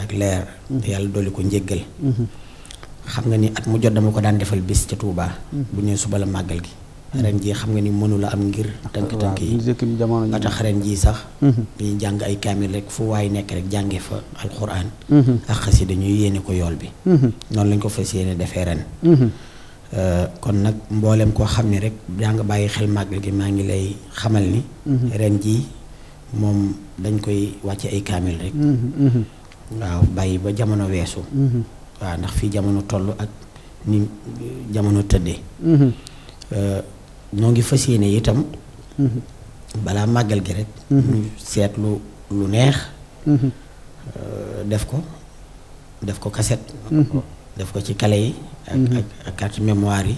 ak leer yàlla dolli ko njéggal xam nga ni at mu jot dama ko daan defal bis ca Touba. bu ñëwee suba la màggal gi ren jii xam nga ni mënu la am ngir tënk-tënk yi ba tax ren jii sax mhm. ñuy jàng ay kaamil rek fu waay nekk rek jànge fa alxuraan mhm. ak xasida ñuy yéene ko yool bi mhm. noonu lañ ko fas yéene defee ren euh, kon nag mboolem koo xam ne rek daa nga bàyyi xel màggal gi maa ngi lay xamal ni ren jii moom dañ koy wàcce ay kaamil rek mm-hmm, mm-hmm. waaw bàyyi ba jamono weesu mm-hmm. waaw ndax fii jamono toll ak ni jamono tëddee euh, ñoo ngi fa yéene itam balaa màggal gi rek seet lu lu neex euh, def ko def ko kaset def ko ci kale yi ak ak carte mémoire yi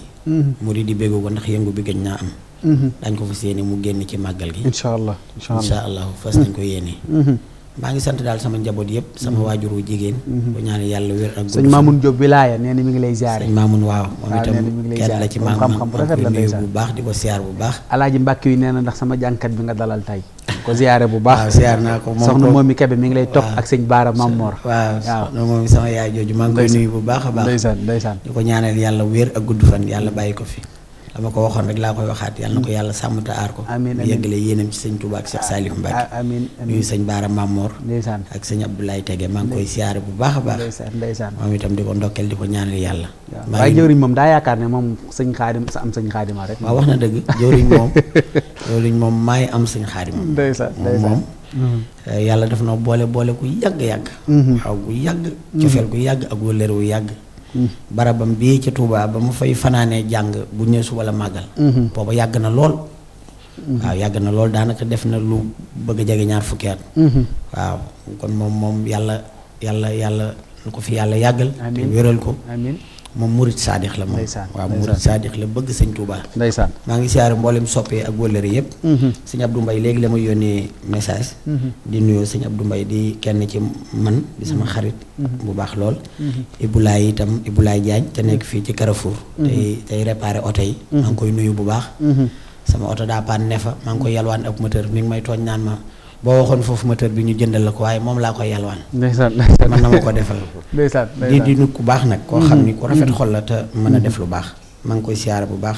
mu di di béggu ko ndax yëngu bi gëj naa am dañ ko fas yéene mu génn ci màggal gi incha allah incha allah fas nañ ko yéene mm-hmm. maa ngi sant daal sama njaboot yëpp sama mm-hmm. waajur wu jigéen bu mm-hmm. ñaan yàlla wér ak sëñ Mamoun Diop Wilaya nee na mi ngi lay ziare sëñ Mamoun waaw moom itam kenn la ci maam xam-xam bu rafet baax di ko siyaar bu baax alaaji mbàkk yi nee na ndax sama jànkat bi nga dalal tey ko ziare bu baax waaw naa ko moom soxna moom i kebe mi ngi lay topp ak sëñ Baara Mamor waaw soxna moom sama yaay jooju maa ngi nuyu bu baax a baax ndeysaan ndeysaan di ko ñaanal yàlla wér ak gudd fan yàlla bàyyi ko fi dama ko waxoon rek laa koy waxaat yàlla na ko yàlla sàmm te aar ko amiin yeggale yéenam ci sëñ Touba ak Cheikh Salif Mbacke amiin nuyu sëñ Baara Mamor ndeysaan ak sëñ Abdoulaye Tege maa ngi koy siyaare bu baax a baax ndeysaan ndeysaan moom itam di ko ndokkeel di ko ñaanal yàlla waaye jëwriñ moom daa yaakaar ne moom sëñ xaadim sa am sëñ xaadima rek waaw wax na dëgg jëwriñ moom jëwriñ moom maay am sëñ xaadima ndeysaan ndeysaan eh, yàlla daf na boole boole ku yàgg-yàgg mm-hmm. xaw gu yàgg cofeel ku yàgg ak wëllëre wu yàgg barabam bii ca Touba ba mu fay fanaanee jàng bu ñëw suba la màggal mhm. booba yàgg na lool mhm. waaw yàgg na lool daanaka def na lu bëgg a jege ñaar fukki at mhm. waaw kon moom moom yàlla yàlla yàlla lu ko fi yàlla yàggal te wéral ko moom murit saadix la moom waaw murit saadix la bëgg sëñ Touba ndeysaan maa ngi siyaare mboolem soppee ak wëllëri yëpp mm-hmm. sëñ Abdou Mbaye léegi la ma yónnee message mm-hmm. di nuyoo sëñ Abdou Mbaye di kenn ci man di sama mm-hmm. xarit bu baax lool Ibulaay itam Ibulaay Diagne te nekk fii ci Carrefour tey tey réparé oto yi maa ngi koy nuyu bu baax sama oto daa paan ne fa maa ngi koy yalwaan ab moteur mi may tooñ naan ma boo waxoon foofu moteur bi ñu jëndal la ko waaye moom laa koy yalwaan. ndeysaan ndeysaan mën na ma ko defal. ndeysaan di di ku baax nag. koo xam ni mm-hmm. ku rafet mm-hmm. xol la te mën a def lu mm-hmm. baax. maa koy siyaare bu baax.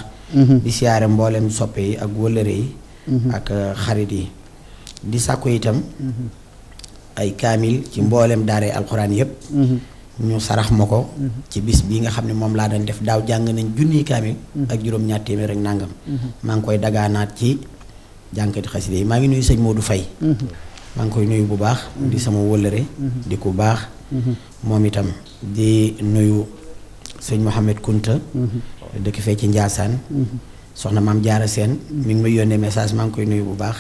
di siyaare mboolem soppee yi ak wëllëre yi. ak euh, xarit yi. di sàkku itam. ay kaamil ci mboolem daaree alxuraan yëpp. ñu sarax ma ko. ci bis bi nga xam ne moom laa dañ def daaw jàng nañ junniy kaamil. ak juróom-ñaar téeméer ak nangam. maa ngi koy ci. jànkati xasida yi maa ngi nuyu sëñ du Faye mm-hmm. maa ngi koy nuyu bu baax mm-hmm. di sama wëllëre mm-hmm. di ku baax moom itam di nuyu sëñ Mohamed Kunta dëkk fee ci Njaasaan soxna maam jaara seen mu ngi may yónnee message maa ngi koy nuyu bu baax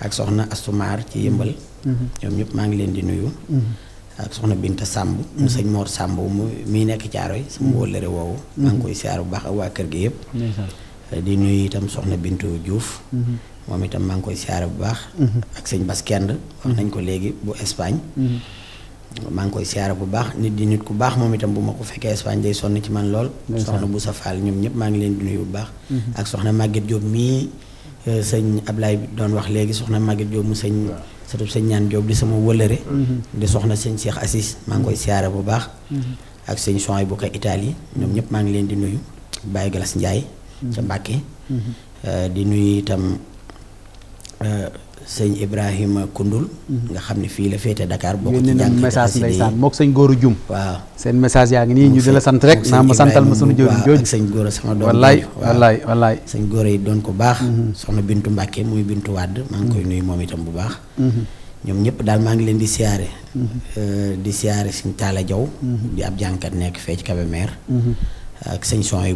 ak soxna astumaar ci yëmbal ñoom ñëpp maa ngi leen di nuyu ak soxna Binta Samb mu sëñ Mor sàmb mu muy nekk Caaroy sama wóllëre woowu maa ngi koy siyaar bu baax ak waa kër gi yëpp di nuyu itam soxna Bintu Diouf moom itam maa ngi koy siyaare bu baax. Mm-hmm. ak sañ baskend Kend. wax nañ ko léegi bu Espagne. Mm-hmm. maa ngi koy siyaare bu baax nit di nit ku baax moom itam bu ma ko fekkee Espagne day sonn ci man lool. soxna bu sa faal ñoom ñëpp maa ngi leen di nuyu bu baax. Mm-hmm. ak soxna Maguette Diop mii euh, sëñ Ablaye doon wax léegi soxna Maguette Diop mu sëñ. surtout sama wëlëre. di soxna sëñ Cheikh Assis maa ngi koy siyaare bu baax. ak sëñ Soy bu ko Italie ñoom ñëpp maa ngi leen di nuyu. Baye Galas Ndiaye. ca Mbàkke. Euh, di nuyu itam. sëñ Ibrahima Koundoul mm-hmm. nga xam ne fii la féete dakaar bokk ci jàng message ndeysaan mook sëñ Góoru Jum. message yaa ngi ñu di rek. naa ma santal ma sunu jëwriñ yi doon ko baax. Mm-hmm. soxna Bintu Mbàkke muy Bintu Wàdd maa ngi koy mm-hmm. nuyu moom itam bu baax. ñoom ñëpp daal maa ngi leen di siyaare. Euh, di siyaare sëñ Taala Jaw di nekk fee ci Kébémer. ak sëñ son yi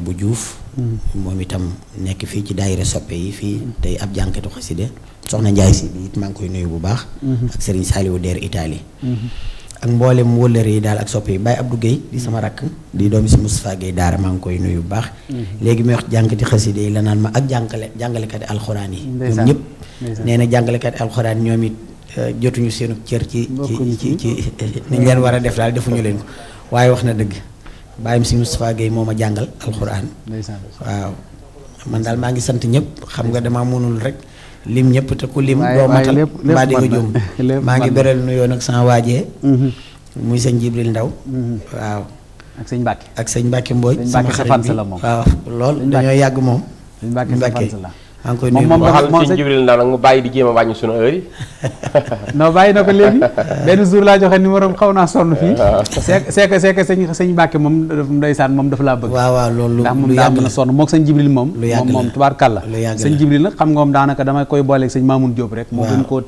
nekk fii ci daayira soppe yi fii tey ab jànkatu xaside soxna Njaay si bi it maa ngi koy nuyu bu baax. Mhm. ak Serigne Saliou Der Italie. Mhm. ak mboolem wëllëre yi daal ak soppe yi Baye Abdou Guèye di sama rakk di doomi si Moustapha Guèye Daara maa ngi koy nuyu bu baax. Mhm. léegi muy wax jànkati xaside yi la naan ma ak jànkale jàngalekati alxuraan yi. ñoom ñëpp nee na jàngalekati alxuraan ñoom it euh, jotuñu seenu cër ci ci ci ci ni ñu leen war a def daal defuñu leen ko waaye wax na dëgg bàyyim si Moustapha Guèye moo ma jàngal alxuraan. waaw man daal maa ngi sant ñëpp xam nga dama mënul rek. lim ñëpp te ku lim doo matal mbaa nga juum maa ngi beral nuyoo nag sama waajee mhm. muy sëñ Jibril Ndaw mhm. waaw ak sëñ Mbàkke ak sëñ Mbàkke Mbooj sama la bi waaw lool dañoo yàgg moom Mbàkke maa ngi koy nuyu moom moom sëñ Jibril na nag mu bàyyi di jéem a xaw naa sonn fii. c'est c'est que c'est que sëñ moom dafa laa bëgg. waaw waaw loolu lu a sonn moog sëñ Jibril moom. lu moom moom tubaarkàlla. la sëñ xam nga moom daanaka damay koy booleeg sëñ Mamoun Diop rek. waaw moo gën koo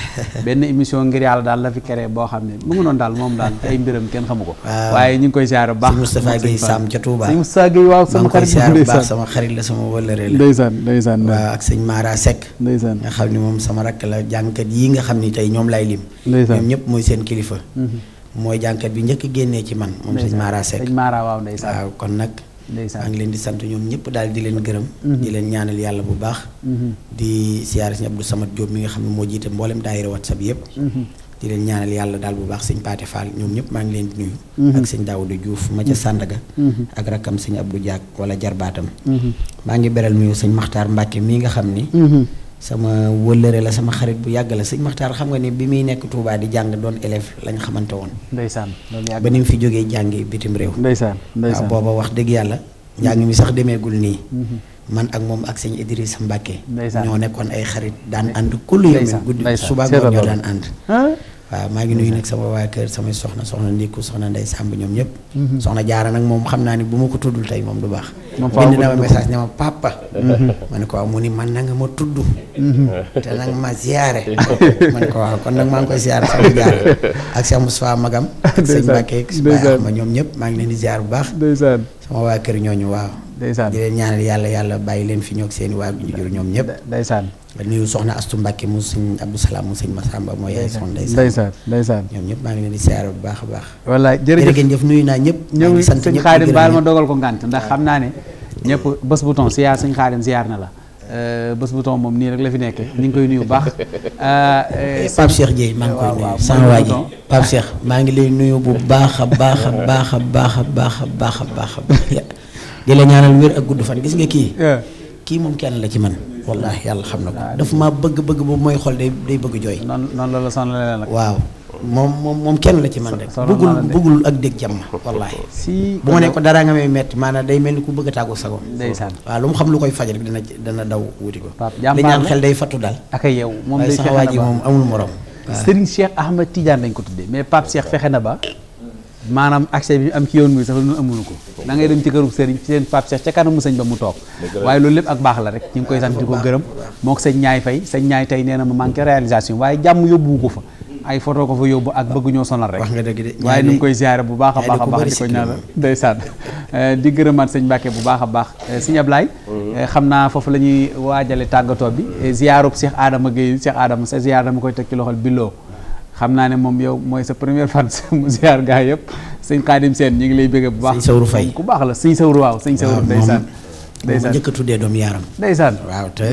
benn émission ngir yàlla daal la fi boo xam ne mu ngi daal moom daal ay mbiram kenn xamu ko. waaye ñu ngi koy siyaare baax. sëñ Moustapha Guèye Sam ca Touba. sëñ Moustapha waaw sama xarit la sama wëllëre la waaw ak sëñ Mara Seck ndeysaan nga xam ni moom sama rakk la jànkat yi nga xam ni tey ñoom lay lim ñoom ñëpp mooy seen kilifa mhm. mooy jànkat bi njëkk génnee ci man moom sëñ Mara Seck sëñ Mara waaw ndeysaan waaw kon nag maa ngi leen di sant ñoom ñëpp daal di leen gërëm mhm. di leen ñaanal yàlla bu baax mhm. di siyaare sëñ Abdou Samad Diop mi nga xam ne moo jiite mboolem daayira WhatsApp yëpp di leen ñaanal yàlla daal bu baax sëñ Paate Fall ñoom ñëpp maa ngi leen di nuyu. Mhm. ak sëñ a Diouf ma ca mhm. Sandaga. Mhm. ak rakkam sëñ Abdou Diak wala jarbaatam. maa ngi beral nuyu sëñ Maxtaar Mbàkke mii nga xam ni. sama wëllëre la sama xarit bu yàgg la sëñ Maxtaar xam nga ni bi muy nekk Touba di jàng doon élève lañ xamante woon. ndeysaan ba ni mu fi jógee jàngi bitim réew. ndeysaan ndeysaan booba wax dëgg yàlla njàng mi sax demeegul nii. man ak mom ak seigne idriss Mbacke. ñoo nekkon ay xarit daan ku lu yëm gudd suba ba ñoo daan and wa ma ngi nuyu nak sama waa keur sama soxna soxna Ndiku soxna Ndey Samb ñom ñep mm-hmm. soxna jaara nak mom xamna ni bu mako tuddul tay mom du bax bind na message ñama papa. Mm-hmm. man ko waaw mu ni man nga ma tuddu mm-hmm. te nak ma ziaré man ko waaw kon nak ma ngi koy ziyaare sama jaar ak Cheikh Moustapha Magam. ak sëñ Mbacke ak ma ñom ñep ma ngi leen di ziar bu baax. sama keur ñoo ñu waaw. ndeysaan di leen ñaanal yàlla yàlla bàyyi leen fi ñoog seen i waa jur ñoom ñëpp ndeysaan nuyu soxna astu Mbàkke mu sëñ Abdou Salaam mu sëñ Masamba mooy yaay son ndeysaan ndeysaan ñoom ñëpp maa ngi leen di siyaare bu baax a baax wallaay jërëjëf nuyu naa ñëpp ñëw sëñ ma dogal ko ngànt ndax xam naa ne ñëpp bés bu ton siyaar sëñ Xaadim siyaar na la euh, bés bu ton moom nii rek la fi nekkee ñu ngi koy nuyu bu baax euh, euh, Pape Cheikh Dieye maa ngi koy nuyu waa ji Pape maa ngi lay nuyu bu baax a baax baax a baax a baax a baax a baax di la ñaanal wér ak gudd fan gis nga kii kii moom kenn la ci man wallaahi yàlla xam na ko dafa maa bëgg-bëgg boobu mooy xool day day bëgg jooy noonu la la sonal nag waaw moom moom moom kenn la ci man rek bëggul bëggul ak dégg jàmm wallaahi si bu ma ne ko daraa nga may metti maanaam day mel ni ku bëgg a tàggu sago ndeysaan waaw lu mu xam lu koy faj rek dana dana daw wuti ko li ñaan xel day fattu daal ak yow moom day fexe na ba sama waa ji moom amul morom Serigne Cheikh Ahmed Tidiane lañ ko tuddee mais Pape Cheikh fexe na ba maanaam accès bi am ci yoon bi sax ñun amuñu ko da ngay dem ci këru sëriñ ci seen Pape Cheikh ca kanamu sëñ ba mu toog waaye loolu lépp ak baax la rek ñu ngi koy sant ko gërëm moo ko ñaay fay sëñ ñaay tey nee na ma manqué réalisation waaye jàmm yóbbu ko fa ay photo ko fa yóbbu ak bëgg ñoo sonal rek waaye ñu ngi koy ziare bu baax a baax a di ko ñaanal ndeysaan eh, di bu baax a baax eh, sëñ Ablaye mhm. eh, xam naa foofu la ñuy waajale tàggatoo bi ziarub Cheikh Adama Gueye Cheikh Adama sa ziar dama koy teg ci loxol billoo xam naa ne moom yow mooy sa première fan mu ziar gaa yëpp sëñ Xaadim Seen ñu ngi lay bëgg bu baax. sëñ Sawru Fay ku baax la sëñ Sawru waaw sëñ Sawru ndeysaan ndeysaan njëkk a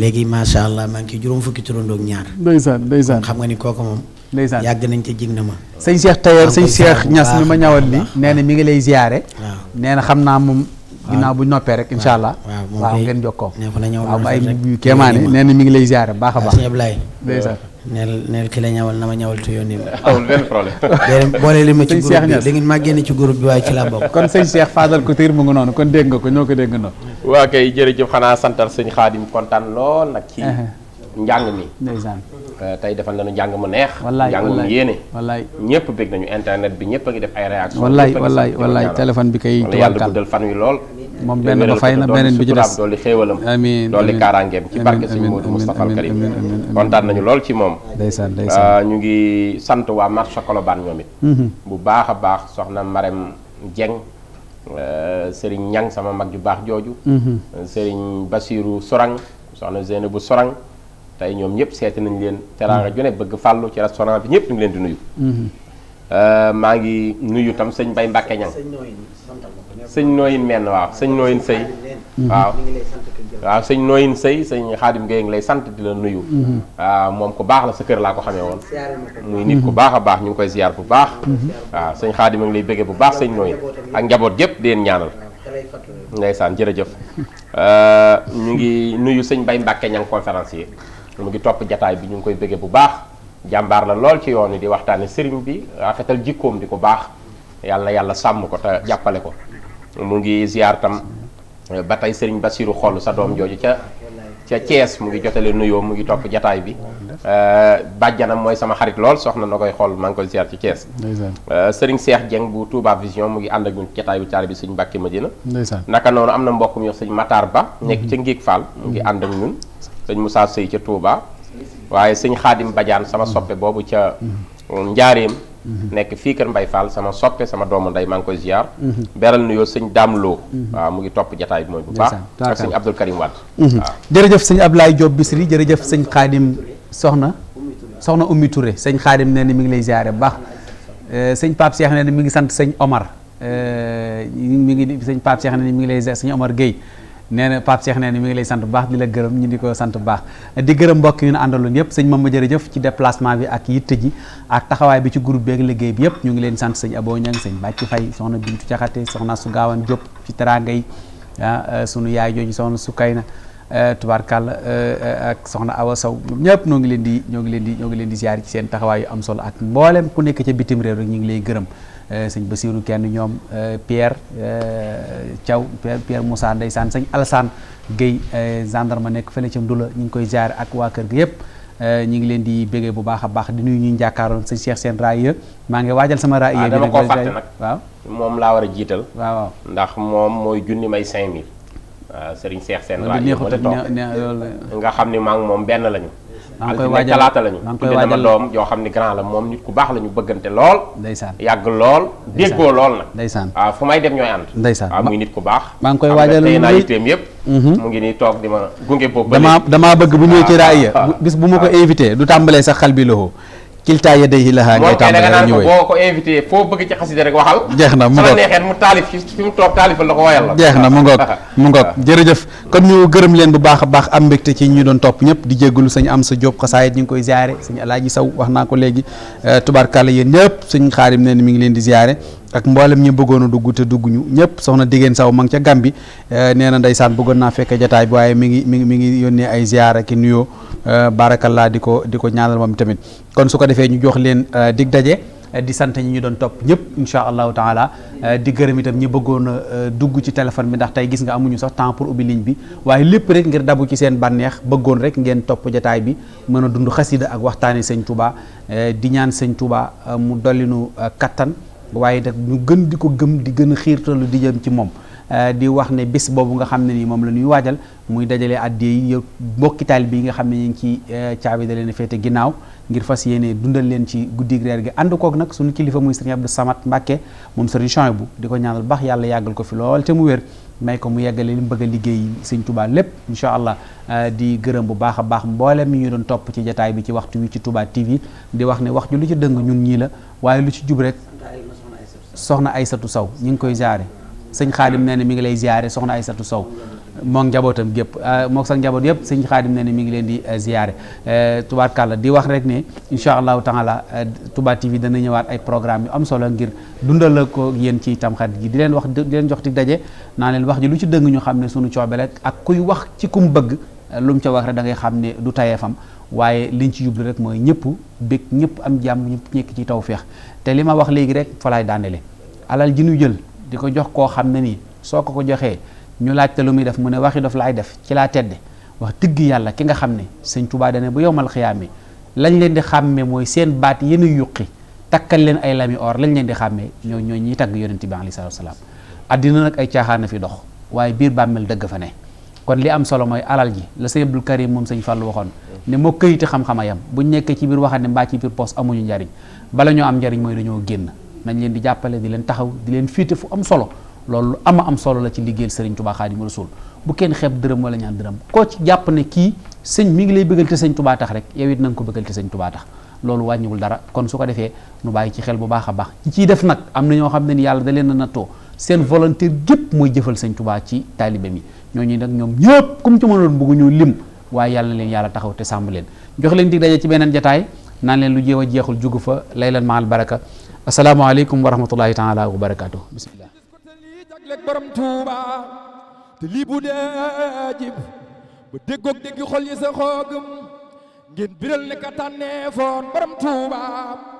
léegi macha allah maa ngi ci juróom fukki turandoog ñaar ndeysaan ndeysaan xam nga ni kooku moom ndeysaan yàgg nañ te jig na ma sëñ Cheikh Tailleur sëñ Cheikh Ñas mi ma ñawal li nee na mi ngi lay ziare waaw xam naa moom ginnaaw bu noppee rek incha allah waaw ngeen jokkoo waaw ay kéemaane nee na mi ngi lay ziare baax a baax neel neel ki la ñawal na ma ñawal te yónni ma. amul benn ma ci groupe bi da ngeen maa génne ci groupe bi waaye ci laa bokk. kon sëñ Cheikh Fadal Couture mu ngi noonu kon dégg nga ko ñoo ko dégg noonu. waa kay jërëjëf xanaa santal sëñ Xaadim kontaan lool nag. ci njàng mi. ndeysaan euh, tey defal nañu njàng mu neex. wallaay wallaay njàng ñëpp bég nañu internet bi ñëpp a def ay réaction. wallaay wallaay wallaay téléphone bi kay. tubarkal yàlla guddal fan wi lool. moom benn ba fay na beneen bi ci des dooli xéewalam amiin dooli kaaraangeem ci barke si Moodu Moustapha al Karim kontaan nañu lool ci moom ndeysaan ndeysaan ah, ñu ngi sant waa marché Colobane ñoom it mm-hmm. bu baax a baax soxna Marème Dieng euh, sëriñ ñan sama mag ju baax jooju mm-hmm. sëriñ Basiiru Sorang soxna bu Sorang tey ñoom ñëpp seeti nañu leen mm-hmm. teraanga ju ne bëgg fàllu ci restaurant bi ñëpp ñu leen di nuyu euh, maa ngi nuyu tam sëñ Bay Mbàkke Ñang sëñ nooyin menn waaw sëñ nooyin sëy waaw waaw sëñ nooyin sëy sëñ xaadim Gueye ngi lay sant di la nuyu waaw moom ku baax la sa kër laa ko xamee woon muy nit ku baax a baax ñu ngi koy ziar bu baax waaw sëñ xaadim ngi lay bëggee bu baax sëñ nooyin ak njaboot gépp di leen ñaanal ndeysaan jërëjëf ñu ngi nuyu sëñ Baye Mbàkke ñang conférencier mu ngi topp jataay bi ñu ngi koy bëggee bu baax jàmbaar la lool ci yoon wi di waxtaane sëriñ bi rafetal jikkoom di ko baax yàlla yàlla sàmm ko jàppale ko mu ngi ziar tam euh, ba tey Serigne Bassirou xol sa doom jooju ca ca Thiès mu ngi jotale nuyoo mu ngi topp jataay bi euh, bàjjanam mooy sama xarit lool soxna na koy xool maa ngi koy ziar ci Thiès euh, Serigne Cheikh Dieng bu Touba Vision mu ngi ànd ak ñun jataay bi caari bi Serigne Mbacke Madina naka noonu am na mbokk mu yox mataar Ba mhm. nekk ca Ngéeg Fall mu ngi ànd ak ñun Serigne Moussa Sey ca Touba mhm. waaye Serigne Khadim Badiane sama mhm. soppe boobu ca njaareem mhm. nekk fii kër Mbay Fall sama soppe sama doomu nday maa ngi koy ziar. Mhm. beral na nuyoo sëñ Dame Lo. Mhm. mu ngi topp jataay bi mooy bu baax. ak sëñ Abdul Karim Wade. waaw jërëjëf sëñ Ablaye Diop Bisri jërëjëf sëñ Xaadim soxna soxna Oumy Touré sëñ Xaadim nee na mi ngi lay ziare baax. Euh, sëñ Pape seex nee na mi ngi sant sëñ Omar euh, mi ngi sëñ Pape seex nee na mi ngi lay ziare sëñ Omar Guèye. nee na Pape Cheikh nee na mi ngi lay sant bu baax di la gërëm ñu di ko sant bu baax di gërëm mbokk yu ñu àndaloon yëpp sëñ Mame jërëjëf ci déplacement bi ak yitte ji ak taxawaay bi ci groupe liggéey bi yëpp ñu ngi leen sant sëñ Abo Niang sëñ Bàcci Fay soxna Bintu Caxate soxna su Gaawan Diop ci teraanga yi ah, ah sunu yaay jooju soxna su Kayna ah, tubaarkàlla ah, ak soxna Awa Sow ñoom ñëpp ñoo ngi leen di ñoo ngi leen di ñoo leen di ziar ci seen taxawaay yu am solo ak mboolem ku nekk ca bitim réew rek ñu ngi lay gërëm Eh, sëñ Basiiru kenn ñoom eh, Pierre eh, Thiaw Pierre Moussa ndeysaan sëñ Alassane Guèye gendarme nekk fële ca Ndula ñu ngi koy jaar ak waa kër gi yëpp ñu ngi leen di béggee bu baax a baax di nuyu ñuy jàkkaaroon sëñ Cheikh seen raaya maa ngi waajal sama raaya ah, bi dama ko moom laa war a jiital waaw ndax moom mooy junni may 5000 waaw sëriñ Cheikh seen raaya nga xam ni maa ngi moom benn lañu maa ngi koy waajal talaata lañu maa ngi koy waajal doom la moom nit ku baax la ñu bëggante lool ndeysaan yàgg lool déggoo lool nag ndeysaan waaw ah, fu may dem ñooy ànd ndeysaan waaw ah, muy nit ku baax maa ngi koy waajal tey naa yitteem yëpp mu ngi nii toog di ma gunge boobu damaa damaa bëgg bu ñëwee ci raaya ah, bis bu ma ko invité du tàmbalee sax xal bi loxo kiltaa yadayhi lahaa ngay tàmbalee ñu wéy boo ko invité foo bëgg ci xasida rek waxal. jeex na mu ngoog soo neexee mu la ko wayal la. jeex na mu ngoog mu ngoog jërëjëf kon ñu gërëm leen bu baax a baax am mbégte ci ñu doon topp ñëpp di jéggalu sañ am sa jóob xasaayit ñu ngi koy ziare sañ alaaji saw wax naa ko léegi euh, tubaarkàlla yéen ñëpp suñ xaarim ne mi ngi leen di ziare ak mboolem ñi bëggoon a dugg te dugg ñu ñëpp soxna diggéen saw ma ngi ca Gàmbi euh, nee na ndeysaan bëggoon naa fekk jataay bi waaye mi ngi mi ngi mi ngi yónnee ay ziara ki nuyoo Euh, barakallaa di ko di ko ñaanal moom tamit kon su ko defee ñu jox leen euh, dig daje euh, di sante ñi ñu doon topp ñëpp incha allahu taala di gërëm itam ñi bëggoon a dugg ci téléphone bi ndax tey gis nga amuñu sax temps pour ubbi ligne bi waaye lépp rek ngir dabu ci seen bànneex bëggoon rek ngeen topp jataay bi mën a dund xasida ak waxtaane sëñ Touba di ñaan sëñ Touba mu dollinu kattan waaye nag ñu gën di ko gëm di gën a xiirtalu di jëm ci moom Euh, di wax ne bis boobu nga xam ne ni moom la ñuy waajal muy dajale addee yi yow mbokki taalibe yi nga xam ne ñu ngi ci euh, caabi da leen a féete ginnaaw ngir fas yéene dundal leen ci guddig reer gi ànd koog nag suñu kilifa muy sëriñ Abdou samat Mbàkke moom sëriñ Chouaïbou bu di ko ñaanal baax yàlla yàggal ko fi lool te mu wér may ko mu yeggale li mu bëgg a liggéey sëñ Touba lépp incha allah euh, di gërëm bu baax a baax mboolem mi ñu doon topp ci jataay bi ci waxtu wi ci Touba TV di wax ne wax ju lu ci dëng ñun ñii la waaye lu ci jub rek soxna Aysatu Saw ñu ngi koy jaare sëñ xaadim neen na mi ngi lay ziyaare soxna ay Aysatu Sow moom njabootam gépp ah, mook sax njaboot yëpp sëñ xaadim nee na mi ngi leen di eh, ziyaare eh, tubaarkàlla di wax rek ne incha allahu taala eh, Touba TV dana ñëwaat ay programme yu am solo ngir dundal la ko yéen ci tamxarit gi di leen wax di leen jox ti daje naa leen wax ji lu ci dëng ñu xam ne sunu coobe rek ak kuy wax ci kum bëgg lu mu ca wax rek dangay xam ne du tayee fam waaye liñ ci jublu rek mooy ñëpp bég ñëpp am jàmm ñëpp nekk ci tawféex te li ma wax léegi rek fa laay daanele alal ji ñu jël di ko jox koo xam ne nii soo ko ko joxee ñu laajte lu muy def mu ne waxi dof laay def ci laa tedde wax dëgg yàlla ki nga xam ne sëñ Tuubaa dane bu yowmal xiyaam lañ leen di xàmmee mooy seen baat yéen a yuqi takkal leen ay lami or lañ leen di xàmme ñoo ñoo ñiy tagg yonent bi aleyhi salaatu wa salaam addina nag ay caaxaan na fi dox waaye biir bàmmeel dëgg fa ne kon li am solo mooy alal ji la sëñ Abdul Karim moom sëñ Fàllu waxoon ne moo këyiti xam a yam buñ nekkee ci biir waxande mbaa ci biir poos amuñu njariñ bala ñoo am njariñ mooy dañoo génn nañ leen di jàppale di leen taxaw di leen féete fu am solo loolu ama am solo la ci liggéeyal Serigne Touba Xaadimu Rasuul bu kenn xeeb dërëm wala ñaan dërëm koo ci jàpp ne kii sëñ mi ngi lay bëggal te sëñ tubaa tax rek yow it na nga ko bëggal te sëñ Touba tax loolu wàññiwul dara kon su ko defee nu bàyyi ci xel bu baax a baax ñi ciy def nag am na ñoo xam ne ni yàlla da leen a nattoo seen volontaire gépp mooy jëfal sëñ tubaa ci taalibe mi ñooñu nag ñoom ñëpp comme ci mënoon bëggu ñu lim waaye yàlla na leen yàlla taxaw te sàmm leen jox leen dig daje ci beneen jataay naan leen lu jéew jeexul jugu fa lay leen maal baraka asalaamaaleykum wa rahmatullahi taala wa barakaatu bismillah jagleeg borom tuuba te bu dee ba déggoog déggi xol xoogum ngeen biral ne ka tànneefoon borom tuuba